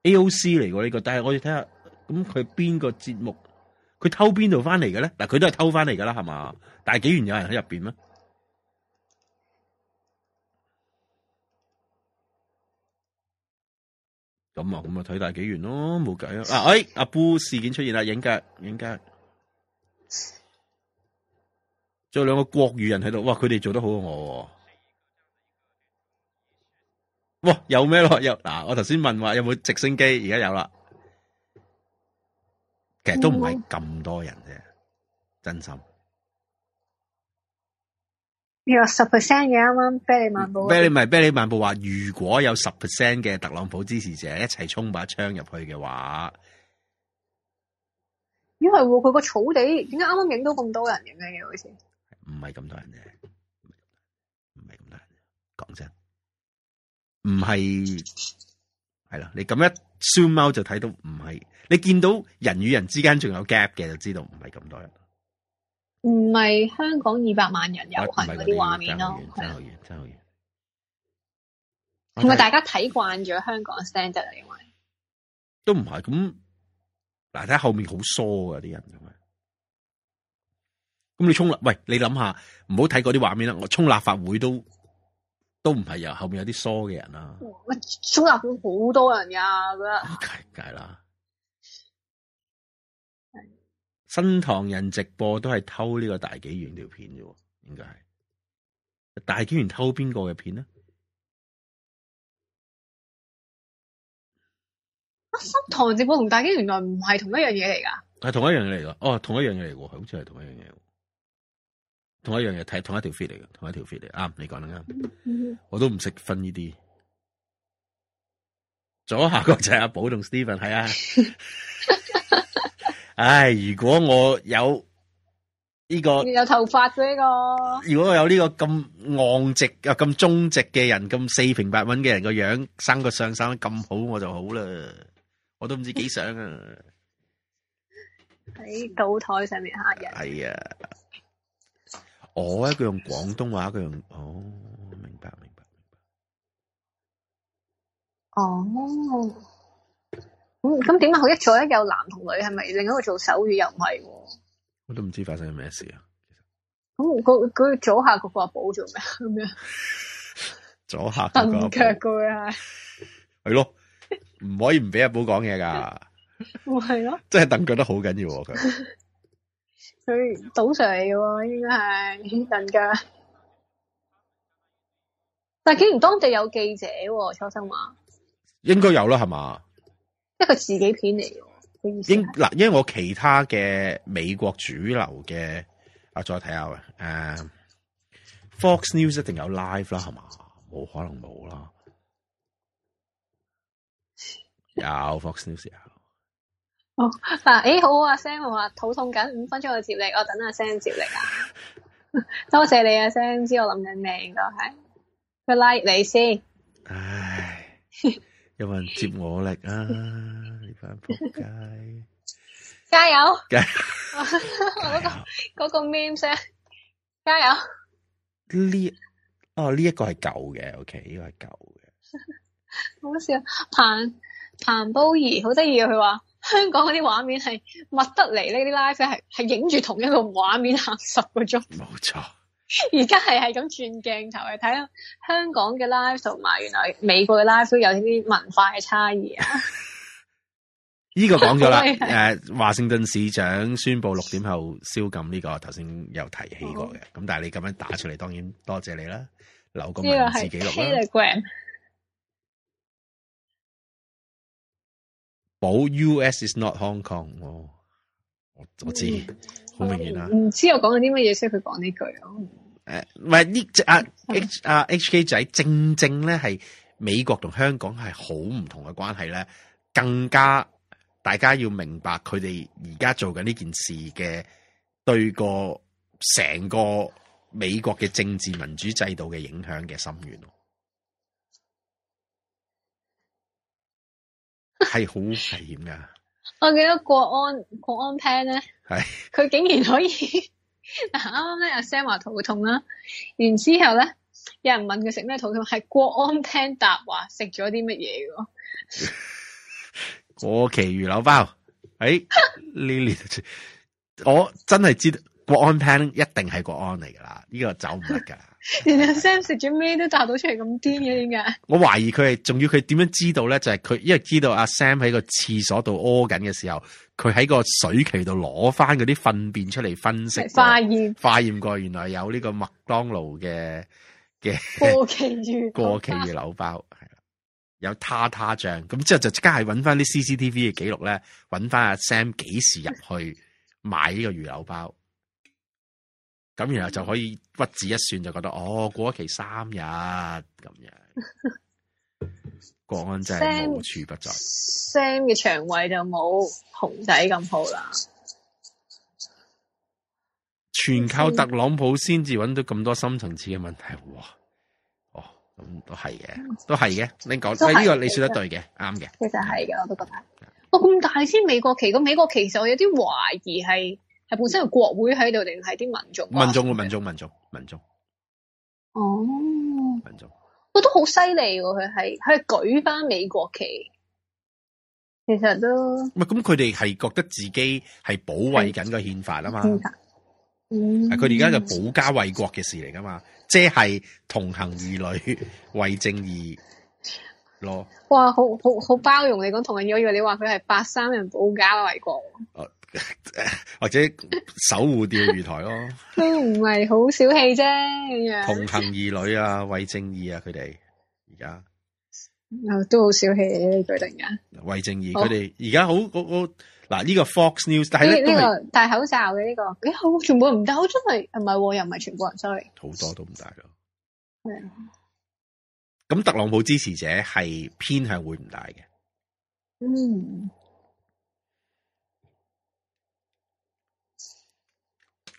Speaker 2: ？AOC 嚟嘅呢個，但係我要睇下，咁佢邊個節目？佢偷邊度翻嚟嘅咧？嗱，佢都係偷翻嚟噶啦，係嘛？大紀元有人喺入邊咩？咁啊，咁啊睇大紀元咯，冇計啊。啊，哎，阿布事件出現啦，影吉影吉仲有兩個國語人喺度，哇，佢哋做得好過我、哦。哇，有咩咯？有嗱、啊，我頭先問話有冇直升機，而家有啦。其實都唔係咁多人啫，真心。
Speaker 1: 你話十 percent 嘅啱啱 Billie 萬步。
Speaker 2: Billie 唔係 Billie 萬步話，如果有十 percent 嘅特朗普支持者一齊衝把槍入去嘅話，
Speaker 1: 因為佢個草地點解啱啱影到咁多人影嘅？
Speaker 2: 好似唔係咁多人啫，唔係咁多人。講真，唔係係啦。你咁一 zoom out，就睇到唔係，你見到人與人之間仲有 gap 嘅，就知道唔係咁多人。
Speaker 1: 唔係香港二百萬人
Speaker 2: 遊行嗰啲畫面咯，同埋、啊啊、大家
Speaker 1: 睇慣咗香港嘅 standard
Speaker 2: 因、啊、為都唔係咁嗱，睇下後面好疏啊啲人咁啊，咁你衝立喂，你諗下唔好睇嗰啲畫面啦，我衝立法會都都唔係由後面有啲疏嘅人啊，
Speaker 1: 衝立法會好多人噶咁啦。
Speaker 2: 新唐人直播都係偷呢個大紀元條片啫，應該係大紀元偷邊個嘅片呢？啊、
Speaker 1: 新唐
Speaker 2: 人直播同大紀元原來唔係同一樣嘢嚟噶，係同一樣嘢嚟噶。哦，同一樣嘢嚟，係好似係同一樣嘢，同一樣嘢睇同一條片嚟嘅，同一條片嚟。啱，你講得啱，我都唔識分呢啲。左下角就係阿寶同 Steven 係 啊。 唉，如果我有呢個
Speaker 1: 有頭髮嘅呢個，如
Speaker 2: 果我有呢個咁昂直又咁忠直嘅人，咁四平八穩嘅人個樣，生個相生得咁好，我就好啦。我都唔知幾想啊！喺
Speaker 1: 賭台上面吓
Speaker 2: 人，係啊！我一句用廣東話，一句用哦，明白明白明白。
Speaker 3: 哦。
Speaker 1: 咁咁點解佢一左一右男同女，係咪另一個做手語又唔係、
Speaker 2: 啊？我都唔知發生咗咩事啊！
Speaker 1: 咁佢佢左下角個阿寶做咩啊？咁樣
Speaker 2: 左下角個阿寶？腳腳啊，係咯，唔可以唔俾阿寶講嘢噶。唔係咯，即係鄧腳得好緊要佢。佢
Speaker 1: 賭上嚟嘅應該係鄧腳，但係竟然當地有記者、啊，初生話
Speaker 2: 應該有啦，係嘛？
Speaker 1: 一個自己片嚟嘅，
Speaker 2: 應嗱，因為我其他嘅美國主流嘅，啊，再睇下嘅，誒，Fox News 一定有 live 啦，係嘛，冇可能冇啦， 有 Fox News 有。
Speaker 1: 哦，嗱，誒，好啊，Sam 話肚痛緊，五分鐘去接力，我等阿、啊、Sam 接力啊， 多謝你 啊 Sam，、啊、知我諗緊命都係，佢嚟你先。唉。
Speaker 2: 有冇人接我力啊？你班仆街，
Speaker 1: 加油！嗰個嗰個 Mims，加油！
Speaker 2: 呢哦呢一個係舊嘅，OK 呢個係舊
Speaker 1: 嘅。好笑，彭彭寶儀好得意啊！佢話香港嗰啲畫面係密得嚟呢啲 live 係係影住同一個畫面行十個鐘。冇錯。而家係係咁轉鏡頭去睇香港嘅 live，同埋原來美國嘅 live，都有啲文化嘅差異啊！
Speaker 2: 呢 個講咗啦，誒 是，華、uh, 盛頓市長宣佈六點後宵禁呢、這個，頭先有提起過嘅。咁、哦、但係你咁樣打出嚟，當然多謝，謝你啦，留個文字記錄啦，保 U.S. is not Hong Kong。哦我知，好、嗯、明顯啊。唔、嗯、
Speaker 1: 知我講緊啲乜嘢，先佢講呢句。
Speaker 2: 誒，唔係呢隻阿阿 H K 仔，正正咧係美國同香港係好唔同嘅關係咧，更加大家要明白佢哋而家做緊呢件事嘅對個成個美國嘅政治民主制度嘅影響嘅深遠，係好 危險㗎。
Speaker 1: 我記得國安國安 p a n 咧，佢是竟然可以，嗱啱啱咧阿 Sam 話肚痛啦，然之後咧有人問佢食咩肚痛，係國安 p a n 答話食咗啲乜嘢嘅，
Speaker 2: 過期魚柳包，誒呢年我真係知道國安 p a n 一定係國安嚟噶啦。呢、這個走唔甩噶。
Speaker 1: 連阿 Sam 食咗咩都炸到出嚟咁癲嘅點解？
Speaker 2: 我懷疑佢係仲要佢點樣知道咧？就係、是、佢因為知道阿 Sam 喺個廁所度屙緊嘅時候，佢喺個水渠度攞翻嗰啲糞便出嚟分析化驗，化驗炎過原來有呢個麥當勞嘅嘅過期魚 過期魚柳包係啦，怕有他他醬咁之後就即刻係揾翻啲 CCTV 嘅記錄咧，揾翻阿 Sam 幾時入去買呢個魚柳包。咁然後就可以屈指一算，就覺得哦，過咗期三日咁樣， 國安真係無處不在。
Speaker 1: Sam 嘅腸胃就冇紅仔咁好啦。
Speaker 2: 全靠特朗普先至揾到咁多深層次嘅問題。哇！哦，咁都係嘅，都係嘅。嗯、你講說，呢個你說得對嘅，啱嘅。
Speaker 1: 其實係嘅，是的嗯、我都覺得。哇、哦，咁大先美國期，咁美國期，其實我有啲懷疑係。係本身係國會喺度，定係啲民
Speaker 2: 眾？民眾，民眾，民眾，民眾。
Speaker 1: 哦，民眾眾，佢都好犀利喎！佢喺，佢舉翻美國旗，其實都
Speaker 2: 唔係咁。佢哋係覺得自己係保衛緊個憲法啊嘛。憲法，嗯，佢哋而家就保家衛國嘅事嚟噶嘛，即係同行異類 為正義而咯。
Speaker 1: 哇，好好好包容你講同行，我以為你話佢係白衫人保家衛國。哦
Speaker 2: 或者守護釣魚台咯，
Speaker 1: 都唔係好小氣啫。咁樣
Speaker 2: 同行兒女啊，為正義啊，佢哋而家
Speaker 1: 都好小氣，最近噶。
Speaker 2: 為正義，佢哋而家好嗱，呢、這個 Fox News，呢、這個、這個、
Speaker 1: 是戴口罩嘅呢、這個，好、哦，全部唔戴，我真係唔係，又唔係全部人，sorry，
Speaker 2: 好多都唔戴噶。咁、嗯、特朗普支持者係偏向會唔戴嘅。嗯。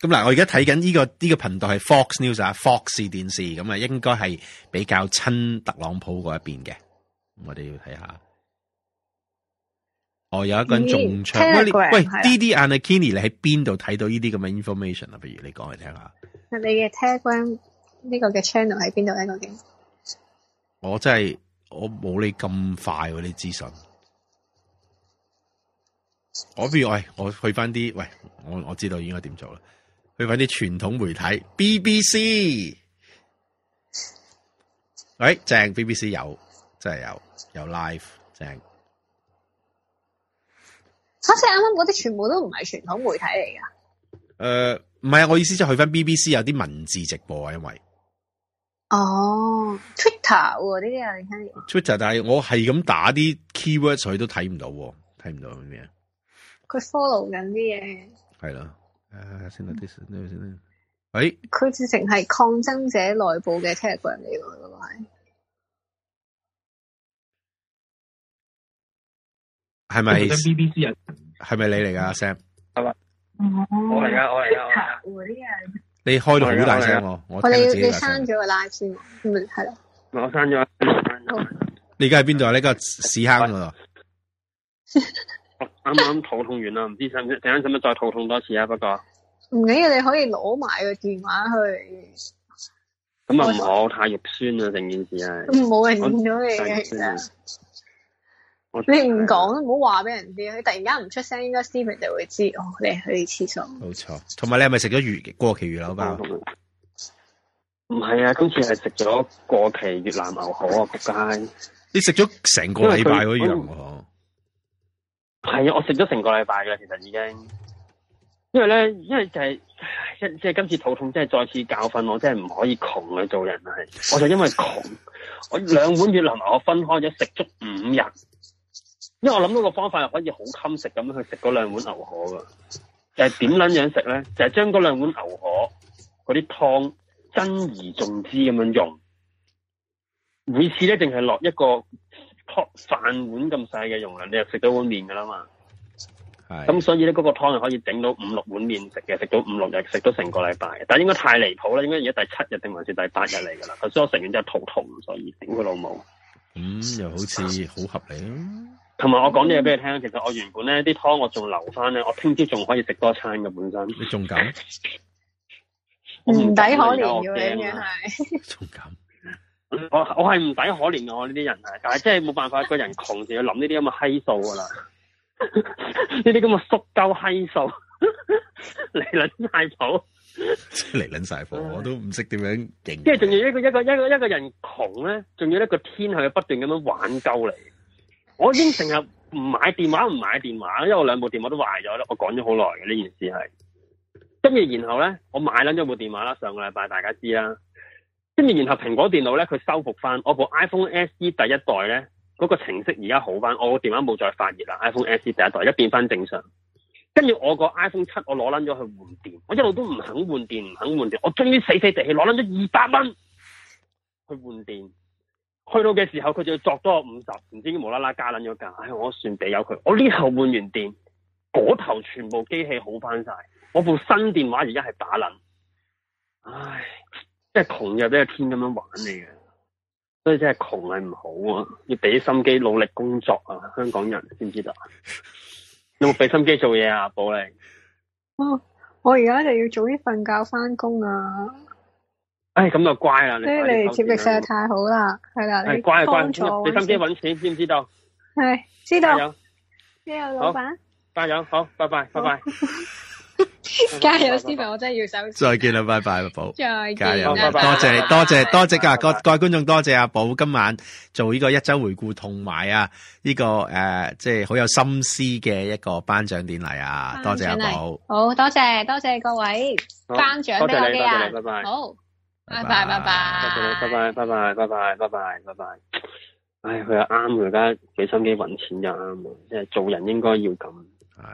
Speaker 2: 咁嗱、嗯，我而家睇緊呢個呢、這個頻道係 Fox News 啊，Fox 電視咁啊，應該係比較親特朗普嗰一邊嘅。我哋要睇下，我、哦、有一個人中槍。嗯、喂，D D and Kenny 你喺邊度睇到呢啲咁嘅 information 比一一啊？不如你講嚟聽下。你嘅
Speaker 1: Telegram
Speaker 2: 呢個嘅 channel 喺邊度咧？究竟？我真係我冇你咁快嗰啲資訊。我不如，喂，我去翻啲，喂，我我知道應該點做啦。去返啲傳統媒體，B B C，喂、欸，正 B B C 有，真係有有 live，正。
Speaker 1: 假設啱啱嗰啲全部都唔係傳統媒體嚟噶。誒、
Speaker 2: 呃，唔係啊，我意思即係去返 B B C 有啲文字直播、哦、啊，因為。
Speaker 1: 哦，Twitter 呢啲啊，
Speaker 2: 你睇。Twitter，但係我係咁打啲 keyword，佢都睇唔到，睇唔到有咩啊？
Speaker 1: 佢 follow 緊啲嘢。
Speaker 2: 係啦。誒，先嗱啲先。
Speaker 3: 喂，
Speaker 1: 佢自成係抗爭者內部嘅聽日個人嚟
Speaker 3: 噶，
Speaker 4: 係咪？係咪 B B
Speaker 2: C 人？係咪你嚟噶聲？係嘛？我嚟噶，
Speaker 4: 我嚟噶。
Speaker 2: 你開到好大聲我，我聽哋要要刪
Speaker 1: 咗個拉 i v e 先，係咯。我刪咗。
Speaker 2: 你而家喺邊度啊？你而屎坑慳啦！
Speaker 7: 啱啱 肚痛完啦，唔知陣間使唔使再肚痛多次啊？不過
Speaker 1: 唔緊要，你可以攞埋個電話去。
Speaker 7: 咁啊，唔好我太肉酸啊！成件事係。冇人
Speaker 1: 見到你嘅。我你唔講，唔好話俾人知啊！你突然間唔出聲，應該 Stephen 就會知哦。你去廁所。冇錯，
Speaker 2: 同埋你係咪食咗魚過期魚柳包？
Speaker 7: 唔係、嗯、啊，今次係食咗過期越南牛河啊！仆街！
Speaker 2: 你食咗成個禮拜嗰樣啊？
Speaker 7: 係啊，我食咗成個禮拜喇。其實已經，因為咧，因為就係、是，即係、就是、今次肚痛，即係再次教訓我，即係唔可以窮嘅做人係，係，我就因為窮，我兩碗越南牛河分開咗食足五日，因為我諗到個方法係可以好襟食咁樣去食嗰兩碗牛河噶，就係點捻樣食咧？就係將嗰兩碗牛河嗰啲湯，珍而重之咁樣用，每次咧淨係落一個。托飯碗咁細嘅容量，你又食到碗麵噶啦嘛？咁的所以咧，嗰個湯又可以整到五六碗麵食嘅，食到五六日，食到成個禮拜。但應該太離譜啦，應該而家第七日定還是第八日嚟噶啦？頭先 我食完就肚痛，所以整個老母。
Speaker 2: 咁、嗯、又好似好合理咯、
Speaker 7: 啊。同埋、啊、我講嘢俾你聽，其實我原本咧啲湯我仲留翻咧，我聽朝仲可以食多一餐嘅本身。
Speaker 2: 你仲咁唔
Speaker 3: 抵可憐，樣係。
Speaker 7: 我我係唔抵可憐我呢啲人啊，但係真係冇辦法，個人窮成日諗呢啲咁嘅閪數噶啦，呢啲咁嘅縮鳩閪數嚟捻晒鋪，
Speaker 2: 嚟捻晒鋪，我都唔識點樣
Speaker 7: 勁。即係仲要一個一個一個一個人窮咧，仲要一個天係不斷咁樣玩鳩你。 我已經成日唔買電話唔買電話，因為我兩部電話都壞咗啦，我講咗好耐嘅呢件事係。跟住然後咧，我買捻咗部電話啦，上個禮拜大家知啦。跟住，然後蘋果電腦咧，佢修復翻我部 iPhone SE 第一代咧，嗰個程式而家好翻，我個電話冇再發熱啦。iPhone SE 第一代而家變翻正常。跟住我個 iPhone 七，我攞撚咗去換電，我一路都唔肯換電，唔肯換電。我終於死死地氣攞撚咗二百蚊去換電，去到嘅時候佢就要作多五十，唔知已經無啦啦加撚咗價。唉，我算畀咗佢。我呢頭換完電，嗰頭全部機器好翻晒。我部新電話而家係打撚，唉。窮又俾個天咁樣玩你嘅，所以真係窮係唔好啊！要俾心機努力工作啊，香港人知唔知道？ 有冇俾心機做嘢啊？寶玲，
Speaker 1: 哦，我而家就要早啲瞓覺翻工啊！
Speaker 7: 哎，咁就乖啦！你哋接力實在太
Speaker 1: 好啦，係啦、啊，乖係、啊、乖，唔錯，俾心機搵
Speaker 7: 錢，知唔知道？係
Speaker 1: 知道，加油！咩
Speaker 7: 啊，老闆，加油好闆！好，拜拜，好拜拜。
Speaker 1: 加油有 s 我真
Speaker 2: 係要走。再見啦，拜拜，阿寶。
Speaker 1: 再見，啦拜拜多謝多謝多謝噶，各各位
Speaker 2: 觀眾多謝阿寶今晚做呢個一周回顧同埋啊呢個誒，即係好有心思嘅一個頒獎典禮啊！多謝阿寶，好多謝
Speaker 1: 多謝各位
Speaker 2: 頒獎咩啊？好，
Speaker 7: 拜拜拜拜，
Speaker 1: 多
Speaker 2: 謝拜拜拜拜拜拜拜拜
Speaker 7: 拜拜，唉，佢又啱而家俾心機搵錢就啱嘅，即係做人應該要咁係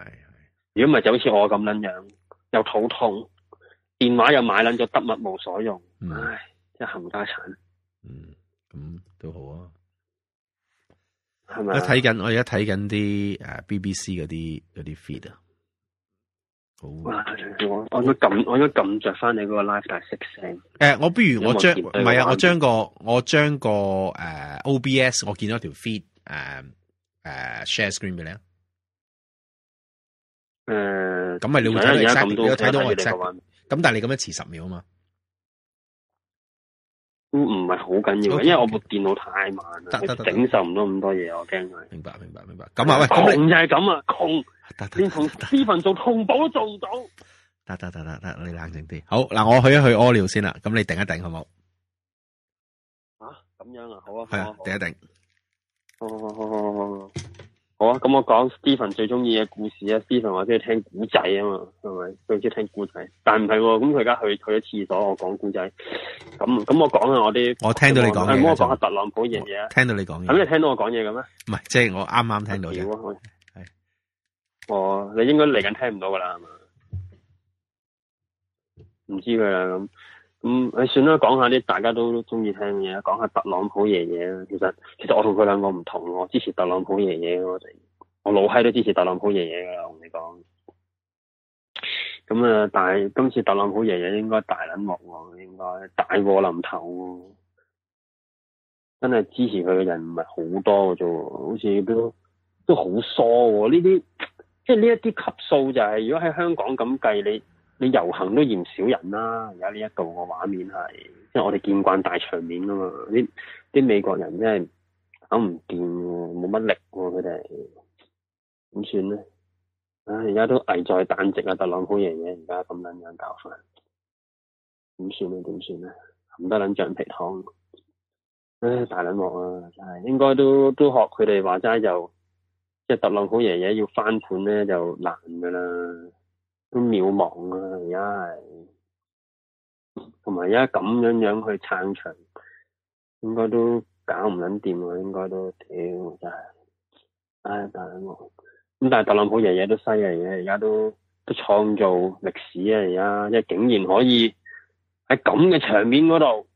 Speaker 7: 如果唔係就好似我咁樣樣。又肚痛，電話又買爛咗，得物無所用，嗯、唉，真係冚家鏟、嗯。嗯，
Speaker 2: 咁都好啊，係咪啊？睇緊我而家睇緊啲誒，B B C 嗰啲嗰啲 feed 啊。好，我應
Speaker 7: 該撳我應該撳着返你嗰個 live 大息聲。
Speaker 2: 誒、呃，我不如我將唔係啊？我將個我將個誒、uh, O B S，我見到條 feed 誒、uh, 誒、uh, share screen 俾你。誒，咁咪你會睇到我而家睇到我而家，咁但係你咁樣遲十秒啊嘛？
Speaker 4: 都唔係好緊要，因為我部電腦太
Speaker 7: 慢，得得，承受唔到咁多嘢，我驚啊！明白明白
Speaker 3: 明白，咁
Speaker 2: 啊喂，窮就
Speaker 7: 係咁啊，窮連同 Stephen 做同步都做唔到，
Speaker 2: 得得得得得，你冷靜啲。好，嗱，我去一去屙尿先啦，咁你定一定好冇？啊，
Speaker 7: 咁樣啊，好啊，係啊，
Speaker 2: 定一定。好好
Speaker 7: 好好好好。好啊，咁我講 Steven 最中意嘅故事啊，Steven 話中意聽古仔啊嘛，係咪？最中意聽古仔，但唔係喎，咁佢而家去去咗廁所，我講古仔。咁咁我講下我啲，我聽到你講嘢，我講下特朗普嘅嘢。我聽到你講嘢，咁你聽到我講嘢嘅咩？
Speaker 2: 唔係，即係我啱啱聽到。嘢係、啊。
Speaker 7: 哦，你應該嚟緊聽唔到噶啦，係嘛？唔知佢啊咁。咁誒算啦，講下啲大家都中意聽嘅嘢，講下特朗普爺爺啦。其實其實我同佢兩個唔同我支持特朗普爺爺嘅我，我老閪都支持特朗普爺爺㗎啦。我同你講，咁啊，但係今次特朗普爺爺應該大撚鑊喎，應該大鑊臨頭喎，真係支持佢嘅人唔係好多嘅啫喎，好似都都好疏喎。呢啲即係呢一啲級數就係如果喺香港咁計你。你遊行都嫌少人啦、啊！而家呢一度個畫面係，即係我哋見慣大場面啊嘛！啲啲美國人真係搞唔掂，冇乜力喎佢哋，點算咧？唉、哎，而家都危在旦夕啊！特朗普爺爺而家咁撚樣搞法，點算咧？點算咧？咁得撚橡皮糖，唉、哎，大撚鑊啊！真係應該都都學佢哋話齋就，即係特朗普爺爺要翻盤咧就難㗎啦～都渺茫啊！而家係，同埋而家咁樣樣去撐場，應該都搞唔捻掂啊。應該都屌真係，唉、哎！但係
Speaker 4: 咁，但係特朗
Speaker 7: 普爺爺都犀利嘅，而家都都創造歷史啊！而家即係竟然可以喺咁嘅場面嗰度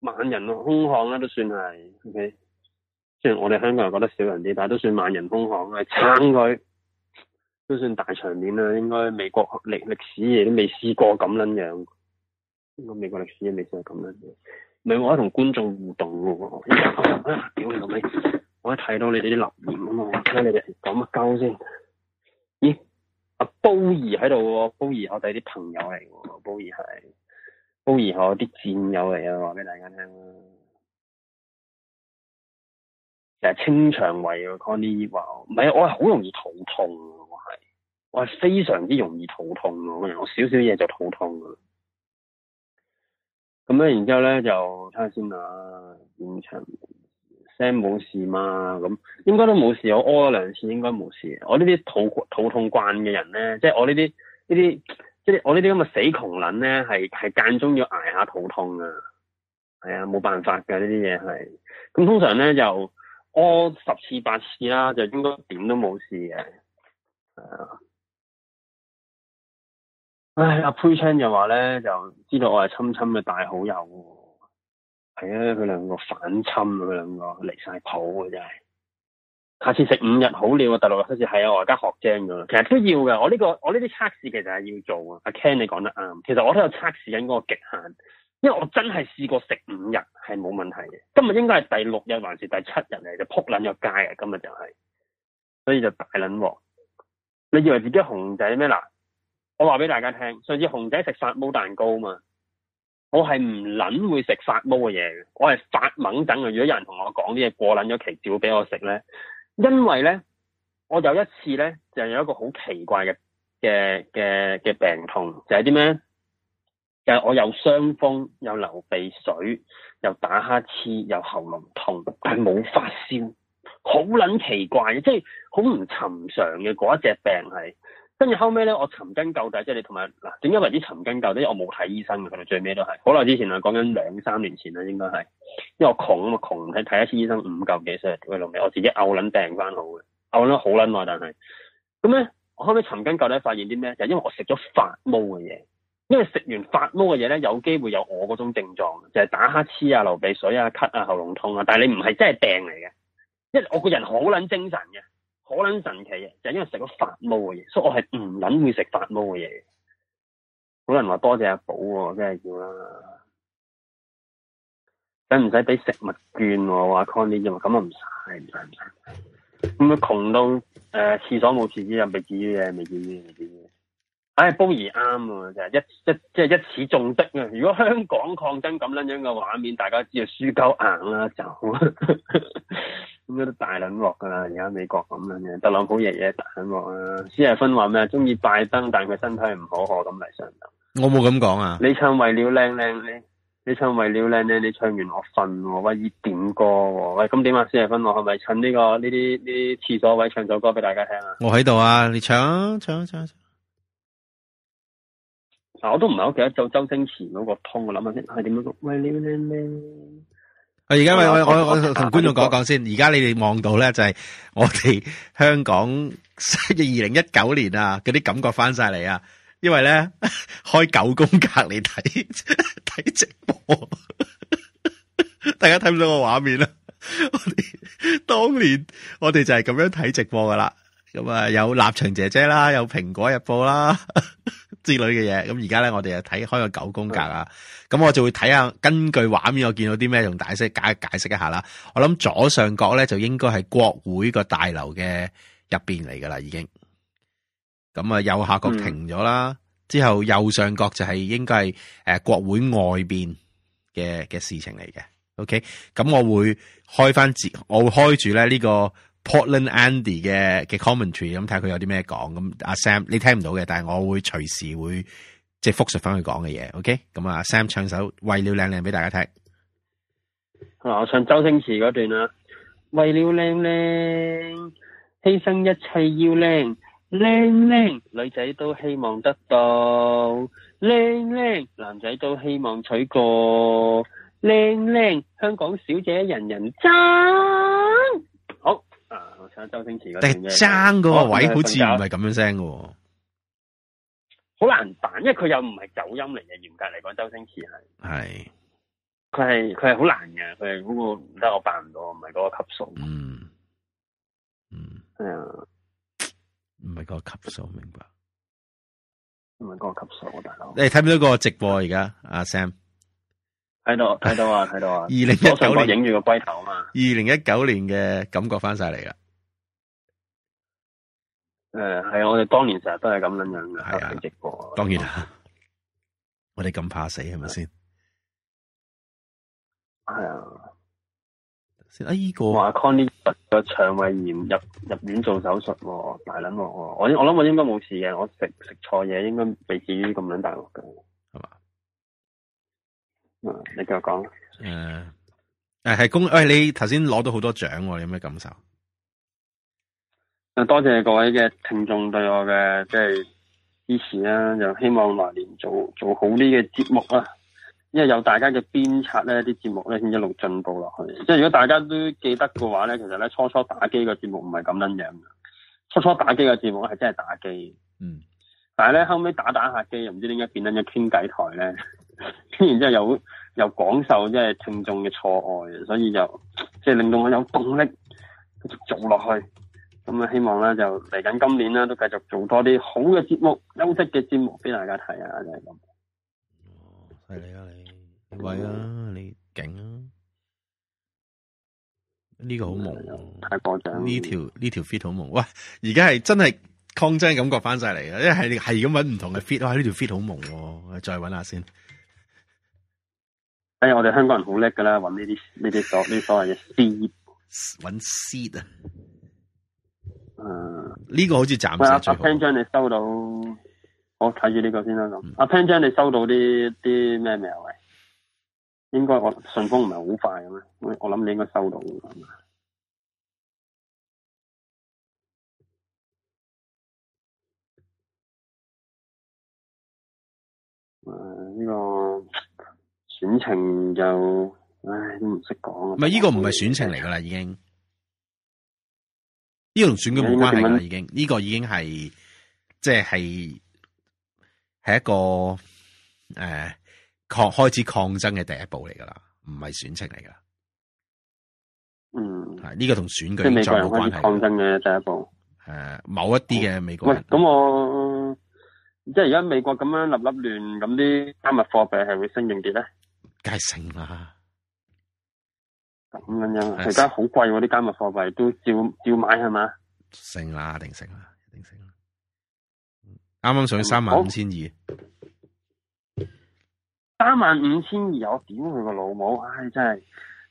Speaker 7: 萬人空巷啦，都算係。OK，雖然我哋香港人覺得少人啲，但係都算萬人空巷啊！撐佢。都算大場面啦，應該美國歷史亦都未試過咁樣樣，應該美國歷史嘢未試過咁樣。唔係我一同觀眾互動喎，屌你老味！我一睇到你哋啲留言啊嘛，我聽你哋講乜鳩先？咦、哎？阿、啊、波兒喺度喎，波兒我哋啲朋友嚟喎，波兒
Speaker 4: 係波兒我啲戰友嚟啊，話俾大家聽啦。成日清腸胃啊 Connie 話唔係我係好容易頭
Speaker 7: 痛。我係非常之容易肚痛嘅，我少少嘢就肚痛嘅，咁、嗯、咧，然之後咧就睇下先啦，現場聲冇事嘛，咁、嗯、應該都冇事。我屙咗兩次，應該冇事。我呢啲肚肚痛慣嘅人咧，即係我，我呢啲呢啲，即係我呢啲咁嘅死窮撚咧，係係間中要挨下肚痛啊，係、哎、啊，冇辦法嘅呢啲嘢係。咁、嗯、通常咧就屙十次八次啦，就應該點都冇事嘅，係、哎、啊。
Speaker 4: 唉，阿 p u h n 就話咧，就知道我係親親嘅大好友，係啊，佢兩個反親
Speaker 7: 啊，佢兩個離晒譜嘅真係。
Speaker 3: 下
Speaker 4: 次食五日
Speaker 7: 好料啊。第六日開始係啊，我而家學精咗，其實都要㗎。我呢、呢個我呢啲測試其實係要做啊。阿 Ken 你講得啱，其實我都有測試緊嗰個極限，因為我真係試過食五日係冇問題嘅。今日應該係第六日還是第七日嚟？就扑撚咗街啊！今日就係，所以就大撚喎。你以為自己熊仔咩嗱？我話俾大家聽，上次熊仔食發毛蛋糕啊嘛，我係唔捻會食發毛嘅嘢嘅，我係發懵症嘅。如果有人同我講啲嘢過捻咗期，照會俾我食咧。因為咧，我有一次咧就有一個好奇怪嘅嘅嘅嘅病痛，就係啲咩？就係、是、我又傷風，又流鼻水，又打乞嗤，又喉嚨痛，但係冇發燒，好捻奇怪的，嘅、就是，即係好唔尋常嘅嗰一隻病係。跟住後尾咧，我尋根究底，即係你同埋嗱，點解為之尋根究底？我冇睇醫生嘅，去到最尾都係好耐之前啦，講緊兩三年前啦，應該係因為我窮啊嘛，窮睇睇一次醫生五嚿幾水，屌老味，我自己嘔撚病翻好嘅，嘔撚好撚耐，但係咁咧，後我後尾尋根究底發現啲咩？就係、因為我食咗發毛嘅嘢，因為食完發毛嘅嘢咧，有機會有我嗰種症狀，就係、係、打乞嗤啊、流鼻水啊、咳啊、喉嚨痛啊，但係你唔係真係病嚟嘅，因為我個人好撚精神嘅。好撚神奇嘅，就係、因為食咗發毛嘅嘢，所以我係唔忍會食發毛嘅嘢。好多人話多謝，謝阿寶喎、哦，梗係要啦。使唔使俾食物券喎、哦？話 con 啲啫嘛，咁我唔使。
Speaker 3: 唔使唔使。
Speaker 7: 咁佢窮到誒、呃、廁所冇廁紙啊！未至於嘅，未至於嘅，未至於嘅。唉，波而啱啊，就一一即係一始中德啊。如果香港抗爭咁樣樣嘅畫面，大家知道輸鳩硬啦，就咁
Speaker 2: 樣
Speaker 7: 都大卵鑊噶啦。而家美國咁樣嘅特朗普日日大卵鑊啊。施亞芬話咩？中意拜登，但係佢身體唔好，我咁嚟上。我冇
Speaker 2: 咁講啊，你靚靚
Speaker 3: 你。你
Speaker 7: 唱為了靚靚，你你唱為了靚靚，你唱完我瞓。喂，熱點歌，喂咁點啊？施亞芬，我係咪趁呢、這個呢啲呢廁所位唱首歌俾大家聽
Speaker 3: 啊？
Speaker 2: 我喺度啊，你唱？唱唱唱。唱唱
Speaker 7: 嗱，我都唔係好記得做周
Speaker 2: 星馳嗰個通，我諗下先係點樣。喂，你咩咩？我而家我我我同觀眾講講先。而家你哋望到咧，就係我哋香港二零一九年啊，嗰啲感覺翻晒嚟啊。因為咧開九宮格嚟睇睇直播，大家睇唔到個畫面啦。我哋當年我哋就係咁樣睇直播噶啦。咁啊，有立場姐姐啦，有蘋果日報啦。啊之類嘅嘢，咁而家咧我哋就睇開個九宮格啊，咁、嗯、我就會睇下根據畫面我見到啲咩，用解釋解解釋一下啦。我諗左上角咧就應該係國會個大樓嘅入邊嚟噶啦，已經。咁啊，右下角停咗啦，嗯、之後右上角就係應該係誒國會外邊嘅嘅事情嚟嘅。OK，咁我會開翻字，我會開住咧呢個。Portland Andy 嘅嘅 commentary，咁睇下佢有啲咩講，咁阿 Sam 你聽唔到嘅，但係我會隨時會即係復述翻佢講嘅嘢，OK？咁啊，Sam 唱首為了靚靚俾大家聽。
Speaker 7: 嗱，我唱周星馳嗰段啦，靚靚《為了靚靚，犧牲一切要靚靚靚，女仔都希望得到靚靚，男仔都希望娶過靚靚，香港小姐人人
Speaker 2: 爭。
Speaker 7: 周星爭嗰個位，哦，好似唔係
Speaker 2: 咁樣聲嘅，
Speaker 7: 好難辦，因為佢又唔係走音嚟嘅。嚴格嚟講，周星馳係係，佢係佢係好難嘅，佢係嗰個唔得，我辦唔到，
Speaker 2: 唔係嗰個級數，嗯。嗯嗯，係啊，哎呀，唔係嗰個級數，明白？唔
Speaker 3: 係嗰個級數，
Speaker 2: 大佬。你睇唔到嗰個直播而家，阿 Sam？睇
Speaker 7: 到，睇到啊，睇到啊。二零一九年影住個龜頭啊嘛。
Speaker 2: 二零一九年嘅感覺翻晒嚟啦。
Speaker 4: 誒，係、呃、啊！我哋當年成日都係咁樣樣嘅，直播、
Speaker 2: 哎呀。當然啊，說我哋咁怕死係咪先？
Speaker 4: 係啊，先啊、哎呀呢個。
Speaker 7: 話 Conny 得咗腸胃炎入入院做手術喎，大撚我我我諗我應該冇事嘅，我食食錯嘢應該未至於咁撚大鑊嘅，係嘛吧？啊、嗯，你繼續講。
Speaker 2: 誒誒、呃，係公誒、哎，你頭先攞到好多獎，你有咩感受？
Speaker 7: 啊！多謝各位嘅聽眾對我嘅即係支持啦，就希望來年做做好啲嘅節目啦、啊。因為有大家嘅鞭策咧，啲節目咧先一路進步落去。即係如果大家都記得嘅話咧，其實咧初初打機個節目唔係咁樣樣，初初打機個節目係真係打機。嗯。但係咧後尾打打下機又唔知點解變咗隻傾偈台咧，傾完之後又又廣受即係聽眾嘅錯愛，所以就即係、就是、令到我有動力繼續做落去。咁啊，希望咧就嚟緊今年啦，都繼續做多啲好嘅節目、優質嘅節目俾大家睇啊！就係、是、咁。哦，犀利啊、嗯、啊！你，喂啊！你、
Speaker 3: 這、
Speaker 2: 勁、個、啊！呢個好萌，太過獎，呢條呢條 fit 好萌。喂，而家係真係抗爭感覺翻晒嚟啊！因為係咁揾唔同嘅 fit 啊！呢條 fit 好萌，我再揾下先。
Speaker 7: 哎呀，我哋香港人好叻噶啦，揾呢啲呢啲所呢所謂嘅
Speaker 2: seed 揾 seed 啊！嗯，呢個、啊、あ好似暫時。喂、啊，阿
Speaker 7: pen 你收到，我睇住呢個先啦，咁阿 pen 你收到啲
Speaker 4: 啲咩 mail 應該我順豐唔係好快嘅咩？我我諗你應該收到嘅。誒、啊，呢、 啊呢個
Speaker 2: 選情就，唉，都唔識講。唔係呢個唔係選情嚟噶啦，已經。呢個同選舉冇關係噶，已經呢個已經係即係係一個誒、呃、開始抗爭嘅第一步嚟噶啦，唔係選情嚟噶。嗯，係呢個同選舉再冇關係。抗爭嘅第一步、嗯、某一啲嘅美國。喂，
Speaker 7: 咁我即係而家美國咁樣立立亂，亂，咁啲加密貨幣係會升定跌咧？梗
Speaker 2: 係升啦！
Speaker 7: 咁樣而家好貴喎，啲、啊、加密貨幣都照照買係嘛？
Speaker 2: 升啦，定升啦，定升啦！啱啱上去三萬五千二，
Speaker 7: 三 2. 萬五千二，我屌佢個老母！唉、哎，真係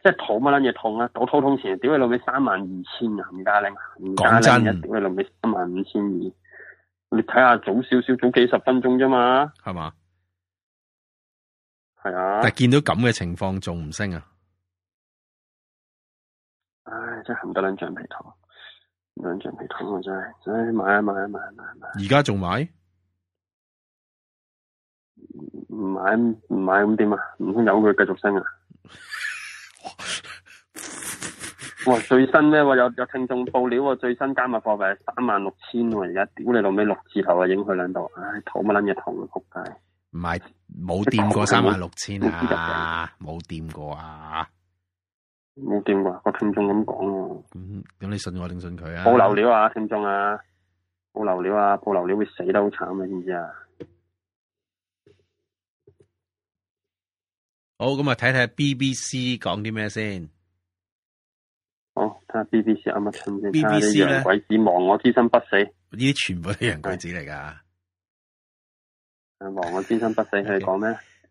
Speaker 7: 即係肚乜撚嘢痛啊！倒早通前，屌佢老味三萬二千，唔加領，唔加領，一屌佢老味三萬五千二。
Speaker 4: 你睇下早少少，早幾十分鐘啫嘛，
Speaker 3: 係
Speaker 2: 嘛嗎？係啊！但見到咁嘅情況，仲唔升啊？真係唔得兩橡皮糖，兩橡皮糖我真係真係買啊買啊買啊買啊買！而家仲買？
Speaker 4: 唔買
Speaker 7: 唔買咁點啊？唔通由佢繼續升啊？ 哇！最新咧，哇有有聽眾報料，最新加密貨幣係三萬六千喎，而家屌你老味六字頭啊，影佢兩度，唉，討乜撚嘢討，仆街！唔
Speaker 2: 係，冇掂過三萬六千啊，冇掂過啊！冇掂喎，個聽眾咁講喎。咁、嗯、你信我定信佢啊？爆流料
Speaker 7: 啊，聽眾啊，爆流料啊，爆流料會死得好慘啊，知唔知啊？好，
Speaker 2: 咁、嗯、啊，睇睇 BBC 講啲咩先。
Speaker 7: 好，睇下 BBC 啱唔啱先。BBC 咧，鬼子亡我之心不死。呢啲全部都係洋鬼子嚟㗎。係亡我之心不死，佢講咩？Okay.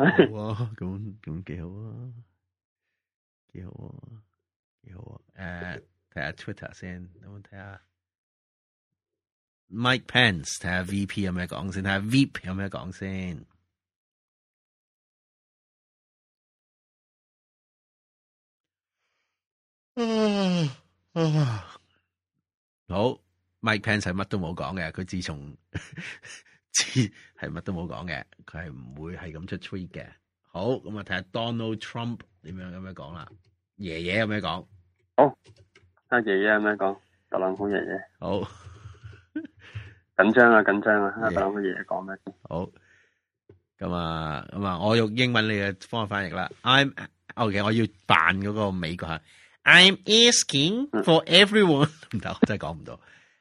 Speaker 2: 好啊，咁咁幾好啊，幾好啊，幾好啊！誒、啊，睇下 Twitter 先，等我睇下 Mike Pence 睇下 VP 有咩講先，睇下 VIP 有咩講先。好，Mike Pence 係乜都冇講嘅，佢自從。 係乜 都冇講嘅，佢係唔會係咁出 tweet 嘅。好，咁啊睇下 Donald Trump 點樣咁樣講啦。爺爺有咩講？
Speaker 7: 好、哦，阿爺爺有咩講？特朗普爺爺。
Speaker 2: 好緊張 啊！緊張啊！睇下特朗普爺爺講咩？ 好。咁啊，咁啊，我用英文嚟嘅方法翻譯啦。I'm OK，我要扮嗰個美國吓。I'm asking for everyone、嗯。唔得， 我真係講唔到。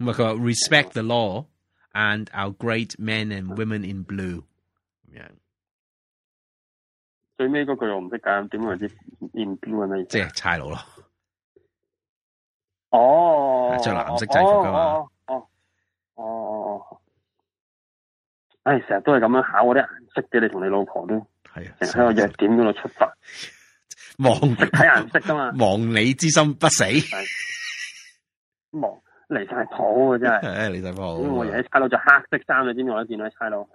Speaker 2: 唔係佢話 Respect the law and our great men and women in blue 咁樣。
Speaker 4: 最尾嗰
Speaker 7: 句我唔識揀，點為之 in blue 即係差佬
Speaker 4: 咯。哦，着藍色制服噶嘛？哦哦哦！
Speaker 7: 唉、哎，成日都係咁樣考嗰啲顏色嘅，你同你老婆都係啊？成日喺個弱點嗰度出
Speaker 2: 發，望色睇顏色噶嘛？望你之心不死，望、
Speaker 4: 啊。離晒
Speaker 7: 譜啊！真係，
Speaker 2: 誒離晒譜。因為我而家差佬着黑色
Speaker 4: 衫，你知唔知我都見到差佬係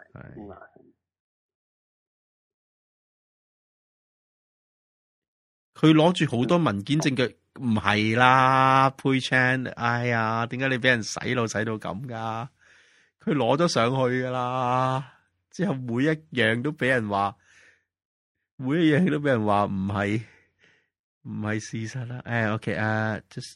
Speaker 2: 佢攞住好多文件證據，唔係、嗯、啦 Paychan 哎呀，點解你俾人洗腦洗到咁㗎？佢攞咗上去㗎啦，之後每一樣都俾人話，每一樣都俾人話唔係，唔係事實啦。誒、哎、OK 啊、uh，Just。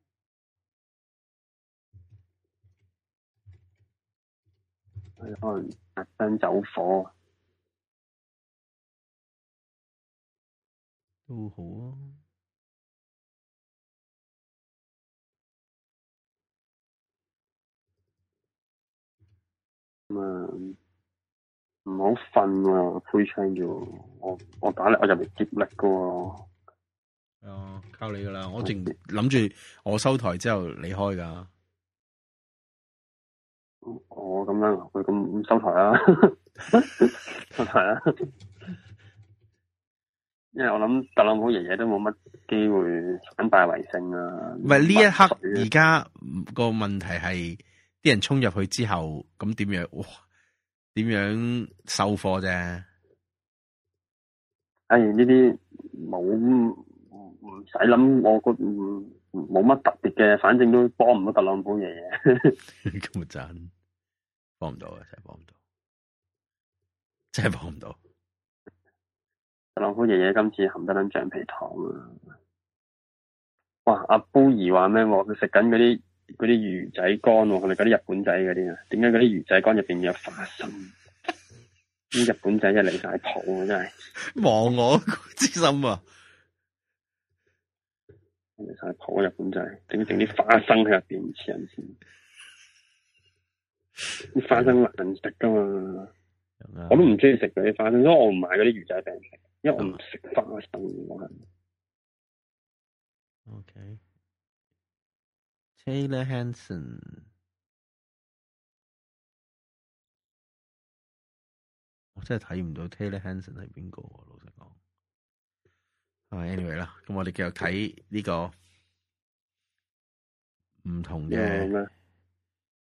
Speaker 4: 佢可能特登走火，都好啊。唔唔好瞓啊。衰親嘅喎，我我打力，我入嚟接力嘅喎。
Speaker 3: 哦、啊，
Speaker 2: 靠你噶啦！我正諗住我收台之後離開，你開噶。
Speaker 7: 我咁樣佢咁收台啦，啊，收 台 因為我諗特朗普爺爺都冇乜機會反敗為勝啊。唔係呢一刻，
Speaker 2: 而家個問題係啲人衝入去之後，咁點樣？哇，點樣收貨啫？
Speaker 7: 哎，呢啲冇，唔
Speaker 2: 使諗，我個
Speaker 7: 冇乜特別嘅，反正都幫唔到特朗普爺爺。
Speaker 2: 咁 咪
Speaker 4: 幫唔到啊！真係幫唔到，真係幫唔到。特朗普爺爺今次含得撚橡皮糖啊！
Speaker 7: 哇！阿波兒話咩？佢食緊嗰啲嗰啲魚仔乾，係咪嗰啲日本仔嗰啲啊？點解嗰啲魚仔乾入邊有花生？啲 日本仔真係離晒譜啊！真係
Speaker 2: 亡我之心啊！
Speaker 7: 離晒譜，日本仔點整啲花生喺入邊唔似人先。
Speaker 4: 花
Speaker 3: 生難食噶嘛，的我都唔中意食嗰啲花生，因為我唔買嗰啲魚仔餅食，
Speaker 4: 因為我唔食花生。Okay.Taylor Hanson，我真係
Speaker 2: 睇唔到 Taylor Hanson 係邊個。老實講，Anyway 啦，咁我哋繼續睇呢個唔同嘅。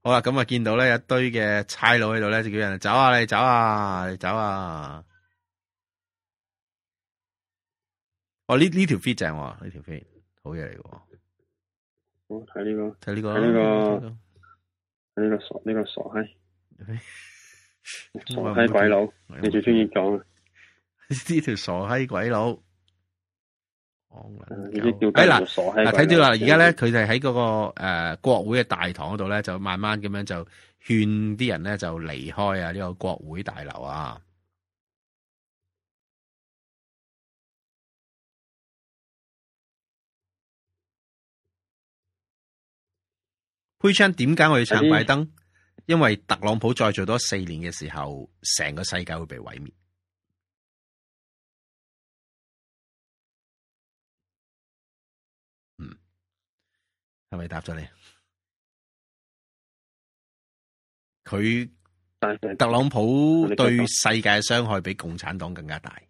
Speaker 2: 好啦，咁啊見到咧一堆嘅差佬喺度咧，就叫人走啊，你走啊，你走啊！哦，呢呢條 fit 正喎，呢條 fit 好嘢嚟嘅。好睇呢個，睇呢個，睇呢個，睇呢個，呢個傻，呢個傻閪 忠，傻閪鬼佬，
Speaker 7: 你最
Speaker 2: 中意講啊？呢條傻閪鬼佬。
Speaker 7: 哦，誒，睇到啦，而家咧，
Speaker 2: 佢哋喺嗰個誒、呃、國會嘅大堂嗰度咧，就慢慢咁樣就勸啲人咧就離開啊呢、這個國會大樓啊。揮槍。點解我要撐拜登？因為特朗普再做多四年嘅時候，成個世界會被毀滅。係咪答咗你？佢特朗普對世界嘅傷害比共產黨更加大。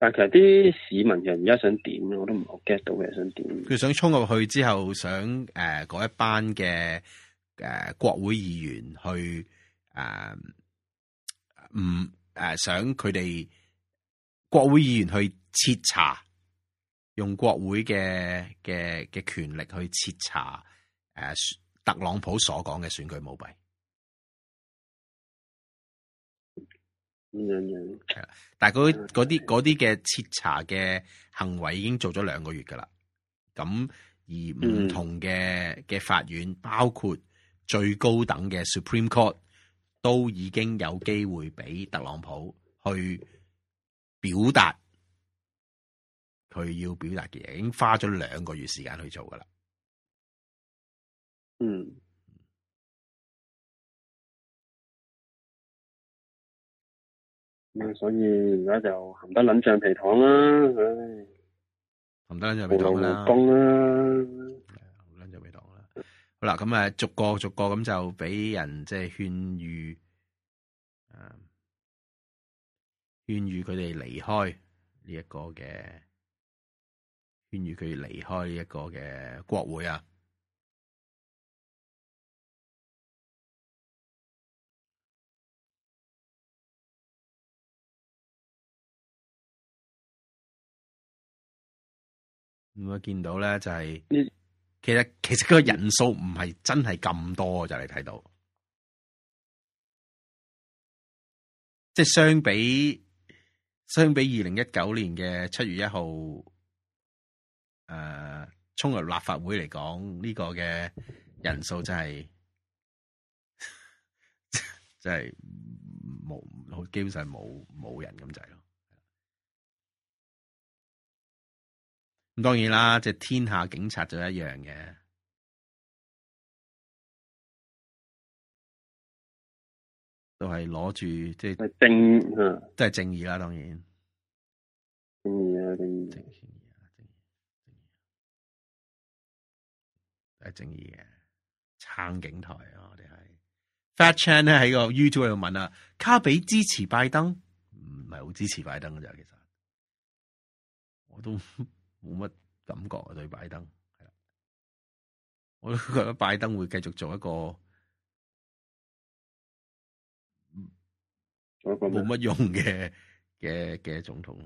Speaker 4: 但其實啲市民又而家想點？我都唔好 get 到嘅，佢想
Speaker 7: 點？
Speaker 2: 佢想衝入去之後想，想誒嗰一班嘅。誒、呃，國會議員去誒，唔、呃、誒，想佢哋國會議員去徹查，用國會嘅嘅嘅權力去徹查誒、呃，特朗普所講嘅選舉舞弊
Speaker 4: 但是那。
Speaker 2: 但係嗰嗰啲啲嘅徹查嘅行為已經做咗兩個月噶啦，咁而唔同嘅嘅法院包括，最高等嘅 Supreme Court 都已經有機會俾特朗普去表達佢要表達嘅嘢，已經花咗
Speaker 4: 兩個月時間去做㗎喇、嗯。嗯。咁所以而家就含得撚橡皮糖啦，唉、哎，含得撚橡皮
Speaker 2: 糖啦。冬冬冬冬啊。好啦，咁啊，逐個逐個咁就俾人即係勸喻，勸喻佢哋離開呢一個嘅勸喻佢離
Speaker 4: 開呢一個嘅國會啊，咁啊見
Speaker 2: 到咧就係。其實其實嗰個人數唔係真係咁多，就係你睇到，即係相比相比二零一九年嘅七月一號，誒、呃，沖入立法會嚟講呢個嘅人數就係即係冇好，基本上冇冇人咁滯咯。當然啦，即、就、係、是、
Speaker 4: 天下警察就一樣嘅，都係攞住即係正，吓都係正義啦。正義啦當然正義、啊，正義啊，正義、
Speaker 2: 啊，係正義嘅、啊、撐、啊、警台啊！我哋係 Fat Chan 咧喺個 YouTube 度問啊，卡比支持拜登唔係好支持拜登噶咋？其實我都。冇乜感覺啊，對拜登，我都覺得拜登會繼續做一個
Speaker 4: 冇乜用嘅嘅嘅總統。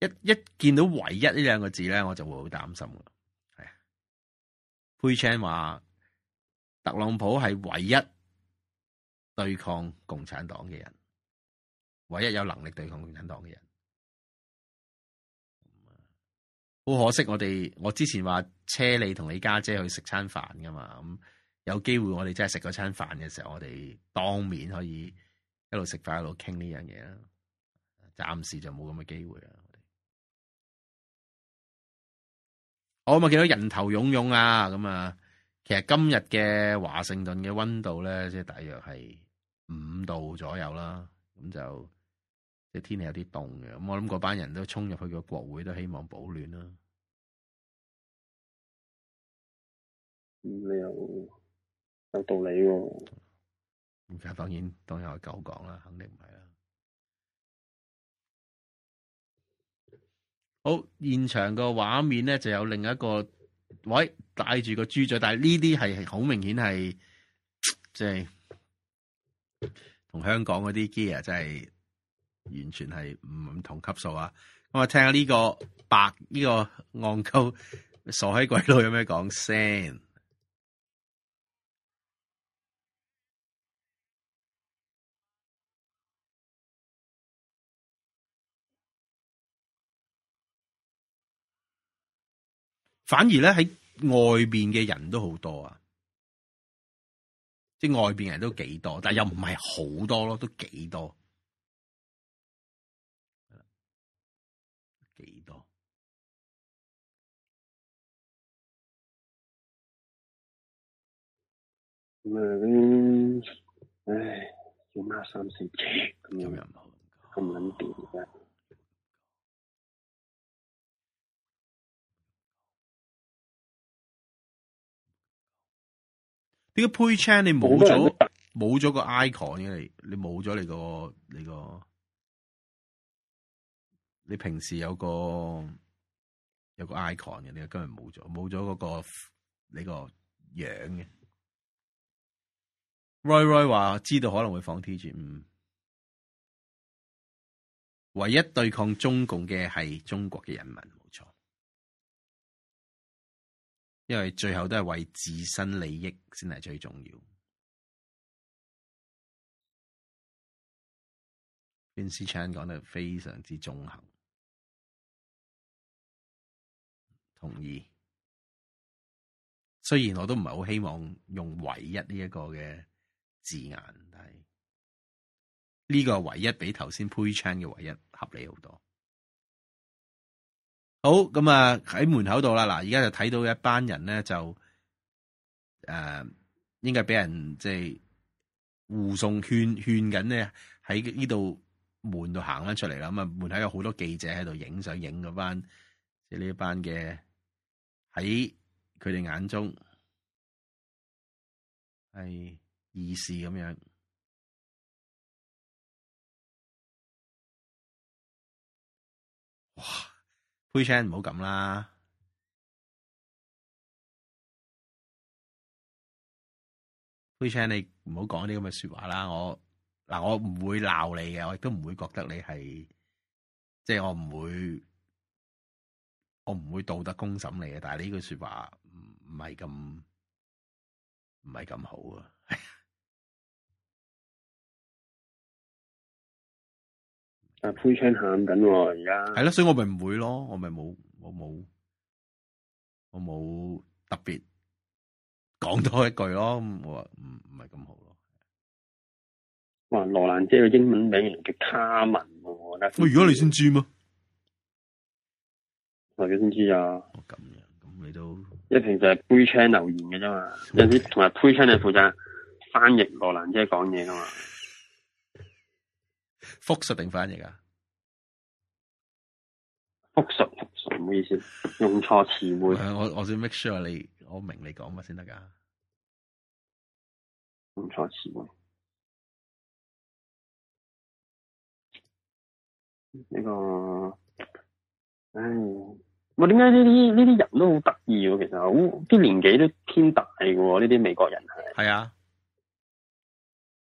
Speaker 4: 一
Speaker 2: 一見到唯一呢兩個字咧，我就會好擔心嘅。係啊，佩稱話特朗普係唯一對抗共產黨嘅人。唯一有能
Speaker 3: 力對抗共產黨
Speaker 4: 嘅
Speaker 2: 人，好可惜我哋，我之前話車你同你家姐去食餐飯噶嘛，咁有機會我哋真係食咗餐飯嘅時候，我哋當面可以一路食飯一路傾呢樣嘢啦。暫時就冇咁嘅機會啦。我咪見到人頭湧湧啊，咁啊，其實今日嘅華盛頓嘅溫度咧，即係大約係五度左右啦，咁就。即係天氣有啲凍嘅，咁我諗嗰班人都衝入去個國會都希望保暖啦。你
Speaker 4: 有道理喎。而家當然當然係夠講啦，肯定唔係啦。
Speaker 2: 好，現場個畫面咧，就有另一個喂，帶住個豬嘴，但係呢啲係好明顯係即係同香港嗰啲 gear 即係。完全係唔同級數啊！咁啊，聽下呢個白呢個戇鳩傻閪鬼佬有咩講先？
Speaker 4: 反而咧喺外邊嘅人都好多啊，即係外邊人都幾多，但係又唔係好多咯，都幾多。咁啊，咁、嗯、唉，起碼三四尺咁樣，咁撚掂嘅。呢個配稱你冇咗，
Speaker 2: 冇咗個 icon 嘅你，你冇咗你個你個，你平時有個有個 icon 嘅，你今日冇咗，冇咗嗰個你個樣嘅。Roy Roy 話知道可能會放 T G 五、嗯，唯一對抗中共嘅係中國嘅人民，冇錯。因為最後都係為自身利益先係最重要。
Speaker 4: Vince Chan 講得非常之中肯，同意。
Speaker 2: 雖然我都唔係好希望用唯一呢、這、一個嘅。字眼，但係呢個是唯一比頭先配 Chan 嘅唯一合理好多。好，咁啊喺門口度啦，嗱，而家就睇到一班人咧就誒、呃，應該俾人即係護送勸勸緊咧喺呢度門度行翻出嚟啦。咁啊，門口有好多記者喺度影相，影嗰班即係呢一班嘅喺佢哋眼中係。意思
Speaker 4: 咁樣，哇灰青唔好咁啦，灰青你唔好講
Speaker 2: 啲咁嘅說話啦。我嗱，我唔會鬧你嘅，我亦都唔會覺得你係即係我唔會我唔會道德公審你嘅。但係呢句說話唔係咁唔係咁好啊。
Speaker 4: 配槍喊緊喎，而家係咯，
Speaker 2: 所以我咪唔會咯，我咪冇，我冇，我冇特別講多一句咯，我話唔唔係咁好咯，啊。
Speaker 7: 哇，羅蘭姐嘅英文名叫卡文喎，我覺得，喂，如果你先知咩？我先知啊。哦咁樣，咁你都一平就係配槍留言嘅啫 Okay. 嘛，有啲同埋配槍，你負責翻譯羅蘭
Speaker 4: 姐講嘢噶嘛。
Speaker 2: 複述定翻譯啊？
Speaker 4: 複述複述唔好意思，用錯詞彙。我我先 make sure 你我明你講乜先得噶用錯詞彙。呢、這個，唉，我點解呢啲呢啲人都好得意㗎？
Speaker 7: 其實好啲年紀都偏大噶喎，呢啲美國人係。係啊。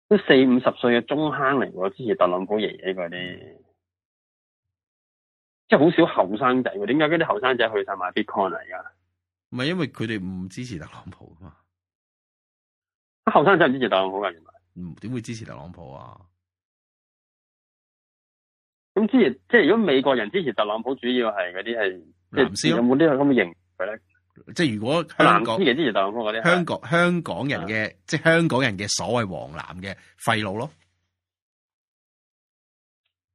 Speaker 7: 都四五十歲嘅中坑嚟喎，支持特朗普爺爺嗰啲，即係好少後生仔喎。點解嗰啲後生仔去晒買 Bitcoin 嚟㗎？唔
Speaker 2: 係因為佢哋唔支持特朗普啊
Speaker 4: 嘛。後生仔唔支持特朗普㗎，原來唔點會支持特朗普啊？咁支持即
Speaker 7: 係如果美國人支持特朗普，主要係嗰啲係即係有冇啲咁嘅型佢咧？即
Speaker 2: 係如果香港香港香港人嘅即係香港人嘅所謂黃藍嘅廢老咯。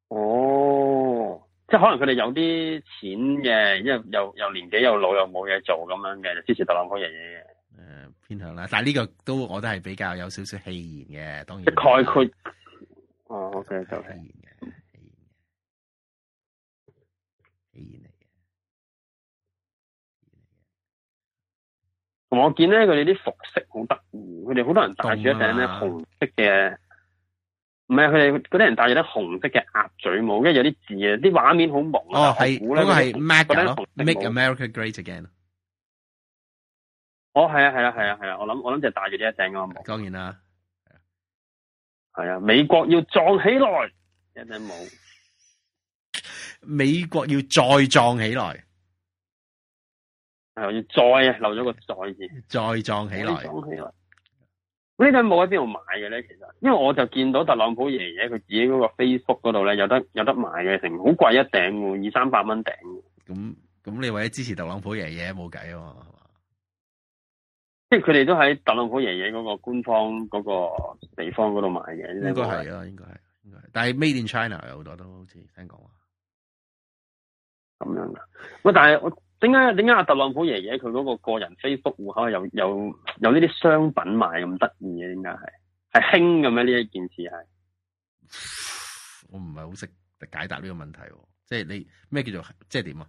Speaker 7: 哦，即係可能佢哋有啲錢嘅，因為又又年紀又老又冇嘢做咁樣嘅，就支持特朗普嘢嘅。
Speaker 2: 誒，偏向啦，但係呢個都我都係比較有少少戲言嘅，當然。概括。哦，OK，
Speaker 4: 我見咧佢哋啲服飾
Speaker 7: 好得意，佢哋好多人戴住一頂咧紅色嘅，唔係佢哋嗰啲人戴住啲紅色嘅鴨嘴帽，跟住有啲字
Speaker 2: 啊，啲畫面好朦啊。哦，係嗰我是個係 make make America Great Again。哦，
Speaker 7: 係啊，係啊，係啊，係啊，我諗我諗就戴住呢一頂帽。當然啦，係啊，美國要壯起來，一頂帽，
Speaker 2: 美國要再壯起來。
Speaker 7: 係，再啊，漏咗個
Speaker 2: 再字，再撞起
Speaker 7: 來。
Speaker 2: 我呢頂帽冇喺邊度
Speaker 7: 買嘅咧？其實，因為我就見到特朗普爺爺佢自己嗰個 Facebook 嗰度咧，有得有得賣嘅，成好貴一頂，二三百蚊頂。
Speaker 2: 咁咁，你為咗支持特朗普爺爺冇計啊嘛？
Speaker 7: 即係佢哋都喺特朗普爺爺嗰個官方嗰個地方嗰度買嘅。應該係
Speaker 2: 啊，應該係，應該係，但係 Made in China 有好多都好似聽講話
Speaker 7: 咁樣噶。喂，但係我。點解，點解阿特朗普爺爺佢嗰個個人 Facebook 戶口有有有呢啲商品賣，咁得意嘅？點解係係興咁樣？呢一件事係
Speaker 2: 我唔係好識解答呢個問題，即係你咩叫做即係點啊？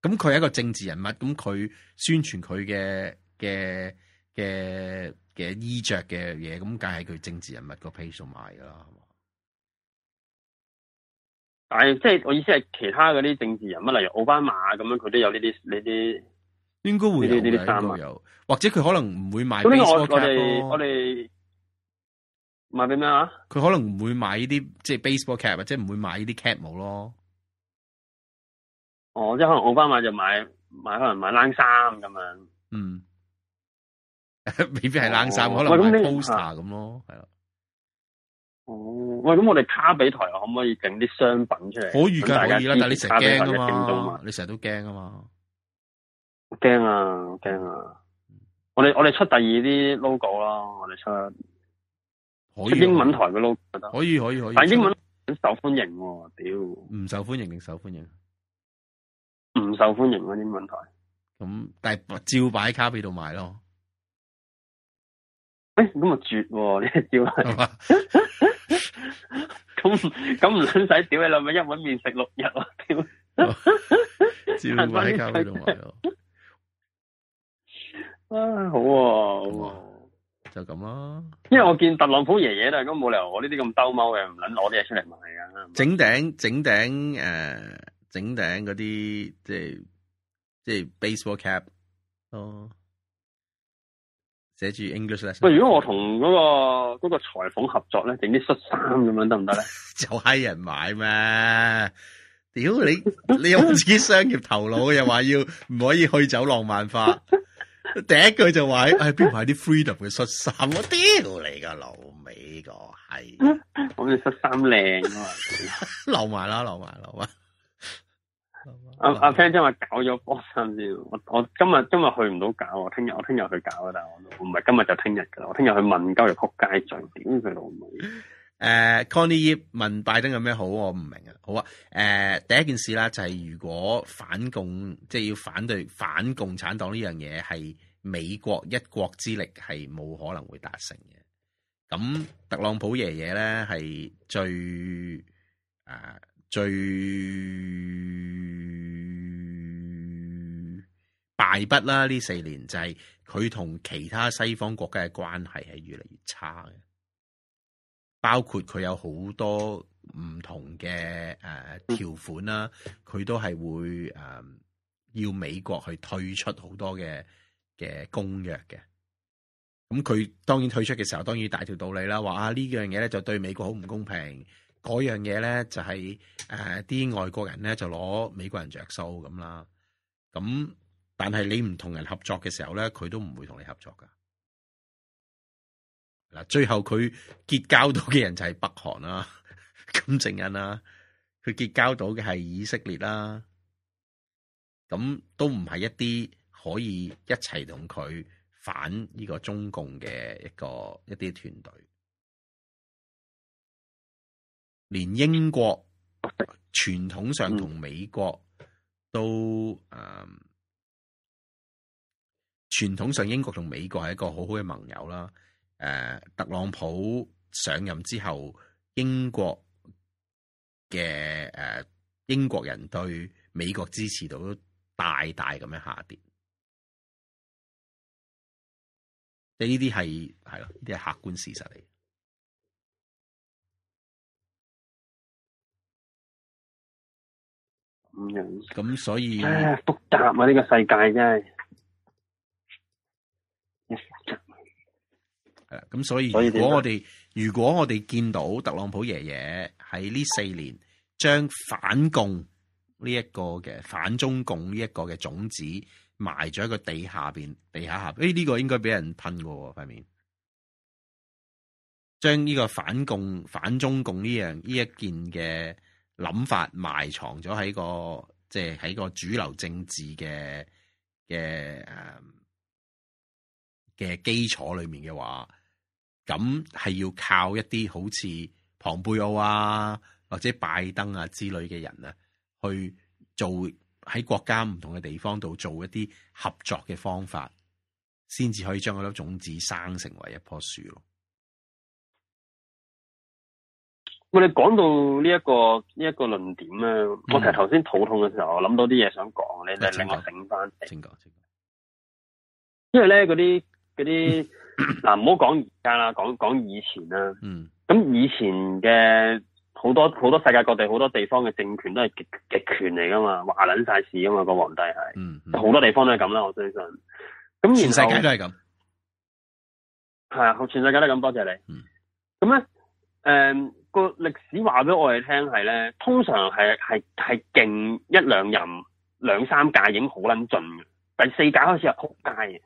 Speaker 2: 咁佢係一個政治人物，咁佢宣傳佢嘅嘅嘅嘅衣着嘅嘢，咁梗係佢政治人物個 page 賣噶啦。
Speaker 4: 但係即係我意思係
Speaker 7: 其他嗰啲政治人物，例如奧巴馬咁
Speaker 2: 樣，佢都有呢啲呢啲，應該會有呢啲衫啊，或者佢可能唔會買 baseball cap 咯。我哋我
Speaker 7: 哋買啲咩
Speaker 2: 啊？佢可能唔會買呢啲、啊啊，即係 baseball cap，或者唔會買呢啲 cap 帽、啊、咯。哦，即
Speaker 7: 係可能奧巴馬就
Speaker 3: 買買，可能買，買冷衫咁樣。嗯，未必係冷衫，哦、可能買 poster 咁咯、哦，係啊。嗯
Speaker 7: 哦、嗯，喂，咁我哋卡比台可唔可以整啲商品出嚟？可以噶，但係你成日驚啊嘛，你成
Speaker 2: 日都驚啊嘛。驚啊，
Speaker 7: 驚啊！我哋我哋出第二啲 logo 啦，我哋出,
Speaker 2: 出，可以出英文台嘅 logo 可以可以可以。但英文
Speaker 7: 唔受歡迎喎，屌！
Speaker 2: 唔受歡迎定
Speaker 4: 受歡迎？唔受歡迎啊！英文台。咁但係照擺卡比度買咯。喂，咁咪、欸、絕喎！呢招
Speaker 7: 係咁咁唔使屌你老咪一碗麵食六日啊！
Speaker 3: 屌， 招位交俾佢咯。啊，
Speaker 7: 好，啊好，啊好啊，就咁啦、啊。因為我見特朗普爺爺都係，咁冇理由我呢啲咁兜踎嘅，唔捻攞啲嘢出嚟賣噶。
Speaker 2: 整頂整頂誒，整頂嗰啲即係即係 baseball cap 咯、哦。寫住 English、那個。喂、那個， 如果我同嗰
Speaker 4: 個個裁縫
Speaker 7: 合作咧，整啲恤衫咁樣得唔得咧？
Speaker 2: 就係人買咩？屌你！你又唔知商業頭腦，又話要唔可以去走浪漫化。 第一句就話哎、邊排啲 freedom 嘅恤衫？我屌、 哎、你個老
Speaker 7: 尾個閪！我啲恤衫靚啊，哎、
Speaker 2: 留埋啦，留埋，留埋。
Speaker 7: 阿阿 friend 即係話搞咗波山先，我我今日今日去唔到搞，我聽日我聽日去搞啊！但係我唔係今日就聽日㗎啦，我聽日去問交易區街重點佢老
Speaker 2: 母。明。Connie 問拜登有咩好？我唔明啊！好啊，誒、呃、第一件事啦，就係如果反共，即、就、係、是、要反對反共產黨呢樣嘢，係美國一國之力係冇可能會達成嘅。咁特朗普爺爺咧係最啊。呃最敗筆啦！呢四年就係佢同其他西方國家嘅關係係越嚟越差嘅，包括佢有好多唔同嘅誒、呃、條款啦，佢都係會誒、呃、要美國去退出好多嘅嘅公約嘅。咁佢當然退出嘅時候，當然大條道理啦，話啊呢樣嘢咧就對美國好唔公平。嗰樣嘢咧就係、是、啲、呃、外國人咧就攞美國人着數咁啦，咁但係你唔同人合作嘅時候咧，佢都唔會同你合作噶。嗱，最後佢結交到嘅人就係北韓啦，金正恩啦，佢結交到嘅係以色列啦，咁都唔係一啲可以一齊同佢反呢個中共嘅一個一啲團隊。連英國傳統上同美國都誒、嗯，傳統上英國同美國係一個好好嘅盟友啦。誒、啊，特朗普上任之後，英國嘅誒、啊、英國人對美國支持度都大大咁樣下跌，
Speaker 4: 即呢啲係係咯，呢啲係客觀事實嚟。
Speaker 2: 五人咁，所以啊、哎，複雜啊！呢
Speaker 4: 個世
Speaker 2: 界真係，誒， 咁所以，如果我哋如果我哋見到特朗普爺爺喺呢四年將反共呢一個嘅反中共呢一個嘅種子埋咗喺個地下邊，地下核，誒呢個應該俾人噴噶塊面，將呢個反共反中共呢樣呢一件嘅。諗法埋藏咗喺個即係喺個主流政治嘅嘅誒嘅基礎裏面嘅話，咁係要靠一啲好似龐貝奧啊或者拜登啊之類嘅人啊，去做喺國家唔同嘅地方度做一啲合作嘅方法，先至可以將嗰粒種子生成為一棵樹咯。
Speaker 4: 我你講到呢、這、一個呢一、這個論點啊，嗯、
Speaker 7: 我其實頭先肚痛嘅時候，我諗到啲嘢想講，你哋令我醒翻。正確，正因為咧嗰啲啲嗱唔好講而家啦，講講、 啊、以前啦。嗯。咁以前嘅好多好多世界各地好多地方嘅政權都係極極權嚟噶嘛，話捻晒事噶嘛個皇帝係。
Speaker 3: 好、嗯嗯、多
Speaker 7: 地方都係咁啦，我相信。咁全世界都係咁。係啊，全世界都係咁，多謝你。嗯。咁咧，誒、嗯。個歷史話俾我哋聽係咧，通常係係係勁一兩任兩三屆已經好撚盡嘅，第四屆開始係撲街嘅，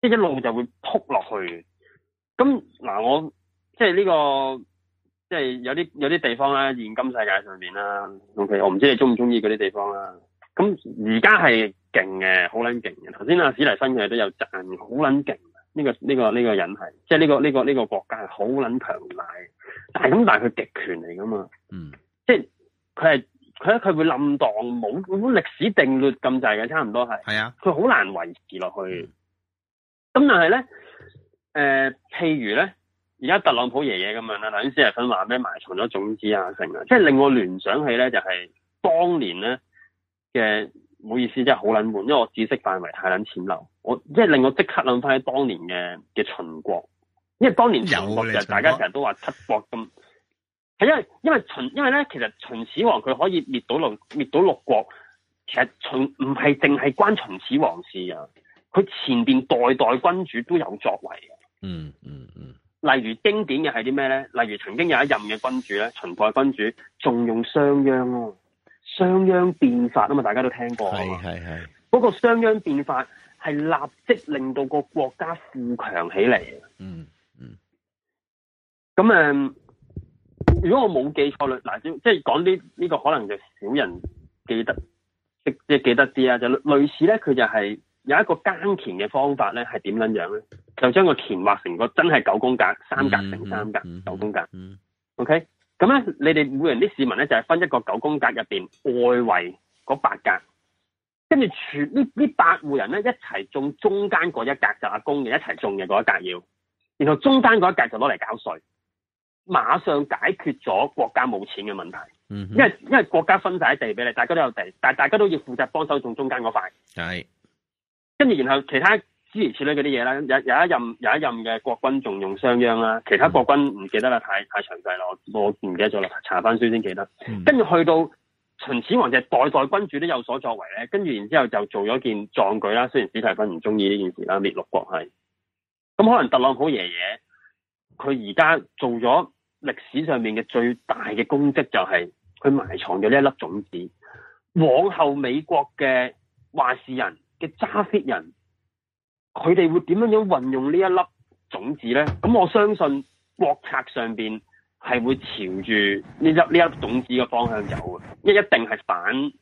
Speaker 7: 即係一路就會撲落去。咁嗱，我即係呢個即係有啲有啲地方咧，現今世界上面啦，OK，我唔知你中唔中意嗰啲地方啦。咁而家係勁嘅，好撚勁嘅。頭先阿史提生佢都有讚好撚勁，呢個呢個呢個人係即係呢個呢個呢個國家係好撚強大。但係咁，但係佢極權嚟㗎嘛？嗯，即係佢係佢佢會冧蕩冇冇歷史定律咁滯嘅，差唔多係。係啊的，佢好難維持落去。咁、嗯、但係咧，誒、呃，譬如咧，而家特朗普爺爺咁樣啦，頭先又想話咩埋藏咗種子啊，成啊，即係令我聯想起咧，就係、是、當年咧嘅，唔好意思，即係好撚悶，因為我知識範圍太撚淺陋，我即係令我即刻諗翻喺當年嘅嘅秦國，因為當年大家成日都話七國咁，係因為因為秦因為咧，其實秦始皇佢可以滅到六滅到六國，其實秦唔係淨係關秦始皇事啊，佢前邊代代君主都有作為
Speaker 3: 嘅。
Speaker 7: 嗯嗯嗯，例如經典嘅係啲咩咧？例如曾經有一任嘅君主咧，秦代君主重用商鞅咯，商鞅變法啊嘛，大家都聽過啊嘛，係係係，嗰是個商鞅變法係立即令到個國家富強起嚟嗯。咁誒、嗯，如果我冇記錯咧，嗱，即係係講呢呢個可能就少人記得，即即係記得啲啊，就類似咧，佢就係有一個耕田嘅方法咧，係點樣樣咧？就將個田劃成個真係九宮格，三格定三格九宮格。嗯嗯嗯、OK，咁咧，你哋每人啲市民咧就係分一個九宮格入邊外圍嗰八格，跟住全呢呢八戶人咧一齊種中間嗰一格就阿、是、公嘅一齊種嘅嗰一格要，然後中間嗰一格就攞嚟搞稅。馬上解決咗國家冇錢嘅問題，
Speaker 3: 因為、mm
Speaker 7: hmm. 因為國家分晒地俾你，大家都有地，但係大家都要負責幫手種中間嗰塊。
Speaker 3: 係、mm，
Speaker 7: 跟、hmm. 住然後其他諸如此類嗰啲嘢咧，有有一任有一任嘅國君重用商鞅啦，其他國君唔記得啦，太太詳細啦，我我唔記得咗啦，查翻書先記得。跟住、mm hmm. 去到秦始皇就代代君主都有所作為咧，跟住然之後就做咗件壯舉啦，雖然史提芬唔中意呢件事啦，滅六國係。咁可能特朗普爺爺。佢而家做咗歷史上面嘅最大嘅功績，就係佢埋藏咗呢一粒種子。
Speaker 2: 往
Speaker 7: 後美國嘅話事人嘅揸 fit 人，佢哋會點樣樣運用呢一粒種子咧？咁我相信國策上邊係會朝住呢粒呢一粒種子嘅方向走嘅，一一定係反呢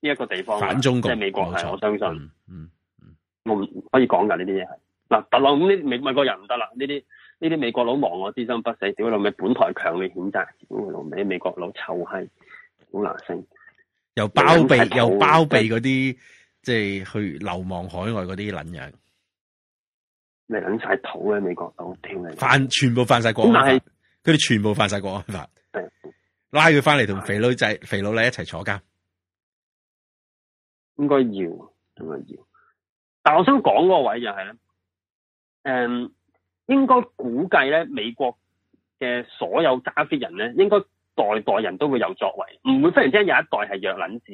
Speaker 7: 一個地方，反中國即係美國係冇錯，我相信。嗯嗯，嗯我唔可以講噶呢啲嘢係嗱，特朗普美美國人唔得啦呢啲。呢啲美國佬亡我之心不死，屌老味！本台強烈譴責，屌老味！美國佬臭閪，好難聽，
Speaker 2: 又包庇又包庇嗰啲，都即係去流亡海外嗰啲撚樣，
Speaker 7: 咪捻晒土喺美國佬，跳嚟
Speaker 2: 犯全部犯晒國安，佢哋全部犯晒國安法，拉佢翻嚟同肥佬仔、對肥佬黎一齊坐監，
Speaker 7: 應
Speaker 4: 該要，應該要。
Speaker 7: 但我想講嗰個位就係、是、咧，誒、um,。應該估計咧，美國嘅所有加菲人咧，應該代代人都會有作為，唔會忽然之間有一代係弱撚字，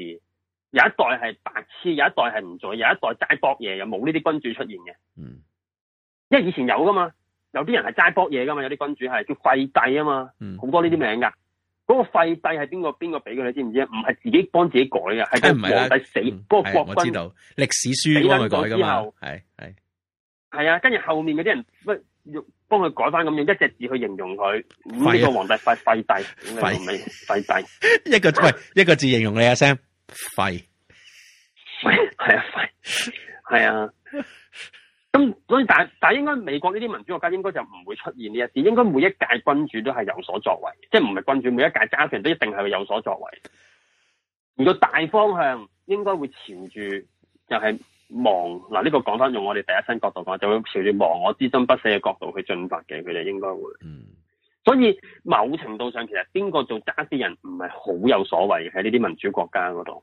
Speaker 7: 有一代係白痴，有一代係唔做，有一代齋博嘢嘅，冇呢啲君主出現嘅。嗯，因為以前有噶嘛，有啲人係齋博嘢噶嘛，有啲君主係叫廢帝啊嘛，好、嗯、多呢啲名噶。嗰、那個廢帝係邊個？邊個俾嘅？你知唔知啊？唔係自己幫自己改噶，係個皇帝死，嗰、哎啊、個國君、嗯啊。我知
Speaker 2: 道歷史書幫佢改噶嘛。係係
Speaker 7: 係啊，跟住、啊、後面嗰啲人，要幫佢改翻咁樣，一隻字去形容佢，呢、嗯這個皇帝廢廢帝，廢廢帝，廢帝帝
Speaker 2: 一個喂，一個字形容你一聲，廢，
Speaker 7: 係啊廢，係啊，咁所以但但係應該美國呢啲民主國家應該就唔會出現呢一啲，應該每一屆君主都係有所作為，即係唔係君主每一屆家庭都一定係有所作為。如果大方向應該會朝住就係、是。望嗱呢個講翻用我哋第一身角度講，就會朝住亡我之心不死嘅角度去進發嘅，佢哋應該會。嗯，所以某程度上其實邊個做揸啲人唔係好有所謂喺呢啲民主國家
Speaker 4: 嗰度。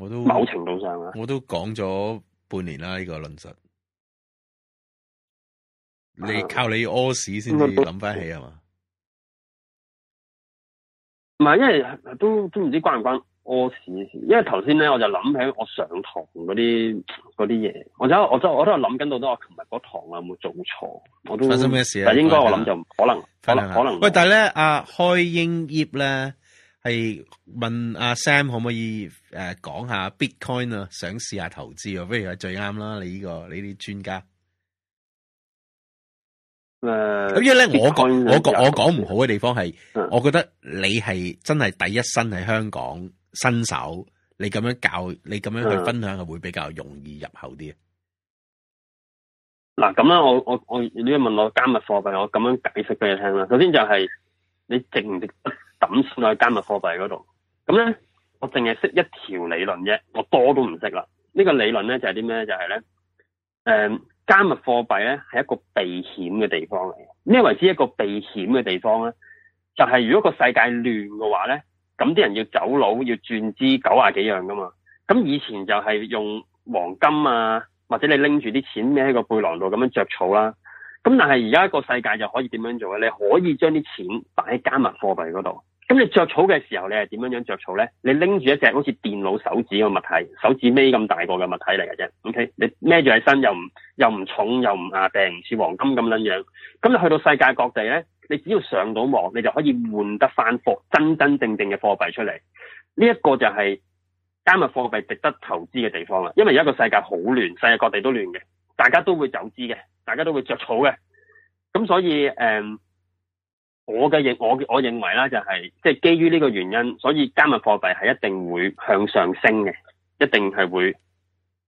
Speaker 2: 我都某程度上啊，我都講咗半年啦，呢、呢個論述。你靠你屙屎先至諗翻
Speaker 4: 起係嘛？唔係、嗯，因為都都唔知關唔關？
Speaker 7: 屙屎！因為頭先咧，我就諗起我上堂嗰啲啲嘢，我真我真我都有諗緊到，都我琴日嗰堂有冇做錯？我都發生咩事、啊、但應該我諗就可能可能可能。喂，我
Speaker 2: 但係咧，阿、啊、開英業咧係問阿、啊、Sam 可唔可以誒、呃、講下 Bitcoin 啊？想試下投資啊？不如最啱啦！你呢、呢個你啲專家誒，
Speaker 7: 呃、因為咧 Bitcoin 我講我講我
Speaker 2: 講唔好嘅地方係，嗯、我覺得你係真係第一身喺香港。新手，你咁樣教，你咁樣去分享，係會比較容易入口啲。
Speaker 7: 嗱、嗯，咁咧，我我我，你問我加密貨幣，我咁樣解釋俾你聽啦。首先就係你值唔值得抌錢落加密貨幣嗰度。咁咧，我淨係識一條理論啫，我多都唔識啦。呢、這個理論咧就係啲咩？就係咧，誒，加密貨幣咧係一個避險嘅地方嚟。咩為之一個避險嘅地方咧？就係、是、如果個世界亂嘅話咧。咁啲人要走佬，要轉資九廿幾樣噶嘛？咁以前就係用黃金啊，或者你拎住啲錢孭喺個背囊度咁樣着草啦。咁但係而家個世界就可以點樣做咧？你可以將啲錢擺喺加密貨幣嗰度。咁你着草嘅時候，你係點樣樣着草咧？你拎住一隻好似電腦手指嘅物體，手指尾咁大個嘅物體嚟嘅啫。OK，你孭住喺身又唔又唔重又唔亞病，唔似黃金咁樣樣。咁你去到世界各地咧？你只要上到網，你就可以換得翻貨真真正正嘅貨幣出嚟。呢一個就係加密貨幣值得投資嘅地方啦。因為而家個世界好亂，世界各地都亂嘅，大家都會走資嘅，大家都會着草嘅。咁所以誒、嗯，我嘅認我我認為啦，就係即係基於呢個原因，所以加密貨幣係一定會向上升嘅，一定係會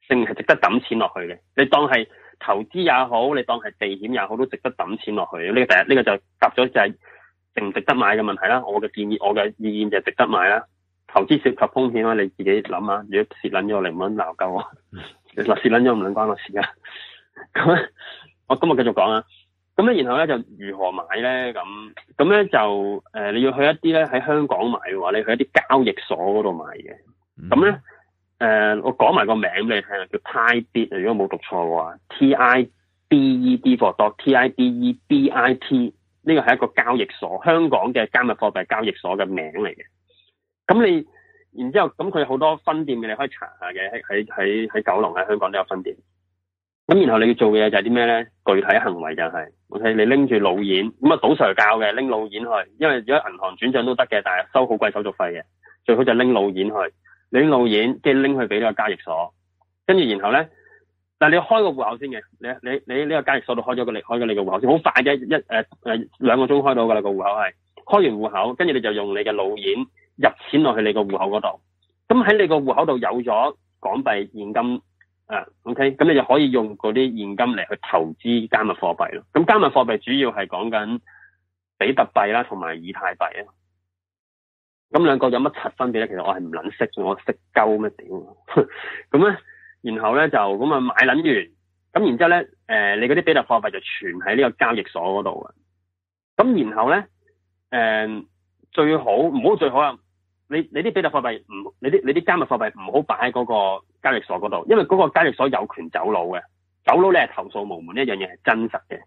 Speaker 7: 淨係值得揼錢落去嘅。你當係。投資也好，你當係避險也好，都值得抌錢落去。呢、這個第一，呢、這個就答咗就係值唔值得買嘅問題啦。我嘅建議，我嘅意見就係值得買啦。投資涉及風險啊，你自己諗下，如果蝕卵咗，你唔好鬧鳩我。嗱，蝕卵咗唔卵關我事啊。咁 咧、嗯，我今日繼續講啊。咁咧、嗯，然後咧就如何買咧？咁咁咧就誒，你要去一啲咧喺香港買嘅話，你去一啲交易所嗰度買嘅。咁咧。誒、呃，我講埋個名俾你聽啊，叫 TideBit 如果冇讀錯嘅話，T I D E for dot T I D E B I T 呢個係一個交易所，香港嘅加密貨幣交易所嘅名嚟嘅。咁你，然之後咁佢好多分店嘅，你可以查下嘅，喺喺喺喺九龍喺香港都有分店。咁然後你要做嘅就係啲咩咧？具體行為就係、是、，OK，你拎住老演，咁啊賭 Sir 教嘅拎老演去，因為如果銀行轉賬都得嘅，但係收好貴手續費嘅，最好就拎老演去。你啲路演即係拎去俾呢個交易所，跟住然後咧，嗱你開個戶口先嘅，你你你呢個交易所度開咗個你開咗你個戶口先，好快嘅，一誒誒、呃、兩個鐘開到噶啦、個戶口係，開完戶口，跟住你就用你嘅路演入錢落去你個戶口嗰度，咁喺你個戶口度有咗港幣現金誒、啊，OK，咁你就可以用嗰啲現金嚟去投資加密貨幣咯，咁加密貨幣主要係講緊比特幣啦，同埋以太幣啊。咁兩個有乜七分別咧？其實我係唔捻識，我識鳩乜屌？咁咧， 然後咧就咁啊買捻完，咁然之後咧，誒，你嗰啲比特貨幣就存喺呢個交易所嗰度啊。咁然後咧，誒、呃，最好唔好最好啊！你你啲比特貨幣唔，你啲你啲加密貨幣唔好擺喺嗰個交易所嗰度，因為嗰個交易所有權走佬嘅，走佬你係投訴無門呢一樣嘢係真實嘅。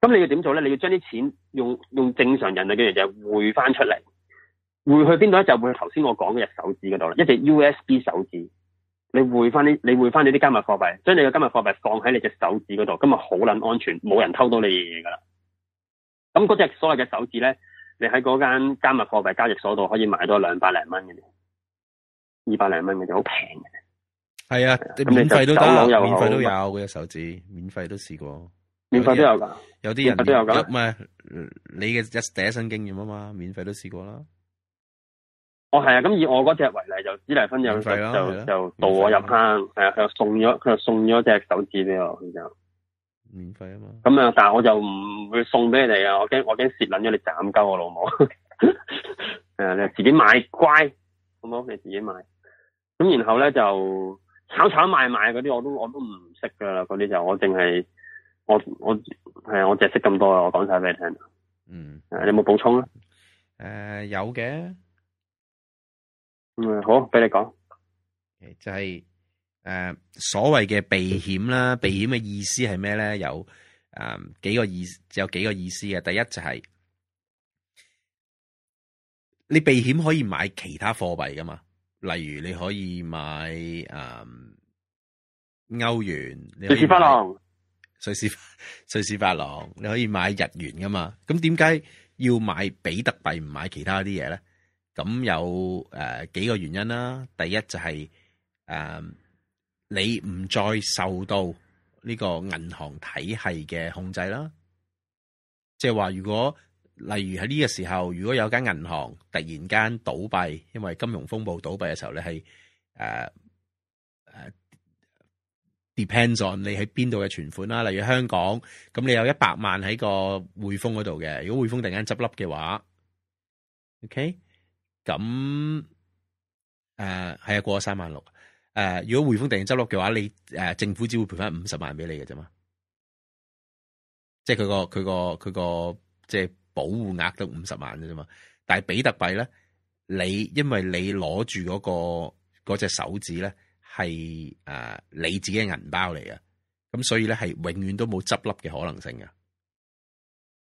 Speaker 7: 咁你要點做咧？你要將啲錢用用正常人類嘅嘢就匯翻出嚟。匯去邊度咧？就匯、是、去頭先我講嗰隻手指嗰度啦。一隻 USB 手指，你匯翻啲，你匯翻你啲加密貨幣，將你嘅加密貨幣放喺你隻手指嗰度，今日好捻安全，冇人偷到你嘢㗎啦。咁嗰隻所謂嘅手指咧，你喺嗰間加密貨幣交易所度可以買到兩百零蚊嘅，二百零蚊嘅就
Speaker 2: 好平嘅。係啊，你免費都得，免費都有嗰隻手指，免費都試過，免費都有噶，有啲人，有啲人唔係你嘅一第一身經驗啊嘛，免費都試過啦。
Speaker 7: 哦，係啊，咁以我嗰隻為例，就紫泥芬就就就導我入坑，係啊，佢又送咗佢又送咗隻手指俾我，佢就免費啊嘛。咁啊，但係我就唔會送俾你哋啊，我驚我驚蝕撚咗你斬鳩我老母，係啊，你自己買乖，好唔好你自己買。咁然後咧，就炒炒賣賣嗰啲，我都我都唔識噶啦，嗰啲就我淨係我我係啊，我淨係識咁多啊，我講晒俾你聽。嗯，
Speaker 2: 誒，有冇補充啊？誒，有嘅。嗯，好，俾你講，就係、是、誒、呃，所謂嘅避險啦，避險嘅意思係咩咧？有誒、呃、幾個意思，有幾個意思。第一就係、是、你避險可以買其他貨幣噶嘛，例如你可以買誒、呃、歐元、瑞士法郎、瑞士瑞士法郎，你可以買日元噶嘛。咁點解要買比特幣唔買其他啲嘢咧？咁有誒、呃、幾個原因啦，第一就係、是、誒、呃、你唔再受到呢個銀行體系嘅控制啦，即係話如果例如喺呢個時候，如果有間銀行突然間倒閉，因為金融風暴倒閉嘅時候咧，係誒誒、呃啊、depends on 你喺邊度嘅存款啦。例如香港，咁你有一百萬喺個匯豐嗰度嘅，如果匯豐突然間執笠嘅話，OK。咁誒，係啊、嗯，過咗三萬六。誒，如果匯豐突然執笠嘅話，你誒，政府只會賠翻五十萬俾你嘅啫嘛。即係佢個佢個佢個即係保護額得五十萬嘅啫嘛。但係比特幣咧，你因為你攞住嗰個嗰隻手指咧係誒你自己嘅銀包嚟嘅，咁所以咧係永遠都冇執笠嘅可能性啊。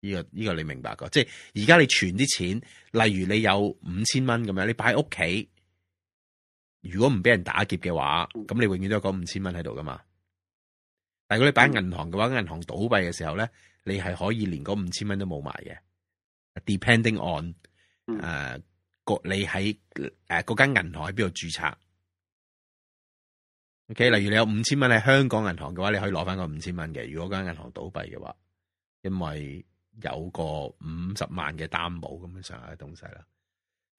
Speaker 2: 呢、這個呢、這個你明白噶即係而家你存啲錢，例如你有五千蚊咁樣，你擺喺屋企，如果唔俾人打劫嘅話，咁你永遠都有嗰五千蚊喺度噶嘛。但如果你擺喺銀行嘅話，嗯、銀行倒閉嘅時候咧，你係可以連嗰五千蚊都冇埋嘅。Depending on，誒、嗯啊，你喺誒嗰間銀行喺邊度註冊？OK，例如你有五千蚊喺香港銀行嘅話，你可以攞翻個五千蚊嘅。如果間銀行倒閉嘅話，因為。有個五十萬嘅擔保咁樣上下嘅東西啦，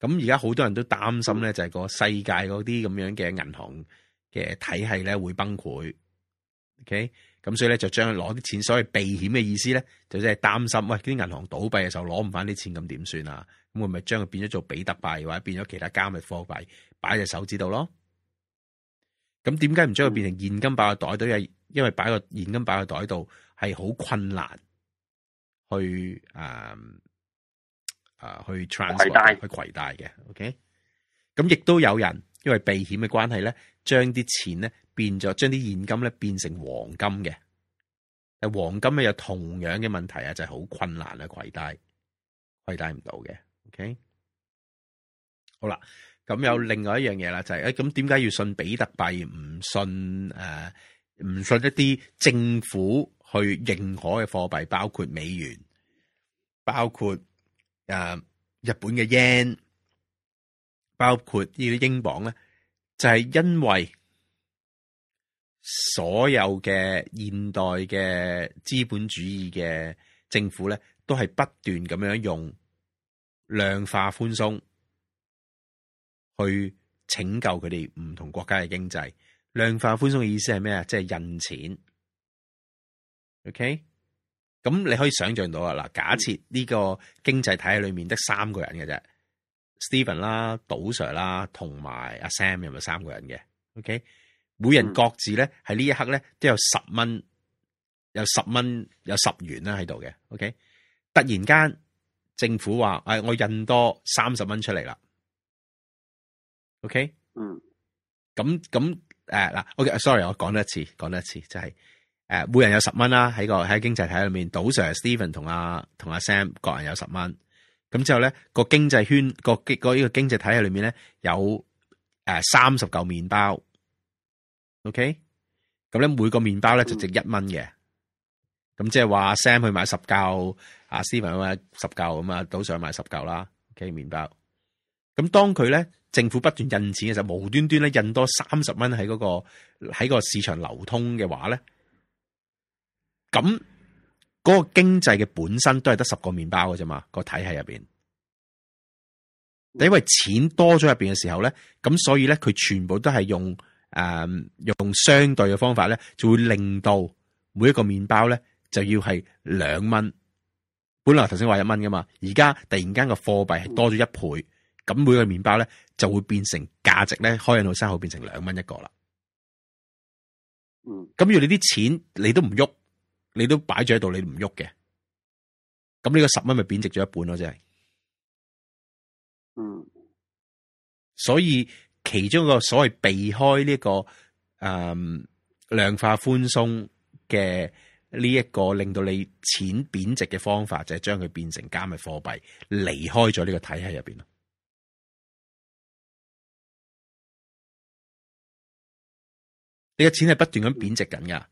Speaker 2: 咁而家好多人都擔心咧，就係個世界嗰啲咁樣嘅銀行嘅體系咧會崩潰，OK，咁所以咧就將佢攞啲錢，所謂避險嘅意思咧就即係擔心，喂啲銀行倒閉嘅時候，攞唔翻啲錢，咁點算啊？咁我咪將佢變咗做比特幣或者變咗其他加密貨幣擺喺隻手指度咯。咁點解唔將佢變成現金擺喺袋度？因為因為擺個現金擺喺袋度係好困難。去誒誒、啊啊、去攜帶去攜帶嘅，OK，咁亦都有人因為避險嘅關係咧，將啲錢咧變咗，將啲現金咧變成黃金嘅。誒，黃金咧有同樣嘅問題啊，就係好困難啊，攜帶攜帶唔到嘅，OK。好啦，咁有另外一樣嘢啦，就係誒，咁點解要信比特幣，唔信誒，唔信一啲政府？去認可嘅貨幣，包括美元，包括誒日本嘅 yen，包括呢啲英鎊咧，就係因為所有嘅現代嘅資本主義嘅政府咧，都係不斷咁樣用量化寬鬆去拯救佢哋唔同國家嘅經濟。量化寬鬆嘅意思係咩啊？即係印錢。OK，咁你可以想象到啊嗱，假設呢個經濟體系裏面得三個人嘅啫，Steven 啦、賭、嗯、Sir 啦，同埋阿 Sam 有咪三個人嘅？OK，、嗯、每人各自咧喺呢一刻咧都有十蚊，有十蚊，有十元啦喺度嘅。OK，突然間政府話誒，我印多三十蚊出嚟啦。OK，嗯，咁咁誒嗱、啊、，OK，sorry，、okay, 我講多一次，講多一次，就係。誒每人有十蚊啦，喺個喺經濟體裏面，賭 Sir Stephen 同阿同阿 Sam 各人有十蚊。咁之後咧，個經濟圈個激個呢個經濟體裏面咧有誒三十嚿麵包。OK，咁咧每個麵包咧就值一蚊嘅。咁即係話 Sam 去買十嚿，阿 Stephen 買十嚿，咁啊賭 Sir 買十嚿啦。OK，麵包。咁當佢咧政府不斷印錢嘅時候，無端端咧印多三十蚊喺嗰個喺個市場流通嘅話咧。咁嗰個經濟嘅本身都係得十個麵包嘅啫嘛，個體系入邊。因為錢多咗入邊嘅時候咧，咁所以咧佢全部都係用誒、嗯、用相對嘅方法咧，就會令到每一個麵包咧就要係兩蚊。本來頭先話一蚊噶嘛，而家突然間個貨幣係多咗一倍，咁每個麵包咧就會變成價值咧開到生號變成兩蚊一個啦。嗯，咁如果你啲錢你都唔喐，你都擺咗喺度，你唔喐嘅，咁呢個十蚊咪貶值咗一半咯，真係。嗯，所以其中個所謂避開呢個誒、嗯、量化寬鬆嘅呢一個令到你錢貶值嘅方法，就係將佢變成加密貨幣，離開咗呢個體系入邊咯。
Speaker 4: 你嘅錢係不斷咁貶值緊噶。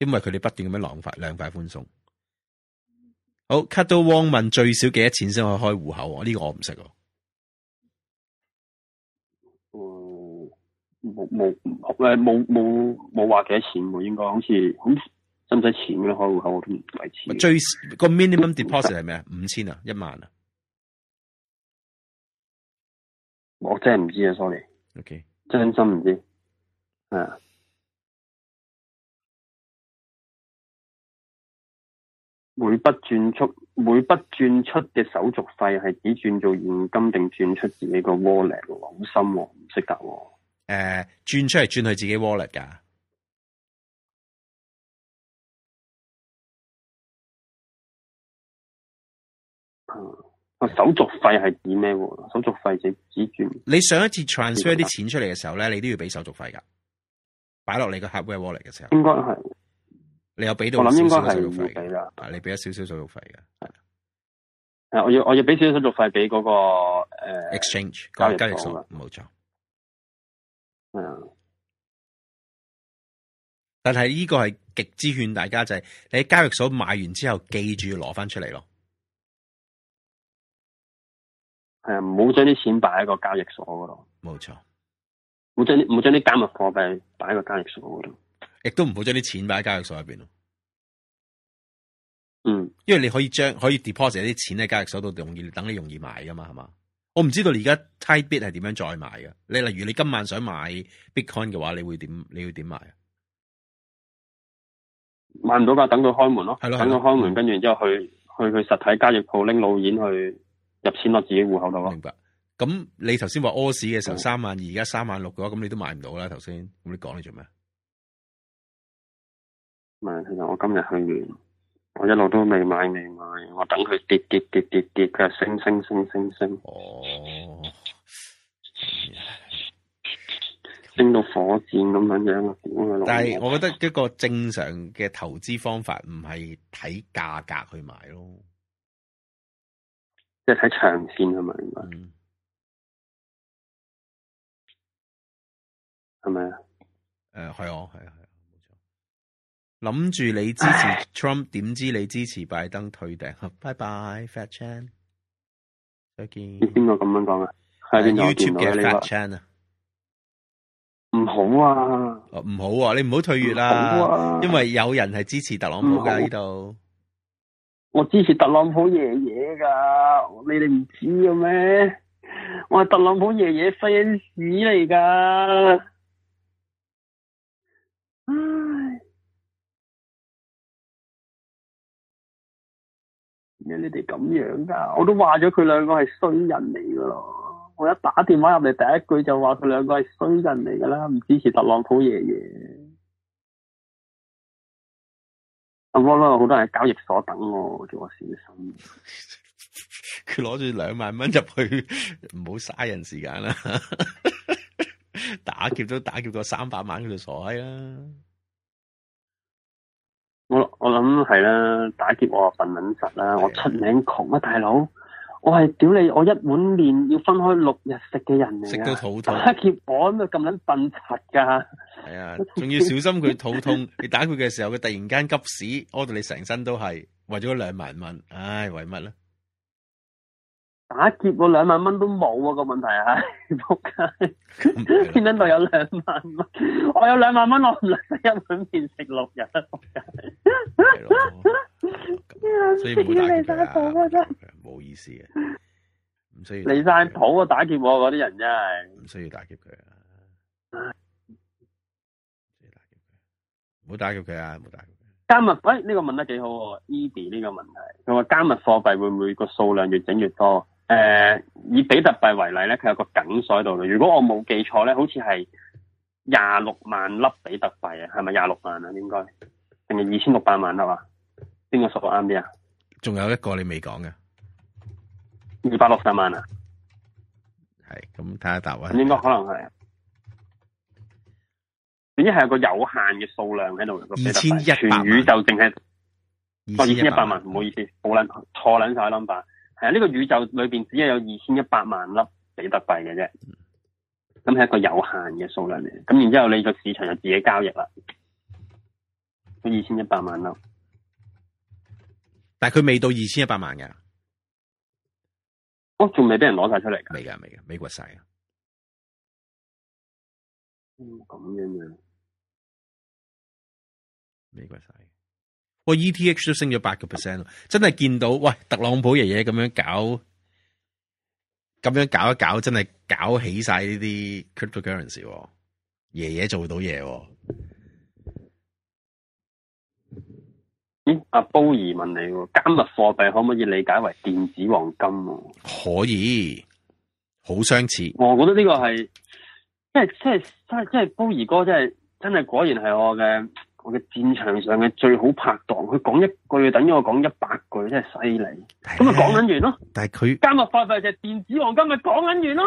Speaker 2: 因為佢哋不斷咁樣浪費兩塊寬鬆，好 cut 到汪問，最少幾多錢先可以開戶口？呢個我唔識哦。
Speaker 7: 冇冇誒，冇冇冇話幾多錢？應該好似好
Speaker 4: 使唔使錢咧開戶口，我都唔未知。
Speaker 2: 最個 minimum deposit 係咩啊？五千啊，一萬啊？我真係唔知啊，sorry。
Speaker 4: Okay，真心唔知，係啊。每筆轉出，每筆轉出
Speaker 7: 嘅手續費係指轉做現金定轉出自己個 wallet 喎？好深喎，唔識㗎
Speaker 2: 喎。誒、呃，轉出嚟轉去自己
Speaker 4: wallet 㗎？啊、嗯，手續費係指咩喎？手續費就指轉
Speaker 2: 你上一次 transfer 啲錢出嚟嘅時候咧，你都要俾手續費㗎。擺落你個 hardware wallet 嘅時候，應該係。你有俾到？我諗應該係唔會俾啊，你俾咗少少手續費嘅。
Speaker 4: 係，誒，我要我要俾少少手續費俾嗰個誒
Speaker 2: ，exchange 交、交易所，
Speaker 4: 冇錯。係啊，但係呢個係極
Speaker 2: 之勸大家就係，你喺交易所買完之後，記住要攞翻出嚟咯。係啊，唔
Speaker 7: 好將啲錢擺喺個交易所嗰度。冇錯，冇將冇將啲加密貨幣擺喺個交易所嗰度。
Speaker 2: 亦都唔好將啲錢擺喺交易所入邊咯。嗯，因為你可以將可以 deposit 啲錢喺交易所度，容易等你容易買噶嘛，係嘛？我唔知道你而家 TideBit 係點樣再買噶。你例如你今晚想買 bitcoin 嘅話，你會點？你要點買啊？
Speaker 7: 買唔到噶，等佢開門咯。係咯，等佢開門，跟住然之後去去去實體交易鋪拎老遠去入錢落自己戶口度咯。明白。
Speaker 2: 咁你頭先話屙屎嘅時候三萬二，而家三萬六嘅話，咁你都買唔到啦。頭先咁你講你做咩？
Speaker 7: 係，其實我今日去完，我一路都未買，未買，我等佢跌跌跌跌跌，佢升升升升升，升升升升，哦，升到火箭咁樣樣，但係我
Speaker 2: 覺得一個正常嘅投資方法唔係睇價格去買咯，
Speaker 4: 即係睇長線啊嘛，係咪啊？誒、
Speaker 2: 嗯，係我係啊。呃諗住你支持 Trump，點唉知你支持拜登退訂？拜拜，Fat Chan，子再見。邊個咁樣講啊？係 YouTube 嘅 Fat Chan 啊？唔好啊！唔好，啊哦、好啊！你唔好退約啦，因為有人係支持特朗普噶呢度。
Speaker 7: 啊、裡我支持特朗普爺爺噶，你哋唔知嘅咩？我係特朗普爺爺 fans 嚟
Speaker 4: 噶。點你哋咁樣噶、啊？我都話咗佢兩個係衰人嚟噶咯。我一打電話入嚟，第一句就話佢兩個係衰人嚟噶啦，唔支持特朗普爺爺。咁我咧，好多人喺交易所等我，叫我小心。
Speaker 2: 佢攞住兩萬蚊入去，唔好嘥人時間啦。 打劫都打劫過三百萬，佢就傻閪啦。
Speaker 7: 我諗係啦，打劫我笨卵實啦，我出名窮啊大佬，我係屌你，我一碗麵要分開六日食嘅人嚟啊！食到肚痛，打劫我咁啊咁卵笨柒噶，係啊，
Speaker 2: 仲要小心佢肚痛， 你打佢嘅時候，佢突然間急屎屙到你成身都係，為咗兩萬蚊，唉，為乜咧？
Speaker 7: 打劫我兩萬蚊都冇啊，個問題係仆街，見到有兩萬蚊，我有兩萬蚊，我唔使一碗麵食六日，仆街。所以冇
Speaker 3: 大嘅，
Speaker 7: 冇意
Speaker 2: 思嘅，唔需要。離晒譜啊，打劫我嗰啲人真係唔需要打劫佢啊！唔好打劫佢啊！唔好打
Speaker 7: 劫佢。加密，喂，呢個問得幾好喎，Ebi 呢個問題，佢話加密貨幣會唔會個數量越整越多？誒、呃，以比特幣為例咧，佢有個梗數喺度咯。如果我冇記錯咧，好似係廿六萬粒比特幣啊，係咪廿六萬啊？應該定係二千六百萬粒啊？邊個數啱啲啊？
Speaker 2: 仲有一個你未講嘅，二百六十萬啊？係，咁睇下答案應該可
Speaker 7: 能係。點知係有個有限嘅數量喺度。二千一，全宇宙淨係二千一百萬，唔好意思，好撚錯撚晒 number。係呢個宇宙裏邊，只係有二千一百萬粒比特幣嘅啫，咁係一個有限嘅數量嚟。咁然之後，你個市場就自己交易啦。佢二千
Speaker 4: 一百萬粒，
Speaker 2: 但係佢未到二千一百萬嘅。
Speaker 4: 哦，仲未俾人攞晒出嚟。未㗎，未㗎，美國使啊？咁樣樣，美國使。
Speaker 2: 個 ETH 都升咗八個 percent，真係見到喂，特朗普爺爺咁樣搞，咁樣搞一搞，真係搞起晒呢啲 cryptocurrency。爺爺做到嘢。咦？
Speaker 7: 阿煲兒問你，加密貨幣可唔可以理解為電子黃金？
Speaker 2: 可以，好相似。
Speaker 7: 我覺得呢個係，即係即係即係即係煲兒哥，真係真係果然係我嘅。我嘅戰場上嘅最好拍檔，佢講一句等於我講一百句，真係犀利。咁咪講緊完咯。
Speaker 2: 但係他佢加
Speaker 7: 密貨幣就係電子黃金咪講緊完咯。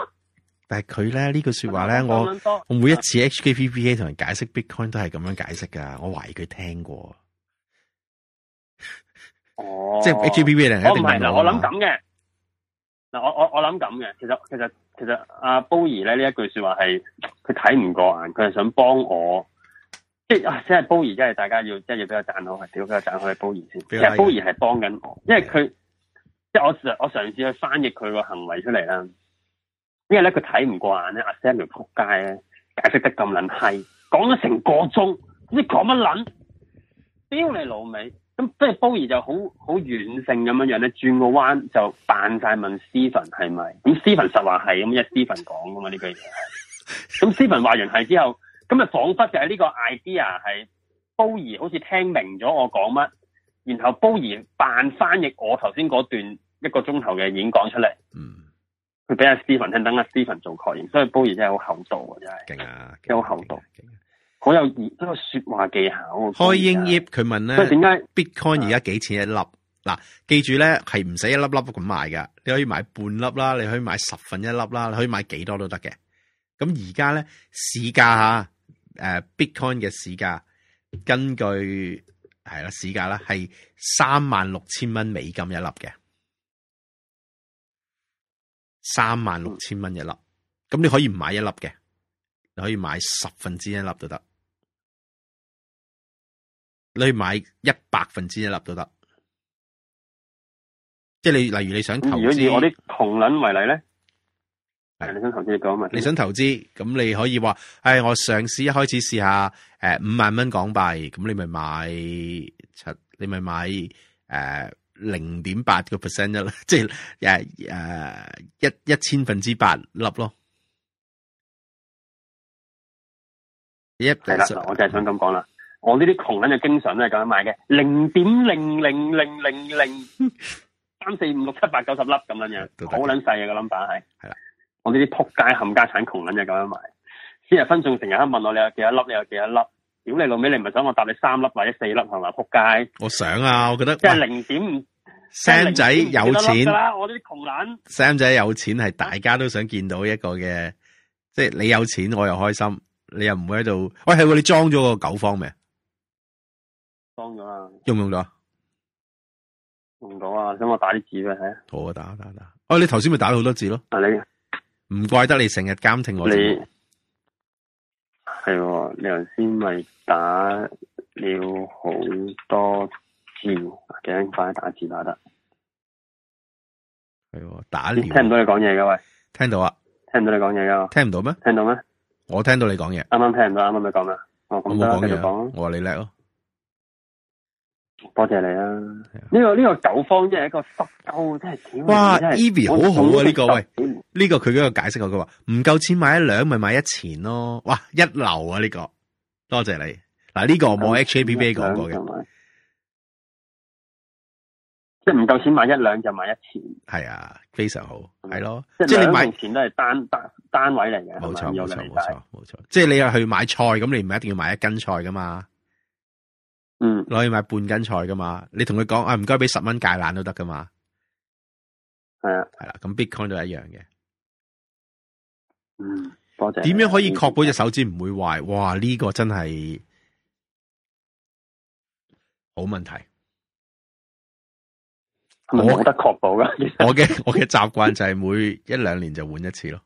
Speaker 2: 但係佢咧呢句、這個、說話咧，我我，我每一次 HKPBA 同人解釋 Bitcoin 都係咁樣解釋噶，我懷疑佢聽過。
Speaker 7: 哦，即係 HKPBA 咧。我唔係嗱，我諗咁嘅嗱，我我我諗咁嘅，其實其實其實阿 b o y 咧呢一句說話係佢睇唔過眼，佢係想幫我。即係、啊，即係 Boyi，即係大家要，一要比較讚好。屌，比較讚好，Boyi 先。其實 Boyi 係幫緊我，因為佢的即係我我嘗試去翻譯佢個行為出嚟啦。因為咧，佢睇唔過眼咧，阿 Sam 咪扑街咧，解釋得咁卵閪，講咗成個鐘，你講乜卵？屌你老味。咁即係 Boyi 就好好軟性咁樣樣咧，轉個彎就扮晒問 Steven 係咪？咁 Steven 實話係，咁因 Steven 講噶嘛呢句嘢。咁 Steven 話完係之後。咁啊，彷彿就係呢個 idea 係 Boey 好似聽明咗我講乜，然後 Boey 扮翻譯我頭先嗰段一個鐘頭嘅演講出嚟。嗯，佢俾阿 Stephen 聽，等阿 Stephen 做確認。所以 Boey 真係好厚道啊，真係。勁啊！好厚道，好、啊啊、有呢個説話技巧。開英
Speaker 2: 語佢問咧，所以點解 Bitcoin 而家幾錢一粒？嗱、啊，記住咧係唔使一粒粒咁賣㗎。你可以買半粒啦，你可以買十份一粒啦，你可以買幾多都得嘅。咁而家咧，市價下。Uh, Bitcoin 嘅市價，根據係啦，市價啦，係三萬六千蚊美金一粒嘅，三萬六千蚊一粒，咁、嗯、你可以唔買一粒嘅，你可以買十分之一粒都得，你買一百分之一粒都得，即係你例如你想投資，如果以我啲
Speaker 7: 窮撚為例咧。你想投
Speaker 2: 資講嘛。你想投資咁你可以話，誒、哎，我上試一開始試下，誒、呃，五萬蚊港幣咁，你咪買七，你咪買誒零點八個 percent 一即係誒誒一一千分之八粒咯。係我就係想咁
Speaker 3: 講
Speaker 4: 啦。我呢啲窮人就經常都係咁樣
Speaker 7: 買嘅，零點零零零零零三四五六七八九十粒咁樣樣，好撚細啊個諗法係係啦。我呢啲撲街冚家鏟窮撚就咁樣埋。先係分眾成日都問我你有幾多粒，你有幾多粒？屌你老味，你唔係想我答你三粒或者四粒係
Speaker 2: 嘛？扑街！我想啊，我覺得即係零點五。5, Sam 仔有錢，有錢
Speaker 7: 我啲窮撚。
Speaker 2: Sam 仔有錢係大家都想見到一個嘅，啊、即係你有錢我又開心，你又唔會喺度喂係喎，你裝咗個九方未？
Speaker 7: 裝咗啊？用唔用到？用到啊！想我打啲字俾你睇啊！打打打。
Speaker 2: 哦、哎，你頭先咪打咗好多字咯。啊你。唔怪得你成日監聽我哋你。
Speaker 4: 你係喎，你頭先咪打了好多字，幾快打字打得
Speaker 7: 係喎，打了。聽唔到你講嘢噶喂？聽到啊，聽唔到你講嘢噶？聽唔到咩？聽到咩？
Speaker 2: 我聽到你講嘢。啱
Speaker 7: 啱聽唔到，啱啱咪講咩？我冇講嘢，繼續講我話你叻咯。多謝你啊！呢個呢個九方即係一個縮租，即係哇！Evie 好好啊，呢個喂，
Speaker 2: 呢個佢嗰個解釋，佢佢話唔夠錢買一兩，咪買一錢咯！哇，一流啊呢個！多謝你嗱，呢個我冇 H A P B 講過嘅，即係唔夠錢買
Speaker 7: 一兩就買一錢，係
Speaker 2: 啊，非常好，係咯，即係你買
Speaker 7: 錢都係單單單位嚟嘅，冇錯冇錯
Speaker 3: 冇錯，
Speaker 2: 即係你又去買菜，咁你唔係一定要買一斤菜噶嘛。嗯，可以買半斤菜噶嘛？你同佢講啊，唔該俾十蚊芥蘭都得噶嘛？係啊的，係啦，咁 Bitcoin 都係一樣嘅。嗯，多謝。點樣可以確保隻手指唔會壞？哇，呢個真係好問題。冇得
Speaker 4: 確保噶。我嘅
Speaker 2: 我嘅習慣就係每一兩年就換一次咯。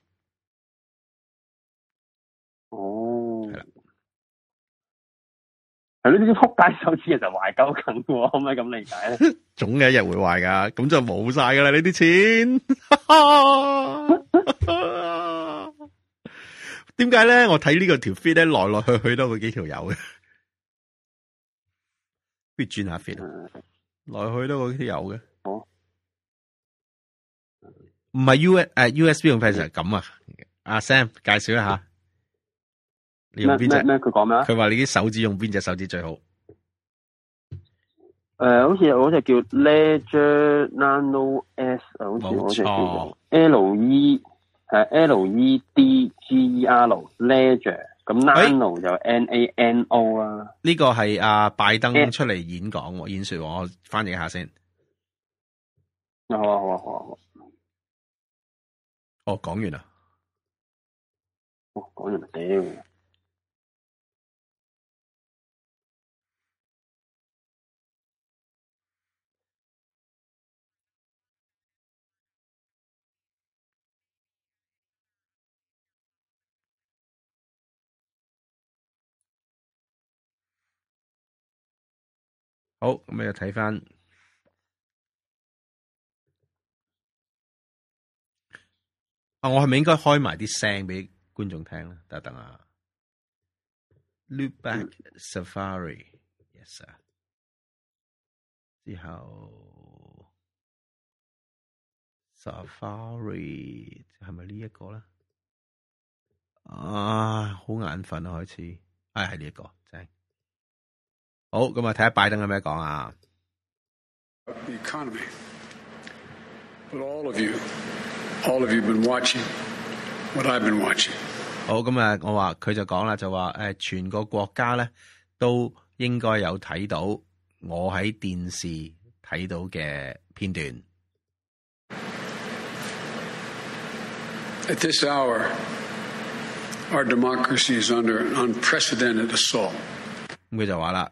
Speaker 4: 呢
Speaker 7: 啲
Speaker 2: 撲街手指其實壞緊，可唔可以咁理解咧，總有一日會壞噶，咁就冇晒嘅啦！呢啲錢，點解咧？我睇呢個條 fit 咧，來來去去都嗰幾條友嘅，必轉一下 fit 啊！來去都嗰條有嘅，好唔係 U S 誒 U S B 用 fit 成咁啊！阿、啊啊、Sam 介紹一下。 你用邊隻？咩佢講咩？佢話你啲手指用邊隻手指最好？
Speaker 7: 誒、呃，好似好似叫 Ledger Nano S，好似好似叫錯 L E 誒 L E D G E R Ledger，咁 Nano 咦就 N A N O 啦、
Speaker 2: 啊。呢個係阿、啊、拜登出嚟演講 N 演說，我翻譯下先。
Speaker 4: 好啊好啊好啊！好啊好啊好啊哦，講完啦！哦，講完啦。
Speaker 2: 好，咁又睇翻。啊，我係咪應該開埋啲聲俾觀眾聽咧？等等啊。Look back, Safari。Yes, sir。
Speaker 4: 之後
Speaker 2: ，Safari 係咪呢一個咧？啊，好眼瞓啊，開始。啊、哎，係呢一個，正。好咁啊，睇下
Speaker 6: 拜登有咩講？啊？
Speaker 2: 好咁啊，我話佢就講啦，就話誒，全個國家咧都應該有睇到我喺電視睇到嘅片段。
Speaker 6: 咁
Speaker 2: 佢就話啦。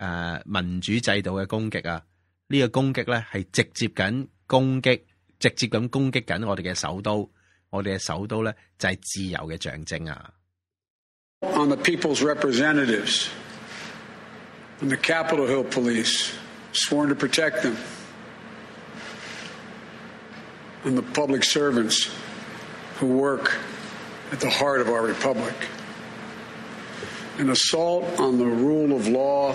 Speaker 2: 誒民主制度嘅攻擊啊！呢個攻擊咧係直接緊攻擊，直接咁攻擊緊我哋嘅首都。我哋嘅首都咧就係自由嘅象徵啊！
Speaker 6: On the people's representatives, and the Capitol Hill police sworn to protect them, and the public servants who work at the heart of our republic. An assault on the rule of law,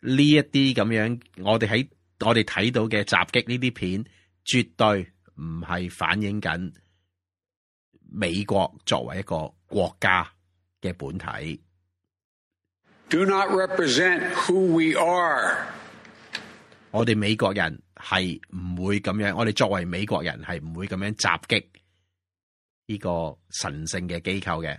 Speaker 2: 呢一啲咁樣，我哋喺我哋睇到嘅襲擊呢啲片，絕對唔係反映緊美國作為一個國家嘅本體。
Speaker 6: Do not represent who we are。
Speaker 2: 我哋美國人係唔會咁樣，我哋作為美國人係唔會咁樣襲擊呢個神聖嘅機構嘅。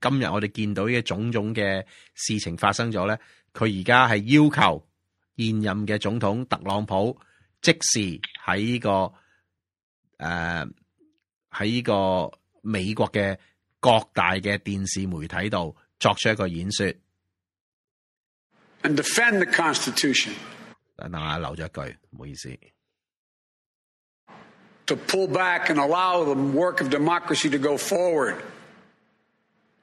Speaker 2: 今日我哋見到嘅種種嘅事情發生咗咧，佢而家係要求現任嘅總統特朗普即時，這個，即使喺呢個誒喺呢個美國嘅各大嘅電視媒體度作出一個演說。
Speaker 6: And defend the constitution. 等下留咗一句，唔好意思。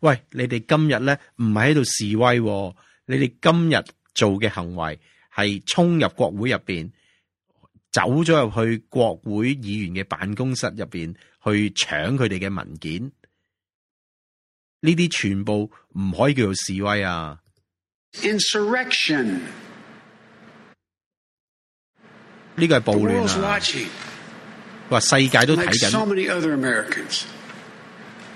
Speaker 2: 喂，你哋今日咧唔係喺度示威啊，你哋今日做嘅行為係衝入國會入邊，走咗入去國會議員嘅辦公室入邊去搶佢哋嘅文件，呢啲全部唔可以叫做示威啊
Speaker 6: ！Insurrection，
Speaker 2: 呢個係暴亂啊！哇，世界都睇緊。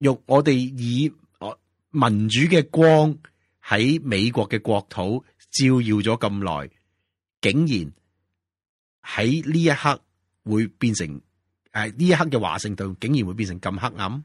Speaker 2: 若我哋以民主嘅光喺美國嘅國土照耀咗咁耐，竟然喺呢一刻會變成，誒，呢一刻嘅華盛頓竟然會變成咁黑暗。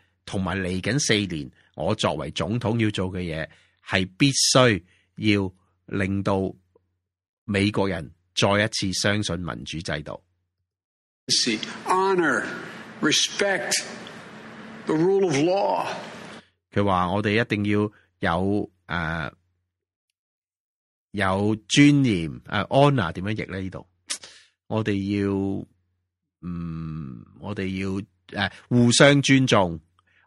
Speaker 2: 同埋嚟緊四年，我作為總統要做嘅嘢，係必須要令到美國人再一次相信民主制度。
Speaker 6: honor respect the rule of law。
Speaker 2: 佢話我哋一定要有誒、啊、有尊嚴誒、啊、honor 點樣譯咧？呢度我哋要嗯，我哋要誒、啊、互相尊重。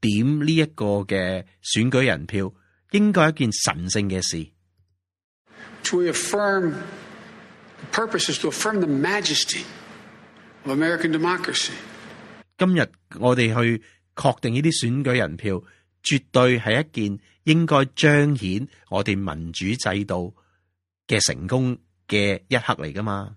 Speaker 2: 點呢一個嘅選舉人票，應該係一件神聖嘅事。
Speaker 6: 今
Speaker 2: 日我哋去確定呢啲選舉人票，絕對係一件應該彰顯我哋民主制度嘅成功嘅一刻嚟㗎嘛。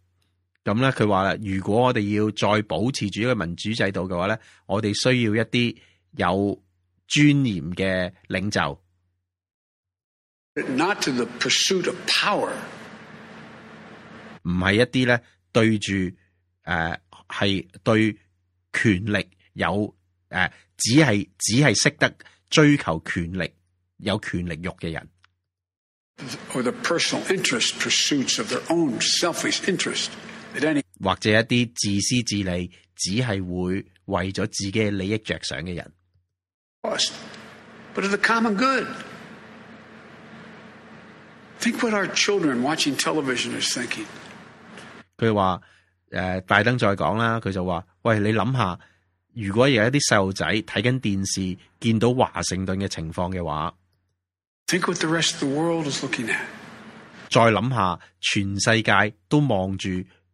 Speaker 2: 咁咧，佢話啦，如果我哋要再保持住一個民主制度嘅話咧，我哋需要一啲有尊嚴嘅領袖
Speaker 6: ，Not to the pursuit of power,
Speaker 2: 唔係一啲咧，對住誒，係對權力有誒、uh, 只係只係識得追求權力有權力欲嘅人。
Speaker 6: Or the
Speaker 2: 或者一啲自私自利、只係會為咗自己嘅利益着想嘅人。
Speaker 6: But of the common good. Think what our children watching television are thinking.
Speaker 2: 佢話，誒，拜登再講啦，佢就話，喂，你諗下，如果有一啲細路仔睇緊電視，見到華盛頓嘅情況嘅話
Speaker 6: ，Think what the rest of the world is looking at.
Speaker 2: 再諗下，全世界都望住。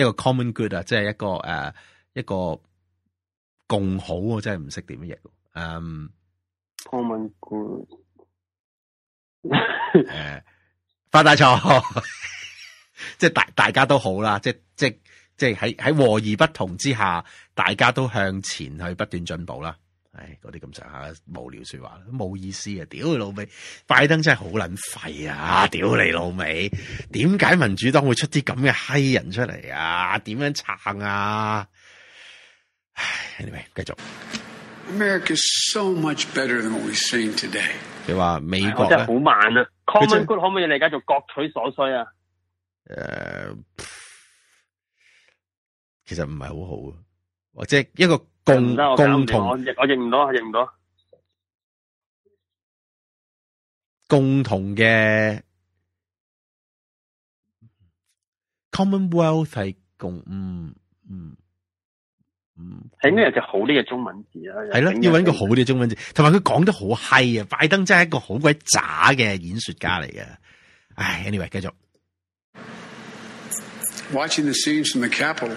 Speaker 2: 呢個 common good 啊，即係一個誒，uh, 一個共好啊，真係唔識點樣譯。嗯、um,，common good，誒 ，uh, 發大錯， 即係大大家都好啦，即係即係即係喺喺和而不同之下，大家都向前去不斷進步啦。唉嗰啲咁上下無聊說話冇意思啊屌你老味拜登真係好撚廢啊屌你老味點解民主黨會出啲咁嘅閪人出嚟啊點樣撐啊唉 anyway 繼續
Speaker 6: america is so much better than what we've seen today
Speaker 2: 佢話美國真係好
Speaker 6: 慢啊 common good 就可唔可以
Speaker 7: 你而家做各取所需啊、呃、
Speaker 2: 其實唔係好好啊或者一個共共同，
Speaker 4: 我認我認唔到，認唔到。
Speaker 2: 共同嘅 Commonwealth 係共，嗯嗯嗯，係
Speaker 7: 咩有隻好啲嘅中文字啊？係咯，要揾個好
Speaker 2: 啲嘅中文字。同埋佢講得好閪啊！拜登真係一個好鬼渣嘅演說家嚟嘅。唉，anyway，繼續。
Speaker 6: Watching the scenes from the Capitol。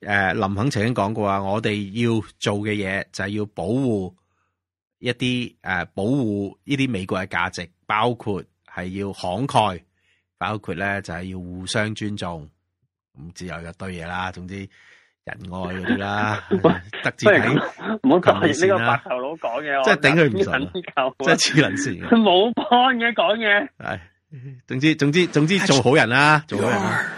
Speaker 2: 誒，林肯曾經講過，我哋要做嘅嘢就係要保護一啲誒，保護呢啲美國嘅價值，包括係要慷慨，包括咧就係要互相尊重，唔知有一堆嘢啦。總之人愛啦，特止唔好求其呢個白頭佬講嘢，
Speaker 7: 即、啊啊、係頂佢唔順，即係次輪先，冇幫嘅講嘢，
Speaker 2: 總之總之總之做好人啦、啊，啊、做好人、啊。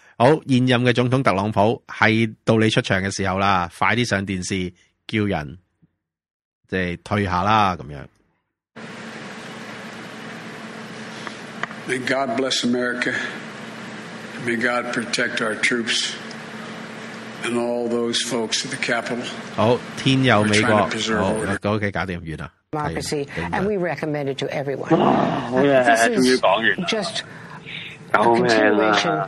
Speaker 2: 好，現任嘅總統特朗普係到你出場嘅時候啦，快啲上電視，叫人，即係退下啦，咁樣。
Speaker 6: 好，天佑美國。好，OK，搞
Speaker 2: 掂，完啦。好嘅，終於講完。好
Speaker 5: 咩啦？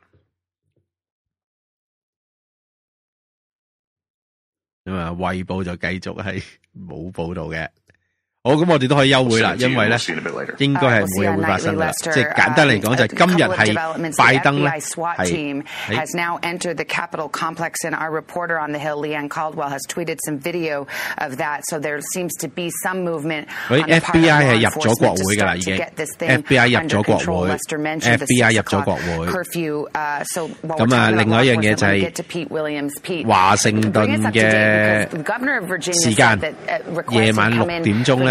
Speaker 2: 咁啊，衛報就繼續係冇報道嘅。好，咁我哋都可以休會啦，因為咧，應該係冇嘢會發生啦。即係簡單嚟講，就係今
Speaker 5: 日係拜登咧係。FBI 係入咗國會噶啦，已經。
Speaker 2: FBI 入咗國會，誒，FBI 入咗國會。
Speaker 5: 咁啊，另外一樣嘢就係華盛頓嘅時間，夜晚六點鐘咧。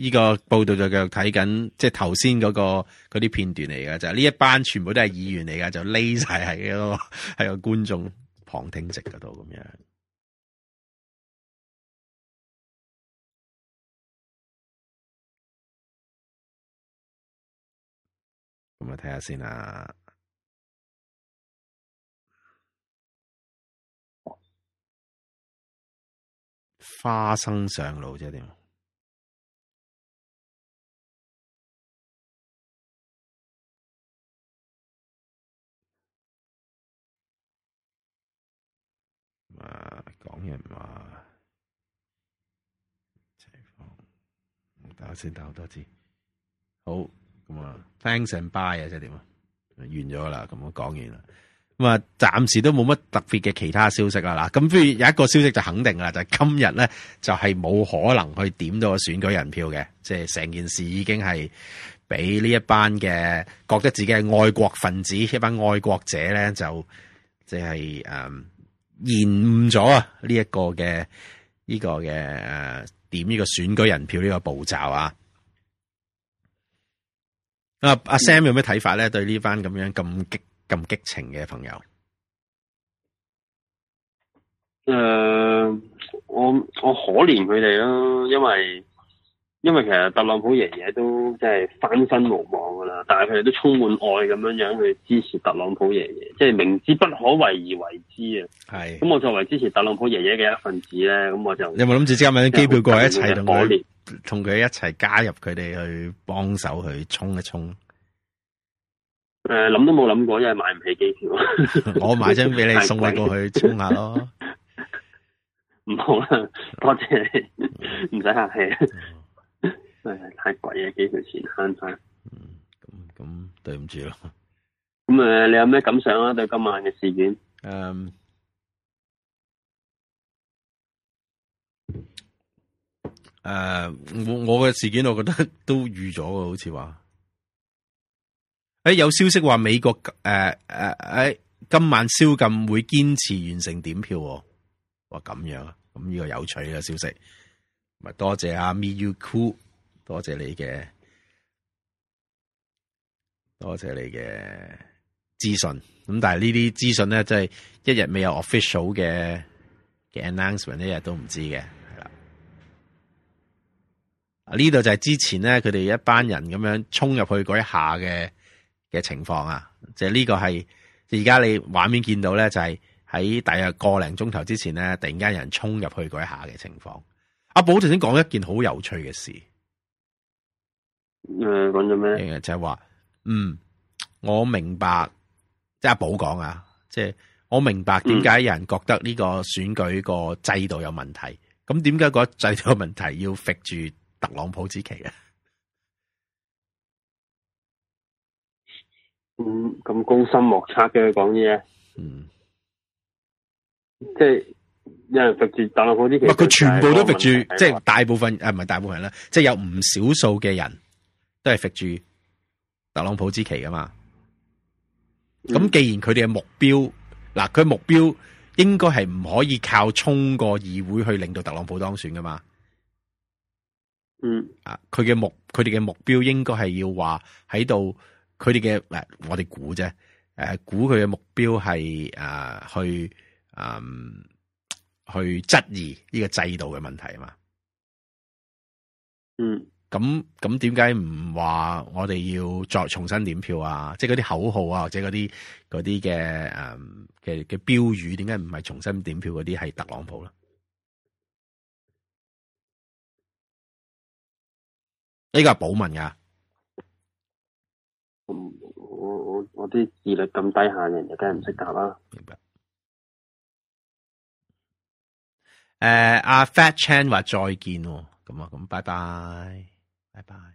Speaker 2: 呢個報道就繼續睇緊，即係頭先嗰個嗰啲片段嚟嘅，就呢一班全部都係議員嚟嘅，就匿晒喺嗰個喺個觀眾旁聽席嗰度咁樣。
Speaker 4: 咁啊，睇下先啦。花生上路即係點？
Speaker 3: 啊，講人話，
Speaker 2: 情況，大家先打好多字，好，咁啊樣，Thanks and bye 啊，即係點啊，完咗啦，咁我講完啦，咁啊，暫時都冇乜特別嘅其他消息啦，嗱，咁不如有一個消息就肯定啦，就係、今日咧就係、是、冇可能去點到個選舉人票嘅，即係成件事已經係俾呢一班嘅覺得自己係愛國分子，一班愛國者咧就即係誒。就是嗯延誤咗啊！呢、呢、一個嘅，呢、呢個嘅誒點呢個選舉人票呢個步驟啊！啊阿 Sam 有咩睇法咧？對呢班咁樣咁激咁激情嘅朋友，誒、
Speaker 4: 呃，我
Speaker 7: 我可憐佢哋咯，因為因為其實特朗普爺爺都即係翻身無望噶啦，但係佢哋都充滿愛咁樣樣去支持特朗普爺爺，即係明知不可為而為之啊！係咁是，我作為支持特朗普爺爺嘅一份子咧，咁我就你有冇諗住即刻
Speaker 2: 買啲機票過去一齊同佢，同佢一齊加入佢哋去幫手去衝一衝？
Speaker 7: 誒、呃，諗都冇諗過，因為買唔起機票。 我買一張俾你送
Speaker 2: 你過去衝一下咯，
Speaker 7: 唔 好啦，啊，多謝你，唔使客氣。 太
Speaker 2: 貴啊！幾條錢慳翻？嗯，咁咁對唔住咯。咁誒，你有咩感想啊？對
Speaker 7: 今
Speaker 2: 晚嘅事件？誒、嗯，誒、嗯，我我嘅事件，我覺得都預咗㗎，好似話。誒、欸，有消息話美國誒誒誒，今晚宵禁會堅持完成點票喎。話咁樣啊？咁呢個有趣嘅消息。咪多謝阿、啊、m i you cool。多謝你嘅多謝你嘅資訊咁，但係呢啲資訊咧，即係一日未有 official 嘅嘅 announcement，一日都唔知嘅係啦。啊，呢度 就係之前咧，佢哋一班人咁樣衝入去嗰一下嘅嘅情況啊，即係呢個係而家你畫面見到咧，就係喺大約個零鐘頭之前咧，突然間有人衝入去嗰一下嘅情況。阿寶頭先講一件好有趣嘅事。誒，講咗咩？就係話，嗯，我明白，即係阿寶講啊，即係我明白點解有人覺得呢個選舉個制度有問題，咁點解個制度有問題要逼住特朗普之旗？咧、
Speaker 7: 嗯？咁高深莫測嘅佢講嘢，嗯，即係有人逼住特朗普之旗，唔係佢全部都逼住，即係
Speaker 2: 大部分誒唔係大部分人啦，即係有唔少數嘅人。都係揈住特朗普之旗噶嘛？
Speaker 5: 咁
Speaker 2: 既然佢哋嘅目標，嗱佢、嗯、目標應該係唔可以靠衝過議會去令到特朗普當選噶嘛？嗯，啊，佢嘅目佢哋嘅目標應該係要話喺度，佢哋嘅，誒，我哋估啫，誒，估佢嘅目標係誒、呃、去，嗯、呃，去質疑呢個制度嘅問題嘛？嗯。咁咁點解唔話我哋要再重新點票啊？即係嗰啲口號啊，或者嗰啲嗰啲嘅誒嘅嘅標語，點解唔係重新點票嗰啲係特朗普啦？
Speaker 4: 呢個係保問呀？我我我啲智力咁低
Speaker 3: 下，人就梗係唔
Speaker 2: 識答啦、啊。明白。誒、啊，阿 Fat Chan 話：再見喎，咁啊，咁拜拜。拜拜。
Speaker 7: Bye bye,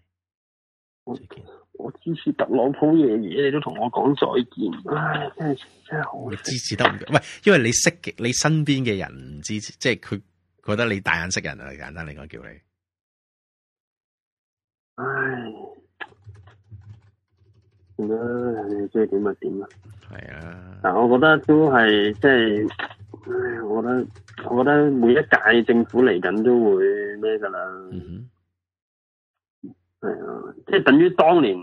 Speaker 7: 我再見。我支持特朗普爺爺，你
Speaker 2: 都同我講再見。唉，真係
Speaker 7: 真
Speaker 4: 係好。
Speaker 2: 你支持得唔到？唔係，因為你識嘅，你身邊嘅人唔支持，即係佢覺得你大眼識人啊。簡單嚟講，叫你。
Speaker 4: 唉，
Speaker 7: 咁啊，你中意點咪點咯。係啊，但我覺得都係即係，我覺得我覺得每一屆政府嚟緊都會咩噶啦。嗯係啊，即係等於當年，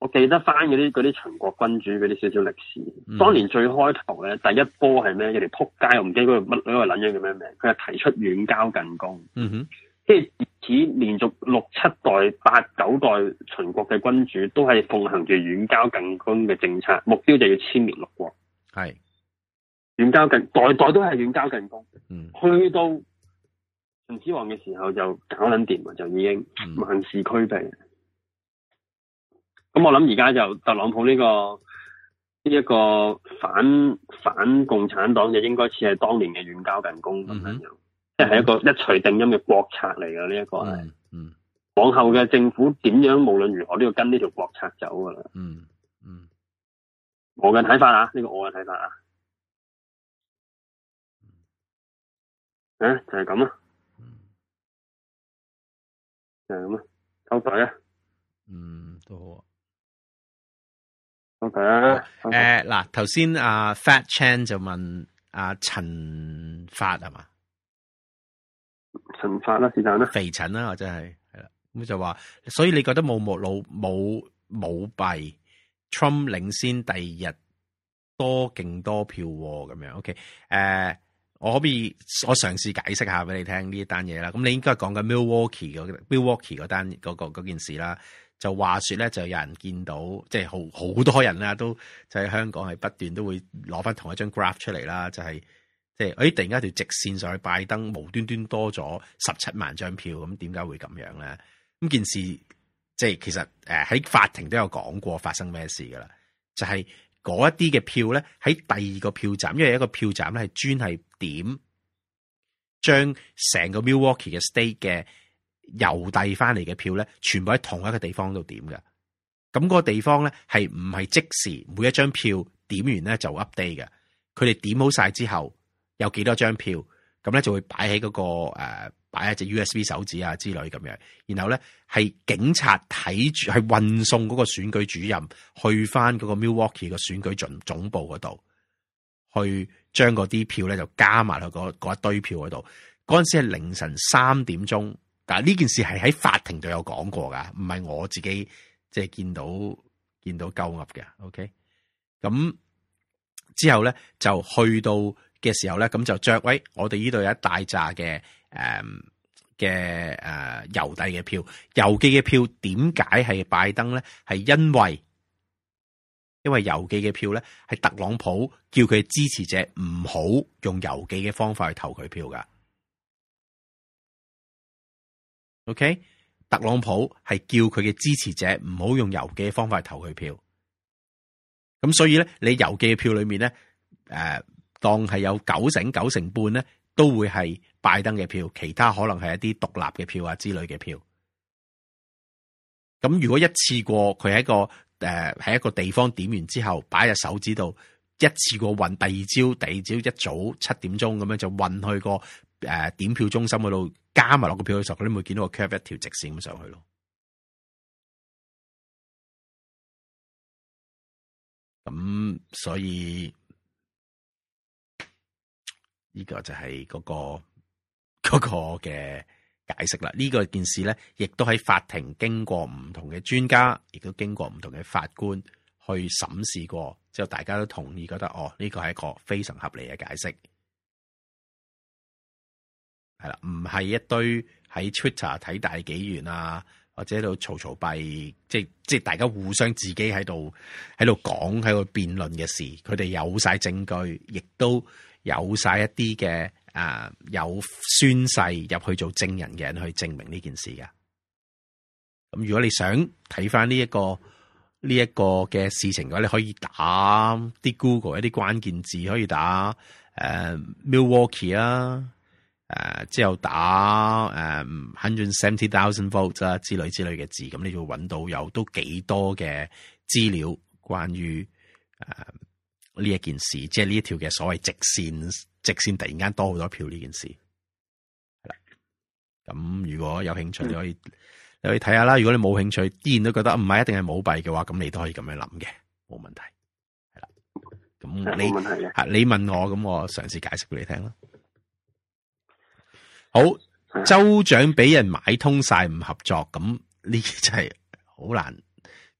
Speaker 7: 我記得翻嗰啲嗰啲秦國君主嗰啲少少歷史。嗯、哼當年最開頭咧，第一波係咩？一嚟，扑街，我唔記得嗰個乜女個捻樣叫咩名？佢係提出遠交近攻。嗯哼，即係只連續六七代、八九代秦國嘅君主都係奉行住遠交近攻嘅政策，目標就要殲滅六國。係遠是交近代代都係遠交近攻。嗯，去到。唔知皇嘅時候就搞捻掂啊，就已經萬事俱備。咁、嗯、我諗而家就特朗普呢、這個呢一、這個反反共產黨嘅，應該似係當年嘅遠交近攻咁樣樣，即係、嗯、一個一錘定音嘅國策嚟嘅呢一個係。嗯，往後嘅政府點樣
Speaker 4: 無論如何都要跟呢條國策走噶啦、嗯。嗯嗯，我嘅睇法啊，呢、這個我嘅睇法啊，誒就係咁啊。就是係咁啊，收台啊，嗯，都好啊，收台啊，誒，
Speaker 2: 嗱 Okay,、哦，頭先阿 Fat Chan 就問阿陳、呃、發係嘛？陳發啦，是但啦，陳肥陳啦、啊，或者係係啦，咁就話，所以你覺得冇冇佬冇冇幣，Trump 領先第二日多勁多票咁、喔、樣？OK，誒、呃。我可唔可以我嘗試解釋下俾你聽呢單嘢啦。咁你應該講緊 Milwaukee Milwaukee 嗰單嗰件事啦。就話說咧，就有人見到，即係好好多人啦，都就喺、是、香港係不斷都會攞翻同一張 graph 出嚟啦。就係即係咦，突然間條直線上去，拜登無端端多咗十七萬張票，咁點解會咁樣咧？咁件事即係、就是、其實喺法庭都有講過發生咩事噶啦，就係、是。嗰一啲嘅票咧，喺第二個票站。因為一個票站咧係專係點將成個 Milwaukee 嘅 state 嘅郵遞翻嚟嘅票咧，全部喺同一個地方度點嘅。咁個地方咧係唔係即時每一張票點完咧就 update 嘅？佢哋點好晒之後，有幾多張票咁咧就會擺喺嗰個誒擺一隻 USB 手指啊，之類咁樣，然後咧係警察睇住，係運送嗰個選舉主任去翻嗰個 Milwaukee 嘅選舉總總部嗰度，去將嗰啲票咧就加埋去嗰一堆票嗰度。嗰陣時係凌晨三點鐘，但呢件事係喺法庭度有講過噶，唔係我自己即係、就是、見到見到鳩噏嘅。OK，咁之後咧就去到嘅時候咧，咁就着喂，我哋呢度有一大扎嘅。誒嘅誒，郵遞嘅票，郵寄嘅票點解係拜登咧？係因為因為郵寄嘅票咧，係特朗普叫佢支持者唔好用郵寄嘅方法去投佢票噶。OK，特朗普係叫佢嘅支持者唔好用郵寄嘅方法去投佢票。咁所以咧，你郵寄嘅票裏面咧，誒、啊，當係有九成九成半咧，都會係。拜登嘅票，其他可能係一啲獨立嘅票啊之類嘅票。咁如果一次過佢喺一個誒喺、呃、一個地方點完之後，擺喺手指度，一次過運，第二朝第二朝一早七點鐘咁樣就運去、那個誒、呃、點票中心嗰度，加埋落個票嘅時候，佢都會見到個 curve 一條直線咁上去咯。
Speaker 4: 咁所以
Speaker 2: 呢個就係嗰、那個。嗰個嘅解釋啦，呢、這個件事咧，亦都喺法庭經過唔同嘅專家，亦都經過唔同嘅法官去審視過，之後大家都同意覺得哦，呢、這個係一個非常合理嘅解釋。係啦，唔係一堆喺 Twitter 睇大紀元啊，或者喺度嘈嘈閉，即係即係大家互相自己喺度喺度講喺度辯論嘅事，佢哋有晒證據，亦都。有晒一啲嘅啊，有宣誓入去做證人嘅人去證明呢件事嘅。咁如果你想睇翻呢一個呢一個嘅事情嘅話，你可以打啲 Google 一啲 Go 關鍵字，可以打誒、嗯、Milwaukee 啊，誒之後打誒 hundred seventy thousand votes 啊之類之類嘅字，咁你就揾到有都幾多嘅資料關於誒。嗯呢一件事，即係呢一條嘅所謂直線，直線突然間多好多票呢件事，係啦。咁如果有興趣，你可以你可以睇下啦。如果你冇興趣，依然都覺得唔係一定係舞弊嘅話，咁你都可以咁樣諗嘅，冇問題，係啦。咁你啊，問你問我，咁我嘗試解釋俾你聽啦。好，州長俾人買通晒，唔合作，咁呢啲真係好難。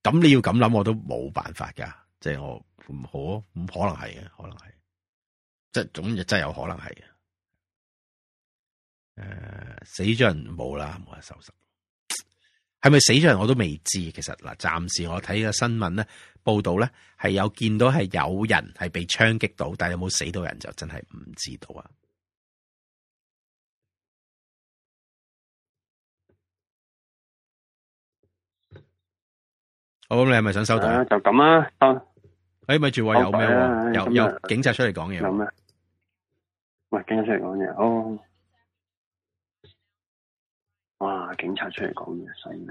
Speaker 2: 咁你要咁諗，我都冇辦法噶，即係我。唔好，唔可能係嘅，可能係，即係總之真係有可能係嘅。誒、呃，死咗人冇啦，冇人收拾。係咪死咗人我都未知。其實嗱，暫時我睇個新聞咧，報道咧，係有見到係有人係被槍擊到，但係有冇死到人就真係唔知道、嗯、是不是啊。好，你係咪想收台？就咁啊。哎，
Speaker 4: 咪住
Speaker 7: 話有咩？Uh, 有有
Speaker 2: 警察出嚟講嘢。Uh, 有咩？
Speaker 3: 喂，警察出嚟講嘢。哦、oh.，哇，警察出嚟講嘢，犀利。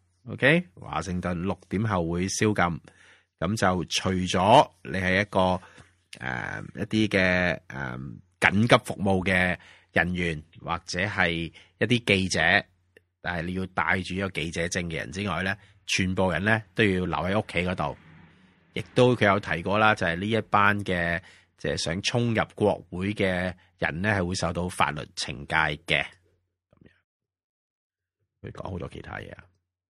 Speaker 2: OK，華盛頓六點後會宵禁，咁就除咗你係一個誒、呃、一啲嘅誒緊急服務嘅人員或者係一啲記者，但係你要帶住一個記者證嘅人之外咧，全部人咧都要留喺屋企嗰度。亦都佢有提過啦，就係、是、呢一班嘅即係、是、想衝入國會嘅人咧，係會受到法律懲戒嘅。咁樣，佢講好多其他嘢啊。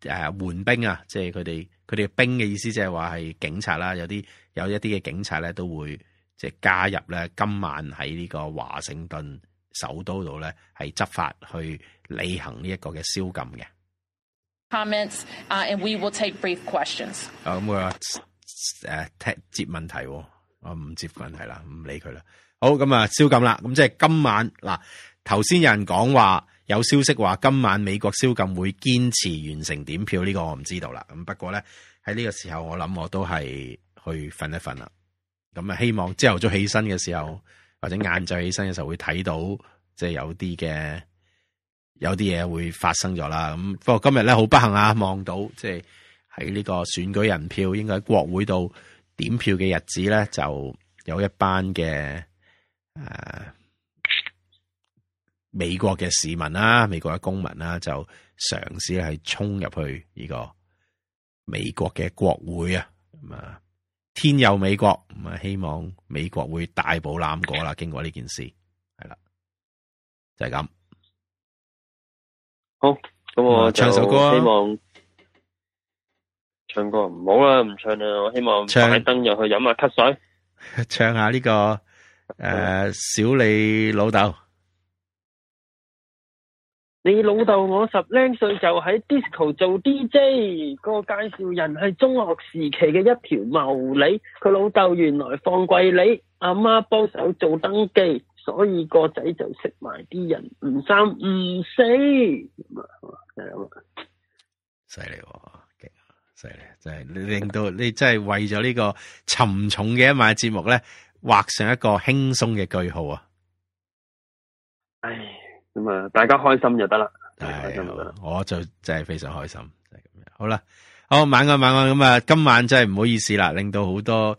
Speaker 2: 誒，援兵啊，即係佢哋，佢哋兵嘅意思，即係話係警察啦，有啲有一啲嘅警察咧，都會即係加入咧，今晚喺呢個華盛頓首都度咧，係執法去履行呢一個嘅宵禁嘅。
Speaker 5: Comments，and we will take brief questions。
Speaker 2: 啊，咁佢話誒，接問題，我唔接問題啦，唔理佢啦。好，咁啊，宵禁啦，咁即係今晚嗱，頭先有人講話。有消息話今晚美國宵禁會堅持完成點票，呢個我唔知道啦。咁不過咧喺呢個時候，我諗我都係去瞓一瞓啦。咁啊，希望朝頭早起身嘅時候，或者晏晝起身嘅時候會睇到即係有啲嘅有啲嘢會發生咗啦。咁不過今日咧好不幸啊，望到即係喺呢個選舉人票應該喺國會度點票嘅日子咧，就有一班嘅誒。呃美國嘅市民啦、啊，美國嘅公民啦、啊，就嘗試係衝入去呢個美國嘅國會啊！咁啊，天佑美國，咁啊，希望美國會大步欖過啦。經過呢件事，係啦，就係、是、咁。好，咁我,我就 唱首歌、啊，希
Speaker 4: 望
Speaker 7: 唱歌唔好啦，唔、啊、唱啦、啊。我希望唱踩燈入去飲下咳水，
Speaker 2: 唱,唱下呢、這個誒、呃，小李老豆。
Speaker 7: 你老豆我十零歲就喺 disco 做 DJ，個介紹人係中學時期嘅一條茂利。佢老豆原來放貴利，阿媽幫手做登記，所以個仔就識埋啲人，唔三唔四咁啊！即係
Speaker 2: 咁，犀利，勁，犀利，真係你令到你真係為咗呢個沉重嘅一晚節目咧，畫上一個輕鬆嘅句號啊！唉。
Speaker 7: 咁啊，大家開心就得啦。係我就真係非常開心。
Speaker 2: 就係咁樣，好啦，好，晚安晚安。咁啊，今晚真係唔好意思啦，令到好多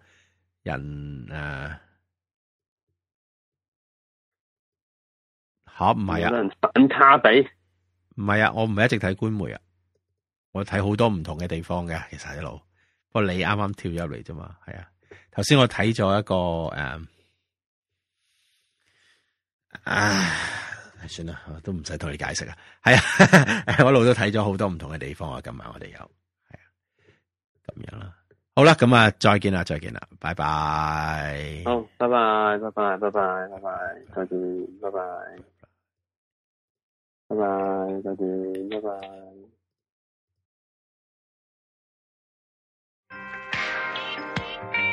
Speaker 2: 人啊，吓唔係啊，粉卡底，唔係啊，我唔係一直睇官媒啊，我睇好多唔同嘅地方嘅。其實一路，不過，你啱啱跳入嚟啫嘛，係啊。頭先我睇咗一個誒，啊。算啦，我都唔使同你解釋啊。係啊，我一路都睇咗好多唔同嘅地方啊。今晚我哋又，係啊，咁樣啦。好啦，咁啊，再見啦，再見啦，拜拜。好，拜拜，拜拜，拜拜，拜拜，再見，拜拜，拜拜，再見，
Speaker 7: 拜拜。
Speaker 4: 拜拜。